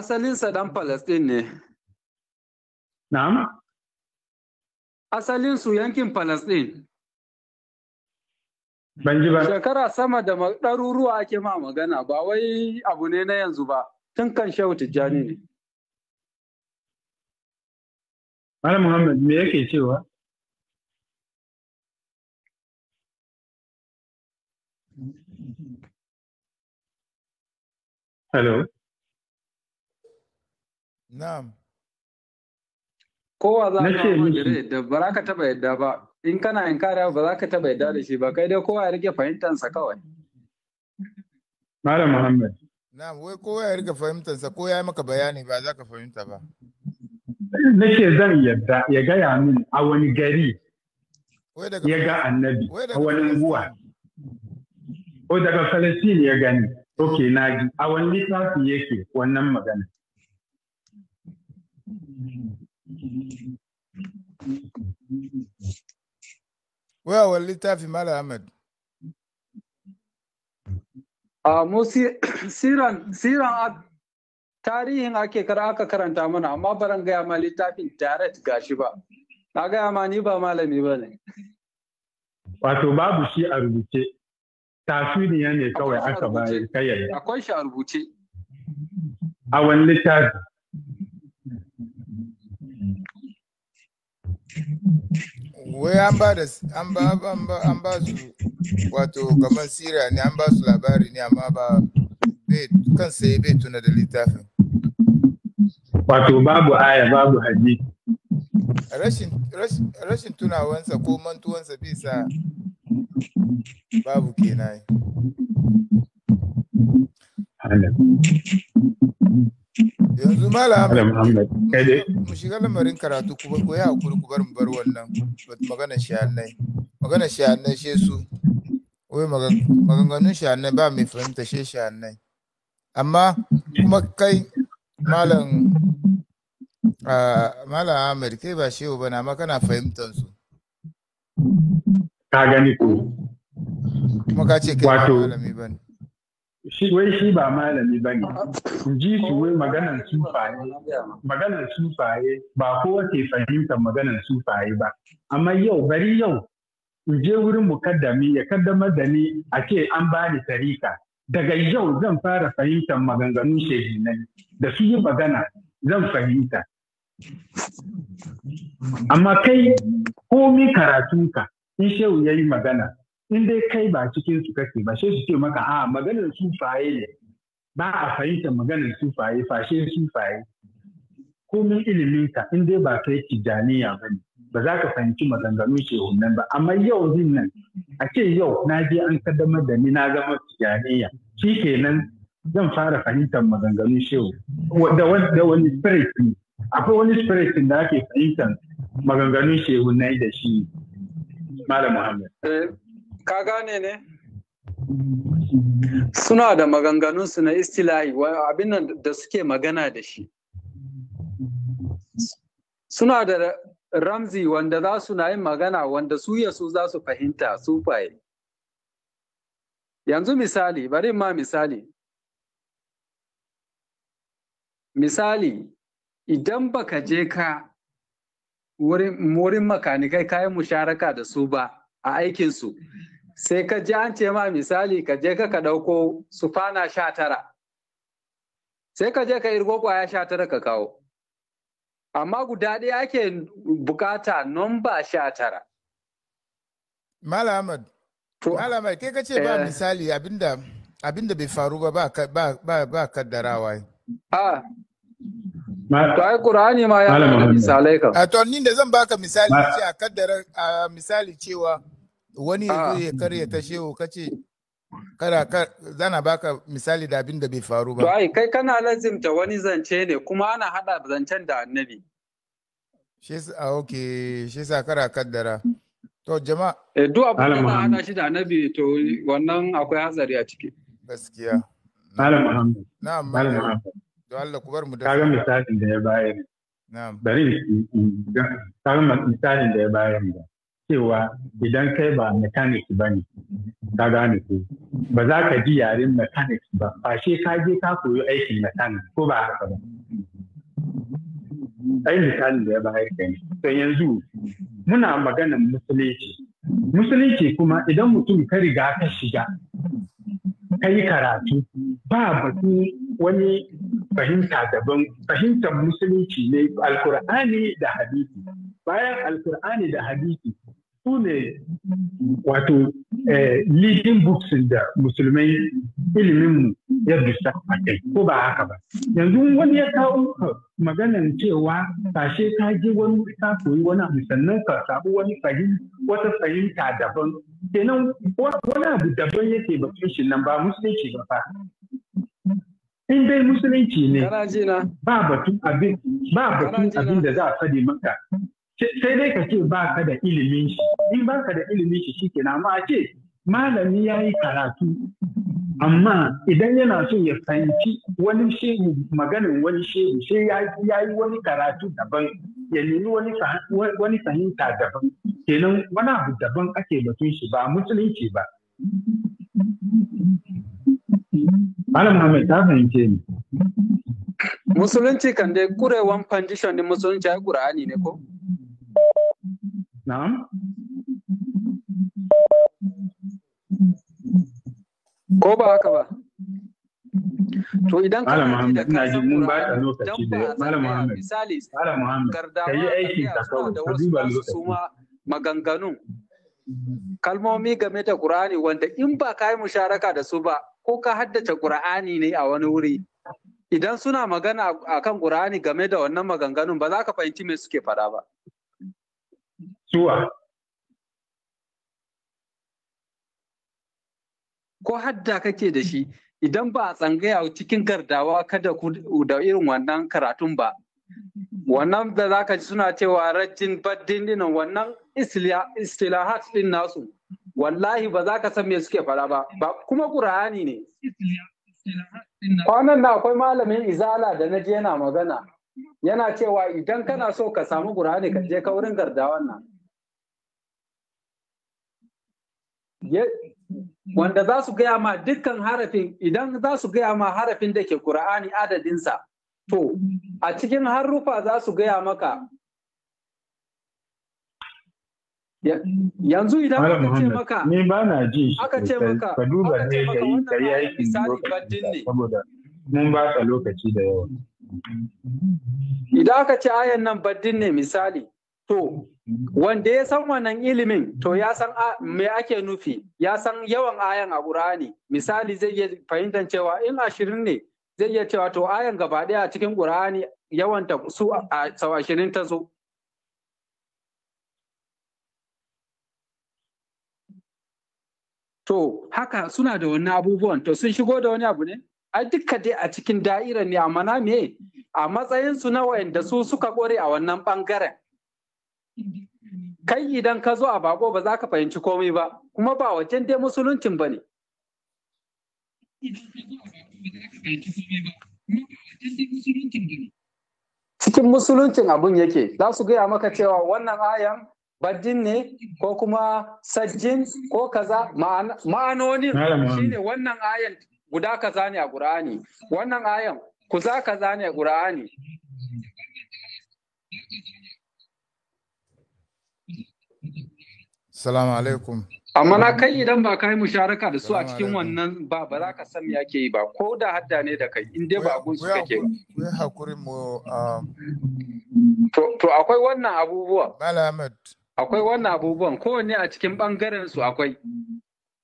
S3: sa dan Palestine ne. Na'am?
S2: su yankin Palestine. Mm. Ban ji ba. Shekara sama da ɗaruruwa ake ma magana ba wai abu ne na yanzu ba tun kan shehu tijjani ne.
S3: Malam Muhammad me yake cewa? Hello.
S2: Na'am. Kowa za ka da ba ka taɓa yadda ba. in kana inkara ba za ka taɓa yadda da shi ba kai dai kowa ya rike fahimtansa kawai malam muhammad
S4: na'am wai kowa ya rike fahimtansa ko ya yi maka bayani ba za ka fahimta ba
S2: nake zan yadda ya gaya min a wani gari ya ga annabi a wani unguwa ko daga Palestine ya gani ok na ji a wani littafi yake wannan
S4: magana wayawar littafi Malam Ahmad.
S2: A mu siran siran tarihin ake kara aka karanta mana amma baran gaya ma littafin direct gashi ba. Na gaya ma ni ba malami ba ne. Wato babu shi a rubuce. Tasuniya ne kawai aka bayar kayyar. Akwai shi a rubuce.
S4: A wani littafi. wai an ba da an ba an ba su wato kamar sira ne an ba su labari ne amma ba kan sai bai tuna da littafin
S2: wato babu aya babu
S4: hadisi rashin rashin tunawansa ko mantuwansa bai sa babu kenan
S7: yanzu malam
S4: mu shiga lamarin karatu ku ko ya ku ku bar mu bar wannan magana shi annai magana shi annai she su wai maganganun shi annai ba mai fahimta she shi annai amma kuma kai malam malam Ahmed kai ba shehu na amma kana fahimtar su ka gani ko kuma ka ce kai malami
S2: bane shi wai shi ba malami ba ne ji shi wai maganar sufaye maganar sufaye ba kowa ke fahimtar maganar sufaye ba amma yau bari yau in je wurin mukaddami ya kaddamar da ni a ce an ba ni tarika daga yau zan fara fahimtar maganganun shehinai da su yi magana zan fahimta amma kai komi karatunka in shehu ya yi magana in dai kai ba cikin su kake ba sai su ce maka a maganar sufaye ne ba a fahimtar maganar sufaye fashe sufaye komin ilimin ka in dai ba kai tijaniya ba ne ba za ka fahimci maganganu hunan ba amma yau zin nan a ce yau na je an kaddamar da ni na zama tijaniya shi kenan zan fara fahimtar maganganun shehu da wani spirit akwai wani spirit da ake fahimtar maganganu shehu na da shi malam muhammad eh, ka gane ne suna da maganganunsu na istilahi abin da suke magana da shi suna da ramzi wanda za su na yin magana wanda su ya su za su fahimta su faye yanzu misali bari ma misali misali idan baka je ka wurin makanikai kayan musharaka da su ba a aikinsu sai ka ji an ce ma misali ka je ka ɗauko su fana sha tara sai ka je ka irgo kwaya sha tara ka kawo amma guda ɗaya ake bukata nomba sha tara
S4: Malamad, Malamad, kai ka ce ba eh. misali abinda abinda bai faru ba ba ba ba kaddarawa. Ah. To ai Qur'ani ma ya da misalai kan. To ni da zan baka misali ce a kaddara a misali cewa wani ya zo ya ah. karya ta shehu kace kada zana baka misali da abin da bai faru ba. To ai kai kana lazimta wani
S2: zance ne kuma ana hada zancen da annabi.
S4: Shi a ah, okay shi sa kara kaddara. To jama'a. Eh duk abu da ana hada shi da annabi to wannan akwai hatsari a ciki. Gaskiya. Malam Muhammad. Na'am. Malam Muhammad. don Allah ku bar mu da kaga misalin da ya bayar na'am
S2: bari kaga misalin da ya bayar da cewa idan kai ba mechanic ba ne ka gane ko ba za ka ji yaren mechanic ba ba she ka je ka koyi aikin mechanic ko ba haka ba ai misalin da ya bayar da ni to yanzu muna maganar musulunci musulunci kuma idan mutum ka riga ka shiga ka yi karatu ba batu wani fahimta daban fahimtar musulunci ne alkur'ani da hadisi bayan alkur'ani da hadisi su ne wato eh, leading books da musulmai iliminmu ya bisa a kai ko ba haka ba yanzu wani ya kawo maganan cewa tashe ka je wani ka koyi wani abu sannan ka samu wani fahim wata fahimta daban kenan wani abu daban yake ba shi nan ba musulunci ba fa in dai musulunci ne ba batun abin da za a faɗi maka sai dai ka ce ba ka da ilimin shi in ba ka da ilimin shi shi kenan amma a ce malami ya yi karatu amma idan yana so ya fahimci wani shehu maganin wani shehu sai ya yi wani karatu daban ya nemi wani fahimta daban kenan wani abu daban ake batun shi ba musulunci ba Malam Muhammad ta fahimce ni. Musulunci kan dai kurewan fandishon din musulunci ai Qur'ani ne ko? نعم ko ba haka ba to idan ka da ina ji mun ba da lokaci da malam Muhammad misali malam Muhammad kai aiki ta kawai ka duba lokaci maganganun kalmomi game da Qur'ani wanda in ba ka yi musharaka da su ba ko ka haddace Qur'ani ne a wani wuri idan suna magana akan Qur'ani game da wannan maganganun ba za ka fahimci me suke faɗa ba suwa ko hadda kake da shi idan ba a tsangaya cikin gardawa kada ku da irin wannan karatun ba wannan da ka ji suna cewa rajin baddin dinan wannan istilahat din nasu wallahi ba za ka san me suke fara ba kuma ƙura'ani ne kwanan na akwai malamin izala da na je yana magana yana cewa idan kana so ka samu qur'ani ka je ka wurin gardawan nan wanda za su gaya ma dukkan harafin idan za su gaya ma harafin da ke Kur'ani adadinsa to a cikin harufa za su gaya maka yanzu idan aka ce maka ni ba na ji aka ce maka ka duba ne ka yi ka yi aikin lokaci saboda mun ba ka lokaci da yawa idan aka ce ayan nan baddin ne misali To, wanda ya san wannan ilimin, to ya san me ake nufi, ya san yawan ayan a Ƙur'ani. Misali zai iya fahimtar cewa in ashirin ne, zai iya cewa to ayan gaba ɗaya a cikin Ƙur'ani ta su a sau ashirin ta zo. To, haka suna da wani abubuwan, to sun shigo da wani abu ne? Ai dukka dai a cikin da'irar ne, amma na me? A matsayinsu na wayanda su suka ƙware a wannan ɓangaren. kai idan ka zo a bako ba za ka fahimci komai ba kuma ba wajen dai musuluncin ba ne cikin musuluncin abun yake za su gaya maka cewa wannan ayan baddin ne ko kuma sajjin ko kaza ma'anonin shine wannan ayan guda kaza ne a ƙur'ani wannan ayan kuza kaza ne a ƙur'ani
S4: Salamu alaikum. Amma na
S2: kai idan ba ka yi musharaka da su a cikin wannan ba ba za ka san yake yi ba ko da hadda ne da kai in dai ba abun su kake ba.
S4: hakuri mu ah, To akwai wannan abubuwa. Ahmed.
S2: Akwai wannan abubuwan kowanne a cikin ɓangaren su akwai.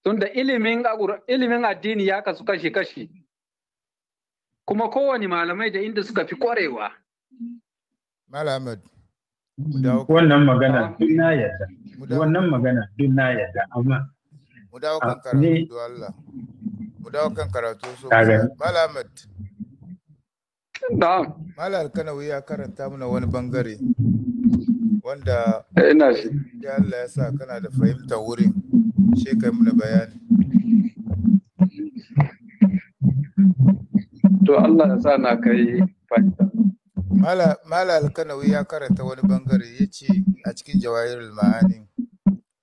S2: Tunda ilimin addini ya kasu kashi kashi. Kuma kowane malamai da inda suka fi kwarewa.
S4: Ahmed. Wannan magana
S2: na yarda. wannan magana duk na yarda amma
S4: mu dawo kan karatu Allah mu dawo kan karatu so malamat na'am Malar kana ya karanta mana wani bangare wanda eh, ina shi ya Allah ya sa kana da fahimtar wurin she kai mana bayani to Allah ya sa na kai fahimta Mala Alkanawi ya karanta wani bangare yace a cikin jawahirul ma'ani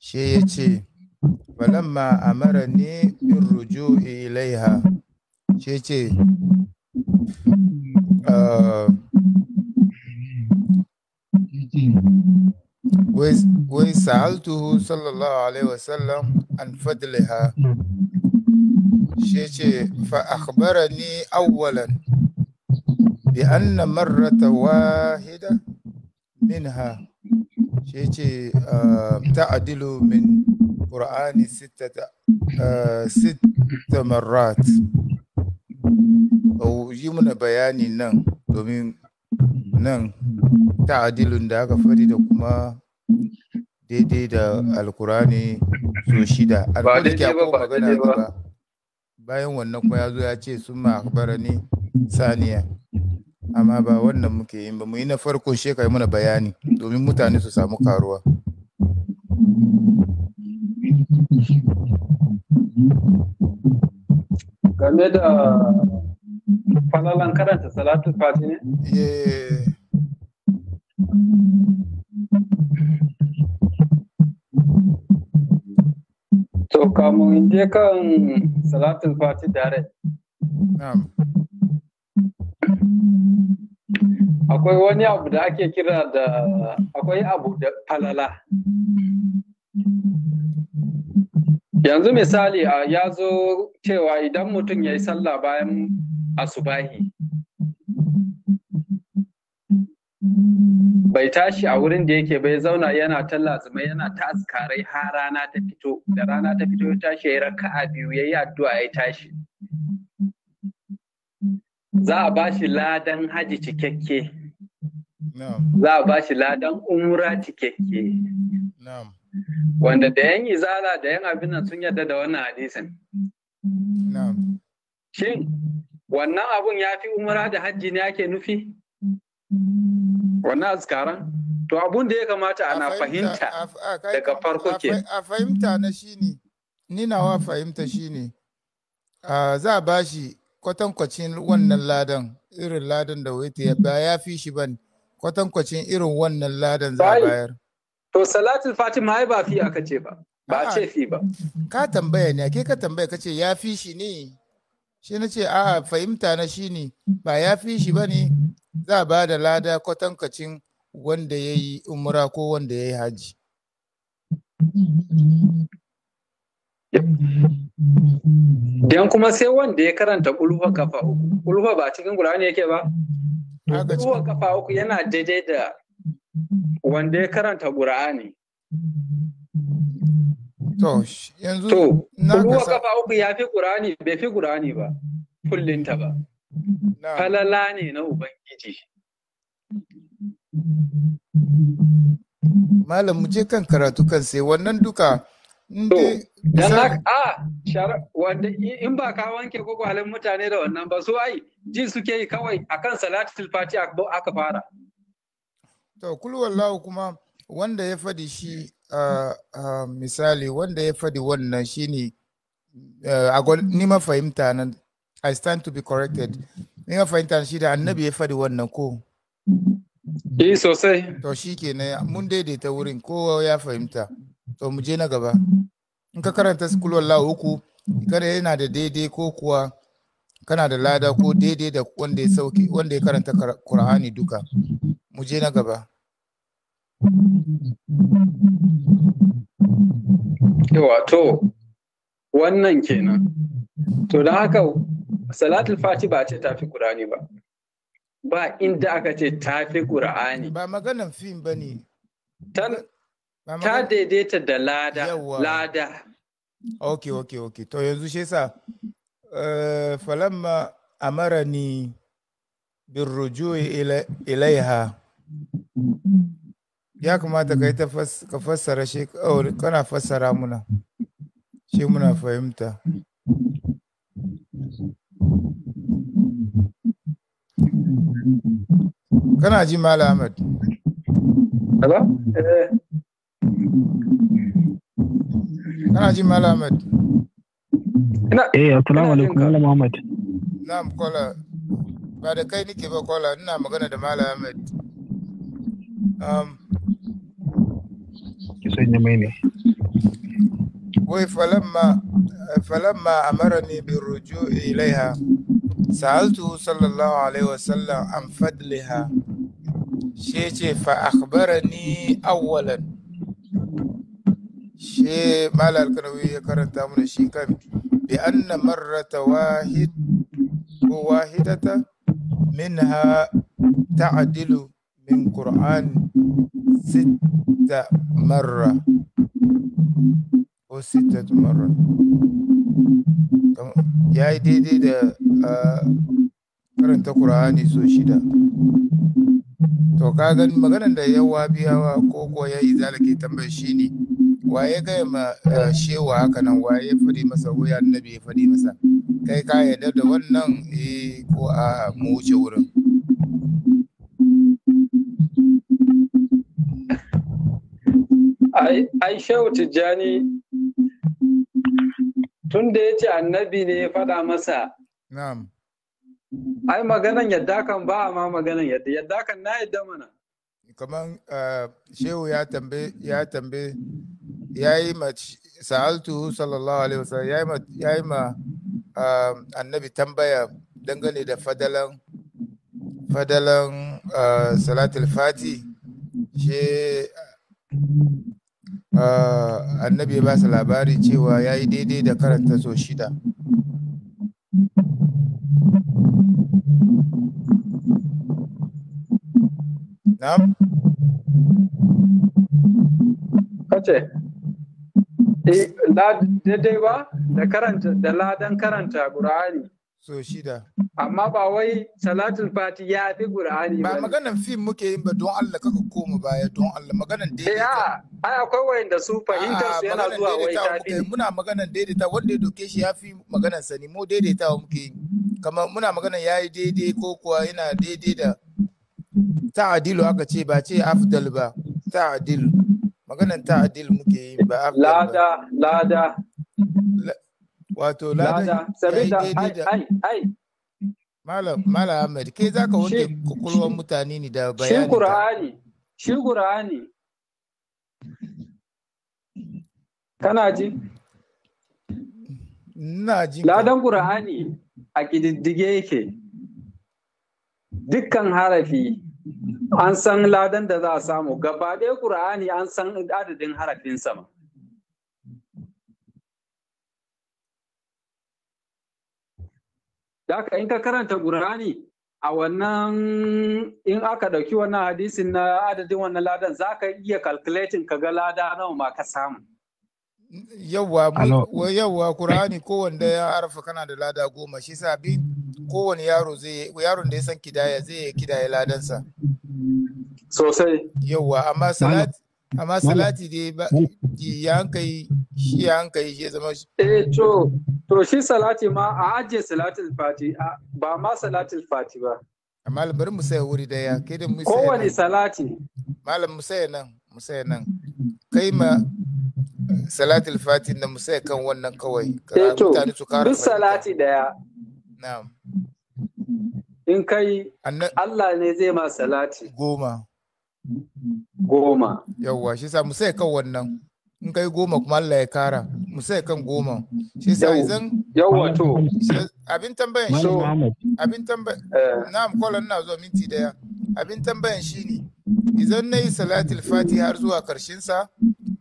S4: she ya ce falamma amara ne bin ruju ilaiha she ce ah, wai sa'altuhu sallallahu alaihi wasallam an fadliha she ce fa ni awwalan bi anna marrata wahida minha shi ce ah, ta'adilu min qur'ani ah, sitta marat yi muna bayani nan domin nan ta'adilun da aka fari da kuma daidai da alkurani so shida alkurani ke akwai magana ba bayan wannan kuma ya zo ya ce sun ma akbara ne saniya amma ba wannan muke yin ba mu yi na farko shi kai mana bayani domin mutane su samu karuwa
S2: game da falalan karanta salatu fati ne? Eh. to kamun je kan salatu fati dare. akwai wani abu da ake kira da akwai abu da falala yanzu misali a ya zo cewa idan mutum ya yi sallah bayan asubahi bai tashi a wurin da yake bai zauna yana ta lazima yana ta askarai har rana ta fito da rana ta fito ya tashi ya yi raka'a biyu ya yi addu'a ya tashi za a bashi ladan haji cikakke za a bashi ladan umra cikakke wanda da yan izala da yan abin nan sun yadda da wannan hadisin shin wannan abun ya fi umra da hajji ne ake nufi wannan azkaran to abun da ya kamata ana fahimta
S4: daga farko ke a fahimta na shine ni nawa fahimta ne, za a bashi kwatankwacin wannan mm. ladan irin ladan da waita ya ba ya fi shi ban kwatankwacin irin wannan ladan za a bayar. To
S2: salatul fatima ai
S4: ba fi aka ce ba. Ba a ce fi ba. Ka tambaya ne, ke ka tambaya ka ce ya fi shi ne. Shi na ce a fahimta na shi ne ba ya fi shi ba ne za a ba da lada kwatankwacin wanda ya yi umura ko wanda ya yi haji.
S2: Dan kuma sai wanda ya karanta ulfa kafa uku. Ulfa ba cikin Qur'ani yake ba? Ulfa kafa uku yana daidai da wanda ya karanta Qur'ani. To, yanzu To, ulfa kafa uku ya fi Qur'ani, bai fi Qur'ani ba. Kullinta ba. Falala ne na Ubangiji.
S4: Malam mu je kan karatu kan sai wannan duka don haka
S2: a wanda in ba ka wanke kwakwalen mutane da wannan ba su ai ji suke yi kawai akan salatul fati aka fara
S4: to kulwallahu kuma wanda ya fadi shi misali wanda ya fadi wannan shine ni ma fahimta nan i stand to be corrected ni ma fahimta shi da annabi ya fadi wannan ko eh sosai to shi kenan mun daidaita wurin kowa ya fahimta to mu je na gaba in ka karanta su kulwallahu uku kada yana da daidai ko kuwa kana da lada ko daidai da wanda ya sauke wanda ya karanta kur'ani duka mu je na gaba yawa to wannan kenan
S2: to da haka salatul fati ba ce tafi kur'ani ba ba inda aka
S4: ce tafi kur'ani ba maganan fim ne ta daidaita da lada lada ok ok ok to yanzu shi yasa uh, falamma ni bin ila, ilaiha ya kamata ka yi ta ka fassara shi oh, kana fassara muna shi muna fahimta kana ji mala ahmad eh, Kana ji Ahmed. Ahmad?
S2: Eh, assalamu alaikum Malam Muhammad.
S4: Na'am kola. Ba da kai nike ba kola, ina magana da Malam Ahmed. Um, ki sanya mai ne. Wai falamma falamma amarani bi ruju'i ilaiha sa'altu sallallahu alaihi wasallam an fadliha shi ce fa akhbarani awwalan she mala kanawi ya karanta mana shi kan bi anna marrata wahid ko wahidata minha ta'dilu min qur'an sita marra ko sita marra ya yi daidai da karanta qur'ani so shida to ka gani maganan da yawa biyawa ko kuwa ya yi zalake tambayar shi ne waye kai ma eh, shewa haka nan waye fadi masa wuya annabi ya fadi masa kai ka yadda da wannan eh ko a mu wuce wurin
S2: ai shehu tijjani tun da ya ce annabi
S4: ne ya faɗa masa na'am
S2: ai maganan yadda kan ba ma maganan yadda yadda kan na yadda mana
S4: kaman eh, shehu ya tambaye ya yayi ma sa'altu sallallahu alaihi wasallam yayi ma yayi ma um, annabi tambaya dangane da fadalan fadalan uh, salatul fati shi uh, annabi ba su labari cewa ya yi daidai da karanta so shida
S2: na'am kace Eh, daidai ba da karanta da ladan karanta gur'ani. So shida. Amma ba wai salatul fati ya fi
S4: gur'ani ba. Ba maganan fim muke yin ba don Allah kaka koma baya don Allah maganan daidaita. Ya, eh, ai akwai da su fahimtar su yana zuwa wai ta fi. Muna maganan daidaita wanda ya doke shi ya fi maganan sani mu daidaitawa muke yi. Kamar muna maganan ya yi daidai ko kuwa yana daidai da ta'adilu aka ce ba ce afdal ba ta'adilu. maganan adil muke yi ba lada lada wato lada sabida ai ai malam malam ahmed ke zaka wanke kokolwan mutane ne da bayani shi qur'ani shi qur'ani kana ji ina ji
S2: ladan qur'ani a kididdige yake dukkan harafi an san ladan da za a samu gaba ɗaya ƙur'ani an san adadin harafin sama Daka in ka karanta ƙur'ani a wannan in aka ɗauki wannan hadisin na adadin wannan ladan za ka iya calculating ka ga lada
S4: nawa ma ka samu. Yawwa, yawwa ƙur'ani wanda ya harafa kana da lada goma shi sabin kowane yaro zai yaron da ya san kidaya zai yi kidaya ladansa sosai yawa amma salati amma salati dai ba ya hankali shi ya hankali shi ya zama shi eh to to shi salati ma a ajiye salatul fati ba ma salatul fati ba malam bari mu saya wuri daya kai da mu saya kowane salati malam mu saya nan mu saya nan kai ma eh, salatul fati na mu saya kan wannan kawai eh to duk salati daya in kai Allah ne zai ma salati goma goma yawwa shi sa musai kan wannan in kai goma kuma Allah ya kara musai kan goma shi sa izan yawwa to abin tambayan shi abin tambayan eh. na'am kolon na zuwa minti daya abin tambayan shi ne Izan na yi salatil fati har zuwa karshen sa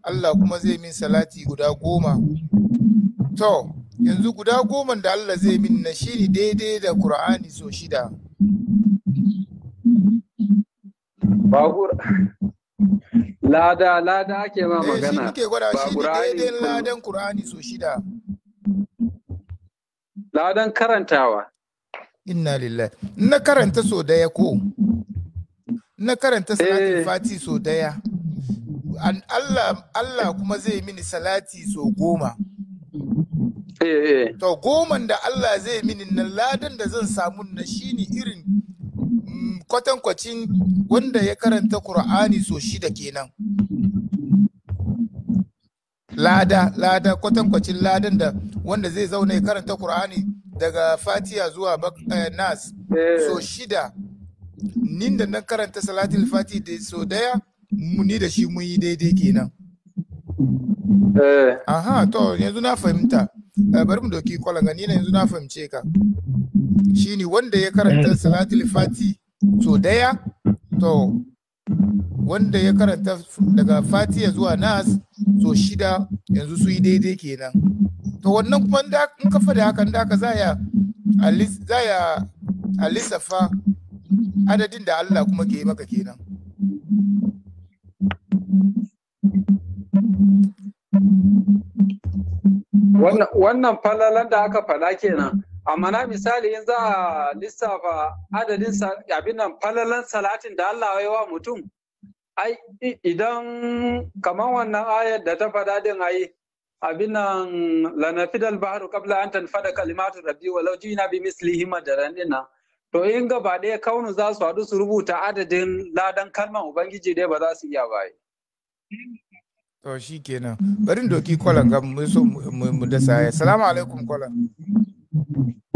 S4: Allah kuma zai min salati guda goma to yanzu guda goma da Allah zai min na shiri daidai da Kur'ani so shida babur lada lada ake ma
S2: magana eh, shi gwada shi daidai ladan
S4: Kur'ani so shida ladan karantawa inna lillahi na karanta so daya ko na karanta salatin eh. fati so daya Allah kuma zai mini salati so goma Eh. To goman da Allah zai mini nan ladan da zan samu na shi ne irin mm, kwatankwacin wanda ya karanta Kur'ani so shida kenan. Lada, lada, kwatankwacin ladan da wanda zai zauna ya karanta Kur'ani daga Fatiya zuwa eh, Nas eh. so shida. Nin da nan karanta Salatul Fati da so daya, ni da shi mun yi daidai kenan.
S6: Aha, to yanzu
S4: na fahimta. Eh, bari mu doki kwalanga ni yanzu na fahimce ka shine wanda ya karanta salatul fati so daya to wanda ya karanta daga fatiya zuwa nas to shida yanzu su yi daidai kenan to wannan kuma in ka da hakan da ka zaya zaya alisafa adadin da Allah kuma ke maka kenan
S2: Wannan falalan da aka fada kenan. Amma na misali in za a lissafa adadin abin nan falalan salatin da Allah ya wa mutum. Ai idan kamar wannan ayar da ta fada din ayi, abin nan lanafidal baharu kabla an tanfada kalimatu rabbi walau jina bi mislihi madaran dinnan. to in gaba ɗaya kaunu za su haɗu su rubuta adadin ladan kalman ubangiji dai ba za su iya ba
S4: To shi kenan. Bari doki kwalan ga mu so mu dasa ya. Salamu alaikum kwalan.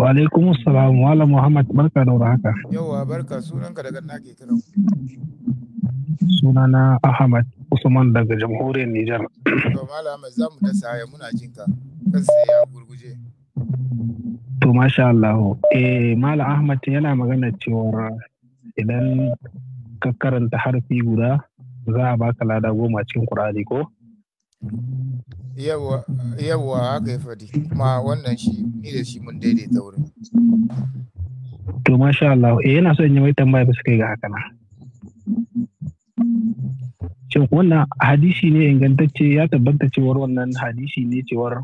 S2: Wa alaikum assalam Malam Muhammad barka da warhaka.
S4: Yawwa barka sunanka daga nake kira.
S2: na Ahmad Usman daga
S4: jamhuriyar Nijar. To Malam Ahmad za mu dasa ya muna jinka.
S2: Kan sai ya gurguje. To masha Allah. Eh Malam Ahmad yana magana cewa idan ka karanta harfi guda za a baka lada goma cikin Kur'ani ko?
S4: yawa haka ya fadi kuma wannan shi ni da shi mun daidaita wurin
S2: to masha Allah eh yana so in yi mai tambaya ba su kai ga haka na shin wannan hadisi ne ingantacce ya tabbata cewar wannan hadisi ne cewar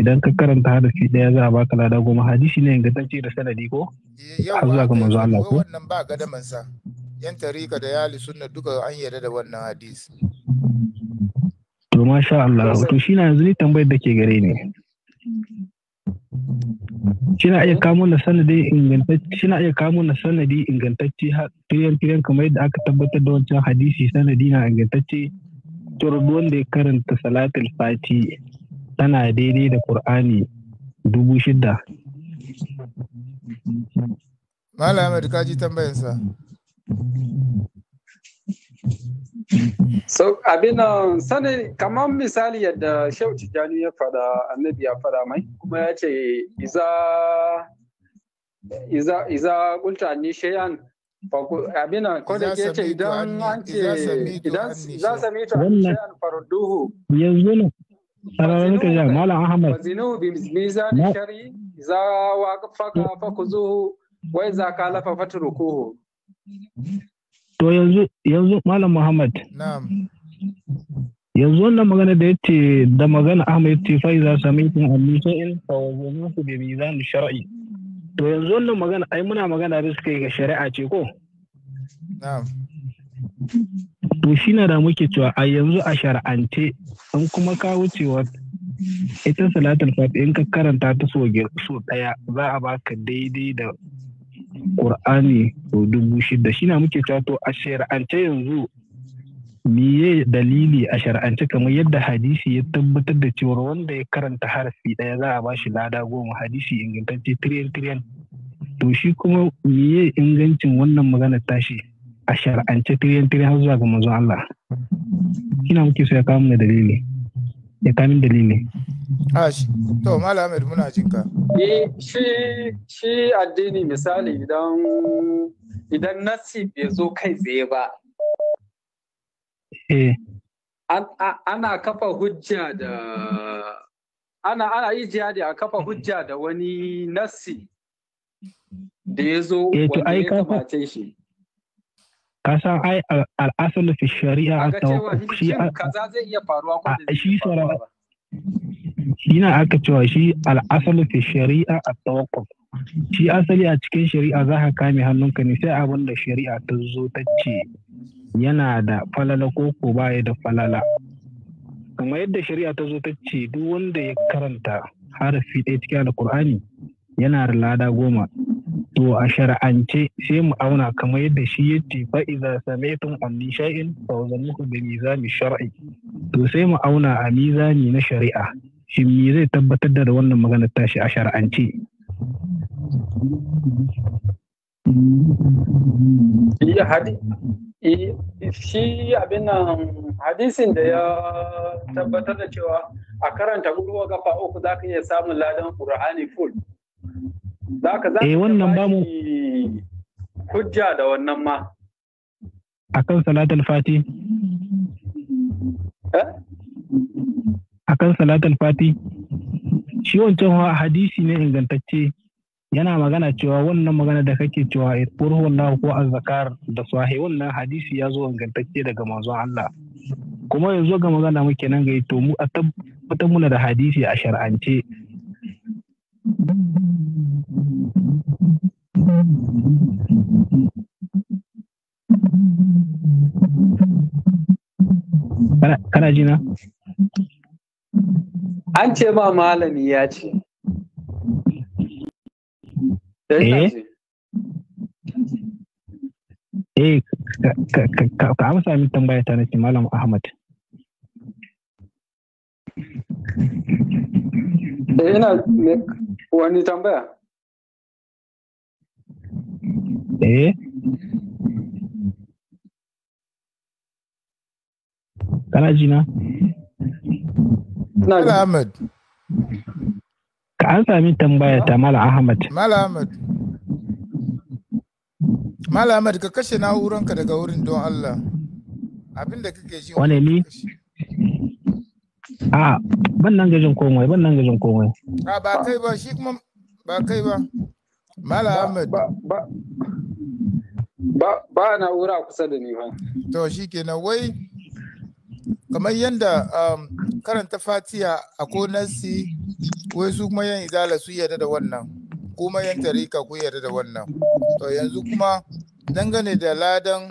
S2: idan ka karanta harafi daya za a baka lada goma hadisi ne ingantacce da sanadi ko eh, har zuwa ga manzo Allah ko wannan
S4: ba ga da mansa yan tarika da yali sunna duka an yarda da wannan hadis
S2: to masha Allah to shi na yanzu ni tambayar da ke gare ni Shina iya kamo na sanadi ingantacce kina iya kamo na sanadi ingantacce tiyan tiyan kamar yadda aka tabbatar da wancan hadisi sanadi na ingantacce to wanda ya karanta salatul fati tana daidai da Kur'ani dubu shidda.
S4: Mala Ahmed ka ji So abin
S2: sani kamar misali yadda Shehu Tijjani ya fada annabi ya fada mai kuma ya ce iza iza iza kulta ni shay'an abin ko da ke ce idan an ce idan za sami ta shay'an faruduhu yanzu ne Sararruka ya Malam Ahmad. Wazinu bi mizani shari za wa faka fa kuzuhu wai za ka lafa fatrukuhu. To yanzu yanzu Malam Muhammad. Na'am. yanzu wannan magana da yace da magana Ahmad yace fa iza sami'tum an-nisa'in fa wazunuhu bi mizan shar'i to yanzu wannan magana ai muna magana da suka yi ga shari'a ce ko na'am to shi na da muke cewa a yanzu a shar'ance an kuma kawo cewa ita salatul fati in ka karanta ta so ɗaya za a baka daidai da ƙur'ani ko dubu shida shi na muke cewa to a shar'ance yanzu miye dalili a shar'ance kamar yadda hadisi ya tabbatar da cewa wanda ya karanta harafi daya za a bashi lada goma hadisi ingantacce tiriyan tiriyan to shi kuma miye ingancin wannan magana tashi a shar'ance tiriyan tiriyan har zuwa ga mazan Allah ina muke so ya kawo da dalili ya kawo min dalili
S4: ash to malam Ahmed muna jin ka
S2: shi shi addini misali idan idan nasi bai zo kai tsaye ba eh ana kafa hujja da ana ana yi jihadi a kafa hujja da wani nasi da ya zo eh, wanda ya kamace shi ka san ai al'asal fi shari'a a tawakkuf shi aka cewa shi al'asal a tawakkuf shi asali a cikin shari'a za ka kame hannunka ne sai abin da shari'a ta zo ta ce yana da falala ko ko baya da falala kamar yadda shari'a ta zo ta ce duk wanda ya karanta harafi ɗaya cikin Alƙur'ani? yana da lada goma to a shari'ance sai mu auna kamar yadda shi ce fa iza sami'tum an shay'in fa muku bi mizani shar'i to sai mu auna a mizani na shari'a shi me zai tabbatar da wannan ta shi a shar'ance shi abin nan hadisin da ya tabbatar da cewa a karanta guduwa gafa uku za ka iya samun ladan Al-Qur'ani full Za eh, ka za ka hujja da wannan ma. A kan salatul fati. Eh? A kan salatul fati. Shi wancan hadisi ne ingantacce yana magana cewa wannan magana da kake cewa wallahu ko azzakar da sahi wannan hadisi ya zo ingantacce daga manzon Allah kuma yanzu ga magana muke nan gai to mu a tabbatar muna da hadisi a shar'ance Kana jina? An ce ma malami ya ce. Eh? Eh, ka amsa min tambaya ta nace Malam Ahmad. Eh, ina wani tambaya? eh kana ji na
S4: Mala Ahmad ka an sami tambaya ta Mala Ahmad Mala Ahmad Mala ka kashe na'uranka daga wurin don Allah abin da kake ji ni
S2: a ban nan gajin komai ban nan gajin komai
S4: a ba kai ba shi kuma ba kai ba Mala Ahmed. Ba na'ura kusa da ni ba. To shi kenan wai kamar yadda um, karanta fatiya a konarsi wai su kuma yan izala su yadda da wannan kuma yan tarika ku yadda da wannan to yanzu kuma dangane da ladan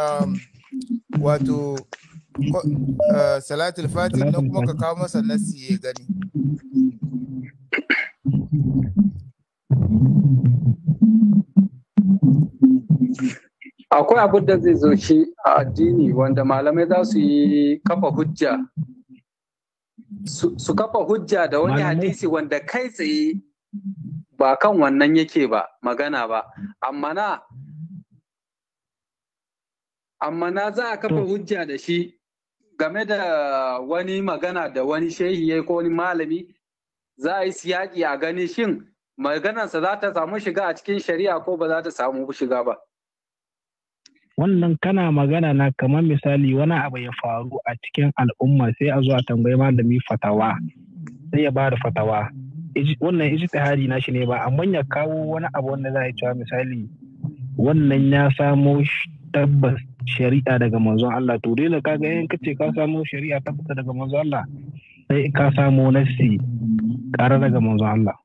S4: um, wato uh, salatul fatih na kuma ka kawo masa nasi ya gani
S2: akwai abin da zai zo a addini wanda malamai za su yi kafa hujja su kafa hujja da wani hadisi wanda kai tsaye ba kan wannan yake ba magana ba amma na amma na za a kafa hujja da shi game da wani magana da wani shehi ko wani malami za a yi siyaki a gani shin maganarsa za ta samu shiga a cikin shari'a ko ba za ta samu shiga ba. Wannan kana magana na kamar misali wani abu ya faru a cikin al'umma sai a zuwa a tambayi malami fatawa sai ya bada fatawa. Wannan ijtihadi na shi ne ba amma ya kawo wani abu wanda za a cewa misali wannan ya samo tabbas shari'a daga manzon Allah to dole ga yanka kace ka samo shari'a tabbata daga manzon Allah sai ka samo nasi ƙara daga manzon Allah.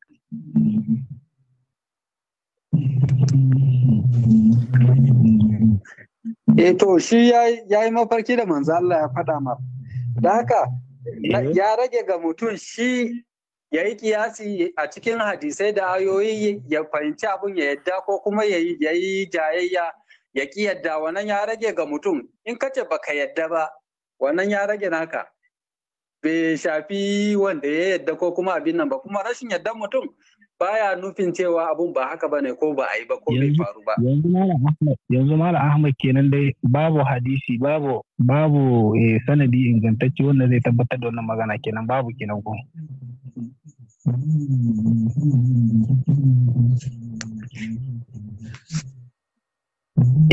S2: E to shi ya yi mafarki da manzo Allah ya faɗa ma. Da haka eh. ya rage ga mutum shi ya yi kiyasi a cikin hadisai da ayoyi ya fahimci abin ya yadda ko kuma ya yi jayayya ya ki yadda wannan ya rage ga mutum in kace baka yadda ba wannan ya rage naka. bai shafi wanda ya yadda ko kuma abin nan ba kuma rashin yadda mutum baya nufin cewa abun ba haka bane ko ba a yi ba ko bai faru ba yanzu malam ahmad yanzu malam ahmad kenan dai babu hadisi babu babu eh, sanadi ingantacce wanda zai tabbatar da wannan magana kenan babu kenan ko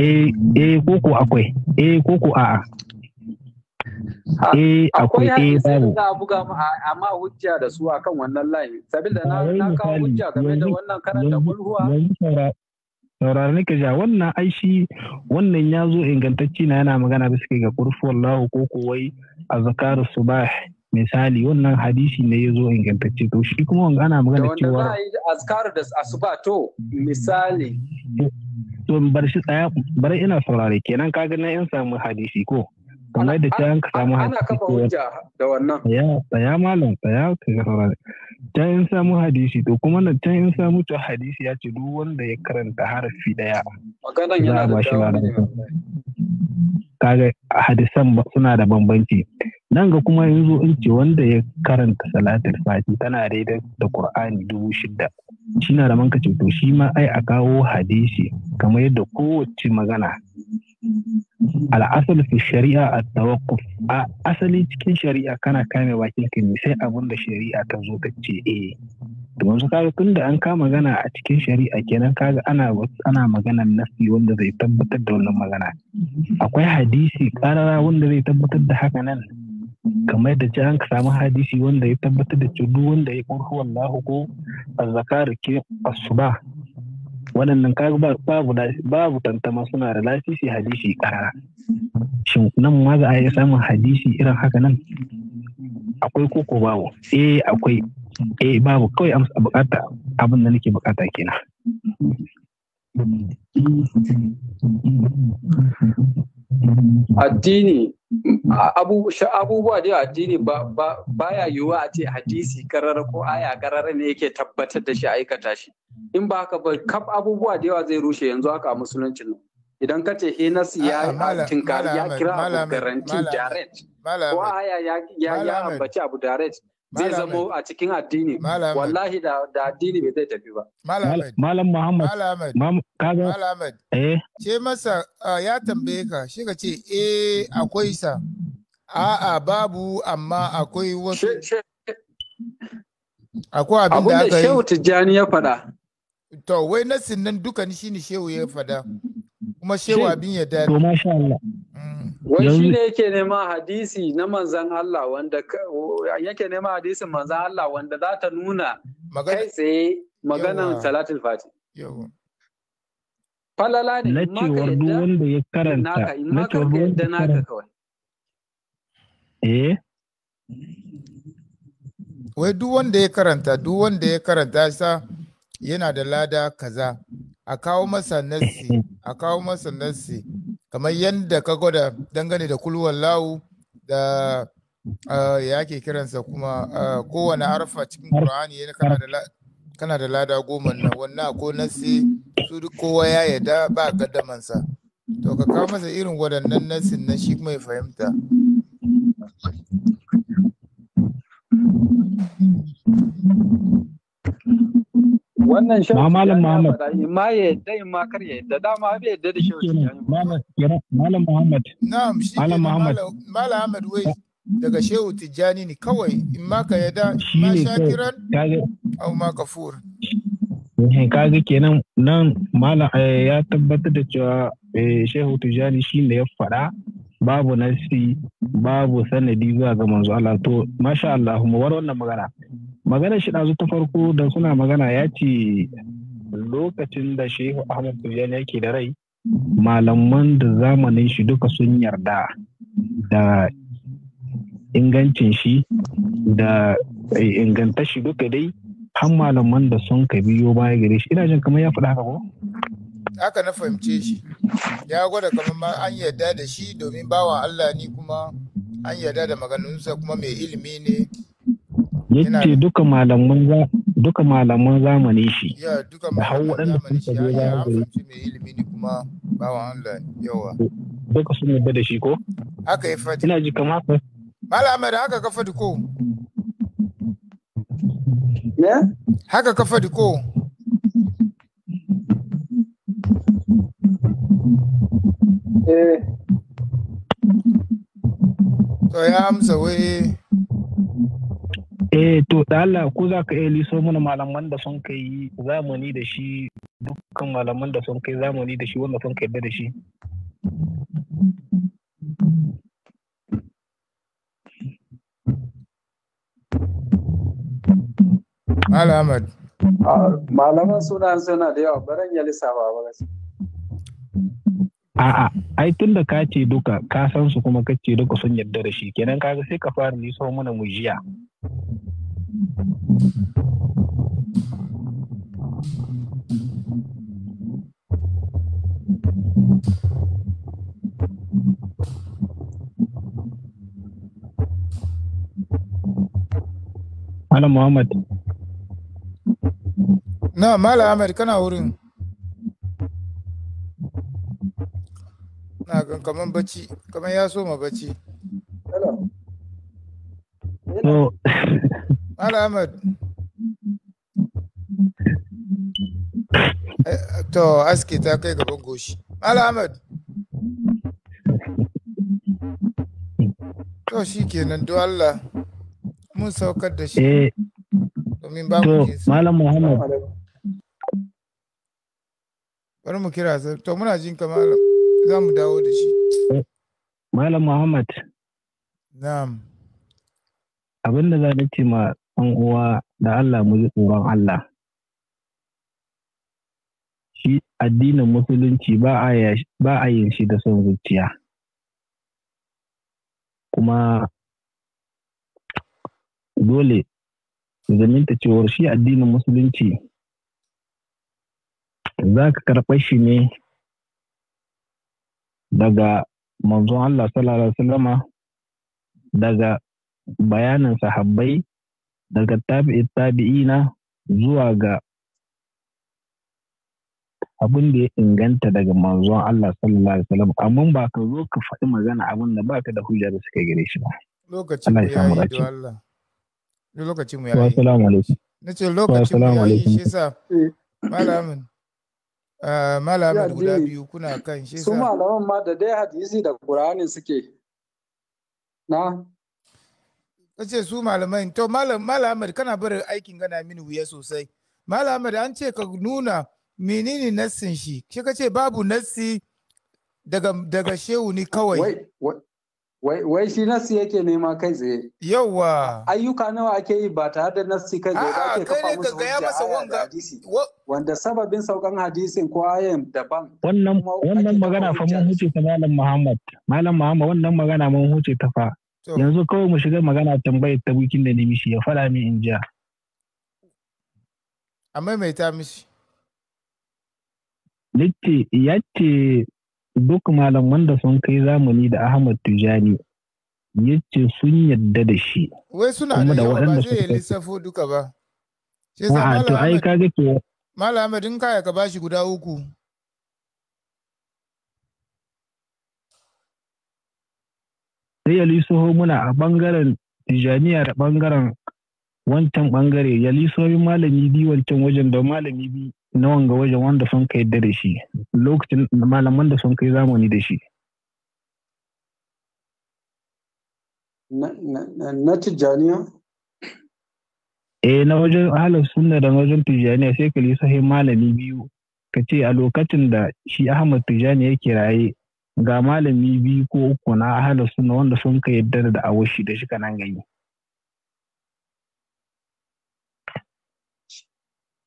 S2: eh eh koko akwai eh koko a'a Eh akwai eh babu. Za a buga mu amma hujja da su a kan wannan layi. sabida na kawo hujja game da wannan karanta kulhuwa. saurari nake ja wannan aishi wannan ya zo ingantacci na yana magana da suke ga kurfu wallahu ko kowai a zakar subah misali wannan hadisi ne ya zo ingantacci to shi kuma wanga ana magana cewa da wanda za azkar da asuba to misali to bar shi tsaya bar ina saurare kenan kaga na yan samu hadisi ko kamar da can ka samu hadisi ana kafa hujja da wannan ya tsaya malam tsaya ka saurara can in samu hadisi to kuma na can in samu to hadisi ya ce duk wanda ya karanta harafi daya maganan yana da kaga hadisan suna da bambanci nan ga kuma yanzu in ce wanda ya karanta salatul fati tana daidai da qur'ani dubu shida shi na da manka ce to shi ma ai a kawo hadisi kamar yadda kowace magana al'asalu fi shari'a a tawakuf a asali cikin shari'a kana kame bakin ka ne sai abin da shari'a ta zo ka ce eh domin su kaga tunda an ka magana a cikin shari'a kenan kaga ana ana magana nafi wanda zai tabbatar da wannan magana akwai hadisi karara wanda zai tabbatar da haka nan kamar da ji an samu hadisi wanda ya tabbatar da duk wanda ya kurhu wallahu ko azzakar ke asuba waɗannan babu tantama suna da lasisi hadisi ƙarara shin nan ma za a iya samun hadisi irin haka nan akwai koko babu eh akwai eh babu kawai amsa bukata abin da nake bukata kina. addini abubuwa da addini ba ya yiwuwa a ce hadisi karar ko aya karara ne yake tabbatar da shi aikata shi in ba haka ba kaf abubuwa da yawa zai rushe yanzu haka a musuluncin nan idan ka ce henas ya tinkari ya kira abu garanti direct ko aya ya ambaci abu direct zai zamo a cikin addini wallahi da
S4: addini bai zai tafi ba
S2: malam muhammad malam ahmad
S4: ce eh? masa ya tambaye ka shi ka ce eh akwai sa a'a babu amma akwai wasu akwai abin da aka yi shehu
S2: tijjani ya faɗa
S4: To wai nasin nan dukani shi ne shehu ya fada kuma shehu abin ya dare. To
S2: masha Allah. Mm. Wai shi ne
S4: yake nema hadisi na
S2: manzan Allah wanda yake nema hadisin manzan Allah wanda za ta nuna kai tsaye maganan salatul fati. Falala ne. Na cewar yadda wanda ya karanta. Na cewar duk ya karanta.
S4: Eh. Wai duk wanda ya karanta duk wanda ya karanta sa yana da lada kaza a kawo masa nasi a kawo masa nassi kamar yadda ka gwada dangane da kulwar lawu da ya ke kiransa kuma kowane harfa cikin Kur'ani. yana kana da lada goma na, wannan ko nassi su duk kowa ya yarda ba gaddamansa to ka kawo masa irin waɗannan nassin na, shi kuma ya fahimta
S2: wannan shi ma malam muhammad ma ya yadda ma kar ya da dama bai yadda da
S4: shan malam muhammad na'am shi malam muhammad malam ahmad wai ah. daga shehu tijjani ne kawai in ma ka yadda ma shakiran au ma kafur
S2: eh kaga kenan nan malam eh, ya tabbatar da cewa eh shehu tijjani shi ne ya faɗa babu nasi babu sanadi zuwa ga manzo Allah to masha Allah mu war wannan magana maganar shi ɗazu ta farko da suna magana ya ce lokacin da shehu ahmad ya yake da rai malaman da zamanin shi duka sun yarda da ingancin shi da eh, inganta shi duka dai har malaman da sun ka biyo baya gare shi ina jin kamar ya faɗa haka ko
S4: haka na fahimce shi ya gwada kamar ma an yarda da shi domin bawan Allah ni kuma an yarda da maganunsa kuma mai ilimi ne
S2: yace duka malaman duka malaman zamani shi
S4: da har waɗanda sun kuma je baya
S2: yawa duka sun yarda da shi ko
S4: haka ya fadi ina
S2: ji kamar haka
S4: malama da haka ka fadi ko ne haka ka fadi ko eh to ya amsa
S2: wai Eh to da Allah ko za ka iya liso mana malaman da sun kai zamani da shi dukkan malaman da sun kai zamani da shi wanda sun kai da
S4: shi. Ahmad.
S2: Ah, malaman suna suna da yawa baran ya lisa ba A'a, ai tun da ka ce duka, ka san su kuma ka ce duka sun yarda da shi, kenan kaga sai ka fara liso mana mujiya.
S4: Malam Muhammad. Na Malam Ahmad kana wurin. Na gan kaman bacci, kaman ya so ma bacci. Ala eh, To, aski ta kai gaban goshi. Ala Ahmad. To shi kenan do Allah mun saukar da shi. Eh, Domin ba mu Malam Muhammad. Bari mu kira To muna jin ka malam. Za mu dawo da shi.
S2: Eh, malam Muhammad. Na'am. Abin za ce ma ɗan uwa da Allah mu ji tsoron Allah. Shi addinin musulunci ba a yin shi da son zuciya. Kuma dole zaminta cewar shi addinin musulunci za ka karɓar shi ne daga manzon Allah sallallahu Alaihi daga bayanin sahabbai daga tabi'i tabi'ina zuwa ga abin da ya inganta daga manzon Allah sallallahu alaihi wasallam amma ba ka zo ka faɗi magana abin da baka da hujja da suka gare shi ba
S4: lokaci ya yi da Allah lokaci mu ya yi assalamu alaikum nace lokaci mu yayi shi yasa malamin eh, malamin guda biyu kuna kan shi yasa su malaman ma da dai hadisi da Qur'ani suke na kace su malamai to malam malamar kana barin aikin gana mini wuya sosai malamar an ce ka nuna menene nassin shi shi ce babu nassi daga daga shehu ni kawai wai wai shi nassi yake nema
S2: kai tsaye yawa ayyuka nawa ake yi ba tare da nassi kai tsaye ake kafa musu ga masa wanga wanda sababin saukan hadisin ko ayan daban wannan wannan magana fa mun huce ta malam muhammad malam muhammad wannan magana mun huce ta fa yanzu kawai mu shiga magana tambayar ta wikin da ne mishi ya fara min in jiya
S4: a maimaita mishi
S2: Litti ya ce duk malam da sun kai zamani da Ahmad Tijani ya ce sun yadda da shi. Wai suna da yawa ba zai lissafo
S4: duka ba. Sai
S2: sa
S4: Malam Ahmad in kaya ka bashi guda uku.
S2: sai liso muna a bangaren tijaniya da bangaren wancan bangare yaliso malami bi wancan wajen da malami bi na wanga wajen wanda sun kai da shi lokacin malaman da sun kai zamani da shi na tijaniya? eh na wajen halar sunna da wajen tijaniya sai ka lisa malami biyu ka ce a lokacin da shi ahmad tijani yake raye ga malami biyu ko uku na ahala suna wanda sun ka yadda da awashi da shi kanan gani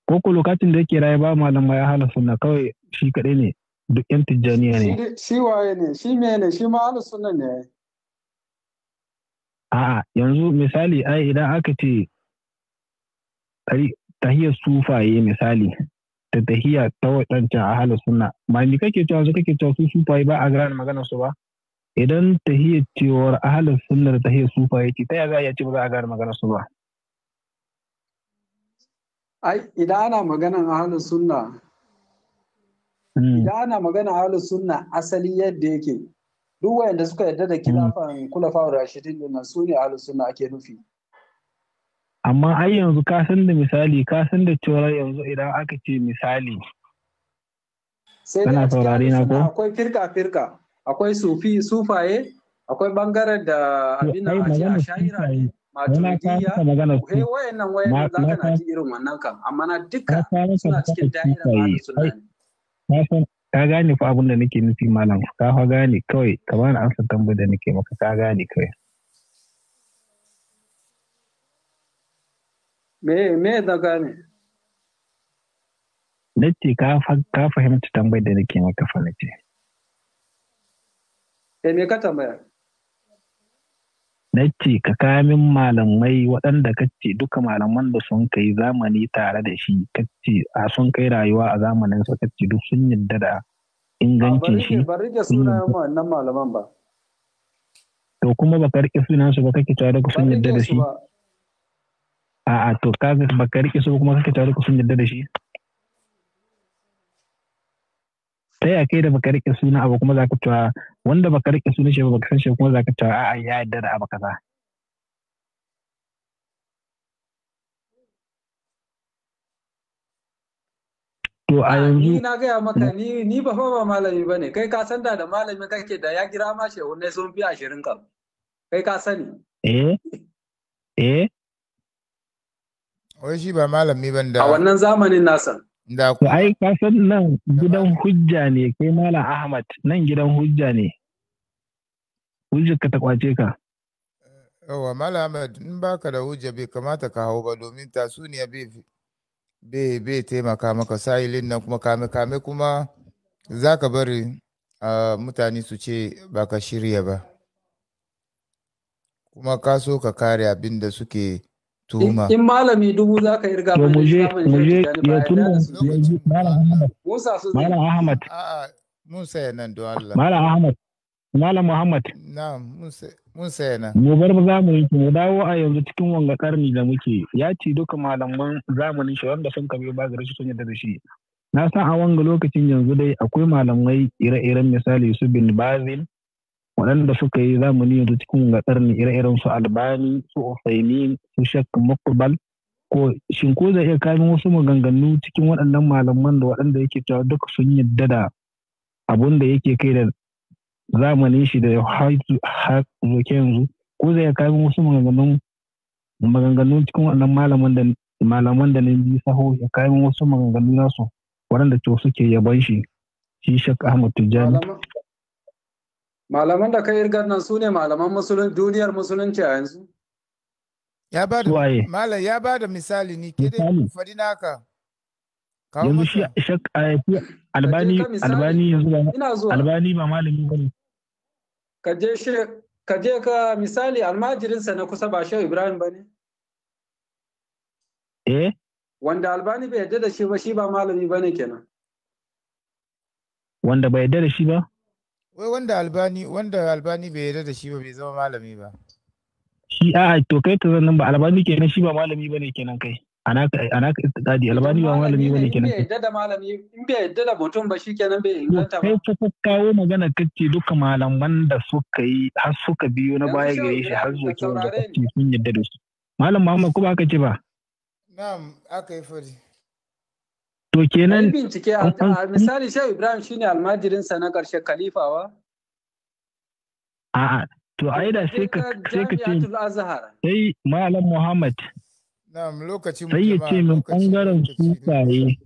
S2: ko ko lokacin da yake raye ba malama ya ahala suna kawai shi kaɗai ne duk yan tijjaniya ne shi waye ne shi me ne shi ma ahala suna ne a'a yanzu misali ai idan aka ce tahiyar sufaye misali da tahiya ta waɗancan a halin suna ma kake cewa su kake cewa su sufaye ba a gane magana su ba idan tahiyar cewar a halin suna da tahiyar sufaye ce ta yaya za a ce ba za a gane magana su ba ai idan ana maganan halin sunna hmm. idan ana magana halin sunna asali yadda yake duk wayanda suka yarda da kilafan kulafa rashidin din nan su ne halin sunna ake nufi amma ai yanzu ka san da misali ka san da cewa yanzu idan aka ce misali kana saurare na ko akwai firka firka akwai sufi sufaye akwai bangaren da abin da ake a shahira maturidiyya magana ku eh wayannan wayannan za ka ji irin wannan kan amma na duka suna cikin da'ira ba ka gane fa abin da nake nufi malam ka fa gane kawai ka bani amsa tambayar da nake maka ka gane kawai me me na gane
S1: nace ka ka fahimta tambayar da nake maka fa nace
S2: eh me ka tambaya nace ka kamin malamai waɗanda kace duka malaman da sun kai zamani tare da shi kace a sun kai rayuwa a zamanin sa kace duk sun yadda da ingancin shi ba rike sunayen wannan malaman ba to kuma ba ka rike sunan su ba kake cewa duka sun yadda da shi a'a to kaga baka rike su kuma kake tare ku sun yarda da shi ta a kai da baka rike suna abu kuma zaka cewa wanda baka rike suna shi baka san shi kuma zaka cewa a'a ya yarda da abu kaza to a yanzu ni na gaya maka ni ni ba fa ba malami bane kai ka san da da malami kake da ya gira ma shi sun fi 20 kam kai ka sani
S4: eh eh wai shi ba malami ban da a wannan zamanin nasan
S2: da ku ai ka san nan gidan hujja ne kai malam ahmad nan gidan hujja ne hujjar ka ta kwace ka
S4: yawa malam ahmad in baka da hujja bai kamata ka hau ba domin tasuniya bai bai bai taimaka maka sahilin nan kuma kame kame kuma za ka bari mutane su ce ba ka shirya ba kuma ka so ka kare abin da suke in
S2: malami dubu za ka yi riga mai shi
S4: malam ahmad mun ya nan don Allah malam ahmad
S2: malam muhammad
S4: na'am mun saya nan mu bar
S2: zamani mu dawo a yanzu cikin wanga karni da muke ya ce duka malaman zamanin shi wanda sun kabe ba gari sun yadda da shi na san a wanga lokacin yanzu dai akwai malamai ire-iren misali su bin bazil waɗanda suka yi zamani yanzu cikin ne ire-iren su albani su ofaini su shak mukbal ko shin ko zai iya kamin wasu maganganu cikin waɗannan malaman da waɗanda yake cewa duk sun yadda da abun da yake kai da zamanin shi da haizuke yanzu ko zai iya kamin wasu maganganun maganganu cikin waɗannan malaman da malaman da ne bi saho ya kamin wasu maganganu nasu waɗanda to suke yaban shi shi shak ahmad tijjani malaman da ka yi irgar nan su ne malaman musulun duniyar musulunci a yanzu ya ba da
S4: malam ya ba da misali ni ke dai fadi naka yanzu shi
S2: shak eh, albani albani yanzu albani ba malami bane ka je shi ka je ka misali almajirinsa na kusa ba shehu ibrahim bane eh wanda albani bai
S4: yadda da shi ba shi ba malami bane kenan
S1: wanda bai yadda da shi ba
S4: wai wanda albani wanda albani bai yarda da shi ba bai zama malami ba
S1: shi a to kai ka zannan ba albani kenan shi ba
S4: malami bane kenan kai
S1: anaka anaka istiqadi albani
S2: ba malami bane kenan bai yarda da malami in bai yarda da mutum ba shi kenan bai inganta ba kai ku kawo magana kace duka malaman da suka yi har suka biyo na baya yi shi har zuwa kin da sun yarda da su malam Muhammad ko ba ka ce ba
S4: na'am aka yi fari
S2: To kenan bincike a misali Shehu Ibrahim shine almajirin sa na karshe
S4: khalifawa?
S2: A'a to ai da sai ka sai ka ce
S4: sai
S2: Malam Muhammad
S4: Na'am lokaci mu sai ya ce min
S2: bangaren sufaye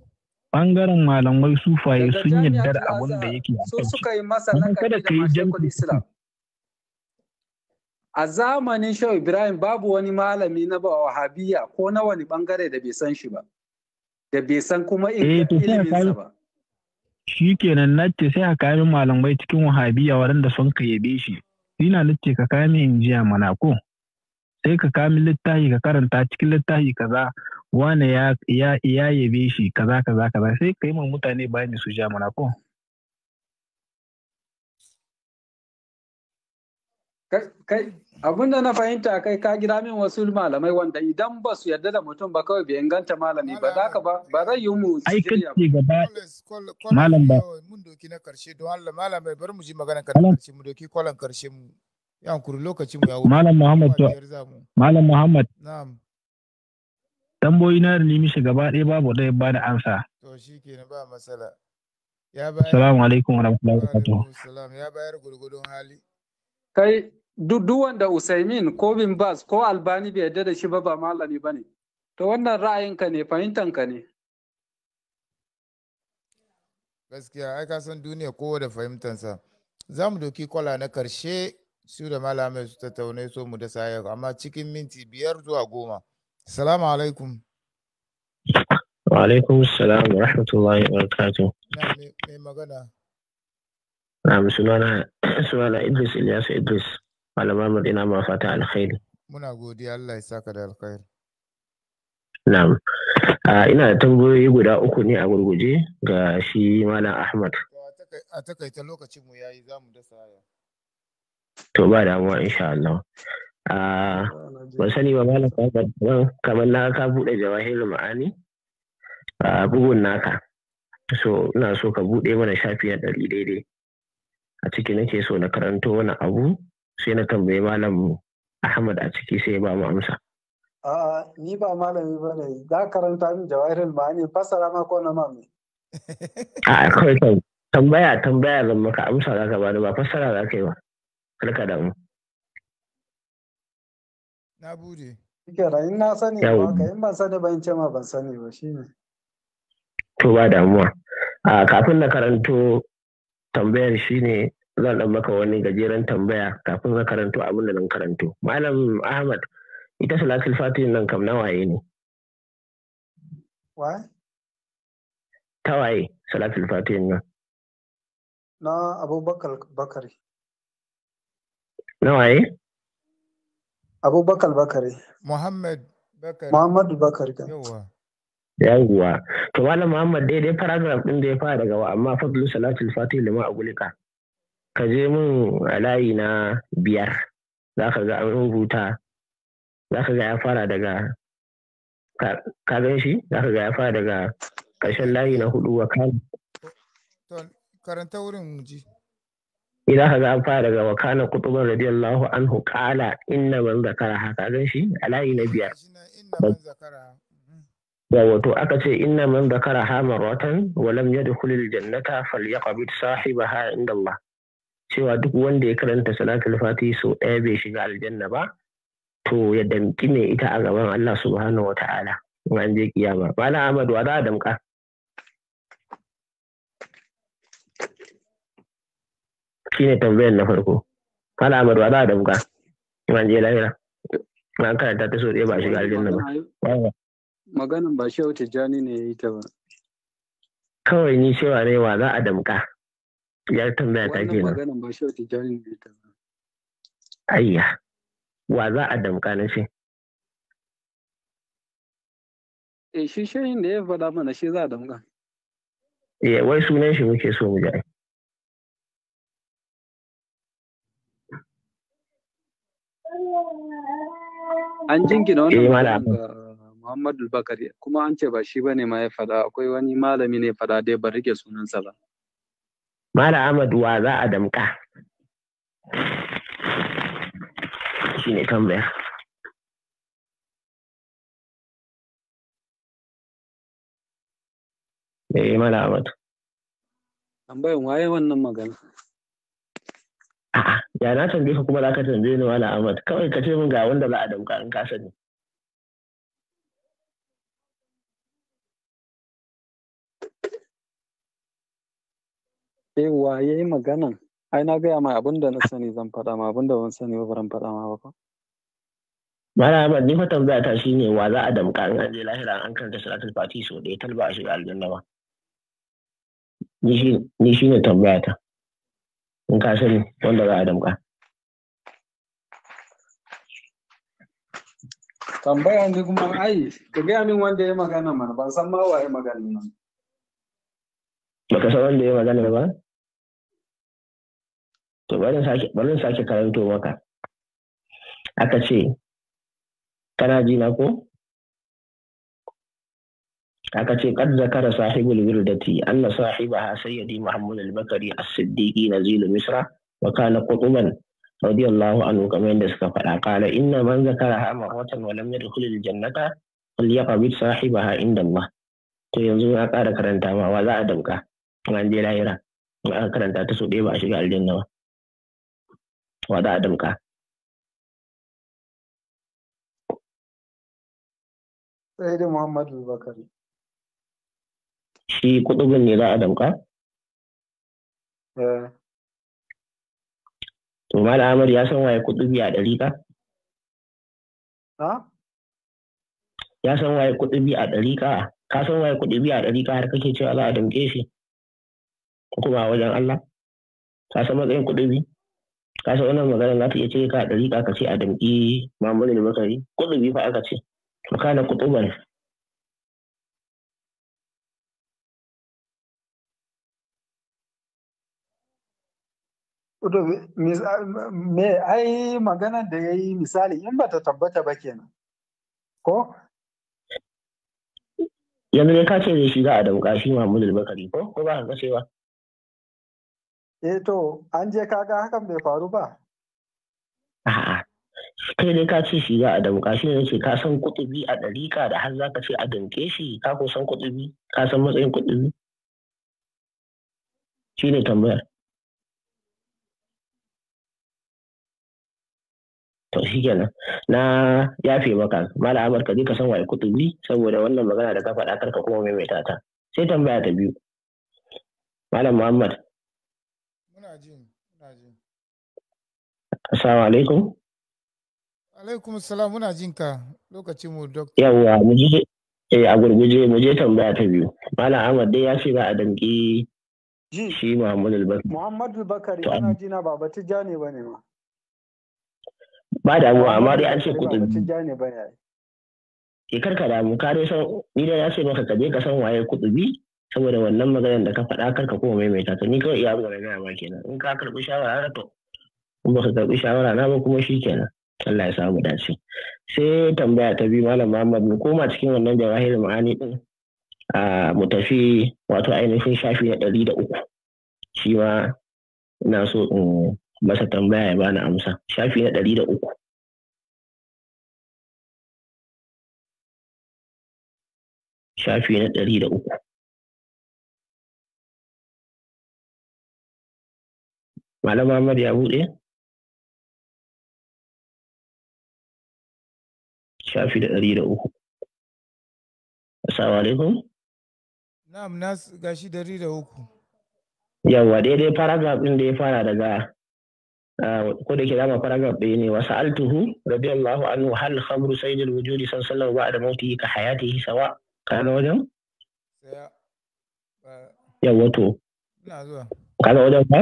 S2: bangaren malamai sufaye sun yarda da abin da yake a kai. suka yi masa kada ka yi jami'a A zamanin Shehu Ibrahim babu wani malami na ba Wahabiyya ko na wani bangare da bai san shi ba. da bai san kuma eh, ba. Shi kenan na ce sai a kayan malamai cikin wahabiya waɗanda sun ka yabe shi. Ina na ka kame injiya mana ko? Sai ka kame littafi ka karanta cikin littafi kaza wane ya yabe shi kaza kaza kaza sai ka yi mutane bayani su ja mana ko? Kai abin da na fahimta kai ka gida min wasu malamai wanda idan ba su yarda da mutum ba kawai bai inganta malami ba za ka ba
S4: ba zai yi mu malam ba malam ji magana karshe mu ya Muhammad
S2: tamboyi na da nemi shi gaba ɗaya ba da
S4: to shikenan ba matsala ya bayar assalamu hali
S2: kai duk wanda Usaimin ko bin Bas ko Albani bai yarda da shi ba ba malami ba ne. To wannan ra'ayinka ne fahimtanka ne.
S4: Gaskiya ai ka san duniya kowa da fahimtansa. Za mu doki kwala na karshe su da malamai su tattaunai so mu da sayar amma cikin minti biyar zuwa goma. Salamu alaikum. Wa
S1: alaikum salam wa rahmatullahi wa barakatu Na
S4: mai magana.
S1: Na sunana Idris Ilyasu Idris. malama madina ma fata alkhairi
S4: muna godiya Allah ya saka da alkhairi
S1: na'am ina da tambayoyi guda uku ne a gurguje ga shi malam ahmad
S4: a takaita lokacin mu yayi zamu dasa
S1: to ba damuwa insha Allah ban sani ba malam ahmad kamar na ka bude jawahirul ma'ani bugun naka so ina so ka bude mana shafi na ɗari daidai a ciki nake so na karanto wani abu sai na tambayi malam Ahmad a ciki sai ba mu amsa.
S2: A'a ni ba malami ba ne za karanta min jawahirin ba ne fasara ma ko na mami.
S1: A'a kawai kan tambaya tambaya zan maka amsa za ka bani ba fasara za ka yi ba karka damu.
S2: Na bude. Kira in na sani ba ka in ban sani ba in ce ma ban sani ba ne.
S1: To ba damuwa. Kafin na karanto tambayar shi ne. zan dan maka wani gajeren tambaya kafin ka karanto abin da nan karanto malam ahmad ita salatul fatihin nan kam na waye ne
S3: Ta waye salatul fatihin nan
S2: na abubakar bakari nawaye abubakar
S4: bakari muhammad bakari
S2: muhammad bakari kan
S1: Yanguwa. to malam muhammad daidai paragraph ɗin da ya fara daga wa amma fadlu salatul fatihin lima gulika. ka je min a layi na biyar za ka ga an rubuta za ka ga ya fara daga ka gan shi za ka ga ya fara daga ƙarshen layi na hudu wa kano.
S4: karanta wurin ji
S1: idan eh, ka ga an fara daga wakana kutubar radiyallahu anhu kala inna man zakara haka gan shi a layi na biyar
S6: mm-hmm.
S1: yawa to aka ce inna man zakara ha marwatan walam lam jannata falyaqbit sahibaha inda Allah cewa duk wanda ya karanta salatul fati sau ɗaya bai shiga aljanna ba to ya damƙi mai ita a gaban Allah subhanahu wata'ala in an je kiyama na Ahmad wa za a damƙa ne tambayar na farko na Ahmad wa za a damƙa in an je lahira an karanta ta sau ɗaya ba shiga aljanna
S2: ba maganan ba shehu jani ne ya yi ta ba
S1: kawai ni cewa ne wa za a damƙa ya tambaya ta ke
S2: nan.
S1: Ayya, wa za a damka
S3: na shi?
S2: E shi shayin da ya faɗa mana shi za a damka.
S3: Ya eh, wai sunan shi muke so mu ji.
S2: An jingina wannan eh, Muhammadu Bakari kuma an ce ba shi ba ne ma ya faɗa akwai wani malami ne faɗa dai ba rike sunansa ba.
S1: Mala Ahmad wa za a
S3: damka. Shi ne tambaya. Eh Mala Ahmad.
S2: Tambayan waye wannan magana?
S1: A'a, ya na tambaye ka kuma za ka tambaye ni Mala Ahmad. Kawai ka ce min ga wanda za a
S3: damka in ka sani.
S2: Eh wa ya yi magana? Ai na gaya mai abin da na sani zan faɗa ma abin da ban sani ba ban faɗa ma ba.
S1: Mala Ahmad ni fa tambaya ta shine wa za a damƙa in an je
S2: lahira an karanta salatul fati so ɗaya talba
S1: a shiga aljanna ba. Ni shi ne tambaya ta. In ka sani wanda za a damƙa.
S2: Tambaya ni kuma ai ka gaya min wanda ya magana mana ban san ma wa ya magana nan.
S1: Baka san wanda ya magana ba? to bari sake karanto maka aka ce kana ji na ko aka ce kad zakara sahibul wirdati anna sahibaha sayyidi muhammad al-bakari as-siddiqi nazil misra wa kana qutuban radiyallahu anhu kamar yadda suka faɗa kala inna man ha marratan wa lam yadkhul al-jannata falyaqbid sahibaha inda Allah to yanzu ya kara karanta ma wa za a damka an je lahira ba a karanta ta so ɗaya ba a shiga
S3: aljanna ba wa a ɗinka. Sai da Muhammadu Bakari. Shi kuɗugun ne za a ɗinka? Eh.
S1: To Malam Ahmad ya san waye kuɗubi a ɗari ka? Ha? Ya san waye kuɗubi a ɗari ka? Ka san waye kuɗubi a ɗari ka har kake cewa za a damƙe shi? Ko kuma a wajen Allah? Ka san matsayin biyu? kasa wannan magana za ta iya cire ka a ɗariƙa ka ce a damƙi mamulin
S3: bakari kuɗubi fa aka ce maka makana kuɗuban
S2: me ai magana da ya yi misali in ba ta tabbata ba kenan ko
S1: yanzu ne ka ce zai shiga a damƙa shi mamulin bakari ko
S2: ko ba ka kashewa eh to an je kaga hakan bai faru ba
S1: a'a kai dai ka ce shi za a damƙa shi ne ce ka san kutubi a ɗarika da har za ka ce a damke shi ka ko san kutubi
S3: ka san matsayin kutubi shi ne tambayar to shi kenan na
S1: yafe maka mala amurka ka je ka san waye kutubi saboda wannan magana da ka faɗa karka kuma maimaita ta sai tambaya ta biyu malam muhammad Assalamu alaikum.
S4: Alaikum salam muna jin ka lokacin mu doctor.
S1: Yawwa mu je eh a gurguje mu je tambaya ta biyu. Malam Ahmad dai ya ce ba a danki shi Muhammadu al-Bakari.
S2: Muhammadu al-Bakari ana jina ba ba tijani bane ma.
S1: Ba da damuwa amma dai an ce kutubi. Ba
S2: tijani bane.
S1: Ke eh, karka damu ka dai san ni dai ya ce maka ka je ka san waye kutubi saboda wannan maganar da ka faɗa karka kuma maimaita ta ni kawai iya abu da na gaya ma kenan in ka karɓi shawara to ba su karɓi shawara na ba kuma shi kenan Allah ya samu dace sai tambaya ta biyu malam Muhammad mu koma cikin wannan jawahir ma'ani din a mu tafi wato ainihin shafi na ɗari da uku shi ma ina so
S3: in masa tambaya ya bani amsa shafi na ɗari da uku shafi na ɗari da uku Malam Muhammad ya buɗe? shafi da ɗari da uku. Assalamu alaikum.
S4: Na'am na gashi ɗari da uku.
S1: Yawwa daidai paragraph ɗin da ya fara daga ko da ke zama paragraph ɗaya ne wasu altuhu radiyallahu anhu hal khamru sayyidul wujudi sallallahu ba'da mautihi ka hayatihi sawa kana wajen? Yawwa to. Ina zuwa. Kana wajen ba?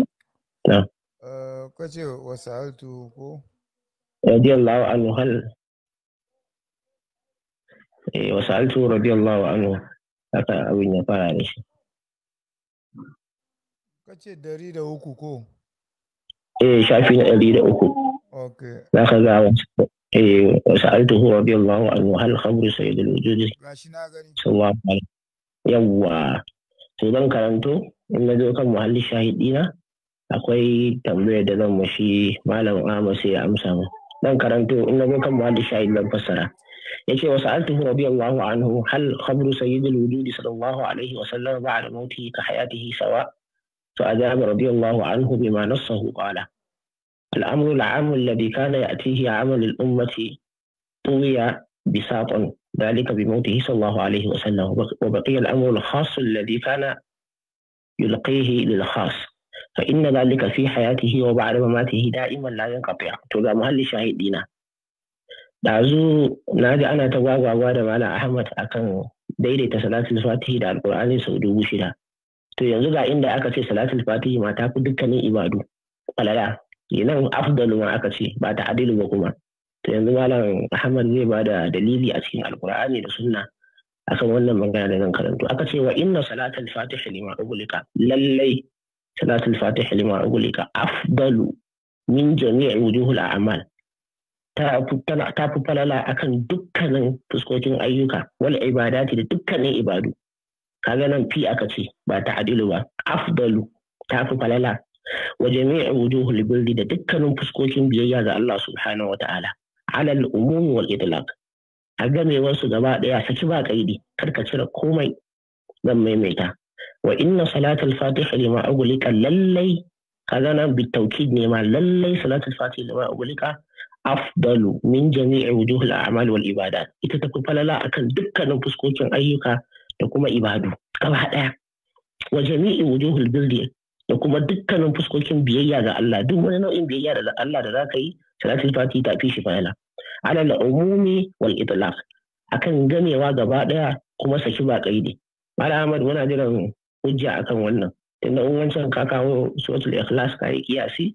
S1: Na.
S4: Eh, Kwace wasu altuhu ko?
S1: Radiyallahu anhu hal eh wasu altu radiyallahu anhu haka abin ya fara da shi
S4: kace dari da uku ko
S1: eh shafi na dari da uku okay za ka ga wasu eh wasu altu radiyallahu anhu hal khamru sayyidul wujudi gashi na gani sallallahu alaihi yawwa to zan karanto in na zo kan muhalli shahidina akwai tambayar da zan mashi malam Ahmad sai ya amsa mu dan karanto in na zo kan muhalli shahid fassara يعني وسألته رضي الله عنه هل خبر سيد الوجود صلى الله عليه وسلم بعد موته كحياته سواء فأجاب رضي الله عنه بما نصه قال الأمر العام الذي كان يأتيه عمل الأمة طوي بساط ذلك بموته صلى الله عليه وسلم وبقي الأمر الخاص الذي كان يلقيه للخاص فإن ذلك في حياته وبعد مماته دائما لا ينقطع تقام هل شهيدنا Ɗazu na ji ana ta gwagwagwa da Malam Ahmad akan daidaita salatul fatihi da alkur'ani sau dubu shida. To yanzu ga inda aka ce salatul fatihi ma ta fi dukkanin ibadu. Falala, nan afdalu ma aka ce ba ta adilu ba kuma. To yanzu Malam Ahmad zai ba da dalili a cikin alkur'ani da sunna akan wannan magana da zan karantu. Aka ce wa inna salatul fatihi lima ugulika lallai salatul fatihi lima ugulika afdalu min jami'i wujuhul a'mal ta fi falala kan dukkanin fuskokin ayyuka wal ibadati da dukkanin ibadu kaga nan fi aka ce ba ta adilu ba afdalu ta fi falala wa jami'u wujuhul birri da dukkanin fuskokin biyayya ga Allah subhanahu wa ta'ala alal umumi wal idlaq a gamewar su gaba daya saki ba kaidi karka cire komai zan maimaita wa inna salatul fatiha lima agulika lallai kaga nan bitaukid ne ma lallai salatul fatiha lima agulika afdalu min jami'i wujuhul a'mal wal ibadat ita ta falala akan dukkanin fuskokin ayyuka da kuma ibadu gaba daya wa jami'i wujuhul birri da kuma dukkanin fuskokin biyayya ga Allah duk wani nau'in biyayya da Allah da zaka yi salatul fati ta fi shi falala ala al umumi wal itlaq akan gamewa gaba daya kuma saki ba kaidi mala ahmad muna jiran hujja akan wannan tunda in wancan ka kawo suratul ikhlas kai kiyasi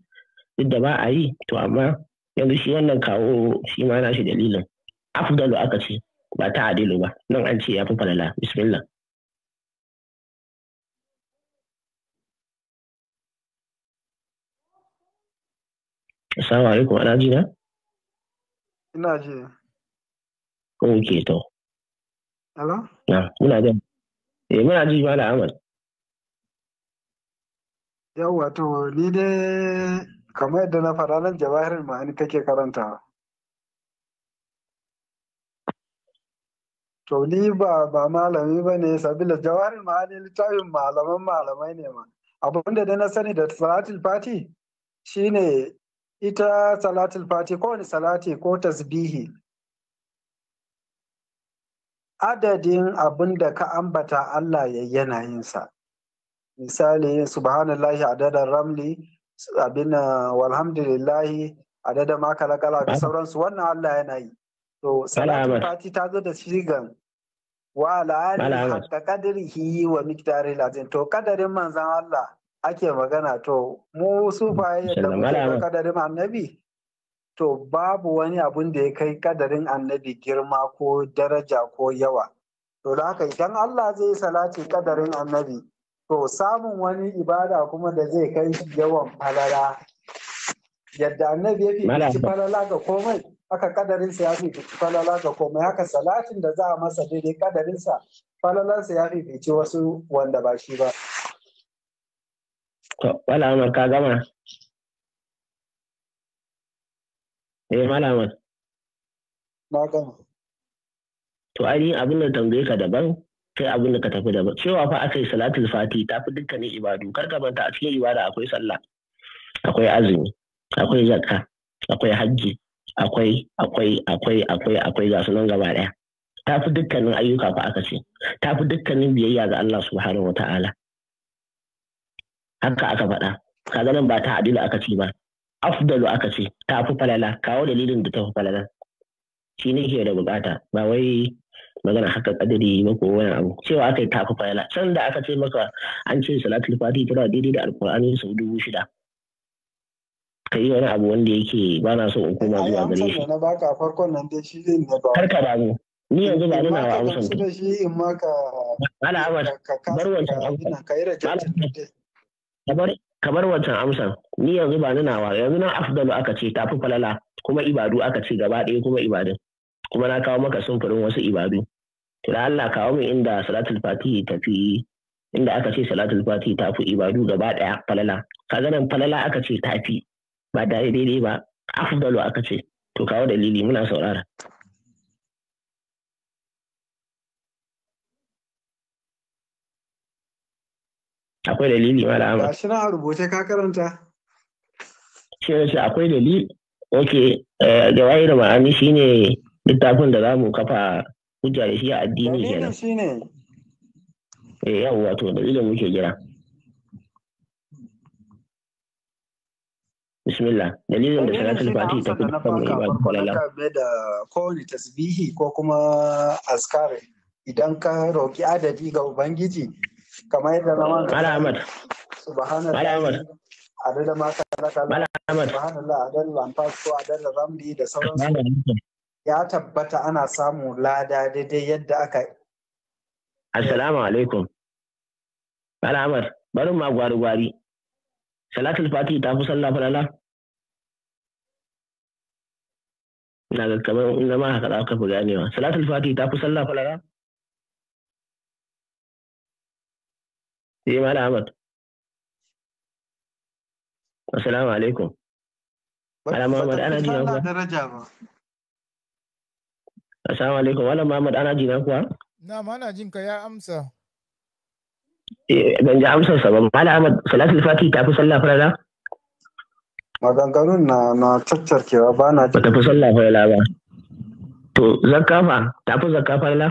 S1: duk da ba a yi to amma yanzu shi wannan kawo shi ma na shi dalilin
S3: afdalu aka ce ba ta adilu ba nan an ce ya fi falala bismillah Assalamu alaikum ana ji na? Ina ji. Ok to. Hello?
S1: Na, muna jin. Eh muna ji ba da amal.
S2: Yawwa to ni dai kamar yadda na faɗa nan jawahirul ma'ani kake karantawa to ni ba ba malami ba ne sabila jawarin ma'ani littafin malaman malamai ne ma abin da na sani da salatul fati shine ita salatul fati ko wani salati ko tasbihi adadin abin da ka ambata Allah ya yanayinsa yinsa misali subhanallahi adadar ramli abin walhamdulillahi dada ma kala da sauransu wannan Allah yana yi to salatu fati ta zo da sigan wa ala'ali hatta kadirihi wa miktari lazim to kadarin manzan Allah ake magana to mu sufaye yadda muke kadarin annabi to babu wani abun da ya kai kadarin annabi girma ko daraja ko yawa to da haka idan Allah zai salati kadarin annabi to samun wani ibada kuma da zai kai shi yawan falala yadda annabi ya fi falala ga komai haka kadarinsa ya fi falala ga komai haka salatin da za a masa daidai kadarinsa falalansa ya fi wasu wanda ba shi ba
S1: to wala amar ka gama eh malama na gama to ainihin abin da tambaye ka daban kai abin da ka tafi da cewa fa aka yi salatul fati ta fi dukkanin ibadu kar ka manta a cikin ibada akwai sallah akwai azumi akwai zakka akwai hajji akwai akwai akwai akwai akwai ga sunan gaba daya ta fi dukkanin ayyuka fa aka ce ta fi dukkanin biyayya ga Allah subhanahu wataala haka aka faɗa kaga nan ba ta adila aka ce ba afdalu aka ce ta fi falala kawo dalilin da ta fi falala shi ne ke da bukata ba wai magana haka kadari ba ko wani abu cewa aka yi tafi fayala can da aka ce maka an ce salatul fati tana daidai da alkur'ani sau dubu shida ka yi wani abu wanda yake ba na so in koma zuwa gare shi
S2: kar ka damu
S1: ni yanzu ba nuna wa amsan
S2: ka ala bar wancan amsan
S1: kamar wancan amsan ni yanzu ba nuna wa yanzu nan afdalu aka ce tafi falala kuma ibadu aka ce gaba ɗaya kuma ibadun kuma na kawo maka sunfurin wasu ibadu to da Allah kawo min inda salatul fatihi ta fi inda aka ce salatul fatihi ta fi ibadu gaba daya falala ka nan falala aka ce ta fi ba daidai ba afdalu aka ce to kawo dalili muna saurara
S3: akwai dalili ma da
S1: amma shi
S2: na rubuce ka karanta
S1: shi ne akwai dalili ok da eh, ma'ani ne. littafin da za mu kafa hujja da shi a addini kenan eh yawa to dalilin muke jira bismillah dalilin da salatul fatihi ta kuma kan mai ba kwalala
S2: da kowane tasbihi ko kuma askar idan ka roƙi adadi ga ubangiji kamar yadda zama mala ahmad mala ahmad adada ma ka laka subhanallah adada anfas ko adada ramli da sauransu ya tabbata ana samu lada daidai yadda aka yi.
S1: Assalamu alaikum. Al'amar, barin ma gwari-gwari. Salatul Fati ta fi sallah falala? Na ga kamar in zama haka za ka fi ganewa. Salatul Fati ta fi sallah falala? Eh, Malam Ahmad. Assalamu alaikum.
S4: Malam Ahmad, ana daraja ba.
S1: Assalamu alaikum, Malam Muhammad ana jina kuwa?
S4: Na ana jin ka ya amsa.
S1: Eh, ban ji amsar sa ba. Malam Ahmad, salatul fati ta fi sallah farala?
S2: Maganganun na na caccarkewa ba na ji. Ba ta fi sallah farala ba.
S1: To zakafa, ta fi zakka farala?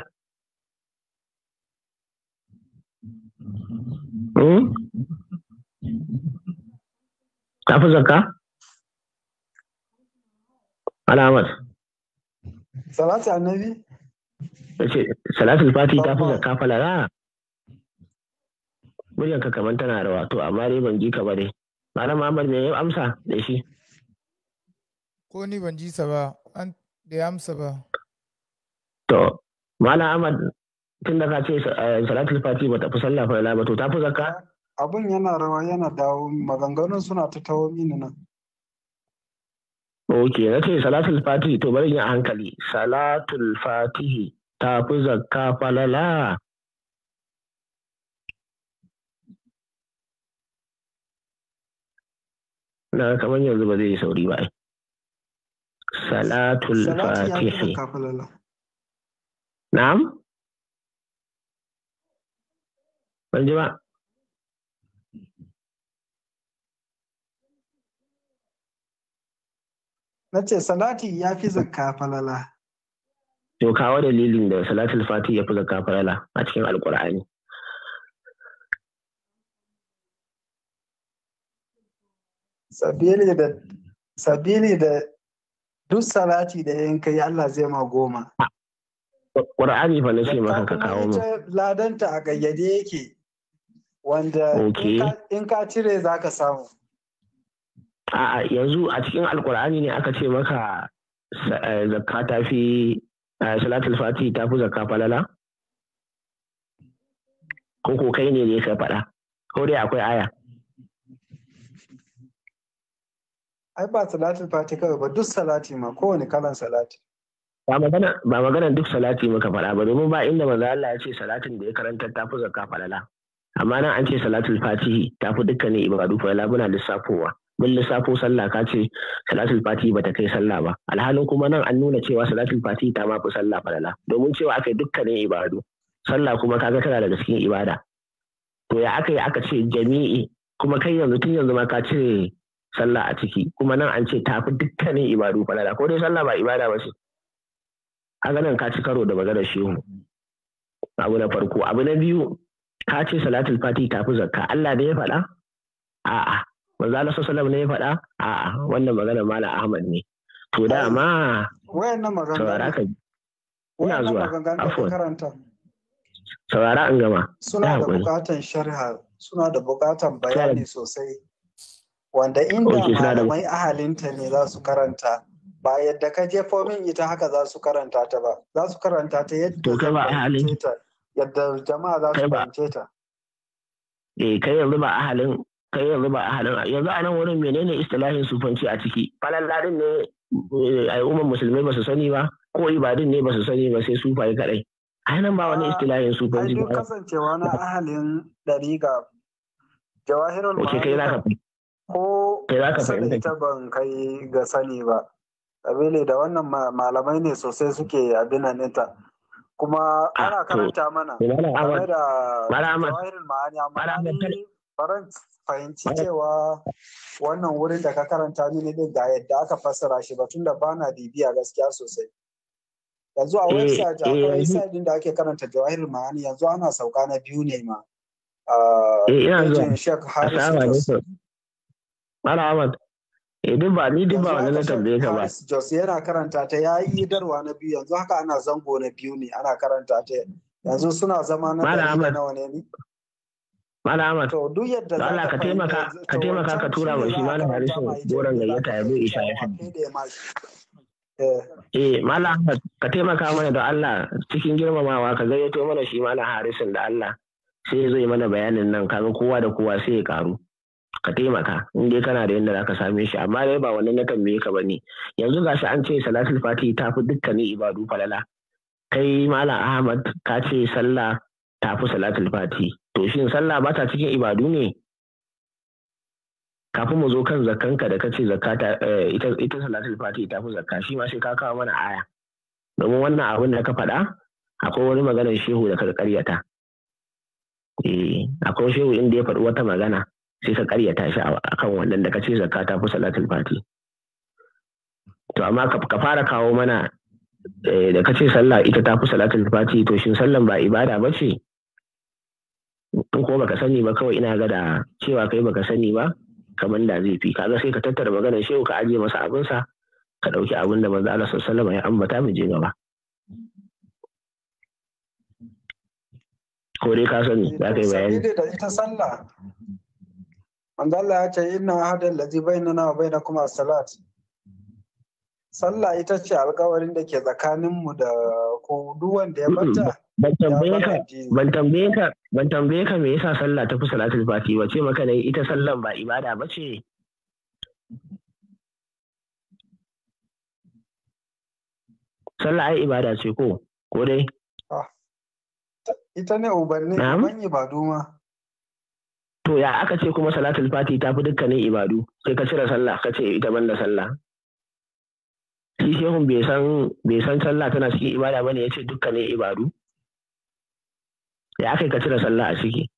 S1: Hmm? Ta fi zakka? Alamar.
S2: salati annabi
S1: salatul fati ta fi zakka falala muryan ka kaman tana rawa to amma dai ban ji ka ba dai malam Ahmad me ya amsa da shi
S4: ko ni ban ji sa ba an da amsa ba
S1: to malam Ahmad tun da ka ce eh, salatul fati bata fi sallah falala ba to ta fi zakka
S2: abun yana rawa yana dawo maganganun suna ta tawo mini nan
S1: ok na ce salatul fatihi to bari in hankali
S3: salatul fatihi
S1: ta fi zakka falala na kamar yanzu ba zai yi sauri ba salatul fatihi
S3: na'am ban
S2: ji ba na ce salati ya fi zakka falala
S1: to kawo dalilin da salatul fati ya fi zakka falala a cikin alkur'ani
S2: sabili da sabili da duk salati da yin kai Allah zai ma goma
S1: Ƙur'ani fa na ce maka ka kawo mu
S2: ladanta a gayyade yake wanda in ka cire za ka samu
S1: a yanzu a cikin alkur'ani ne aka ce maka eh, zakka ta fi eh, salatul fati ta fi zakka falala ko ko kai ne ne ka faɗa ko dai akwai aya
S2: ai ba salatul fati kawai ba duk salati ma kowane kalan salati
S1: ba magana ba magana duk salati muka faɗa ba domin ba inda manzo Allah ya ce salatin da ya karanta ta fi zakka falala amma nan an ce salatul fatihi ta fi dukkanin ibadu falala muna lissafowa mun lissafo sallah ka ce salatul fati bata kai sallah ba alhalin kuma nan an nuna cewa salatul fati ta ma fi sallah falala domin cewa aka yi dukkanin ibadu sallah kuma kaga tana daga cikin ibada to ya aka yi aka ce jami'i kuma kai yanzu tun yanzu ma ka cire sallah a ciki kuma nan an ce tafi dukkanin ibadu falala ko dai sallah ba ibada ba ce kaga nan ka ci karo da magana shehu abu na farko abu na biyu ka ce salatul fati tafi zakka Allah da ya faɗa a'a manzo Allah sallallahu ne ya faɗa a'a wannan magana malam Ahmad ne to da ma
S2: wayannan magana saurara ka ina zuwa afwan
S1: saurara an gama suna da bukatan
S2: sharha suna da bukatan bayani sosai wanda inda malamai ahalinta ne za su karanta ba yadda ka je fomin ita haka za su karanta ta ba za su karanta ta yadda Yadda jama'a za su fahimce ta
S1: eh kai yanzu ba ahalin kai yanzu ba a halin yanzu a nan wurin menene istilahin sufanci a ciki falaladin ne eh, al'ummar musulmai ba su sani ba ko ibadin ne ba su sani ba sai sufaye kadai a nan ba wani istilahin sufanci ba
S2: kasancewa na ahalin dariga jawahirul okay kai za ka ko kai za ka fahimta ban kai ga sani ba sabili da wannan malamai ne sosai suke a binaninta kuma ah, ana karanta mana game da jawahirin ma'ani amma faranci fahimci cewa wannan wurin da ka karanta mini din ga yadda aka fassara shi ba tunda ba na bibiya gaskiya sosai yanzu a website eh, a eh, website din da ake karanta jawahir ma'ani yanzu ana sauka na biyu ne ma ah, eh, Ina zuwa. Ana Ahmad. Idan ba ni ba wani na tambaye ka ba. Jos yana karanta ta ya yi darwa na biyu yanzu haka ana zango na biyu ne ana karanta ta yanzu suna zama na nawa ne ni?
S1: Malam Ahmad, duk ka taimaka ka tura wa shi Malam Harisun gayyata ya zo isha eh, eh, Malam ka taimaka mana da Allah cikin girmamawa ka gayyato mana shi Malam Harisun da Allah sai ya yi mana bayanin nan kaga kowa da kowa sai ya karu. Ka taimaka in dai kana da yadda zaka same shi amma dai ba wannan na tambaye ka bane. Yanzu gashi an ce Salatul Fati ta fi dukkanin ibadu falala. Kai Malam Ahmad ka ce sallah ta fi Salatul Fati. to shin sallah ba ta cikin ibadu ne kafin mu zo kan zakanka da kace zakata eh, ita ita salatul fati ta fi zakka shi ma sai ka kawo mana aya domin wannan abin da ka faɗa akwai wani maganar shehu da ka karyata eh akwai shehu inda ya faɗi wata magana sai ka karyata shi akan wannan da kace zakka ta fi salatul fati to amma ka fara kawo mana eh, da kace sallah ita ta fi salatul fati to shin sallan ba ibada ba ce in ko baka sani ba kawai ina ga da cewa kai baka sani ba kamar da zai fi kaga sai ka tattara maganar shehu ka ajiye masa abinsa ka ɗauki abin da manzo Allah sallallahu alaihi ya ambata mu je gaba ko dai ka sani za ka yi bayani
S2: da ita sallah manzo Allah ya ce inna ahada allazi bainana wa bainakum as-salat sallah ita ce alƙawarin da ke tsakaninmu da ko duk wanda ya bata
S1: ban tambaye ka ban tambaye ka ban tambaye ka me yasa sallah ta fi salatul fati ba ce maka nayi ita sallan ba ibada ba ce sallah ai ibada ce ko ko dai
S2: ah. ita ne ubanni ban ibadu ma
S1: to ya aka ce kuma salatul fati ta fi dukkanin ibadu sai ka cire sallah ka ce ita banda sallah shi shehun bai san sallah tana cikin ibada bane ya ce dukkanin ibadu ya aka ka cire sallah a ciki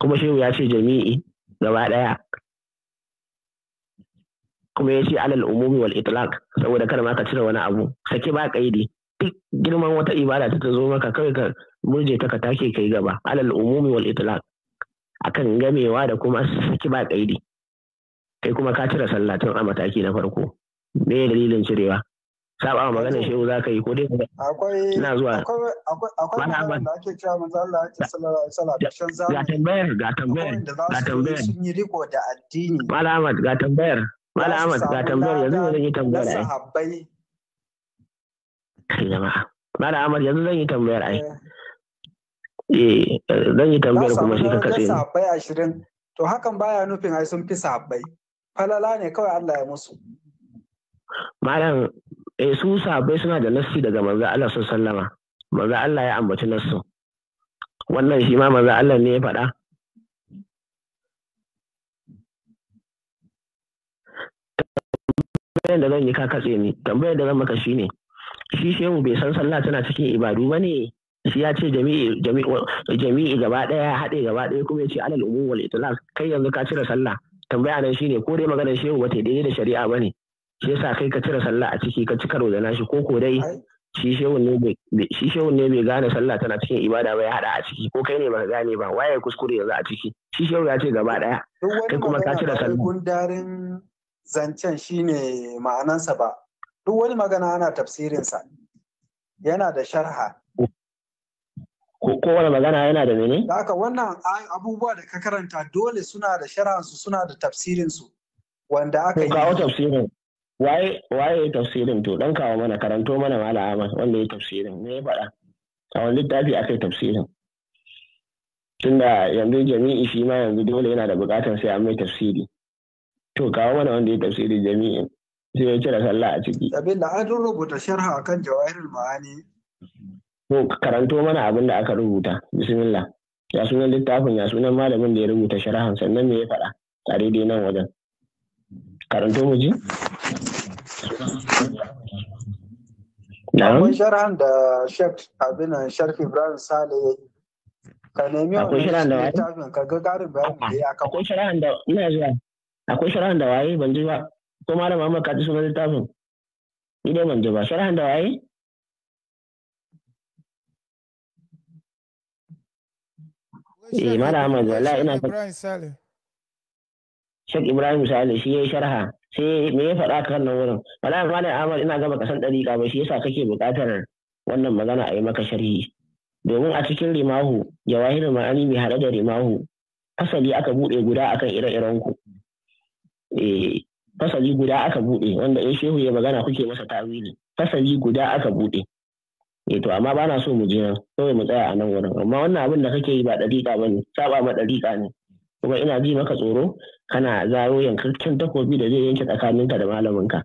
S1: kuma shehu ya ce jami'i gaba ɗaya kuma ya ce alal umumi wal itlaq saboda kar ma ka cire wani abu sake ba kaidi duk girman wata ibada ta zo maka kawai ka murje ta ka take kai gaba alal umumi wal itlaq akan gamewa da kuma sake ba kaidi kai kuma ka cire sallah tun a mataki na farko me dalilin cirewa saba wa maganin shehu za ka yi ko dai akwai na zuwa akwai akwai ga tambayar ga tambayar ga tambayar sun yi ga tambayar ga yanzu zan yi tambayar ai eh. Eh, zan yi tambayar ai zan yi tambayar kuma shi ka katse
S2: to hakan baya nufin ai sun fi sahabbai falala ne kawai Allah ya musu
S1: malam eh su sahabbai suna da nassi daga manzo Allah sallama manzo Allah ya ambaci nassu wannan shi ma manzo Allah ne ya faɗa tambayar da zan yi ka katse ni tambayar da zan maka shi ne shi shehu bai san sallah tana cikin ibadu ba ne shi ya ce jami'i jami'i gaba daya haɗe gaba daya kuma ya ce alal umu wal itlaq kai yanzu ka cire sallah tambaya nan shine ko dai maganar shehu ba ta daidai da shari'a ba ne shi yasa kai ka cire sallah a ciki ka ci karo da nashi ko ko dai shi shehun ne bai gane sallah tana cikin ibada ba ya hada a ciki ko kai ne ba gane ba waye kuskure yanzu a ciki shi shehu ya ce gaba daya
S2: kai kuma ka cire sallah darin zancen shine ma'anansa ba duk wani magana ana tafsirinsa yana da sharha
S3: Ko
S1: wani magana yana da mene?
S2: Haka wannan abubuwa da ka karanta dole suna da sharhansu suna da tafsirinsu wanda aka yi. Kawo tafsirin.
S1: waye waye tafsirin to dan kawo mana karanto mana mala Ahmad wanda ya tafsirin me ya faɗa a wani littafi yi tafsirin tunda yanzu jami'i shi ma yanzu dole yana da buƙatar sai an mai tafsiri to kawo mana wanda ya tafsiri jami'in sai ya cire sallah a ciki
S2: abin da an rubuta sharha akan jawahirul ma'ani
S1: ko karanto mana abin da aka rubuta bismillah ya sunan littafin ya sunan malamin da ya rubuta sharhan sannan me ya faɗa a daidai nan wajen karanto mu ji Akwai
S2: sharhan da Shek Abinan Sharfi Ibrahim Sale ya yi. Ka nemi wani shirin da littafin ka ga ƙarin bayani da ya kan.
S1: Akwai sharhan da ina zuwa. Akwai sharhan da waye ban
S3: ji ba. Ko malam Ahmad ka ji sunan littafin. Ni dai ban ji ba. Sharhan da waye? Eh malam Ahmad wallahi ina.
S1: Ibrahim
S4: Sale.
S3: shek Ibrahim Sale shi ya
S1: sharha sai me ya faɗa kan nan wurin wallahi malam Ahmad ina gaba kasan dariƙa ba shi yasa kake buƙatar wannan magana a yi maka sharhi domin a cikin rimahu jawahirul ma'ani mai hada da rimahu fasali aka buɗe guda akan ire-iren ku eh fasali guda aka buɗe wanda in shehu ya magana kuke masa tawili fasali guda aka buɗe eh to amma bana so mu je nan kawai mu tsaya a nan wurin amma wannan abin da kake yi ba ba bane saba ma ɗariƙa ne kuma ina ji maka tsoro kana zaro yankakken takobi da zai yanke tsakaninka da malaminka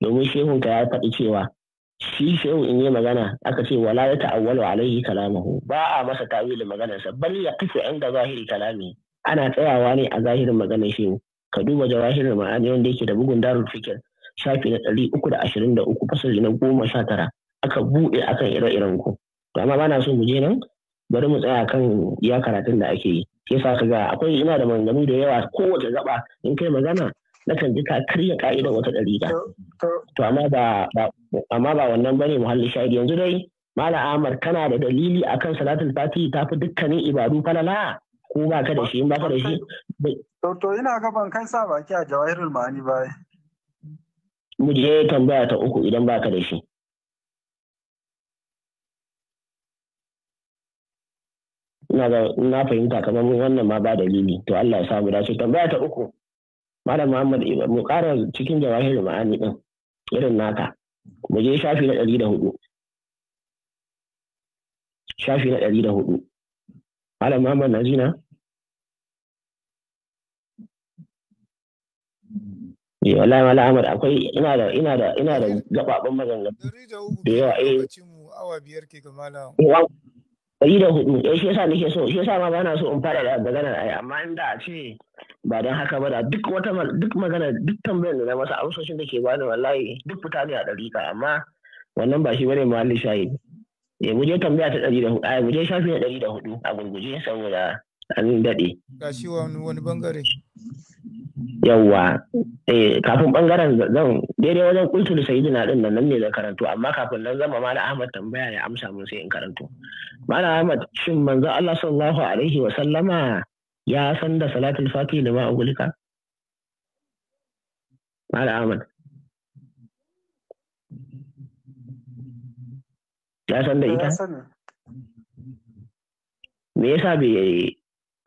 S1: domin shehunka ya faɗi cewa shi shehu in yi magana aka ce wala ya ta'awwalu alaihi kalamahu ba a masa tawilin maganarsa bal ya yan inda zahiri kalami ana tsayawa ne a zahirin maganar shehu ka duba jawahirin ma'ani wanda yake da bugun darul fikir shafi na ɗari uku da ashirin da uku fasali na goma sha tara aka buɗe akan ire-iren ku to amma bana so mu je nan bari mu tsaya kan iya karatun da ake yi ke yasa ka ga akwai ina da maganganu da yawa kowace gaba in kai magana kan ji ka karya ka'idar wata ɗariƙa. To amma ba amma ba wannan bane muhalli shahidi yanzu dai mala Ahmad kana da dalili akan salatul fati ta fi dukkanin ibadu falala ko ba ka da shi ba ka da
S2: shi. To to ina ga kai sa baki a jawahirul ma'ani ba.
S1: Mu je tambaya ta uku idan ba ka da shi. ina na fahimta kamar wannan ma ba dalili to Allah ya samu dace tambaya ta uku malam Muhammad mu ƙara cikin jawahirul ma'ani din irin naka mu je shafi na ɗari da hudu shafi na ɗari da hudu malam Muhammad Najina Eh wallahi malam Ahmad akwai ina da ina da ina da gababan maganganu da yawa eh
S6: awa biyar ke ga malam
S1: ɗari da hudu ya eh, shi yasa ke so shi yasa ma bana so in fara da maganar ai amma in da a ce ba don haka ba da duk wata duk magana duk tambayar da na masa amsoshin da ke bani wallahi duk fita ne a ɗari ka amma wannan ba shi bane muhalli shayi ya eh, guje tambaya ta ɗari da hudu a mu shafi na ɗari da hudu a gurguje saboda an daɗe.
S4: ga shi wani bangare.
S1: yawwa eh kafin bangaren zan daidai wajen kultul sayyidina din nan nan ne zan karanto amma kafin nan zama mala ahmad tambaya ya amsa mun sai in karanto mala ahmad shin manzo Allah sallallahu alaihi wa sallama ya san da salatul fati lima ugulika mala ahmad ya san da ita me yasa bai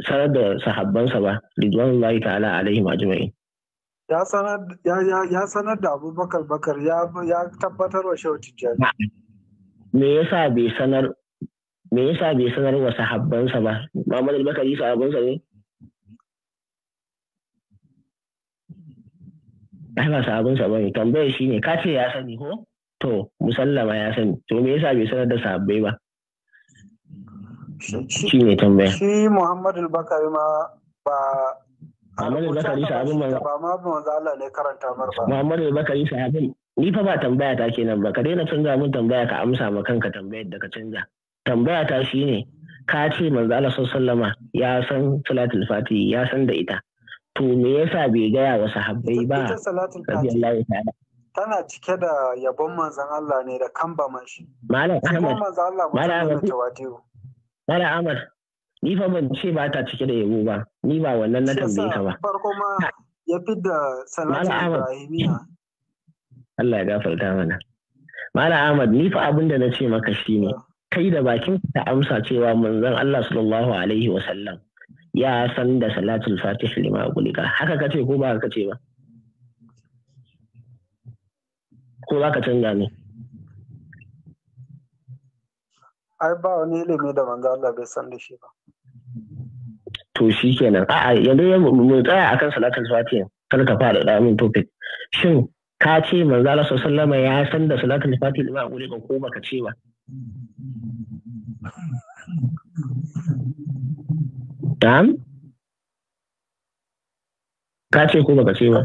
S1: sanar da sahabbansa ba ridwanullahi ta'ala alaihim ajma'in
S2: ya sanar ya sanar da abubakar bakar ya ya tabbatar wa shehu tijjani
S1: me yasa bai sanar me yasa bai sanar wa sahabbansa ba Muhammad al-Bakari sahabbansa ne ai ba sahabbansa ba ne tambayar shine ka ce ya sani ko to musallama ya sani to me yasa bai sanar da sahabbai ba shi ne tambaya shi
S2: muhammadu bakari ma ba Muhammadu Bakari sahabin ba ma Allah ne karanta mar ba Muhammadu
S1: Bakari sahabin ni fa ba tambaya ta kenan ba ka daina canza min tambaya ka amsa ma kanka tambayar da ka canza tambaya ta shine ka ce manzo Allah sallallahu ya san salatul fatihi ya san da ita to me yasa bai gaya wa sahabbai ba radiyallahu ta'ala
S2: tana cike da yabon manzon Allah ne da kan ba man shi
S1: malam Ahmad manzon Allah mutum ne tawadiyu Mara Ahmad, ni fa ban ce ba ta cike da yabo ba, ni ba wannan na tambaye ka ba.
S2: Farko ma ya fi da
S1: Allah ya gafarta mana. Mara Ahmad, ni fa abin da na ce maka shi ne, kai da bakin ta amsa cewa manzon Allah sallallahu alaihi Wasallam ya san da salatul fatih lima gulika. Haka ka ce ko ba ka ce ba? Ko za ka canza ne?
S2: ai ba wani ilimi da manzo Allah bai san da shi ba
S1: to shi kenan a'a yanzu ya mu tsaya akan salatul fatiha kar ka fara da min topic shin ka ce manzo Allah sallallahu alaihi ya san da salatul fatiha ba gure ba ko baka ce ba dan Ka ce ko baka ce ba?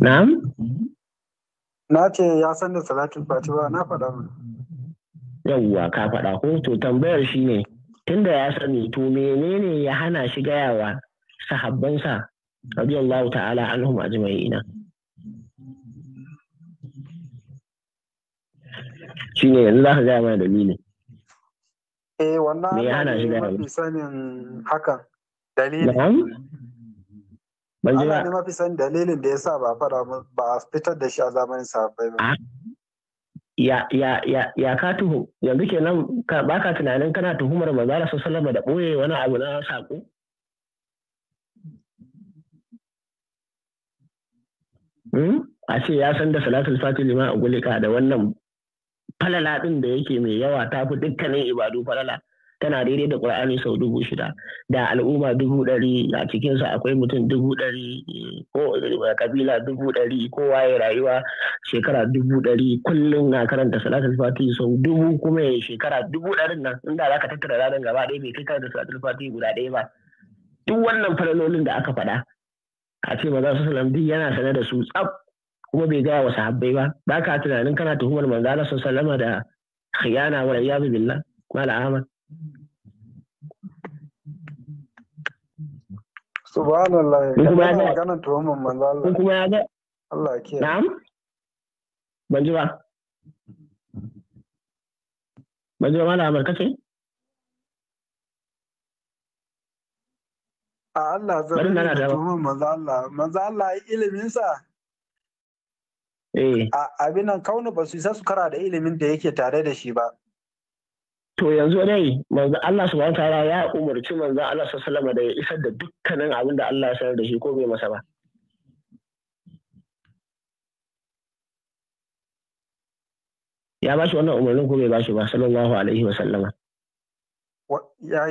S1: Na'am?
S2: Na ce ya san da salatul fatiha na faɗa mana.
S1: yawwa ka faɗa ko to tambayar shi ne tunda ya sani to menene ya hana shi gayawa sahabbansa radiyallahu ta'ala anhum ajma'in shi ne yanzu za ka gaya mana dalili
S2: eh wannan me ya hana shi
S6: gayawa
S1: mafi
S2: sanin hakan dalili Allah ne mafi sanin dalilin da ya sa ba fara ba a fitar da shi a zamanin sahabbai ba
S6: ah,
S1: ya ka tuhu yanzu kenan ka tunanin kana tuhumar manzara salama da ɓoye wani abu na sako hmm? a ce ya san da salatul fati lima a gulika da wannan falala ɗin da yake mai yawa ta fi dukkanin ibadu falala tana daidai da ƙur'ani sau dubu shida da al'umma dubu ɗari a cikinsa akwai mutum dubu ɗari ko kabila dubu ɗari kowa ya rayuwa shekara dubu ɗari kullum na karanta salatul fati sau dubu kuma ya shekara dubu ɗarin nan inda za ka tattara ranar gaba ɗaya bai kai karanta salatul fati guda ɗaya ba duk wannan falalolin da aka faɗa a ce maza su salam duk yana sane da su tsaf kuma bai gaya wa sahabbai ba ba ka tunanin kana tuhumar manzana Allah sallama da khiyana wa rayyabi billah mala ahmad
S2: subhanallah kana maganar tuhumar manzo Allah kuma ya ga Allah ya kiyaye na'am ban ji ba ban a Allah zai manzo Allah manzo Allah iliminsa? eh abin nan kauna ba su isa su kara da ilimin da yake tare da shi ba
S1: To yanzu dai manzo Allah subhanahu ta'ala ya umarci manzo Allah sallallahu da ya isar da dukkanin abin da Allah ya sanar da shi ko bai masa ba. Ya ba shi wannan umarnin ko bai ba shi ba sallallahu alaihi wa sallama.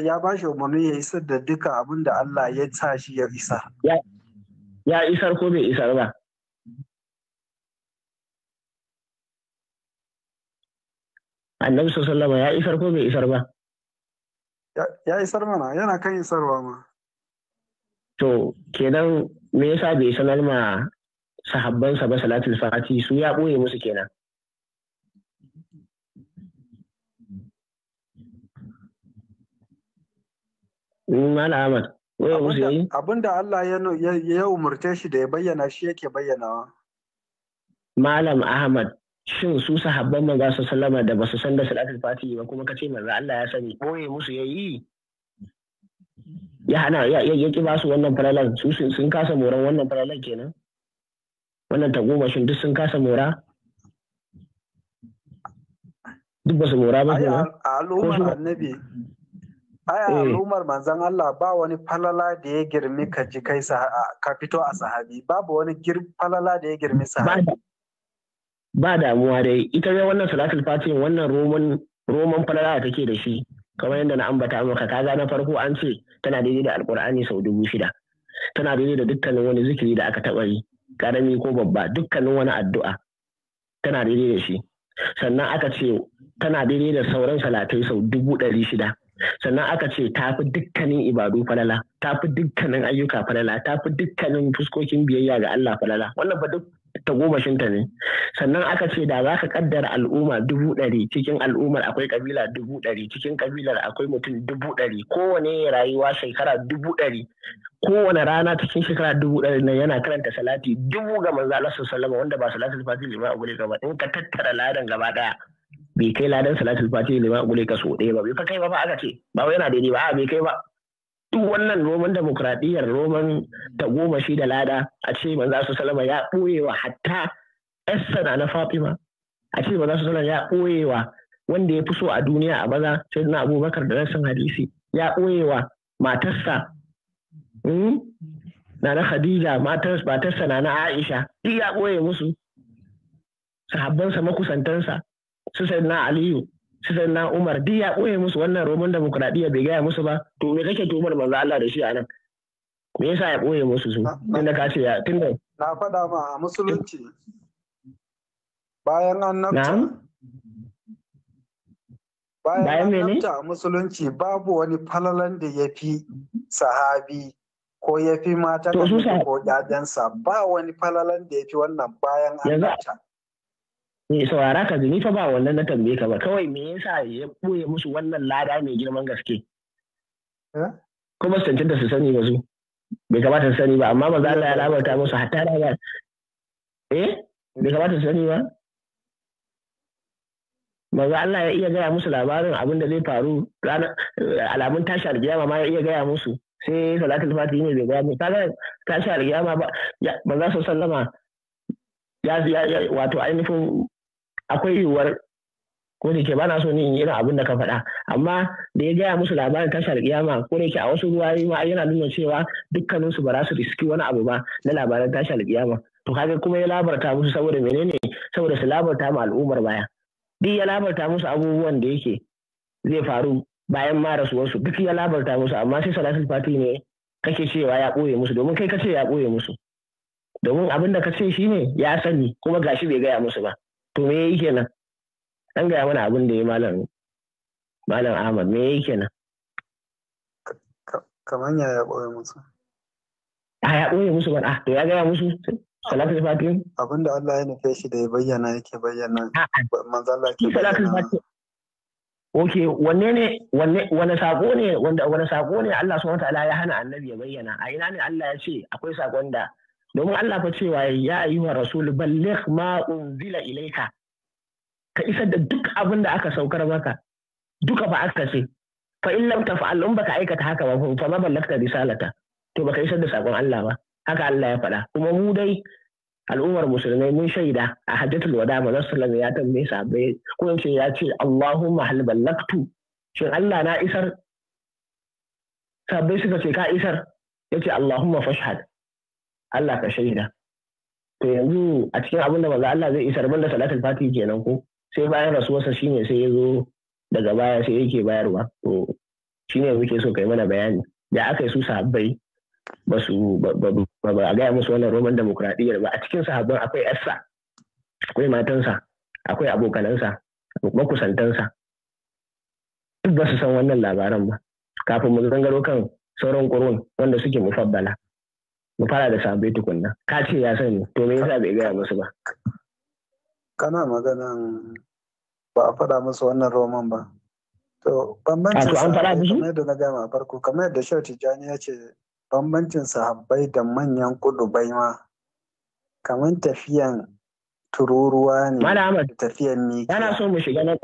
S2: Ya ba shi umarni ya isar da duka abin da Allah ya sa shi ya isa.
S1: Ya isar ko bai isar ba. annabi sallallahu ya isar ko bai isar ba
S2: ya isar mana yana kan isarwa ma
S1: to kenan me yasa bai sanar ma sahabbansa ba salatul fati su ya ɓoye musu kenan Mala Ahmad, waya musu yayi?
S2: Abinda Allah ya umarce shi da ya bayyana shi yake bayyanawa.
S1: Malam Ahmad, shin su sahabban manzo su sallama da basu san da salatul fati ba kuma kace manzo Allah ya sani boye musu yayi ya hana ya ya ba basu wannan faralan su sun kasa moran wannan faralan kenan wannan shin duk sun kasa mora duk ba su mora ba kenan
S2: a al'ummar annabi ai eh. al'ummar manzon Allah ba wani falala da ya girmi ka ji kai ka fito a sahabi babu wani falala da ya girmi sahabi
S1: ba damuwa dai ita dai wannan salatul fatihin wannan roman roman falala da take da shi kamar yadda na ambata maka kaga na farko an ce tana daidai da alkur'ani sau dubu shida tana daidai da dukkanin wani zikiri da aka taɓa yi karami ko babba dukkanin wani addu'a tana daidai da shi sannan aka ce tana daidai da sauran salatai sau dubu ɗari shida sannan aka ce ta fi dukkanin ibadu falala ta fi dukkanin ayyuka falala ta fi dukkanin fuskokin biyayya ga Allah falala wannan ba duk ta ne sannan aka ce da za ka kaddara al'umma dubu ɗari cikin al'ummar akwai kabila dubu ɗari cikin kabilar akwai mutum dubu ɗari kowane rayuwa shekara dubu ɗari kowane rana cikin shekara dubu ɗari nan yana karanta salati dubu ga manzo Allah sallallahu wanda ba salatul fatiha liman a gure gaba in ka tattara ladan gaba ɗaya bai kai ladan salatul fatiha liman a gure ka so ɗaya ba bai fa kai ba fa aka ce ba yana daidai ba a bai kai ba duk wannan roman demokradiyyar roman da goma shi da lada a ce za su salama ya ɓoye wa hatta yassana na fatima a ce za su salama ya ɓoye wa wanda ya fi so a duniya a maza sai na abubakar da rashin hadisi ya ɓoye wa matarsa hmm? na na khadija matarsa na na aisha duk ya ɓoye musu sahabbansa makusantansa su sai na aliyu su na Umar duk ya ɓoye musu wannan roman demokuraɗiyya bai gaya
S2: musu ba to me kake tuhumar manzo Allah da shi a nan me yasa ya ɓoye musu su tunda ka ce ya tunda na faɗa ma a musulunci bayan annabta bayan annabta a musulunci babu wani falalan da ya fi sahabi ko ya fi mata ko ƴaƴansa ba wani falalan da ya fi wannan bayan annabta
S1: Me saurara ka zumi fa ba wannan na tambaye ka ba kawai me yasa ya ɓoye musu wannan lada mai girman gaske. Eh? Ko ba su cancanta su sani ba su. Bai kamata su sani ba amma za a ya labarta musu hatta da ba Eh? Bai kamata su sani ba. Maza Allah ya iya gaya musu labarin abin da zai faru alamun tashi alkiyama ma ya iya gaya musu. sai salatul fatihi ne bai gaya ta gaya tashi alkiyama ba za su sallama ya wato ainihin akwai yiwuwar ko da ke ba na so ni in yi irin abin da ka faɗa amma da ya gaya musu labarin tashar kiyama ko da ke a wasu ruwa ma yana nuna cewa dukkanin su ba za su riski wani abu ba na labaran tashar kiyama to kaga kuma ya labarta musu saboda menene saboda su labarta ma al'ummar baya duk ya labarta musu abubuwan da yake zai faru bayan ma rasuwarsu duk ya labarta musu amma sai salatul fati ne kake cewa ya ɓoye musu domin kai ka ce ya ɓoye musu domin abin da ka ce shine ya sani kuma gashi bai gaya musu ba to me yake nan an gaya mana abin da ya malam malam Ahmad me yake nan.
S2: kamar ya ya ɓoye musu a ya ɓoye musu ba ah, to ya gaya musu salatul fatiha abin da Allah ya nufe shi da ya bayyana yake bayyana
S1: manzo Allah yake bayyana Oke, wanne ne wanne sako ne wanda wanne sako ne Allah subhanahu wataala ya hana annabi ya bayyana a ina ne Allah ya ce akwai sakon da domin Allah fa cewa ya ayyuha rasulu balligh ma unzila ilayka ka isa da duk abin da aka saukar maka duka ba aka ce fa in lam tafa'al in baka aikata haka ba fa ma ballagta risalata to baka isar da sakon Allah ba haka Allah ya faɗa kuma mu dai al'ummar musulmai mun shaida a hajjatul wada ma sallallahu ya tambaye sahabbai ko ce ya ce Allahumma hal ballagtu shin Allah na isar sahabbai suka ce ka isar yace Allahumma fashhad Allah ka shaida to yanzu a cikin abin da maza Allah zai isa isar banda salatul fati kenan ko sai bayan rasuwarsa shine sai ya zo daga baya sai yake bayarwa to shine muke so kai mana bayani da aka yi su sahabbai ba su ba a gaya musu wannan roman demokradiyyar ba a cikin sahabban akwai yarsa akwai matansa akwai abokanansa makusantansa duk ba su san wannan labaran ba kafin mu zangaro kan sauran kurun wanda suke mufabbala mu fara da sabai tukunna ka ce ya sani to me yasa bai gaya musu ba
S2: kana maganan ba a faɗa musu wannan roman ba to bambancin sahabbai kamar yadda na gama a farko kamar yadda shau jani ya ce bambancin sahabbai da manyan kudubai ma kamar tafiyan tururuwa ne tafiyan miki
S1: bana so mu shiga na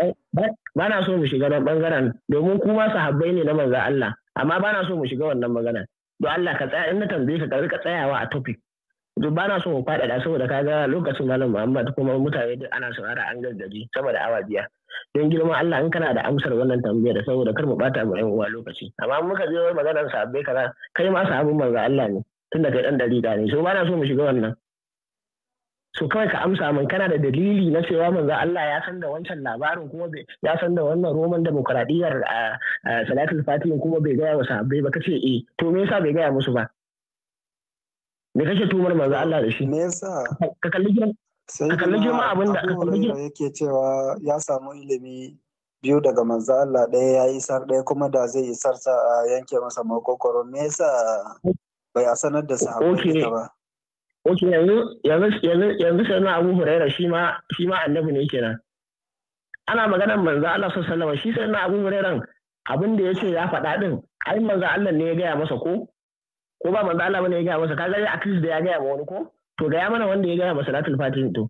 S1: bana so mu shiga na bangaren domin kuma sahabbai ne na manzo Allah amma bana so mu shiga wannan magana don Allah ka tsaya in na tambaye ka rika tsayawa a topic duk ba na so mu faɗaɗa saboda ka ga lokacin malam Muhammad kuma mutane duk ana saurara an gaggaji sama da awa biyar don girman Allah in kana da amsar wannan tambayar saboda kar mu bata mu yan uwa lokaci amma muka je maganar sabbe kaza kai ma sabon manzo Allah ne tunda kai dan dalila ne so ba na so mu shiga wannan so kawai ka amsa min kana da dalili na cewa manzo Allah ya san da wancan labarin kuma ya san da wannan roman demokradiyyar a salatul fatima kuma bai gaya wa sahabbai ba kace eh to me yasa bai gaya musu ba me kake tumar
S2: manzo Allah da shi me yasa ka kalli girma ka kalli girma abin da ka kalli girma yake cewa ya samu ilimi biyu daga manzo Allah ɗaya ya sar ɗaya kuma da zai isar sa yanke masa makokoro me yasa bai a sanar da sahabbai
S6: ba
S1: Oke yanzu yanzu yanzu yanzu sai na Abu Hurairah shi ma shi ma annabi ne kenan. Ana maganar manzo Allah sallallahu alaihi wasallam shi sai na Abu Hurairah abin da yace ya faɗa din ai manzo Allah ne ya gaya masa ko ko ba manzo Allah bane ya gaya masa kaga ya atis da ya gaya ma wani ko to gaya mana wanda ya gaya masa latul fatin to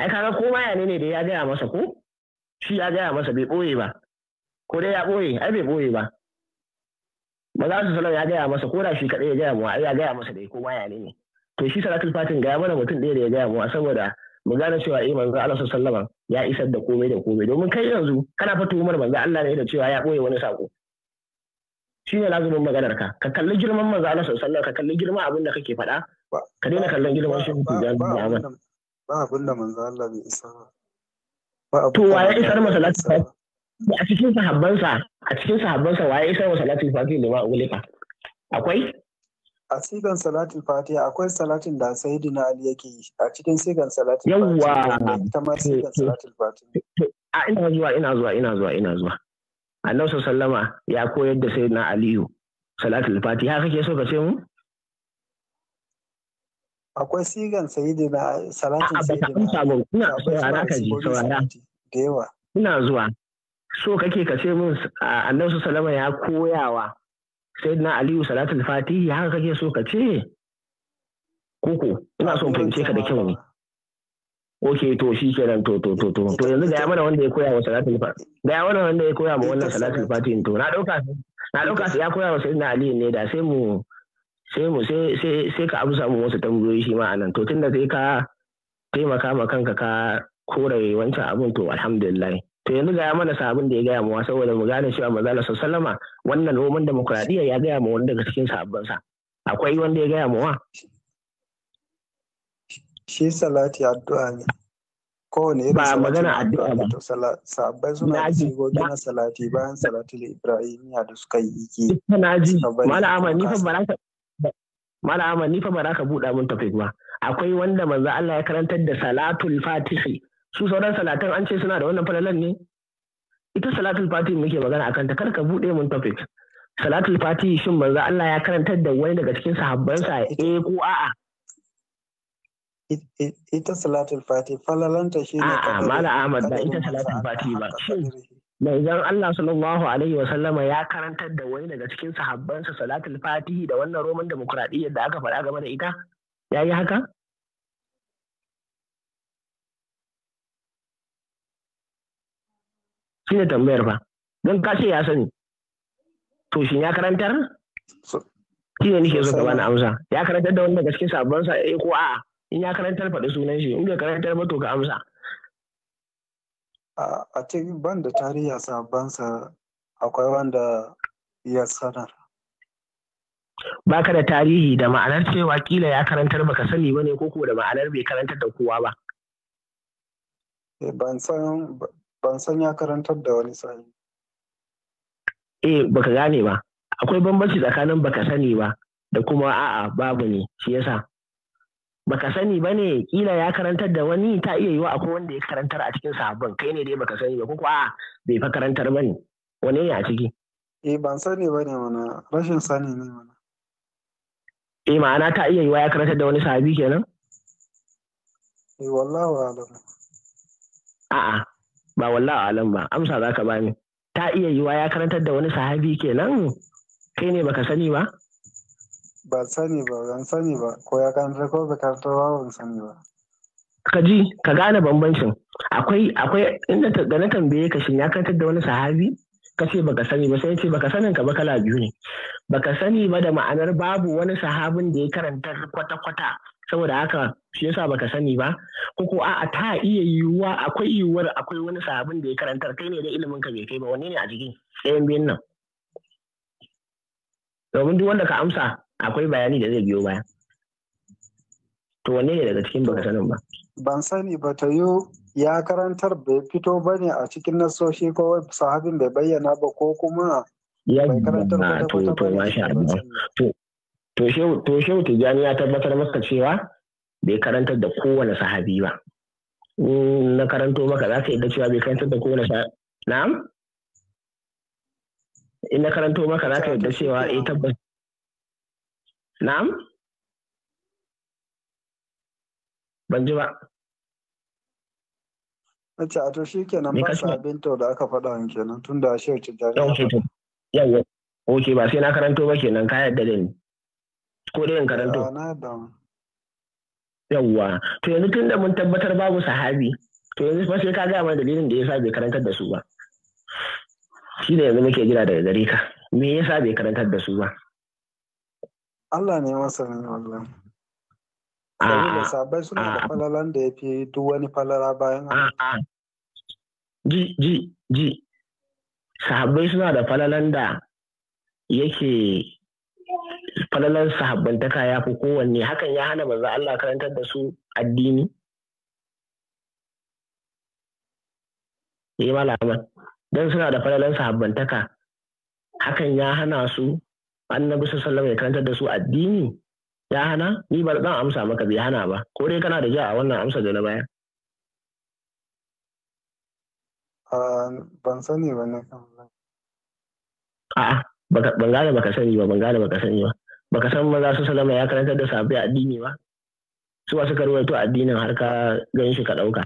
S1: ai kaga ko ma ne ne da ya gaya masa ko shi ya gaya masa bai ɓoye ba ko dai ya ɓoye ai bai ɓoye ba ba za su wasallam ya gaya masa ko da shi kaɗai ya gaya mu ai ya gaya masa dai ko ma ya ne to shi salatul fatin ga mana mutum ɗaya da ya gaya mu saboda mu gane cewa eh manzo Allah wasallam ya isar da komai da komai domin kai yanzu kana fata umar manzo Allah ne da cewa ya boye wani sako shi ne lazumin maganar ka ka kalli girman manzo Allah sallallahu ka kalli girman abin da kake faɗa ka daina kallon girman shi ku ga Allah
S2: ba abin da manzo Allah bai isa
S1: ba to wa ya isar masa fatin a cikin sahabbansa a cikin sahabbansa wa ya isar masa fatin ne ma ulika
S2: akwai a sigan salatul fatiha akwai salatin da sayyidina ali yake yi a cikin sigan salatul fatiha yawa ita ma sigan salatul fatiha
S1: a ina zuwa ina zuwa ina zuwa ina zuwa annabi sallama ya koyar da sayyidina aliyu salatul fatiha kake so ka ce mu
S2: akwai sigan sayyidina salatin sayyidina sabon ina saurara ka ji saurara da yawa
S1: ina zuwa so kake ka ce mun annabi sallama ya koyawa na aliyu salatul fatihi haka kake so ka ce koko ina son fahimce ka da kyau ne ok to shi kenan to to to to to yanzu ga mana wanda ya koya wa salatul fatihi ga mana wanda ya koya ma wannan salatul fatihi to na dauka na dauka ya koya wa sayyidina aliyu ne da sai mu sai mu sai sai sai ka amsa mu wasu tambayoyi shi ma anan to tunda sai ka taimaka ma kanka ka kore wancan abun to alhamdulillah to yanzu ga mana sahabin da ya gaya mawa saboda mu gane cewa manzala sallama wannan roman demokradiyya ya gaya mawa wani daga cikin sa akwai wanda ya gaya mawa
S2: shi salati addu'a ne kowane irin ba magana addu'a ba to sahabbai suna da sigogi na salati bayan salati da ibrahimiya da suka
S1: yi iki na ji malama ni fa baraka malama ni fa baraka buɗa mun tafi ba akwai wanda manzo Allah ya karantar da salatul fatihi su sauran salatan an ce suna da wannan falalan ne ita salatul fati muke magana akan ta kar ka buɗe mun topic salatul fati shin manzo Allah ya karantar da wani daga cikin sahabbansa eh ko a'a
S2: ita salatul fati falalanta shi ne a'a mala
S1: Ahmad da ita salatul fati ba shin zan Allah sallallahu alaihi wa sallama ya karantar da wani daga cikin sahabbansa salatul fati da wannan roman demokradiyyar da aka faɗa game da ita Ya yi haka shi ne tambayar ba don ka ce ya sani to shi ya karantar shi ne nike so ka bani amsa ya karantar da wanda gaske sabon sa eh ko a'a in ya karantar faɗi sunan shi in bai karantar ba to ka amsa
S2: a cikin ban da tarihi sabon sa akwai wanda ya sanar
S1: baka da tarihi da ma'anar cewa kila ya karantar baka sani ba ne ko da ma'anar bai karantar da kowa ba
S2: eh, ban san ban san ya karantar da wani sani
S1: eh baka gane ba akwai bambanci tsakanin baka sani ba da kuma a'a babu ne shi yasa baka sani ba ne kila ya karantar da wani ta iya yiwa akwai wanda ya karantar a cikin sabon kai ne dai baka sani ba kuma a'a bai fa karantar ba ne wani ne a ciki eh ban sani ba ne mana rashin sani ne mana eh ma'ana ta iya yiwa ya karantar da wani sahabi kenan
S4: eh wallahu alam
S1: a'a ba wallah alam ba amsa za ka bani ta iya yiwa ya karantar da wani sahabi kenan kai ne baka sani ba
S2: ba sani ba ban sani ba ko ya karantar ko ba karantar ba ban sani ba
S1: ka ji ka gane bambancin akwai akwai inda da na tambaye ka shin ya karantar da wani sahabi ka ce baka sani ba sai ce baka sanin ka ba kala biyu ne baka sani ba da ma'anar babu wani sahabin da ya karantar kwata-kwata saboda haka shi yasa baka sani ba ko ko a'a ta iya yiwuwa akwai yiwuwar akwai wani sabon da ya karantar kai ne da ilimin ka bai kai ba wanne ne a jikin tsayin biyun nan domin duk wanda ka amsa akwai bayani da zai biyo baya to wanne ne daga cikin baka sanin ba
S2: ban sani ba ta yiwu ya karantar bai fito ba ne a cikin nasoshi ko sahabin bai bayyana ba ko kuma
S1: ya karantar ba to to masha Allah to to shehu tijjani ya tabbatar maka cewa bai karantar da kowane sahabi ba na karanto maka za ka yi da cewa bai karantar da kowane sahabi na'am in na karanto maka za ka yi da cewa eh tabbas na'am ban ji ba
S2: Nace a to ba abin to da aka faɗa kenan tunda shehu tijjani. Yau ke to.
S1: Yau yau. ba sai na karanto ba kenan ka yadda da ni. ko dai in karanto
S2: ah,
S1: yawwa to yanzu tun da mun tabbatar babu sahabi to yanzu fa sai ka gaya mana dalilin da yasa bai karantar da su ba shi da yanzu muke jira daga gare ka me yasa bai karantar da su ba
S2: Allah ne masanin wallan
S1: Dalilin sahabai suna da
S2: falalan da ya fi duk wani falala bayan
S1: Ji, ji, ji, sahabai suna da falalan da yake falalar sahabbantaka ya fi kowanne hakan ya hana manzo Allah karantar da su addini Yi eh, malaman don suna da falalar sahabbantaka hakan ya hana su annabi sallama ya karantar da su addini ya hana ni ba zan amsa maka bai hana ba ko dai kana da ja a wannan amsa da na baya
S2: ah, ban sani ba ne
S1: a'a ban gane baka sani ba ban gane baka sani ba baka san maza su salama ya karanta da safe addini ba su ba suka to addinin har ka gan shi ka ɗauka.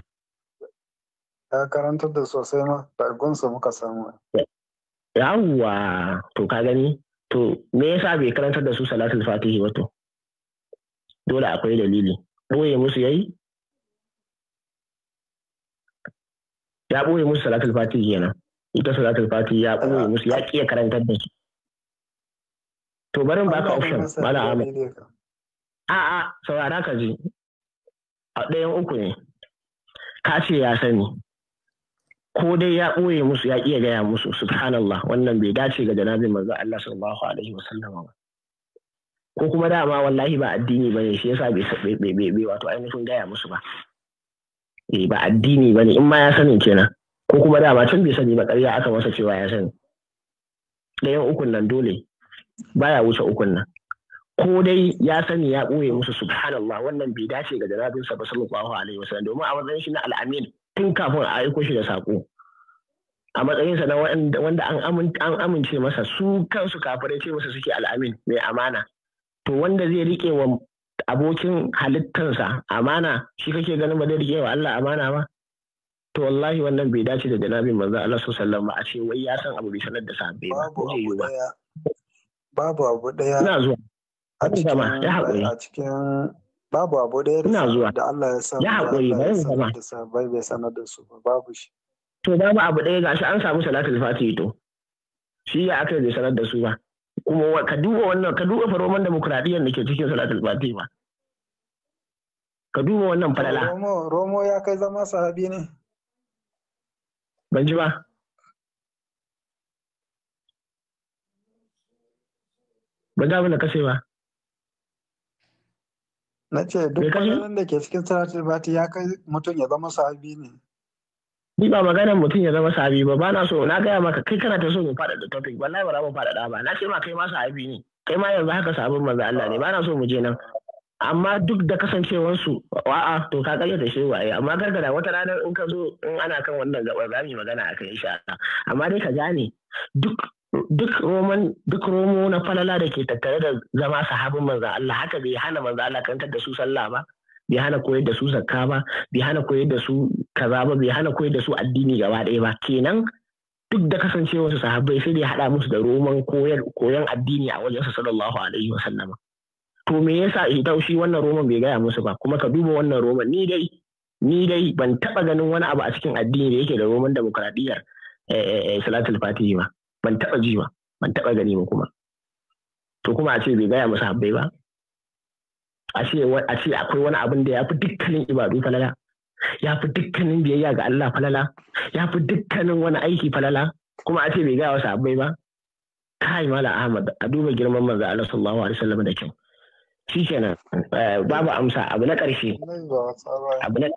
S2: ya karanta da sosai ma ɗargunsa muka samu
S1: yawwa to ka gani to me yasa bai karantar da su salatul fatihi wato dole akwai dalili boye musu yayi ya boye musu salatul fatihi kenan ita salatul fatihi ya boye musu ya kiya karantar da su to barin baka option malam Ahmad
S7: a a saurara
S1: ka ji a ɗayan uku ne ka ce ya sani ko dai ya ɓoye musu ya iya gaya musu subhanallah wannan bai dace ga janabin manzo Allah sallallahu alaihi wasallam ba ko kuma dama wallahi ba addini bane shi yasa bai bai wato ainihin gaya musu ba eh ba addini bane in ma ya sani kenan ko kuma dama can bai sani ba ƙarya aka masa cewa ya sani ɗayan ukun nan dole baya wuce ukun nan ko dai ya sani ya ɓoye musu subhanallah wannan bai dace ga janabinsa ba sallallahu alaihi wasallam domin a matsayin shi na al'amin tun kafin a aiko shi da saƙo a matsayinsa na wanda an amince masa su kansu kafirai ce masa suke al'amin mai amana to wanda zai rike wa abokin halittansa amana shi kake ganin ba zai rike wa Allah amana ba to wallahi wannan bai dace da janabin manzo Allah sallallahu alaihi a ce wai ya san abu bai sanar da bai ba ko zai yi ba
S2: babu abu daya ina zuwa a cikin ya a cikin babu abu daya ina zuwa da Allah ya samu ya bai zama da sabai bai sanar da su babu shi
S1: to babu abu daya gashi an samu salatul fatihi to shi ya aka bai sanar da su ba kuma ka duba wannan ka duba faroman demokradiyyar da ke cikin salatul fatihi ba ka duba wannan falala
S2: romo ya kai zama sahabi ne
S3: ban ji ba ba ga abin da kashe ba
S1: na ce duk wani
S2: da ke cikin salatul fati ya kai mutum ya zama sahabi ne
S1: ni ba maganar mutum ya zama sahabi ba ba na so na gaya maka kai kana ta so mu
S2: faɗa da topic wallahi ba mu faɗa ba
S1: na ce ma kai ma sahabi ne kai ma yanzu haka sabon manzo Allah ne ba na so mu je nan amma duk da kasancewarsu wa'a to ka kayyata shi waye amma gargada wata ranar in ka zo in ana kan wannan gaɓar za mu yi magana a kai insha Allah amma dai ka gane duk duk roman duk romo na falala da ke tattare da zama sahabin manzan Allah haka bai hana manzan Allah kantar da su sallah ba bai hana koyar da su zakka ba bai hana koyar da su kaza ba bai hana koyar da su addini gaba ɗaya ba kenan duk da kasancewar su sahabbai sai dai haɗa musu da roman koyan addini a wajen sallallahu alaihi wa sallama to me yasa ita shi wannan roman bai gaya musu ba kuma ka duba wannan roman ni dai ni dai ban taɓa ganin wani abu a cikin addini da yake da roman demokradiyyar eh, eh, eh, salatul fatihi ba ban taɓa ji ba ban taɓa gani ba kuma to kuma a ce bai gaya masa habbai ba a ce a ce akwai wani abin da ya fi dukkanin ibadu falala ya fi dukkanin biyayya ga Allah falala ya fi dukkanin wani aiki falala kuma a ce bai gaya masa habbai ba kai mala ahmad a duba girman manzo Allah sallallahu alaihi wasallam da kyau shikenan eh, babu amsa abu na ƙarshe abu na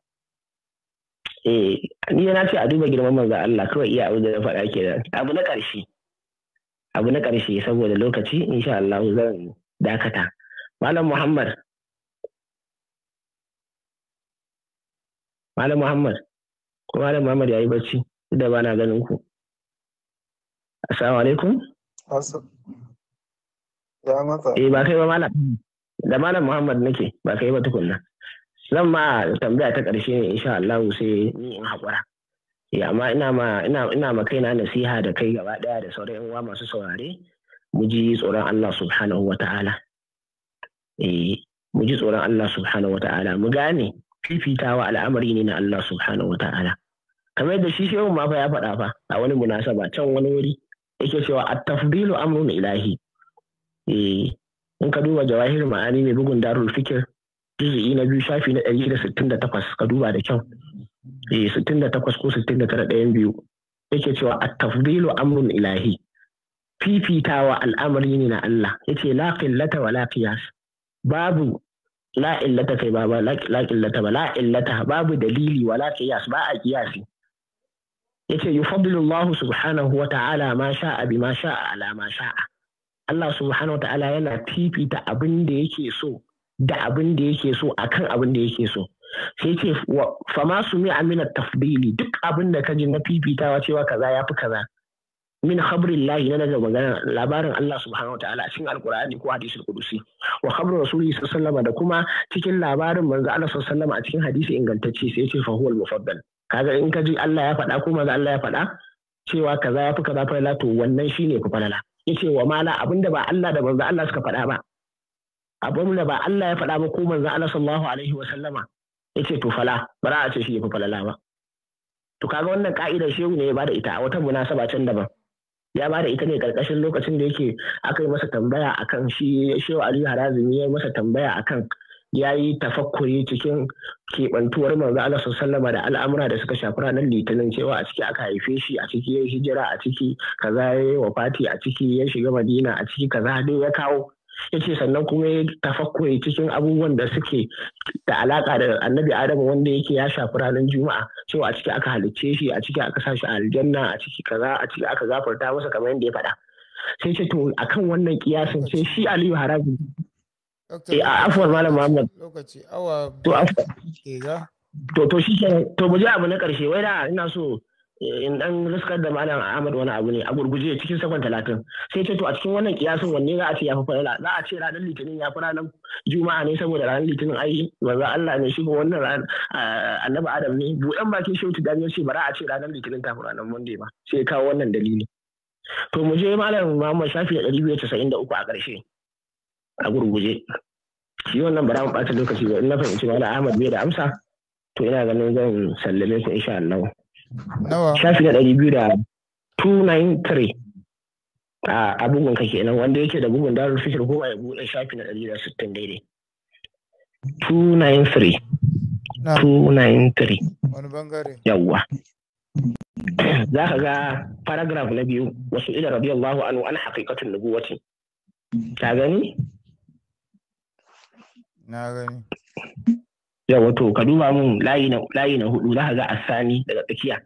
S1: eh ni na ce a duba girman manzo Allah kawai iya abin da na faɗa kenan abu na ƙarshe abu na ƙarshe saboda lokaci insha Allah zan dakata malam Muhammad malam Muhammad ko malam Muhammad yayi bacci da ba na ganin ku assalamu alaikum ya matsa eh ba kai ba malam da malam Muhammad nake ba kai ba tukunna zan ma tambaya ta ƙarshe ne insha Allah sai ni in haƙura ya eh, amma ina ma ina ina kaina nasiha da kai gaba ɗaya da sauran yan uwa masu saurare mu ji tsoron Allah subhanahu wata'ala eh mu ji tsoron Allah subhanahu wata'ala mu gane fifitawa al'amari ne na Allah subhanahu wata'ala kamar yadda shi shehu ma fa ya faɗa fa a wani munasaba can wani wuri yake cewa at-tafdilu amrun ilahi eh in ka duba jawahir ma'ani mai bugun darul fikir juzu'i na biyu shafi na ɗari da sittin da takwas ka duba da kyau eh sittin da takwas ko sittin da tara ɗayan biyu yake cewa a tafdilu amrun ilahi fifitawa al'amari ne na Allah yace la qillata wa la qiyas babu la illata kai ba la illata ba la illata babu dalili wa la qiyas ba a qiyasi yace yufaddilu Allah subhanahu wa ta'ala ma sha'a bi ma sha'a ala ma sha'a Allah subhanahu wa ta'ala yana fifita abin da yake so da abin da yake so akan abin da yake so sai ce fama su mi amina tafdili duk abin da ka ji na fifitawa cewa kaza ya fi kaza min khabrin lahi na daga magana labarin Allah subhanahu wa ta'ala cikin alkur'ani ko hadisul qudusi wa khabru rasuli sallallahu da kuma cikin labarin manzo Allah sallallahu a cikin hadisi ingantacce sai ce fa huwal mufaddal kaga in ka ji Allah ya faɗa ko manzo Allah ya faɗa cewa kaza ya fi kaza falala to wannan shine ku falala yace wa mala abinda ba Allah da manzo Allah suka faɗa ba abin da ba Allah ya faɗa ba ko manzo Allah sallallahu alaihi wa sallama yace to fala ba za a ce shi ya fi falala ba to kaga wannan ka'idar shehu ne ya bada ita a wata munasaba can daban ya bada ita ne karkashin lokacin da yake aka yi masa tambaya akan shi shehu Aliyu Harazimi ya yi masa tambaya akan ya yi tafakkuri cikin keɓantuwar manzo Allah sallama da al'amura da suka shafi ranar litinin cewa a ciki aka haife shi a ciki ya hijira a ciki kaza ya yi wafati a ciki ya shiga madina a ciki kaza dai ya kawo yace sannan kuma ya tafakkure cikin abubuwan da suke da alaka da annabi adamu wanda yake ya shafi ranar juma'a cewa a ciki aka halicce shi a ciki aka sa shi a aljanna a ciki kaza a ciki aka gafarta masa kamar yadda ya faɗa sai ce to akan wannan kiyasin sai shi aliyu harabi
S4: eh, a afuwar malam muhammad lokaci awa
S1: to afuwar to to shi to mu je abu na karshe wai da ina so Eh, in dan riskar da malam Ahmad wani abu ne a gurguje cikin sakon talatin sai ce to a cikin wannan kiyasin wanne za a ce ya fi fa'ila za a ce ranar litinin ya fi ranar juma'a ne saboda ranar litinin ai manzo Allah ne shi wannan eh, annabi Adam ne buɗan bakin shautu ce yace za a ce ranar litinin ta fi ranar Monday ba sai kawo wannan dalili to mu je malam Muhammad Shafi da 293 a ƙarshe a gurguje shi wannan ba za mu ɓata lokaci ba in na fahimci malam Ahmad bai da amsa to ina ganin zan sallame ku insha Allah
S6: Nawa? Shafi na
S1: ɗari biyu da 293 a abubuwan ka kenan wanda yake da bugun darul fikir ko a yi buɗe shafi na ɗari da sittin daidai. 293. 293. Wani bangare. Yawwa. Za ka ga paragraf na biyu wasu ila radiyallahu anhu an haƙiƙatun nubuwatin. Ka gani? Na gani. yawa to ka duba mun layi na layi na hudu za ka ga asani daga tsakiya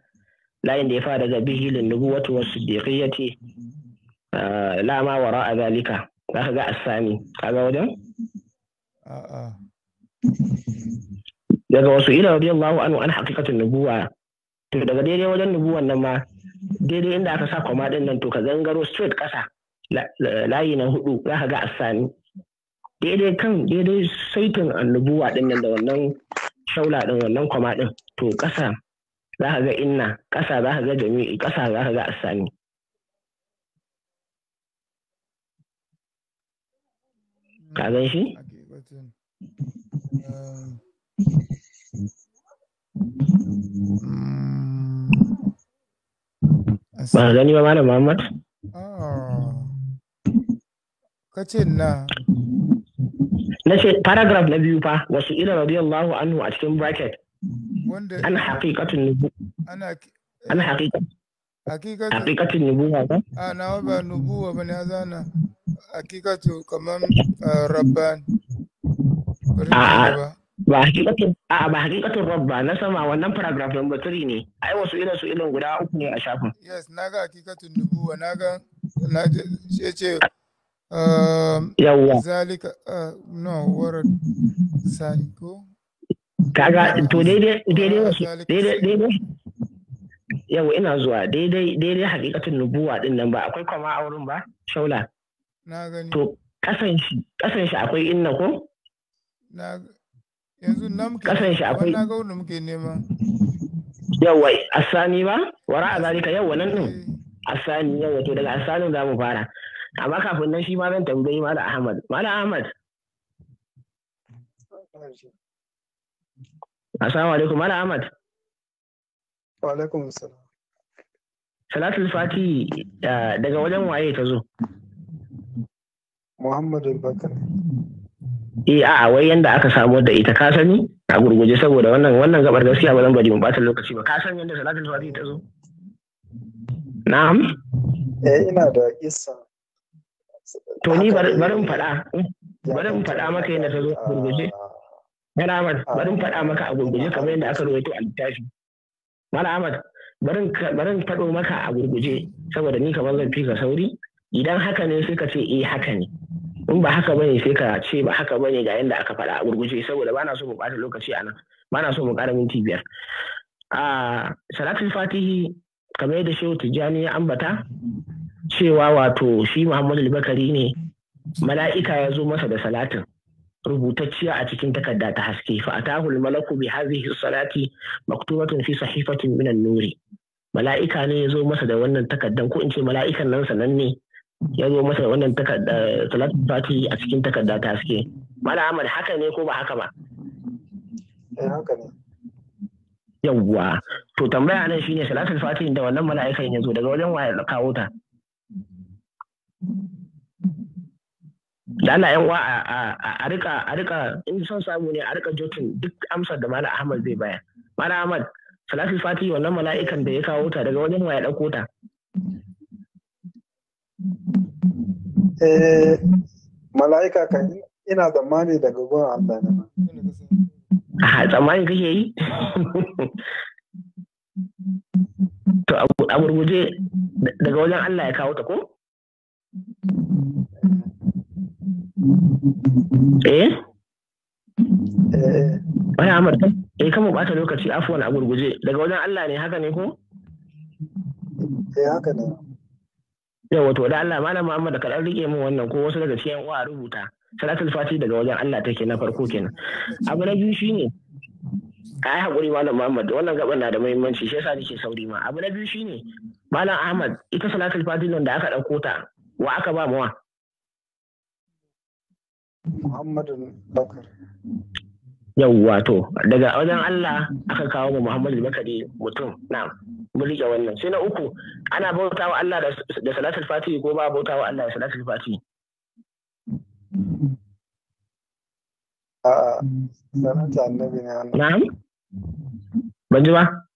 S1: layin da ya fara daga bihilin wato wasu ce eh, lama wara a zalika za ka ga asani kaga wajen daga wasu ila radiyallahu anu an haqiqatin nubuwa to daga daidai wajen nubuwan nan ma daidai inda aka sa kwamadin din nan to ka gangaro straight kasa layi na hudu za ka ga asani daidai kan daidai saitin annubuwa din nan da wannan shaula din wannan kwama din to ƙasa za ka ga inna ƙasa za ka ga jami'i ƙasa za ka ga asani ka gan shi ba gani ba malam muhammad
S6: ah.
S1: kace na na ce paragraph na biyu fa wasu ila radiyallahu anhu a cikin bracket
S4: wanda ana haqiqatun nubu ana ana haqiqatun haqiqatun nubu ba a na ba nubuwa ba ne zana haqiqatu kaman rabban
S1: Ba ba hakikatun a ba hakikatun rabba na sama wannan paragraph number 3 ne ai wasu ila su ilin
S4: guda uku ne a shafin yes naga nubu wa naga na ce Um, yawwa zalika uh, no kaga to daidai daidai
S1: yau ina zuwa daidai daidai hakikatin nubuwa din nan ba akwai kwama auren ba shaula na gani to kasan shi akwai inna ko na
S4: yanzu nan muke kasan shi akwai na ga wanda muke nema
S1: yawa asani ba wara a zalika yawa nan din eh. asani yawa to daga asanin mu fara amma kafin nan shi ma zan tambayi mala Ahmad. mala Ahmad. Assalamu alaikum mala Ahmad.
S2: Wa alaikum assalam.
S1: Salatul Fati eh, daga wajen waye ta zo? Muhammadu Bakar. Eh a wai yanda aka samu da ita ka sani a gurguje saboda wannan wannan gabar gaskiya ba zan bari mu bata lokaci ba ka san yanda Salatul Fati ta zo? Na'am.
S2: Eh ina da kissa
S1: to ni barin faɗa in fada maka yadda ta zo a gurguje amad bari ah. barin faɗa maka a gurguje kamar yadda aka rawaito a littafi Mala bari barin faɗo maka a gurguje saboda ni kamar zan fika sauri idan haka ne sai ka ce eh haka ne in ba haka bane sai ka ce ba haka bane ga yadda aka faɗa a gurguje saboda bana so mu ɓata lokaci a nan bana so mu kara minti biyar a ah, salatul fatihi kamar yadda shehu tijjani ya ambata cewa wato shi Muhammadu Bakari ne mala'ika ya zo masa da salatin rubutacciya a cikin takarda ta haske fa atahul malaku bi hadhihi salati maktubatun fi sahifatin min nuri mala'ika ne ya zo masa da wannan takardan ko in ce mala'ikan nan sanan ne ya zo masa da wannan takarda salatin fati a cikin takarda ta haske mala Ahmad haka ne ko ba haka ba eh haka ne yawwa to tambaya nan shine salatin fati da wannan mala'ikan ya zo daga wajen waye kawo ta da Allah yan wa a rika a rika in son samu ne a rika jotun duk amsar da Malam Ahmad zai baya. Malam Ahmad Salafi Fati wannan mala'ikan da ya kawo ta daga wajen ya dauko ta
S2: eh, mala'ika kan ina tsammani daga gurin Allah ne
S1: a tsammani kake yi to a gurguje daga wajen Allah ya kawo ta ko Eh? Eh. Wani Amur, eh kama bata lokaci afuwan a gurguje daga wajen Allah ne haka ne ko? Eh haka ne. Yau wato da Allah malam Muhammad da kaɗan riƙe min wannan ko wasu daga cikin uwa rubuta. Salatul Fati daga wajen Allah take na farko kenan. Abu na biyu shine ka yi haƙuri malam Muhammad wannan gaban na da muhimmanci shi yasa nake sauri ma. Abu na biyu shine malam Ahmad ita Salatul Fati nan da aka ɗauko ta wa aka ba mawa
S2: Muhammadu Bakar
S1: yawwa to daga wajen Allah aka kawo mu Muhammadu Bakari mutum na mun rike wannan sai na uku ana bautawa Allah da salatul fati ko ba bautawa Allah da salatul fati
S3: a sanata
S2: annabi ne na'am ban ji ba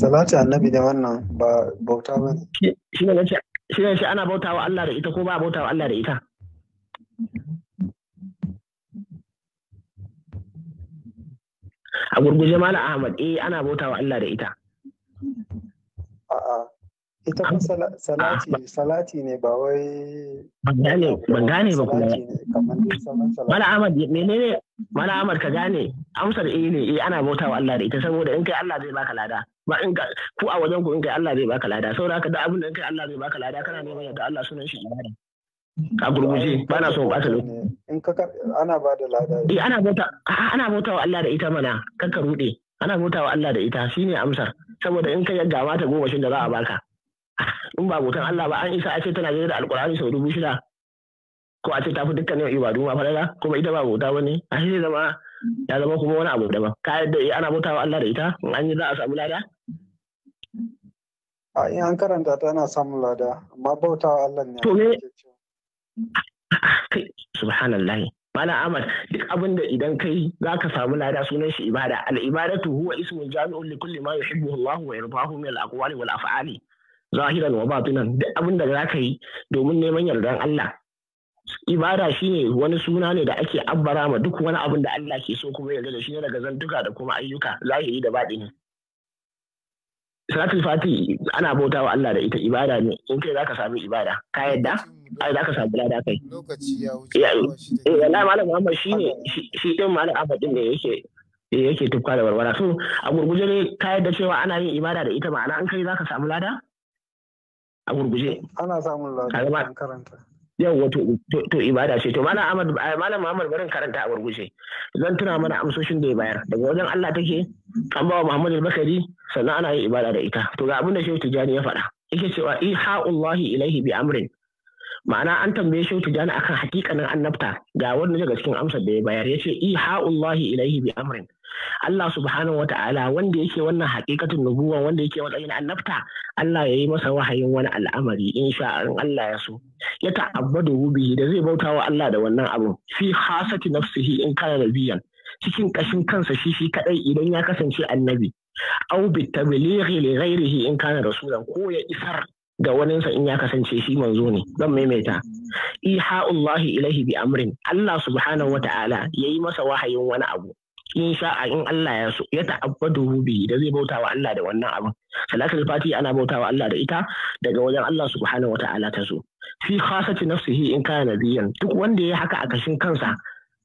S2: Salatu annabi da wannan ba bauta ba shi ne shi ne shi ana
S1: bauta wa Allah da ita ko ba bauta wa Allah da ita a gurguje mala ahmad eh ana bauta wa Allah da
S2: ita a'a ita kuma salati salati ne ba wai
S1: ban gane ban gane ba kuma mala ne menene mala ahmad ka gane amsar eh ne eh ana bautawa Allah da ita saboda in kai Allah zai baka lada ba in ku a wajen ku in kai Allah zai baka lada saboda haka da abin da in kai Allah zai baka lada kana neman yadda Allah
S2: sunan shi ibada
S1: a gurguje ba na so ba
S2: in ka ana ba da lada
S1: eh ana bauta ana bautawa Allah da ita mana kanka rude ana bautawa Allah da ita shine amsar saboda in kai ga mata goma shin da za a baka in ba abokan Allah ba an isa a ce tana zai da alkur'ani sau dubu shida ko a ce ta fi dukkanin ibadu ma falala kuma ita ba bauta ne? a shi zama ya zama kuma wani abu daban ka yadda eh, ana bautawa Allah da ita in an yi za a samu lada
S2: a yi an karanta ta samun lada amma bautawa Allah ne to me
S1: subhanallah mana Ahmad duk abin da idan kai za ka samu lada sunan shi ibada al ibadatu huwa ismun jami'un li kulli ma yuhibbuhu Allah wa yardahu min al aqwali wal af'ali zahiran wa tunan duk abin da zaka yi domin neman yardan Allah ibada shine wani suna ne da ake abbara ma duk wani abin da Allah ke so kuma yarda da shi ne daga zantuka da kuma ayyuka zahiri da batini salatul fati ana bauta wa Allah da ita ibada ne in kai zaka sami ibada ka yadda ai zaka sami lada kai
S4: lokaci ya
S1: wuce eh wallahi malam Muhammad shine shi din malam Ahmad din ne yake yake tufka da warwara so a gurguje ne ka yadda cewa ana yin ibada da ita ma'ana an kai zaka samu lada a gurguje
S2: ana samun
S7: lafiyar
S1: karanta yawwa to ibada ce to eh, malam Muhammad barin karanta a gurguje zan tuna mana amsoshin da ya bayar daga wajen Allah take an bawa Muhammad al-Bakari sannan ana yin ibada da ita to ga abin da Shehu Tijani ya faɗa yake cewa iha'ullahi ilaihi bi amrin ma'ana an tambaye Shehu Tijani akan hakikanin annabta ga wanda daga cikin amsar da ya bayar yace iha'ullahi ilaihi bi amrin Allah subhanahu ta'ala wanda yake wannan hakikatin nubuwa wanda yake matsayin annabta Allah ya yi masa wahayin wani al'amari insha Allah ya so ya ta'abbadu bihi da zai bauta wa Allah da wannan abu fi hasati nafsihi in kana nabiyan cikin kashin kansa shi shi kadai idan ya kasance annabi au bi tablighi li ghairihi in kana rasulan ko ya isar ga waninsa in ya kasance shi manzo ne zan maimaita iha'ullahi ilaihi bi amrin Allah subhanahu wata'ala yayi masa wahayin wani abu in sa'a in Allah ya so ya ta'abbadu bi da zai bauta wa Allah da wannan abin salatul fati ana bauta wa Allah da ita daga wajen Allah subhanahu ta'ala ta so fi khasati nafsihi in kana biyan duk wanda ya haka a kashin kansa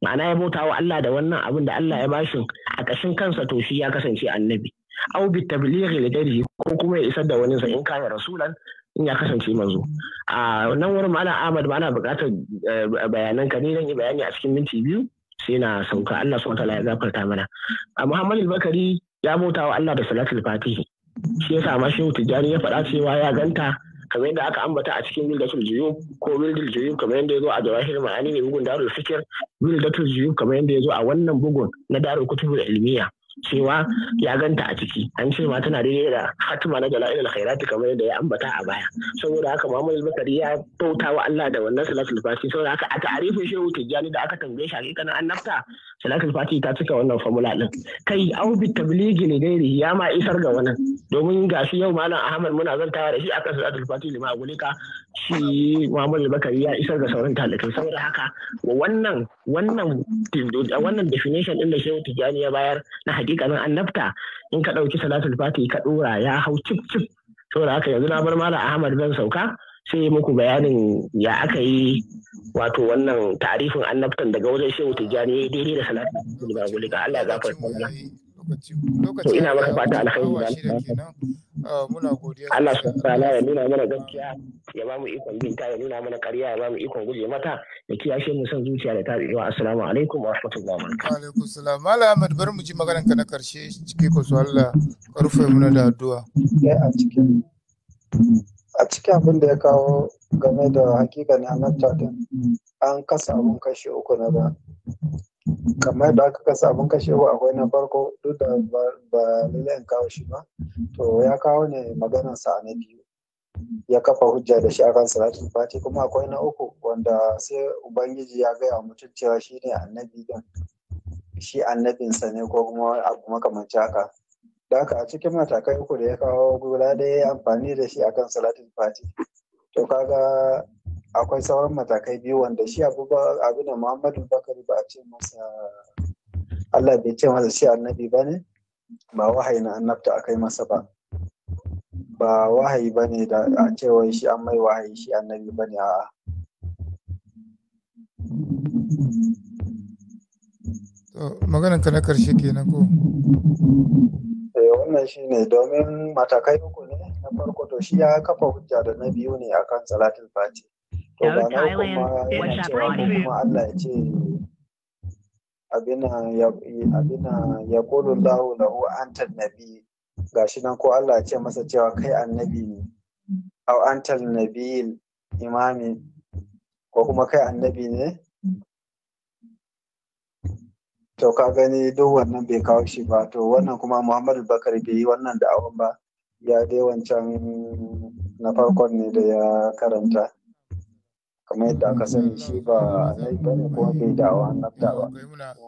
S1: ma'ana ya bauta wa Allah da wannan abin da Allah ya bashi a kashin kansa to shi ya kasance annabi au bi tablighi ko kuma ya isar da wani sa in kana rasulan in ya kasance manzo a nan wurin malam Ahmad ba ana buƙatar eh, bayanan ka ne zan yi bayani a cikin minti biyu sai na sauka Allah subhanahu wataala ya zafarta mana a Muhammad bakari ya bauta wa Allah da salatul fatihi shi yasa ma Shehu Tijjani ya faɗa cewa ya ganta kamar yadda aka ambata a cikin wildatul juyub ko wildatul juyub kamar yadda ya zo a jawahir ma'ani ne bugun darul fikir wildatul juyub kamar yadda ya zo a wannan bugun na darul kutubul ilmiya cewa ya ganta a ciki an ce ma tana daidai da fatima na jala'il alkhairati kamar yadda ya ambata a baya saboda haka muhammad bakari ya bauta wa allah da wannan salatul fati saboda haka a ta'arifin shehu tijjani da aka tambaye shi na annabta salatul fati ta cika wannan formula din kai au bi tabligi ne dai ya ma isar ga wannan domin gashi yau malam ahmad muna zantawa da shi akan salatul fati lima gulika shi Muhammadu Bakari ya isar da sauran talibai saboda haka wannan wannan wannan definition din da Shehu Tijani ya bayar na hakikanin annabta in ka ɗauki salatul fati ka dora ya hau cip cip saboda haka yanzu na bar Malam Ahmad zan sauka sai muku bayanin ya aka yi wato wannan tarifin annabtan daga wajen Shehu Tijani daidai da salatul fati Allah ya gafarta
S4: to ina maka fata alkhairi da ah,
S1: Allah subhanahu ya nuna mana gaskiya ya ba mu ikon binta ya nuna mana ƙarya ya ba mu ikon guje mata ya kiyashe mu san zuciya da tabi tabiwa assalamu alaikum wa rahmatullahi
S4: wa barakatuh alaikum salam mala ahmad bari mu ji maganar ka na karshe cike ko su Allah ka rufe mu da addu'a
S2: ya a cikin a cikin abin da ya kawo game da hakika ne an din an kasa abun kashe uku na ba kamar da aka kasa abin kashewa akwai na farko duk da ba lallai in kawo shi ba to ya kawo ne maganar sa na biyu ya kafa hujja da shi akan salatul fati kuma akwai na uku wanda sai ubangiji ya gaya wa mutum cewa shi ne annabi din shi annabinsa ne ko kuma abu makamanci haka da haka a cikin matakai uku da ya kawo gula da ya amfani da shi akan salatin fati to kaga akwai sauran matakai biyu wanda shi abu da muhammadu bakari ba a ce masa allah bai ce masa shi annabi ba ne ba wahayi na annabta a kai masa ba ba wahayi ba ne da a cewa shi an mai wahayi shi annabi ba ne a
S4: maganin ka na karshe kenan ko
S2: eh, wannan shi ne domin matakai uku ne na farko to shi ya kafa hujja da na biyu ne akan salatin fati Go Thailand in that body. Kuma Allah ya ce abina ya abina ya qulu Allahu lahu anta nan ko Allah ya ce masa cewa kai annabi ne aw anta nabiyil imami ko kuma kai annabi ne to ka gani duk wannan bai kawo shi ba to wannan kuma Muhammadu Bakar bai yi wannan da'awan ba ya dai wancan na farkon ne da ya karanta kamar yadda aka sani shi ba ba bane kuma bai na annabta ba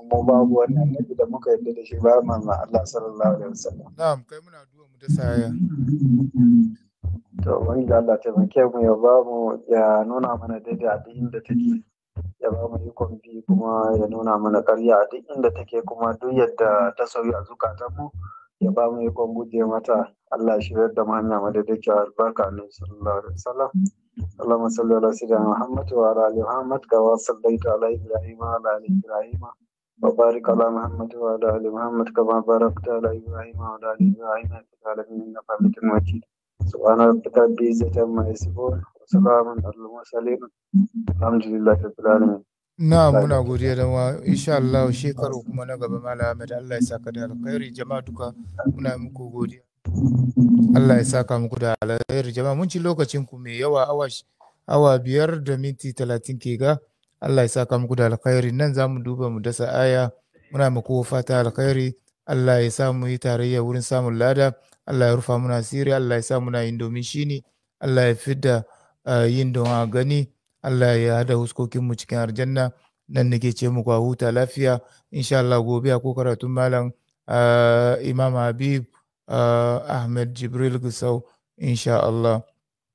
S2: mu babu wannan annabi da muka yarda da shi ba manzon Allah sallallahu alaihi wasallam na'am kai muna duwa mu da saya to wani da Allah taimake mu ya ba mu ya nuna mana daidai a duk inda take ya ba mu ikon bi kuma ya nuna mana ƙarya a duk inda take kuma duk yadda ta sauya a zukatanmu mu ya ba mu ikon guje mata Allah shi da mu hanya madadaci albarka annabi sallallahu alaihi wasallam اللهم صل على سيدنا محمد وعلى ال محمد كما صليت على ابراهيم وعلى ال ابراهيم وبارك على محمد وعلى ال محمد كما باركت على ابراهيم وعلى ال ابراهيم في العالمين انك حميد مجيد سبحان ربك رب العزه عما يصفون وسلام على
S4: المرسلين الحمد لله رب العالمين na muna godiya da wa insha Allah shekaru kuma na gaba malam Ahmed Allah ya saka da alkhairi jama'a duka muna muku godiya Allah ya saka muku da alkhairi jama'a mun ci lokacin ku mai yawa awa awa biyar da minti talatin ke ga Allah ya saka muku da alkhairi nan za mu duba mu dasa aya muna muku fata alkhairi Allah ya sa mu yi tarayya wurin samun lada Allah ya rufa muna asiri Allah ya sa muna yin domin shi ne Allah ya fidda ah, yin don gani Allah ya hada huskokinmu cikin aljanna nan nake ce muku a huta lafiya insha Allah gobe ko karatun malam Imam Habib Ahmed Jibril Gusau insha Allah